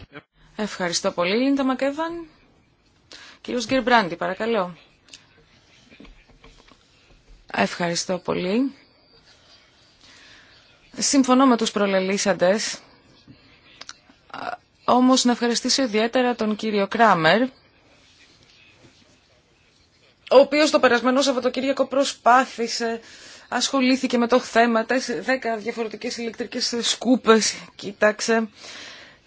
Ευχαριστώ πολύ, Λίντα Μακέβαν. Κύριος Γκυρμπράντη, παρακαλώ. Ευχαριστώ πολύ. Συμφωνώ με τους προλελήσαντες, όμως να ευχαριστήσω ιδιαίτερα τον κύριο Κράμερ, ο οποίος το περασμένο Σαββατοκύριακο προσπάθησε, ασχολήθηκε με το θέμα, δέκα διαφορετικές ηλεκτρικές σκούπες, κοίταξε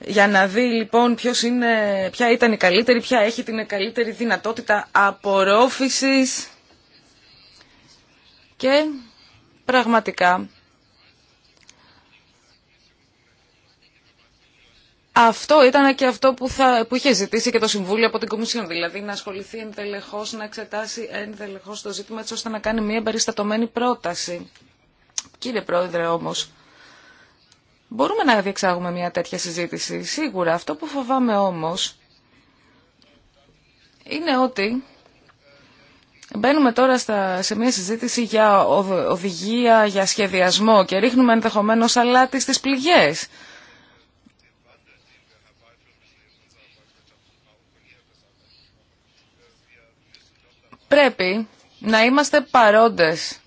για να δει λοιπόν ποιος είναι, ποια ήταν η καλύτερη, ποια έχει την καλύτερη δυνατότητα απορρόφησης και πραγματικά Αυτό ήταν και αυτό που, θα, που είχε ζητήσει και το Συμβούλιο από την Κομισιόν, δηλαδή να ασχοληθεί εντελεχώς, να εξετάσει εντελεχώς το ζήτημα έτσι ώστε να κάνει μια περιστατωμένη πρόταση. Κύριε Πρόεδρε όμως, Μπορούμε να διεξάγουμε μια τέτοια συζήτηση, σίγουρα. Αυτό που φοβάμαι όμως είναι ότι μπαίνουμε τώρα στα, σε μια συζήτηση για οδηγία, για σχεδιασμό και ρίχνουμε ενδεχομένως αλάτι στις πληγές. Πρέπει να είμαστε παρόντες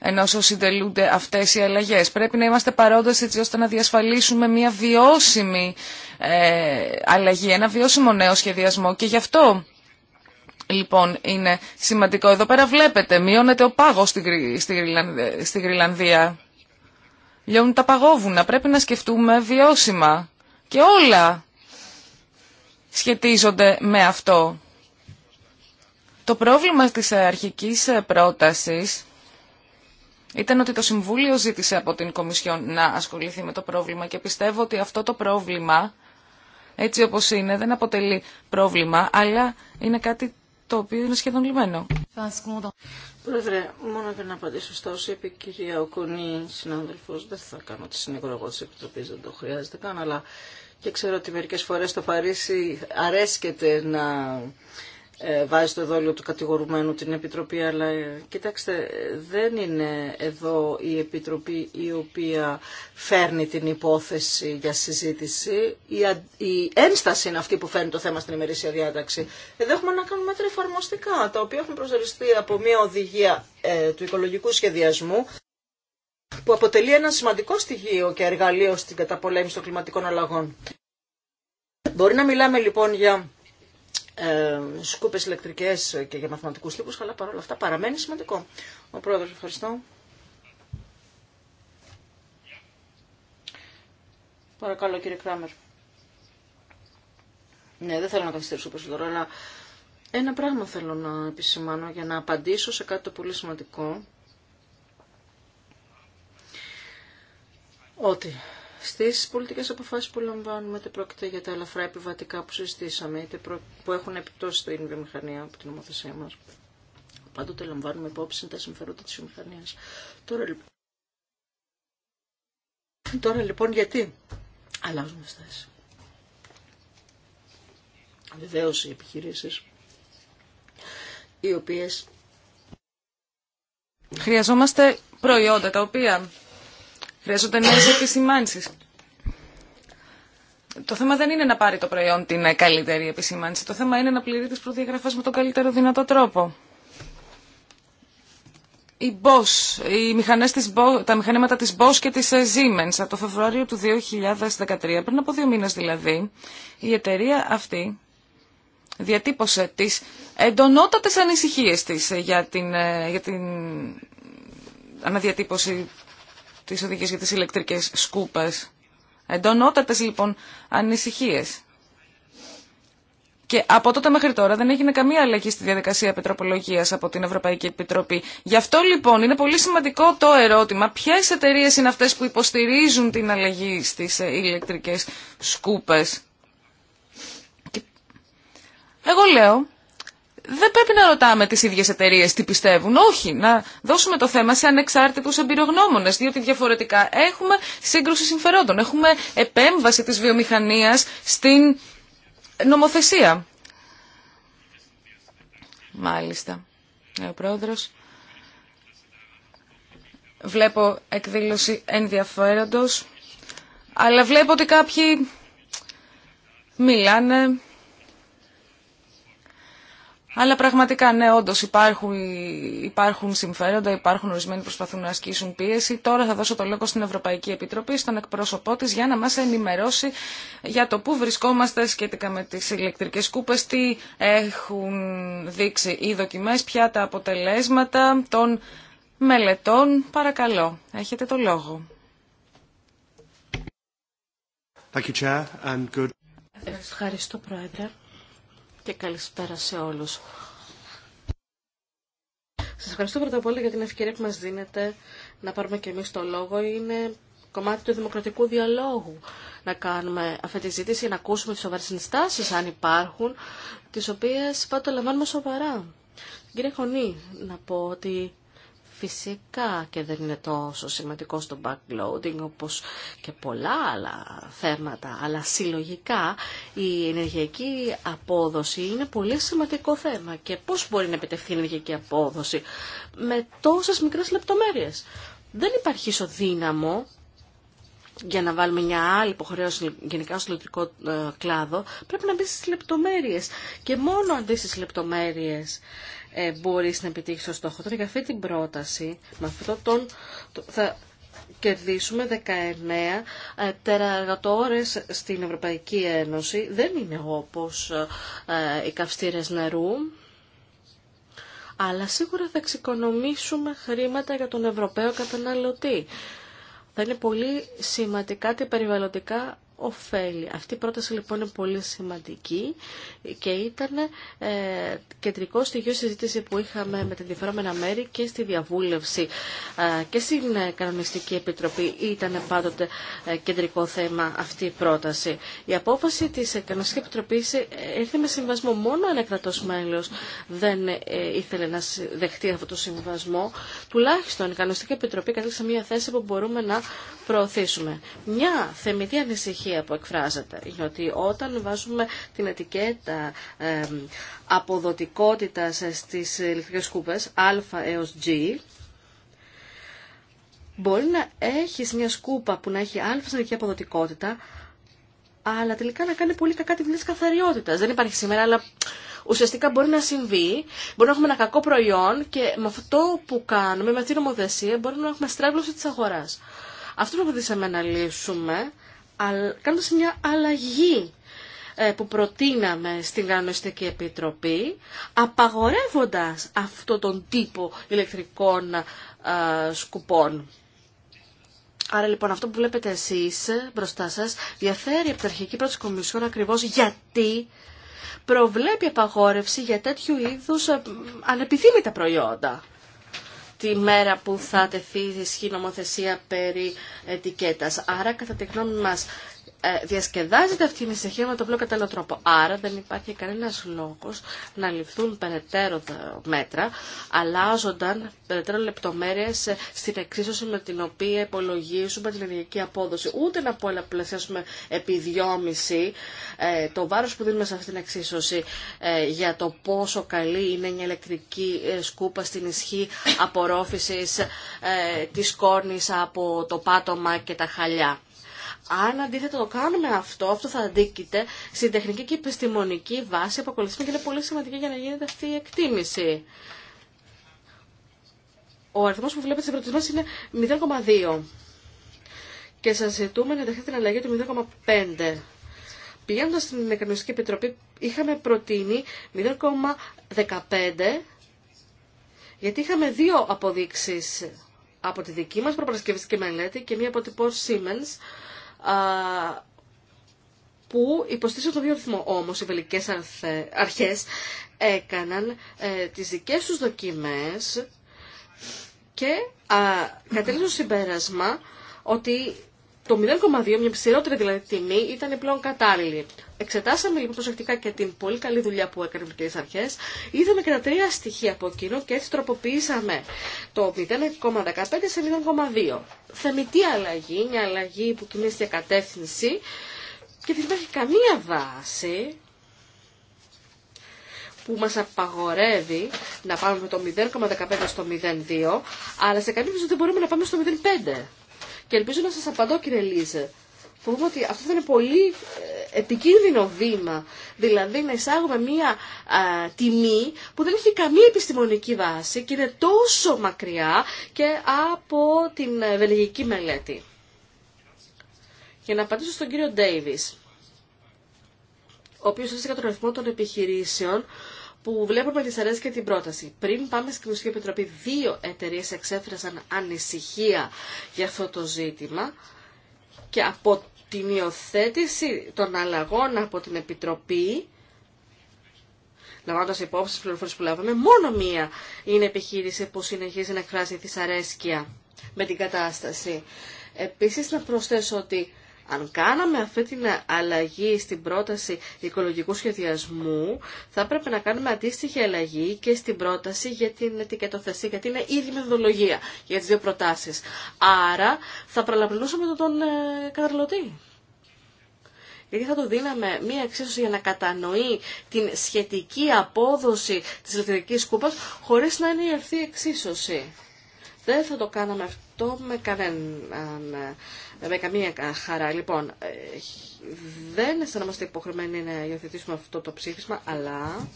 ενώ συντελούνται αυτές οι αλλαγές. Πρέπει να είμαστε παρόντες έτσι ώστε να διασφαλίσουμε μια βιώσιμη ε, αλλαγή, ένα βιώσιμο νέο σχεδιασμό και γι' αυτό λοιπόν είναι σημαντικό. Εδώ πέρα βλέπετε, μειώνεται ο πάγος στη, στη Γρυλανδία. Λιώνουν τα παγόβουνα, πρέπει να σκεφτούμε βιώσιμα. Και όλα σχετίζονται με αυτό. Το πρόβλημα της αρχικής πρότασης ήταν ότι το Συμβούλιο ζήτησε από την Κομισιόν να ασχοληθεί με το πρόβλημα και πιστεύω ότι αυτό το πρόβλημα, έτσι όπως είναι, δεν αποτελεί πρόβλημα, αλλά είναι κάτι το οποίο είναι σχεδόν λυμένο. Πρόεδρε, μόνο για να απαντήσω στα όσα είπε η κυρία Οκονή, συνάδελφο, δεν θα κάνω τη συνήγορα τη Επιτροπή, δεν το χρειάζεται καν, αλλά και ξέρω ότι μερικέ φορέ στο Παρίσι αρέσκεται να ε, βάζει το δόλιο του κατηγορουμένου την Επιτροπή, αλλά ε, κοιτάξτε, δεν είναι εδώ η Επιτροπή η οποία φέρνει την υπόθεση για συζήτηση. Η, ένσταση είναι αυτή που φέρνει το θέμα στην ημερήσια διάταξη. Εδώ έχουμε να κάνουμε μέτρα εφαρμοστικά, τα οποία έχουν προσδοριστεί από μια οδηγία ε, του οικολογικού σχεδιασμού, που αποτελεί ένα σημαντικό στοιχείο και εργαλείο στην καταπολέμηση των κλιματικών αλλαγών. Μπορεί να μιλάμε λοιπόν για σκούπες ηλεκτρικές και για μαθηματικούς τύπους, αλλά παρόλα αυτά παραμένει σημαντικό. Ο πρόεδρος, ευχαριστώ. Παρακαλώ κύριε Κράμερ. Ναι, δεν θέλω να καθυστερήσω τώρα, αλλά ένα πράγμα θέλω να επισημάνω για να απαντήσω σε κάτι το πολύ σημαντικό. Ότι στις πολιτικές αποφάσεις που λαμβάνουμε, είτε πρόκειται για τα ελαφρά επιβατικά που συζητήσαμε, είτε που έχουν επιπτώσει στην βιομηχανία από την νομοθεσία μα. Πάντοτε λαμβάνουμε υπόψη τα συμφέροντα τη βιομηχανία. Λοιπόν- Τώρα, λοιπόν γιατί αλλάζουμε στάση. Βεβαίω οι επιχειρήσεις οι οποίες... Χρειαζόμαστε προϊόντα τα οποία Χρειάζονται νέες επισημάνσεις. Το θέμα δεν είναι να πάρει το προϊόν την ε, καλύτερη επισήμανση. Το θέμα είναι να πληρεί τις προδιαγραφέ με τον καλύτερο δυνατό τρόπο. Οι οι μηχανές της BOS τα μηχανήματα της Bosch και της ε, Siemens από το Φεβρουάριο του 2013, πριν από δύο μήνες δηλαδή, η εταιρεία αυτή διατύπωσε τις εντονότατες ανησυχίες της ε, για την, για την αναδιατύπωση τις οδηγίες για τις ηλεκτρικές σκούπες. Εντονότατες λοιπόν ανησυχίες. Και από τότε μέχρι τώρα δεν έγινε καμία αλλαγή στη διαδικασία επιτροπολογία από την Ευρωπαϊκή Επιτροπή. Γι' αυτό λοιπόν είναι πολύ σημαντικό το ερώτημα ποιε εταιρείε είναι αυτέ που υποστηρίζουν την αλλαγή στι ε, ηλεκτρικέ σκούπε. Εγώ λέω δεν πρέπει να ρωτάμε τις ίδιες εταιρείε τι πιστεύουν. Όχι, να δώσουμε το θέμα σε ανεξάρτητους εμπειρογνώμονες, διότι διαφορετικά έχουμε σύγκρουση συμφερόντων, έχουμε επέμβαση της βιομηχανίας στην νομοθεσία. Μάλιστα. Ο πρόεδρος. Βλέπω εκδήλωση ενδιαφέροντος, αλλά βλέπω ότι κάποιοι μιλάνε αλλά πραγματικά, ναι, όντω υπάρχουν, συμφέροντα, υπάρχουν ορισμένοι που προσπαθούν να ασκήσουν πίεση. Τώρα θα δώσω το λόγο στην Ευρωπαϊκή Επιτροπή, στον εκπρόσωπό τη, για να μα ενημερώσει για το πού βρισκόμαστε σχετικά με τι ηλεκτρικέ κούπε, τι έχουν δείξει οι δοκιμέ, ποια τα αποτελέσματα των μελετών. Παρακαλώ, έχετε το λόγο. Ευχαριστώ, Πρόεδρε και καλησπέρα σε όλους. Σας ευχαριστώ πρώτα απ' όλα για την ευκαιρία που μας δίνετε να πάρουμε και εμείς το λόγο. Είναι κομμάτι του δημοκρατικού διαλόγου να κάνουμε αυτή τη ζήτηση, να ακούσουμε τις σοβαρές συνστάσεις, αν υπάρχουν, τις οποίες πάντα λαμβάνουμε σοβαρά. Κύριε Χωνή, να πω ότι Φυσικά και δεν είναι τόσο σημαντικό στο backloading όπως και πολλά άλλα θέματα, αλλά συλλογικά η ενεργειακή απόδοση είναι πολύ σημαντικό θέμα και πώς μπορεί να επιτευχθεί η ενεργειακή απόδοση με τόσες μικρές λεπτομέρειες. Δεν υπάρχει ισοδύναμο για να βάλουμε μια άλλη υποχρέωση γενικά στο ηλεκτρικό ε, κλάδο, πρέπει να μπει στις λεπτομέρειες. Και μόνο αντί στις λεπτομέρειες ε, μπορείς να επιτύχεις το στόχο. Τώρα για αυτή την πρόταση, με αυτό τον, θα κερδίσουμε 19 ε, τεραργατόρες στην Ευρωπαϊκή Ένωση. Δεν είναι όπως ε, οι καυστήρες νερού, αλλά σίγουρα θα εξοικονομήσουμε χρήματα για τον Ευρωπαίο καταναλωτή. Θα είναι πολύ σημαντικά τα περιβαλλοντικά ωφέλη. Αυτή η πρόταση λοιπόν είναι πολύ σημαντική και ήταν ε, κεντρικό στοιχείο συζήτηση που είχαμε με τα ενδιαφέρομενα μέρη και στη διαβούλευση ε, και στην ε, Κανονιστική Επιτροπή ήταν πάντοτε ε, κεντρικό θέμα αυτή η πρόταση. Η απόφαση της Κανονιστικής Επιτροπής ήρθε με συμβασμό μόνο αν εκρατός μέλος δεν ήθελε να δεχτεί αυτό το συμβασμό. Τουλάχιστον η Κανονιστική Επιτροπή κατέληξε μια θέση που μπορούμε να προωθήσουμε. Μια θεμητή ανησυχία που εκφράζεται. Γιατί όταν βάζουμε την ετικέτα αποδοτικότητας στις ηλεκτρικές σκούπες α έως g, μπορεί να έχεις μια σκούπα που να έχει α στην αποδοτικότητα, αλλά τελικά να κάνει πολύ κακά τη δουλειά καθαριότητα. Δεν υπάρχει σήμερα, αλλά ουσιαστικά μπορεί να συμβεί. Μπορεί να έχουμε ένα κακό προϊόν και με αυτό που κάνουμε, με αυτή την νομοθεσία, μπορεί να έχουμε στράγγλωση τη αγορά. Αυτό που προσπαθήσαμε να λύσουμε κάνοντας μια αλλαγή ε, που προτείναμε στην Κανονιστική Επιτροπή, απαγορεύοντας αυτό τον τύπο ηλεκτρικών ε, σκουπών. Άρα λοιπόν αυτό που βλέπετε εσείς μπροστά σας διαφέρει από την αρχική πρώτη Κομισιόν ακριβώς γιατί προβλέπει απαγόρευση για τέτοιου είδους ε, ανεπιθύμητα προϊόντα τη μέρα που θα τεθεί η ισχύ νομοθεσία περί ετικέτας. Άρα, κατά τη γνώμη μας, ε, διασκεδάζεται αυτή η ανησυχία με τον πιο κατάλληλο τρόπο. Άρα δεν υπάρχει κανένα λόγο να ληφθούν περαιτέρω μέτρα, αλλάζονταν περαιτέρω λεπτομέρειε στην εξίσωση με την οποία υπολογίζουμε την ενεργειακή απόδοση. Ούτε να πολλαπλασιάσουμε επί δυόμιση ε, το βάρο που δίνουμε σε αυτή την εξίσωση ε, για το πόσο καλή είναι η ηλεκτρική σκούπα στην ισχύ απορρόφησης τη κόρνη από το πάτωμα και τα χαλιά. Αν αντίθετα το κάνουμε αυτό, αυτό θα αντίκειται στην τεχνική και επιστημονική βάση που ακολουθούμε και είναι πολύ σημαντική για να γίνεται αυτή η εκτίμηση. Ο αριθμό που βλέπετε στην πρώτη είναι 0,2 και σα ζητούμε να δεχτείτε την αλλαγή του 0,5. Πηγαίνοντας στην Εκανονιστική Επιτροπή είχαμε προτείνει 0,15 γιατί είχαμε δύο αποδείξεις από τη δική μας προπαρασκευιστική μελέτη και μία από την Πορ Siemens που υποστήριζαν τον βιορυθμό. Όμως οι βελικές αρχές έκαναν ε, τις δικές τους δοκιμές και κατέληξαν στο συμπέρασμα ότι το 0,2, μια ψηρότερη δηλαδή τιμή, ήταν πλέον κατάλληλη. Εξετάσαμε λοιπόν προσεκτικά και την πολύ καλή δουλειά που έκανε οι αρχέ. Είδαμε και τα τρία στοιχεία από εκείνο και έτσι τροποποιήσαμε το 0,15 σε 0,2. Θεμητή αλλαγή, μια αλλαγή που κινεί στη κατεύθυνση και δεν υπάρχει καμία βάση που μας απαγορεύει να πάμε με το 0,15 στο 0,2, αλλά σε καμία περίπτωση δεν μπορούμε να πάμε στο 0,5. Και ελπίζω να σας απαντώ κύριε Λίζε. Φοβούμαι ότι αυτό θα είναι πολύ ε, επικίνδυνο βήμα. Δηλαδή να εισάγουμε μία τιμή που δεν έχει καμία επιστημονική βάση και είναι τόσο μακριά και από την ε, βελγική μελέτη. Για να απαντήσω στον κύριο Ντέιβις, ο οποίος έστειλε τον αριθμό των επιχειρήσεων που βλέπουμε αρέσει και την πρόταση. Πριν πάμε στην Κοινωνική Επιτροπή, δύο εταιρείε εξέφρασαν ανησυχία για αυτό το ζήτημα και από την υιοθέτηση των αλλαγών από την Επιτροπή, λαμβάνοντα υπόψη τι πληροφορίε που λάβαμε, μόνο μία είναι επιχείρηση που συνεχίζει να εκφράζει δυσαρέσκεια με την κατάσταση. Επίσης να προσθέσω ότι αν κάναμε αυτή την αλλαγή στην πρόταση οικολογικού σχεδιασμού, θα έπρεπε να κάνουμε αντίστοιχη αλλαγή και στην πρόταση για την ετικετοθεσία, γιατί είναι ήδη μεθοδολογία για τις δύο προτάσεις. Άρα θα παραλαμβανούσαμε τον ε, καταναλωτή γιατί θα του δίναμε μία εξίσωση για να κατανοεί την σχετική απόδοση της ηλεκτρικής κούπας χωρίς να είναι η ευθύ εξίσωση. Δεν θα το κάναμε αυτό με κανέναν ε, με καμία χαρά. Λοιπόν, ε, δεν αισθανόμαστε υποχρεωμένοι να υιοθετήσουμε αυτό το ψήφισμα, αλλά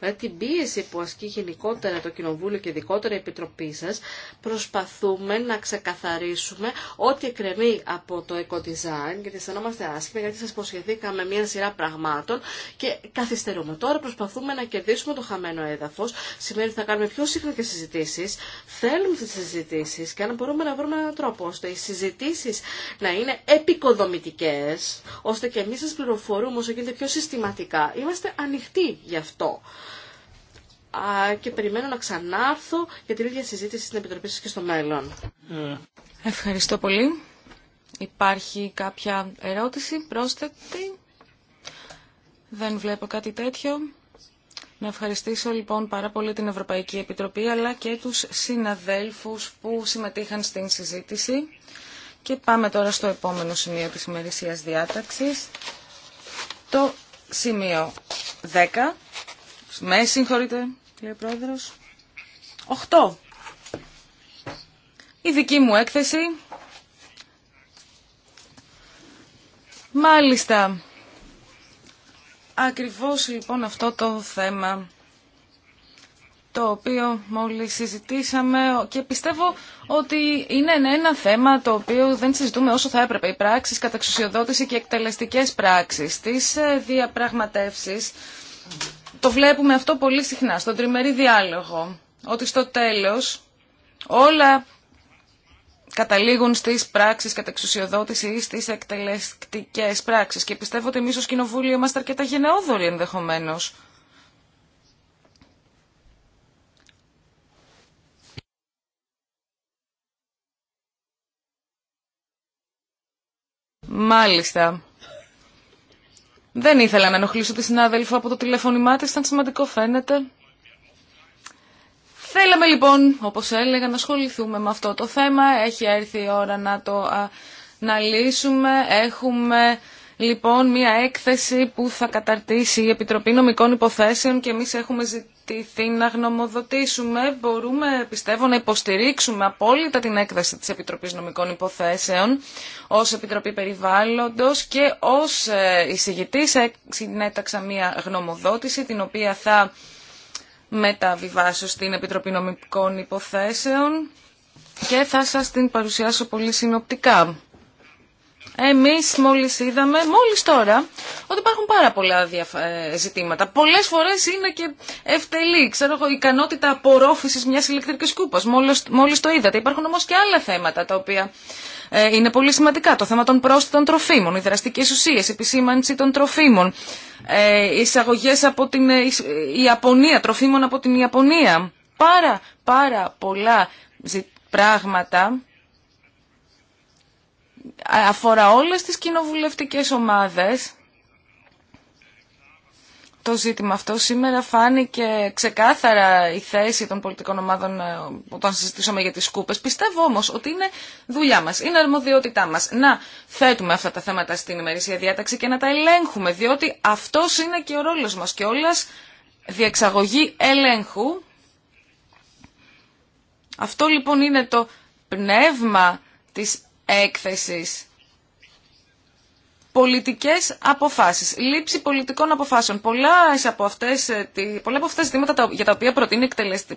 δηλαδή την πίεση που ασκεί γενικότερα το Κοινοβούλιο και ειδικότερα η Επιτροπή σα, προσπαθούμε να ξεκαθαρίσουμε ό,τι εκκρεμεί από το eco-design, γιατί αισθανόμαστε άσχημα, γιατί σας προσχεθήκαμε μία σειρά πραγμάτων και καθυστερούμε. Τώρα προσπαθούμε να κερδίσουμε το χαμένο έδαφο. σημαίνει ότι θα κάνουμε πιο σύγχρονε συζητήσει. συζητήσεις, θέλουμε τι συζητήσεις και αν μπορούμε να βρούμε έναν τρόπο ώστε οι συζητήσει να είναι επικοδομητικέ, ώστε και εμεί σα πληροφορούμε όσο γίνεται πιο συστηματικά. Είμαστε ανοιχτοί γι' αυτό και περιμένω να ξανάρθω για την ίδια συζήτηση στην Επιτροπή σας και στο μέλλον. Ε. Ευχαριστώ πολύ. Υπάρχει κάποια ερώτηση πρόσθετη. Δεν βλέπω κάτι τέτοιο. Να ευχαριστήσω λοιπόν πάρα πολύ την Ευρωπαϊκή Επιτροπή αλλά και τους συναδέλφους που συμμετείχαν στην συζήτηση. Και πάμε τώρα στο επόμενο σημείο της ημερησίας διάταξης. Το σημείο 10. Με συγχωρείτε κύριε 8. Η δική μου έκθεση. Μάλιστα. Ακριβώς λοιπόν αυτό το θέμα το οποίο μόλις συζητήσαμε και πιστεύω ότι είναι ναι, ένα θέμα το οποίο δεν συζητούμε όσο θα έπρεπε. Οι πράξεις καταξουσιοδότηση και εκτελεστικές πράξεις, τις ε, διαπραγματεύσεις το βλέπουμε αυτό πολύ συχνά στον τριμερή διάλογο, ότι στο τέλος όλα καταλήγουν στις πράξεις εξουσιοδότηση ή στις εκτελεστικές πράξεις και πιστεύω ότι εμείς ως Κοινοβούλιο είμαστε αρκετά γενναιόδοροι ενδεχομένως. Μάλιστα. Δεν ήθελα να ενοχλήσω τη συνάδελφο από το τηλεφώνημά της, ήταν σημαντικό φαίνεται. Θέλαμε λοιπόν, όπως έλεγα, να ασχοληθούμε με αυτό το θέμα. Έχει έρθει η ώρα να το α, να λύσουμε. Έχουμε λοιπόν μια έκθεση που θα καταρτήσει η Επιτροπή Νομικών Υποθέσεων και εμείς έχουμε ζητηθεί να γνωμοδοτήσουμε. Μπορούμε, πιστεύω, να υποστηρίξουμε απόλυτα την έκθεση της Επιτροπής Νομικών Υποθέσεων ως Επιτροπή Περιβάλλοντος και ως ε, εισηγητής συνέταξα μια γνωμοδότηση την οποία θα μεταβιβάσω στην Επιτροπή Νομικών Υποθέσεων και θα σας την παρουσιάσω πολύ συνοπτικά. Εμείς μόλις είδαμε, μόλις τώρα, ότι υπάρχουν πάρα πολλά ε, ζητήματα. Πολλές φορές είναι και ευτελή, ξέρω εγώ, ικανότητα απορρόφησης μιας ηλεκτρικής κούπας. Μόλις, μόλις το είδατε. Υπάρχουν όμως και άλλα θέματα τα οποία ε, είναι πολύ σημαντικά. Το θέμα των πρόσθετων τροφίμων, οι δραστικές ουσίες, η επισήμανση των τροφίμων, ε, εισαγωγές από την ε, Ιαπωνία, τροφίμων από την Ιαπωνία. Πάρα, πάρα πολλά πράγματα αφορά όλες τις κοινοβουλευτικές ομάδες. Το ζήτημα αυτό σήμερα φάνηκε ξεκάθαρα η θέση των πολιτικών ομάδων ε, όταν συζητήσαμε για τις σκούπες. Πιστεύω όμως ότι είναι δουλειά μας, είναι αρμοδιότητά μας να θέτουμε αυτά τα θέματα στην ημερήσια διάταξη και να τα ελέγχουμε, διότι αυτός είναι και ο ρόλος μας και όλας διεξαγωγή ελέγχου. Αυτό λοιπόν είναι το πνεύμα της έκθεσης. Πολιτικές αποφάσεις, λήψη πολιτικών αποφάσεων. Πολλά από αυτές, ε, πολλά από αυτές ζητήματα για τα οποία προτείνει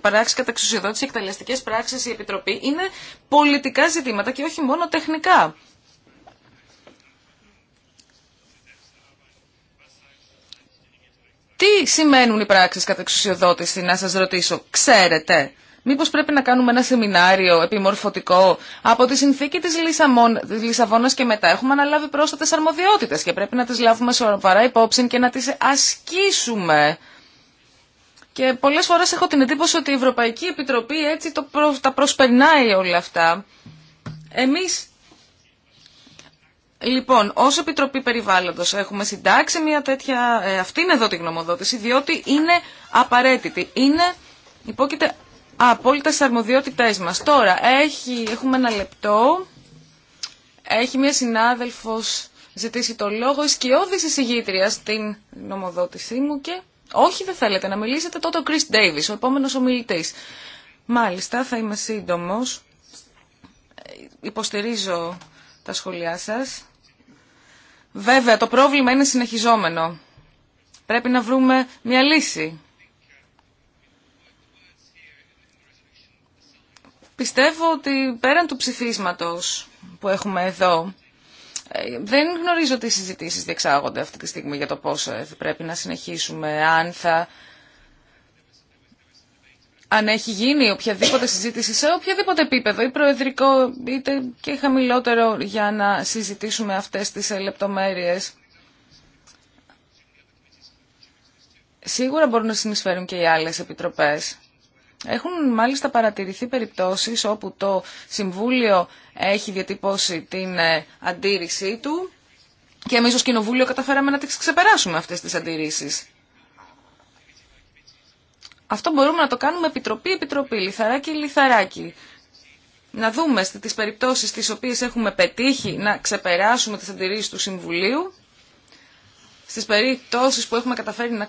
Παράξη κατά εξουσιοδότηση εκτελεστικές πράξεις η Επιτροπή είναι πολιτικά ζητήματα και όχι μόνο τεχνικά. Τι σημαίνουν οι πράξεις κατά εξουσιοδότηση, να σας ρωτήσω, ξέρετε. Μήπω πρέπει να κάνουμε ένα σεμινάριο επιμορφωτικό από τη συνθήκη τη Λισαβόνα και μετά. Έχουμε αναλάβει πρόσθετε αρμοδιότητε και πρέπει να τι λάβουμε σοβαρά υπόψη και να τι ασκήσουμε. Και πολλέ φορέ έχω την εντύπωση ότι η Ευρωπαϊκή Επιτροπή έτσι το τα προσπερνάει όλα αυτά. Εμεί, λοιπόν, ως Επιτροπή Περιβάλλοντος έχουμε συντάξει μια τέτοια, ε, αυτή είναι εδώ τη γνωμοδότηση, διότι είναι απαραίτητη. Είναι, υπόκειται απόλυτα στι αρμοδιότητέ μα. Τώρα, έχει, έχουμε ένα λεπτό. Έχει μια συνάδελφος ζητήσει το λόγο, η εισηγήτρια στην νομοδότησή μου και... Όχι, δεν θέλετε να μιλήσετε, τότε ο Chris Davis, ο επόμενο ομιλητής. Μάλιστα, θα είμαι σύντομος. Υποστηρίζω τα σχόλιά σα. Βέβαια, το πρόβλημα είναι συνεχιζόμενο. Πρέπει να βρούμε μια λύση. Πιστεύω ότι πέραν του ψηφίσματος που έχουμε εδώ, ε, δεν γνωρίζω τι συζητήσεις διεξάγονται αυτή τη στιγμή για το πώς ε, πρέπει να συνεχίσουμε, αν θα... Αν έχει γίνει οποιαδήποτε συζήτηση σε οποιαδήποτε επίπεδο, ή προεδρικό, είτε και χαμηλότερο, για να συζητήσουμε αυτές τις ε, λεπτομέρειες. Σίγουρα μπορούν να συνεισφέρουν και οι άλλες επιτροπές. Έχουν μάλιστα παρατηρηθεί περιπτώσεις όπου το Συμβούλιο έχει διατυπώσει την ε, αντίρρησή του και εμείς ως Κοινοβούλιο καταφέραμε να τις ξεπεράσουμε αυτές τις αντιρρήσεις. Αυτό μπορούμε να το κάνουμε επιτροπή-επιτροπή, λιθαράκι-λιθαράκι. Να δούμε στις περιπτώσεις τις οποίες έχουμε πετύχει να ξεπεράσουμε τις αντιρρήσεις του Συμβουλίου στις περιπτώσεις που έχουμε καταφέρει να,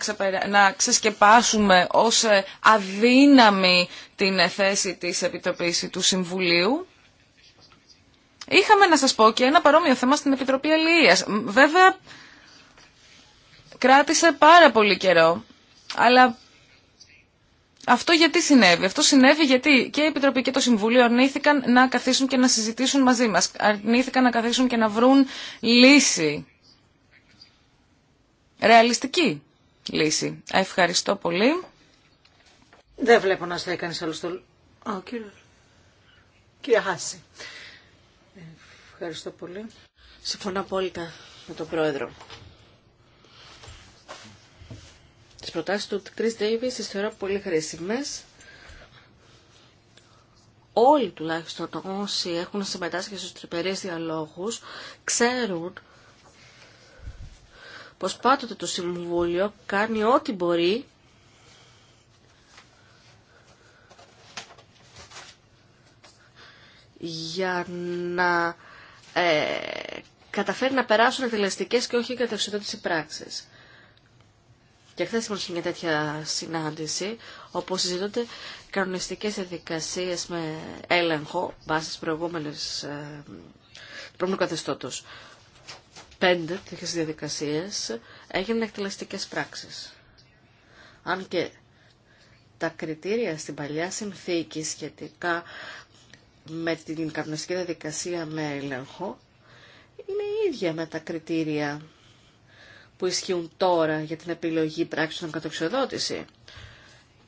να ξεσκεπάσουμε ως ε, αδύναμη την ε, θέση της Επιτροπής του Συμβουλίου, είχαμε να σας πω και ένα παρόμοιο θέμα στην Επιτροπή Αλληλείας. Βέβαια, κράτησε πάρα πολύ καιρό, αλλά αυτό γιατί συνέβη. Αυτό συνέβη γιατί και η Επιτροπή και το Συμβούλιο αρνήθηκαν να καθίσουν και να συζητήσουν μαζί μας. Αρνήθηκαν να καθίσουν και να βρουν λύση ρεαλιστική λύση. Ευχαριστώ πολύ. Δεν βλέπω να σε έκανε άλλο στο... Α, κύριε... Κύριε Χάση. Ευχαριστώ πολύ. Συμφωνώ απόλυτα με τον Πρόεδρο. Τις προτάσεις του Chris Ντέιβις τις θεωρώ πολύ χρήσιμες. Όλοι τουλάχιστον όσοι έχουν συμμετάσχει στους τριπερίες διαλόγους ξέρουν πως πάντοτε το Συμβούλιο κάνει ό,τι μπορεί για να ε, καταφέρει να περάσουν εκτελεστικές και όχι κατευθυντώτες πράξεις. Και χθε ήμουν μια τέτοια συνάντηση, όπου συζητούνται κανονιστικές διαδικασίε με έλεγχο βάσει προηγούμενης ε, προηγούμενου καθεστώτος πέντε τέτοιες διαδικασίες έγιναν εκτελεστικές πράξεις. Αν και τα κριτήρια στην παλιά συνθήκη σχετικά με την καπνιστική διαδικασία με έλεγχο είναι ίδια με τα κριτήρια που ισχύουν τώρα για την επιλογή πράξεων κατοξιοδότηση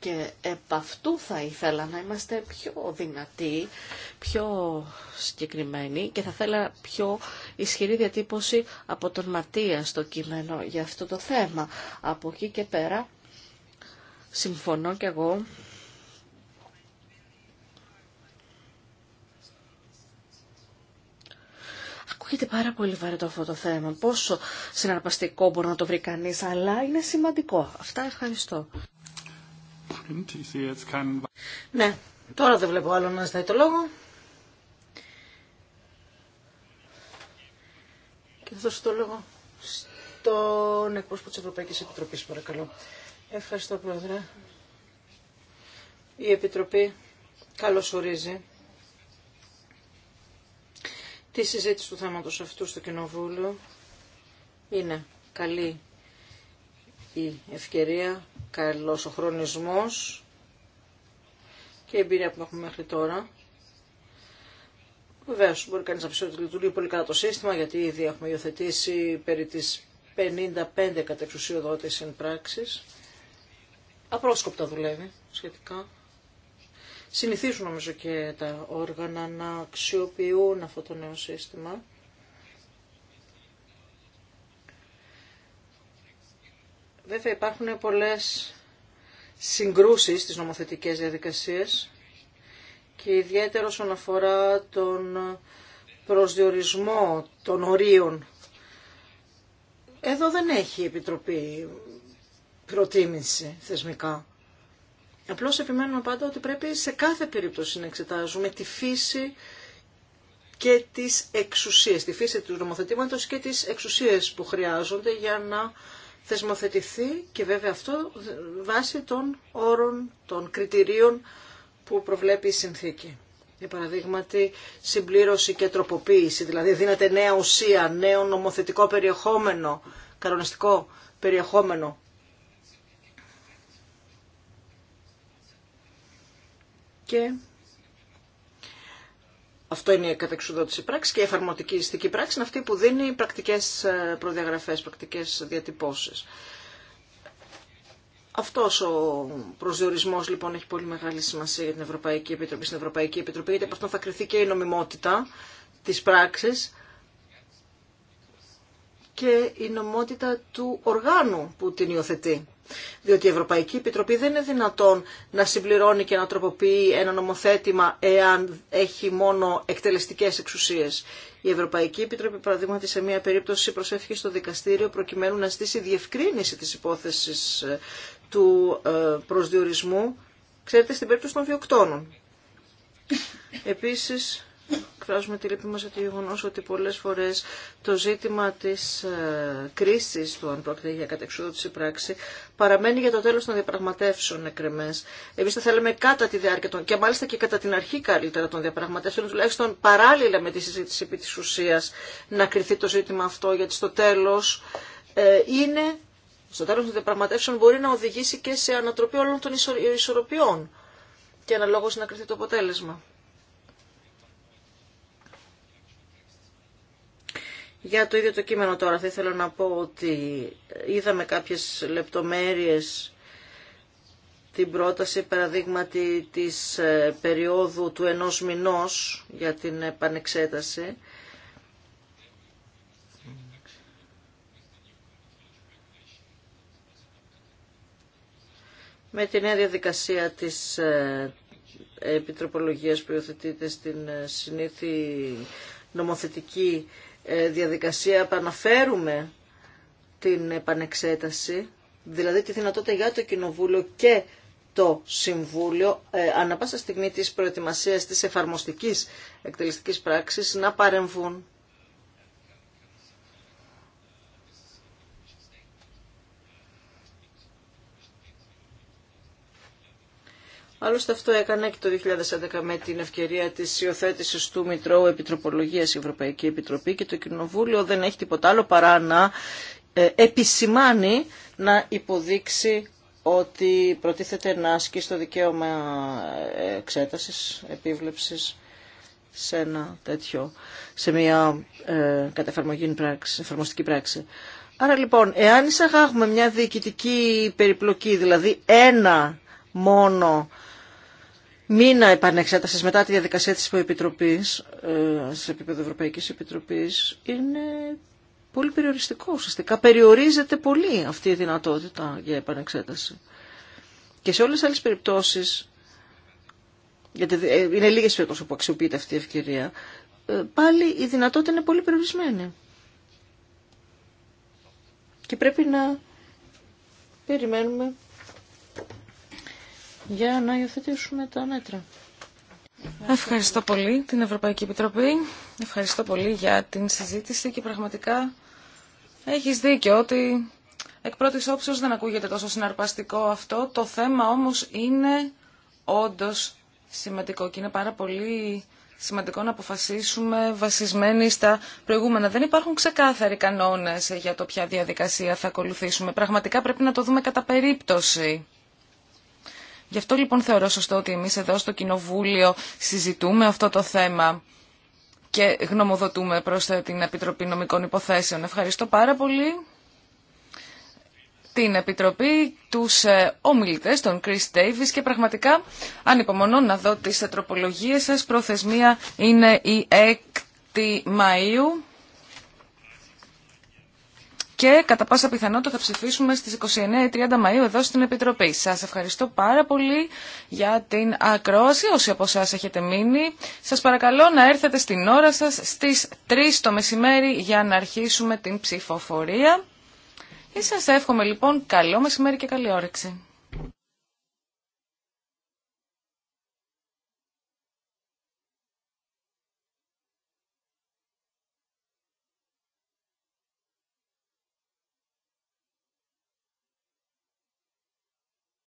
και επ' αυτού θα ήθελα να είμαστε πιο δυνατοί, πιο συγκεκριμένοι και θα ήθελα πιο ισχυρή διατύπωση από τον Ματία στο κείμενο για αυτό το θέμα. Από εκεί και πέρα συμφωνώ κι εγώ Ακούγεται πάρα πολύ βαρετό αυτό το θέμα. Πόσο συναρπαστικό μπορεί να το βρει κανείς, αλλά είναι σημαντικό. Αυτά ευχαριστώ. Ναι, τώρα δεν βλέπω άλλο να ζητάει το λόγο. Και θα δώσω το λόγο στον εκπρόσωπο τη Ευρωπαϊκή Επιτροπή. παρακαλώ. Ευχαριστώ, Πρόεδρε. Η Επιτροπή καλωσορίζει τη συζήτηση του θέματο αυτού στο Κοινοβούλιο. Είναι καλή η ευκαιρία καλός ο χρονισμός και η εμπειρία που έχουμε μέχρι τώρα. Βεβαίω, μπορεί κανεί να πει ότι λειτουργεί πολύ καλά το σύστημα, γιατί ήδη έχουμε υιοθετήσει περί τη 55 κατεξουσιοδότηση εν Απρόσκοπτα δουλεύει σχετικά. Συνηθίζουν νομίζω και τα όργανα να αξιοποιούν αυτό το νέο σύστημα. Βέβαια υπάρχουν πολλές συγκρούσεις στις νομοθετικές διαδικασίες και ιδιαίτερα όσον αφορά τον προσδιορισμό των ορίων. Εδώ δεν έχει η Επιτροπή προτίμηση θεσμικά. Απλώς επιμένουμε πάντα ότι πρέπει σε κάθε περίπτωση να εξετάζουμε τη φύση και τις εξουσίες, τη φύση του νομοθετήματος και τις εξουσίες που χρειάζονται για να θεσμοθετηθεί και βέβαια αυτό βάσει των όρων, των κριτηρίων που προβλέπει η συνθήκη. Για παραδείγματι, συμπλήρωση και τροποποίηση, δηλαδή δίνεται νέα ουσία, νέο νομοθετικό περιεχόμενο, καρονιστικό περιεχόμενο. Και αυτό είναι η κατεξουδότηση πράξη και η εφαρμοτική ιστική πράξη είναι αυτή που δίνει πρακτικές ε, προδιαγραφές, πρακτικές διατυπώσεις. Αυτός ο προσδιορισμό λοιπόν έχει πολύ μεγάλη σημασία για την Ευρωπαϊκή Επιτροπή, στην Ευρωπαϊκή Επιτροπή, γιατί από αυτό θα κρυθεί και η νομιμότητα τη πράξη και η νομιμότητα του οργάνου που την υιοθετεί. Διότι η Ευρωπαϊκή Επιτροπή δεν είναι δυνατόν να συμπληρώνει και να τροποποιεί ένα νομοθέτημα εάν έχει μόνο εκτελεστικές εξουσίες. Η Ευρωπαϊκή Επιτροπή, παραδείγματι, σε μία περίπτωση προσέφηκε στο δικαστήριο προκειμένου να στήσει διευκρίνηση της υπόθεσης ε, του ε, προσδιορισμού, ξέρετε, στην περίπτωση των βιοκτώνων. Επίσης, εκφράζουμε τη λύπη μας για το γεγονό ότι πολλές φορές το ζήτημα της ε, κρίσης του αν πρόκειται για κατεξοδότηση πράξη παραμένει για το τέλος των διαπραγματεύσεων εκκρεμές. Εμείς θα θέλαμε κατά τη διάρκεια των και μάλιστα και κατά την αρχή καλύτερα των διαπραγματεύσεων τουλάχιστον παράλληλα με τη συζήτηση επί της ουσίας να κρυθεί το ζήτημα αυτό γιατί στο τέλος ε, είναι στο τέλος των διαπραγματεύσεων μπορεί να οδηγήσει και σε ανατροπή όλων των ισορροπιών και αναλόγως να κριθεί το αποτέλεσμα. Για το ίδιο το κείμενο τώρα θα ήθελα να πω ότι είδαμε κάποιες λεπτομέρειες την πρόταση παραδείγματι της ε, περίοδου του ενός μηνός για την επανεξέταση. Με την νέα διαδικασία της ε, επιτροπολογίας που υιοθετείται στην ε, συνήθη νομοθετική ε, διαδικασία επαναφέρουμε την επανεξέταση, δηλαδή τη δυνατότητα για το Κοινοβούλιο και το Συμβούλιο ε, ανά πάσα στιγμή της προετοιμασίας της εφαρμοστικής εκτελεστικής πράξης να παρεμβούν Άλλωστε αυτό έκανε και το 2011 με την ευκαιρία της υιοθέτηση του Μητρώου Επιτροπολογίας η Ευρωπαϊκή Επιτροπή και το Κοινοβούλιο δεν έχει τίποτα άλλο παρά να ε, επισημάνει να υποδείξει ότι προτίθεται να ασκεί στο δικαίωμα ε, εξέτασης, επίβλεψης σε ένα τέτοιο, σε μια ε, πράξη, εφαρμοστική πράξη. Άρα λοιπόν, εάν εισαγάγουμε μια διοικητική περιπλοκή, δηλαδή ένα μόνο μήνα επανεξέταση μετά τη διαδικασία της Επιτροπής, ε, σε επίπεδο Ευρωπαϊκής Επιτροπής, είναι πολύ περιοριστικό ουσιαστικά. Περιορίζεται πολύ αυτή η δυνατότητα για επανεξέταση. Και σε όλες τι άλλες περιπτώσεις, γιατί ε, είναι λίγες περιπτώσεις που αξιοποιείται αυτή η ευκαιρία, ε, πάλι η δυνατότητα είναι πολύ περιορισμένη. Και πρέπει να περιμένουμε για να υιοθετήσουμε τα μέτρα. Ευχαριστώ πολύ την Ευρωπαϊκή Επιτροπή. Ευχαριστώ πολύ για την συζήτηση και πραγματικά έχεις δίκιο ότι εκ πρώτης όψεως δεν ακούγεται τόσο συναρπαστικό αυτό. Το θέμα όμως είναι όντως σημαντικό και είναι πάρα πολύ σημαντικό να αποφασίσουμε βασισμένοι στα προηγούμενα. Δεν υπάρχουν ξεκάθαροι κανόνες για το ποια διαδικασία θα ακολουθήσουμε. Πραγματικά πρέπει να το δούμε κατά περίπτωση. Γι' αυτό λοιπόν θεωρώ σωστό ότι εμείς εδώ στο Κοινοβούλιο συζητούμε αυτό το θέμα και γνωμοδοτούμε προς ε, την Επιτροπή Νομικών Υποθέσεων. Ευχαριστώ πάρα πολύ την Επιτροπή, τους ε, ομιλητές, τον Chris Davis και πραγματικά ανυπομονώ να δω τις τροπολογίες σας. Προθεσμία είναι η 6η Μαΐου και κατά πάσα πιθανότητα θα ψηφίσουμε στις 29-30 Μαΐου εδώ στην Επιτροπή. Σας ευχαριστώ πάρα πολύ για την ακρόαση όσοι από εσά έχετε μείνει. Σας παρακαλώ να έρθετε στην ώρα σας στις 3 το μεσημέρι για να αρχίσουμε την ψηφοφορία. Σας εύχομαι λοιπόν καλό μεσημέρι και καλή όρεξη.